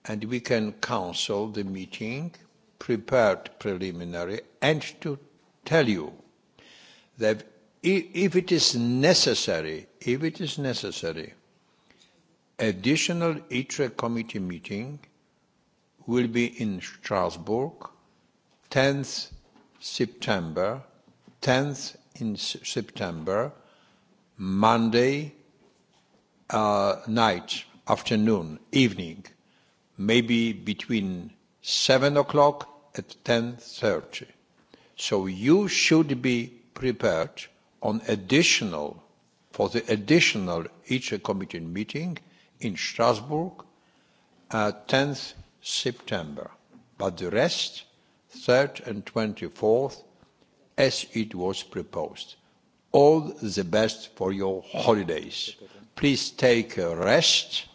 and we can cancel the meeting, prepared preliminary, and to tell you that if it is necessary, if it is necessary, additional ITRE committee meeting will be in Strasbourg, 10th September, 10th in September, Monday uh, night, afternoon, evening, maybe between 7 o'clock at 10.30. So you should be prepared on additional for the additional ITRE committee meeting in Strasbourg at uh, 10th September, but the rest, 3rd and 24th, as it was proposed. All the best for your holidays. Please take a rest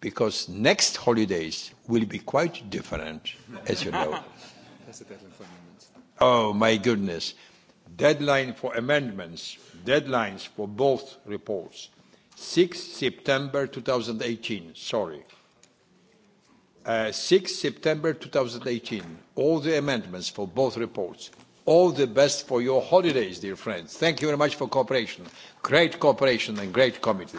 because next holidays will be quite different, as you know. Oh, my goodness. Deadline for amendments, deadlines for both reports, 6 September 2018, sorry. Uh, 6 September 2018, all the amendments for both reports. All the best for your holidays, dear friends. Thank you very much for cooperation. Great cooperation and great committee.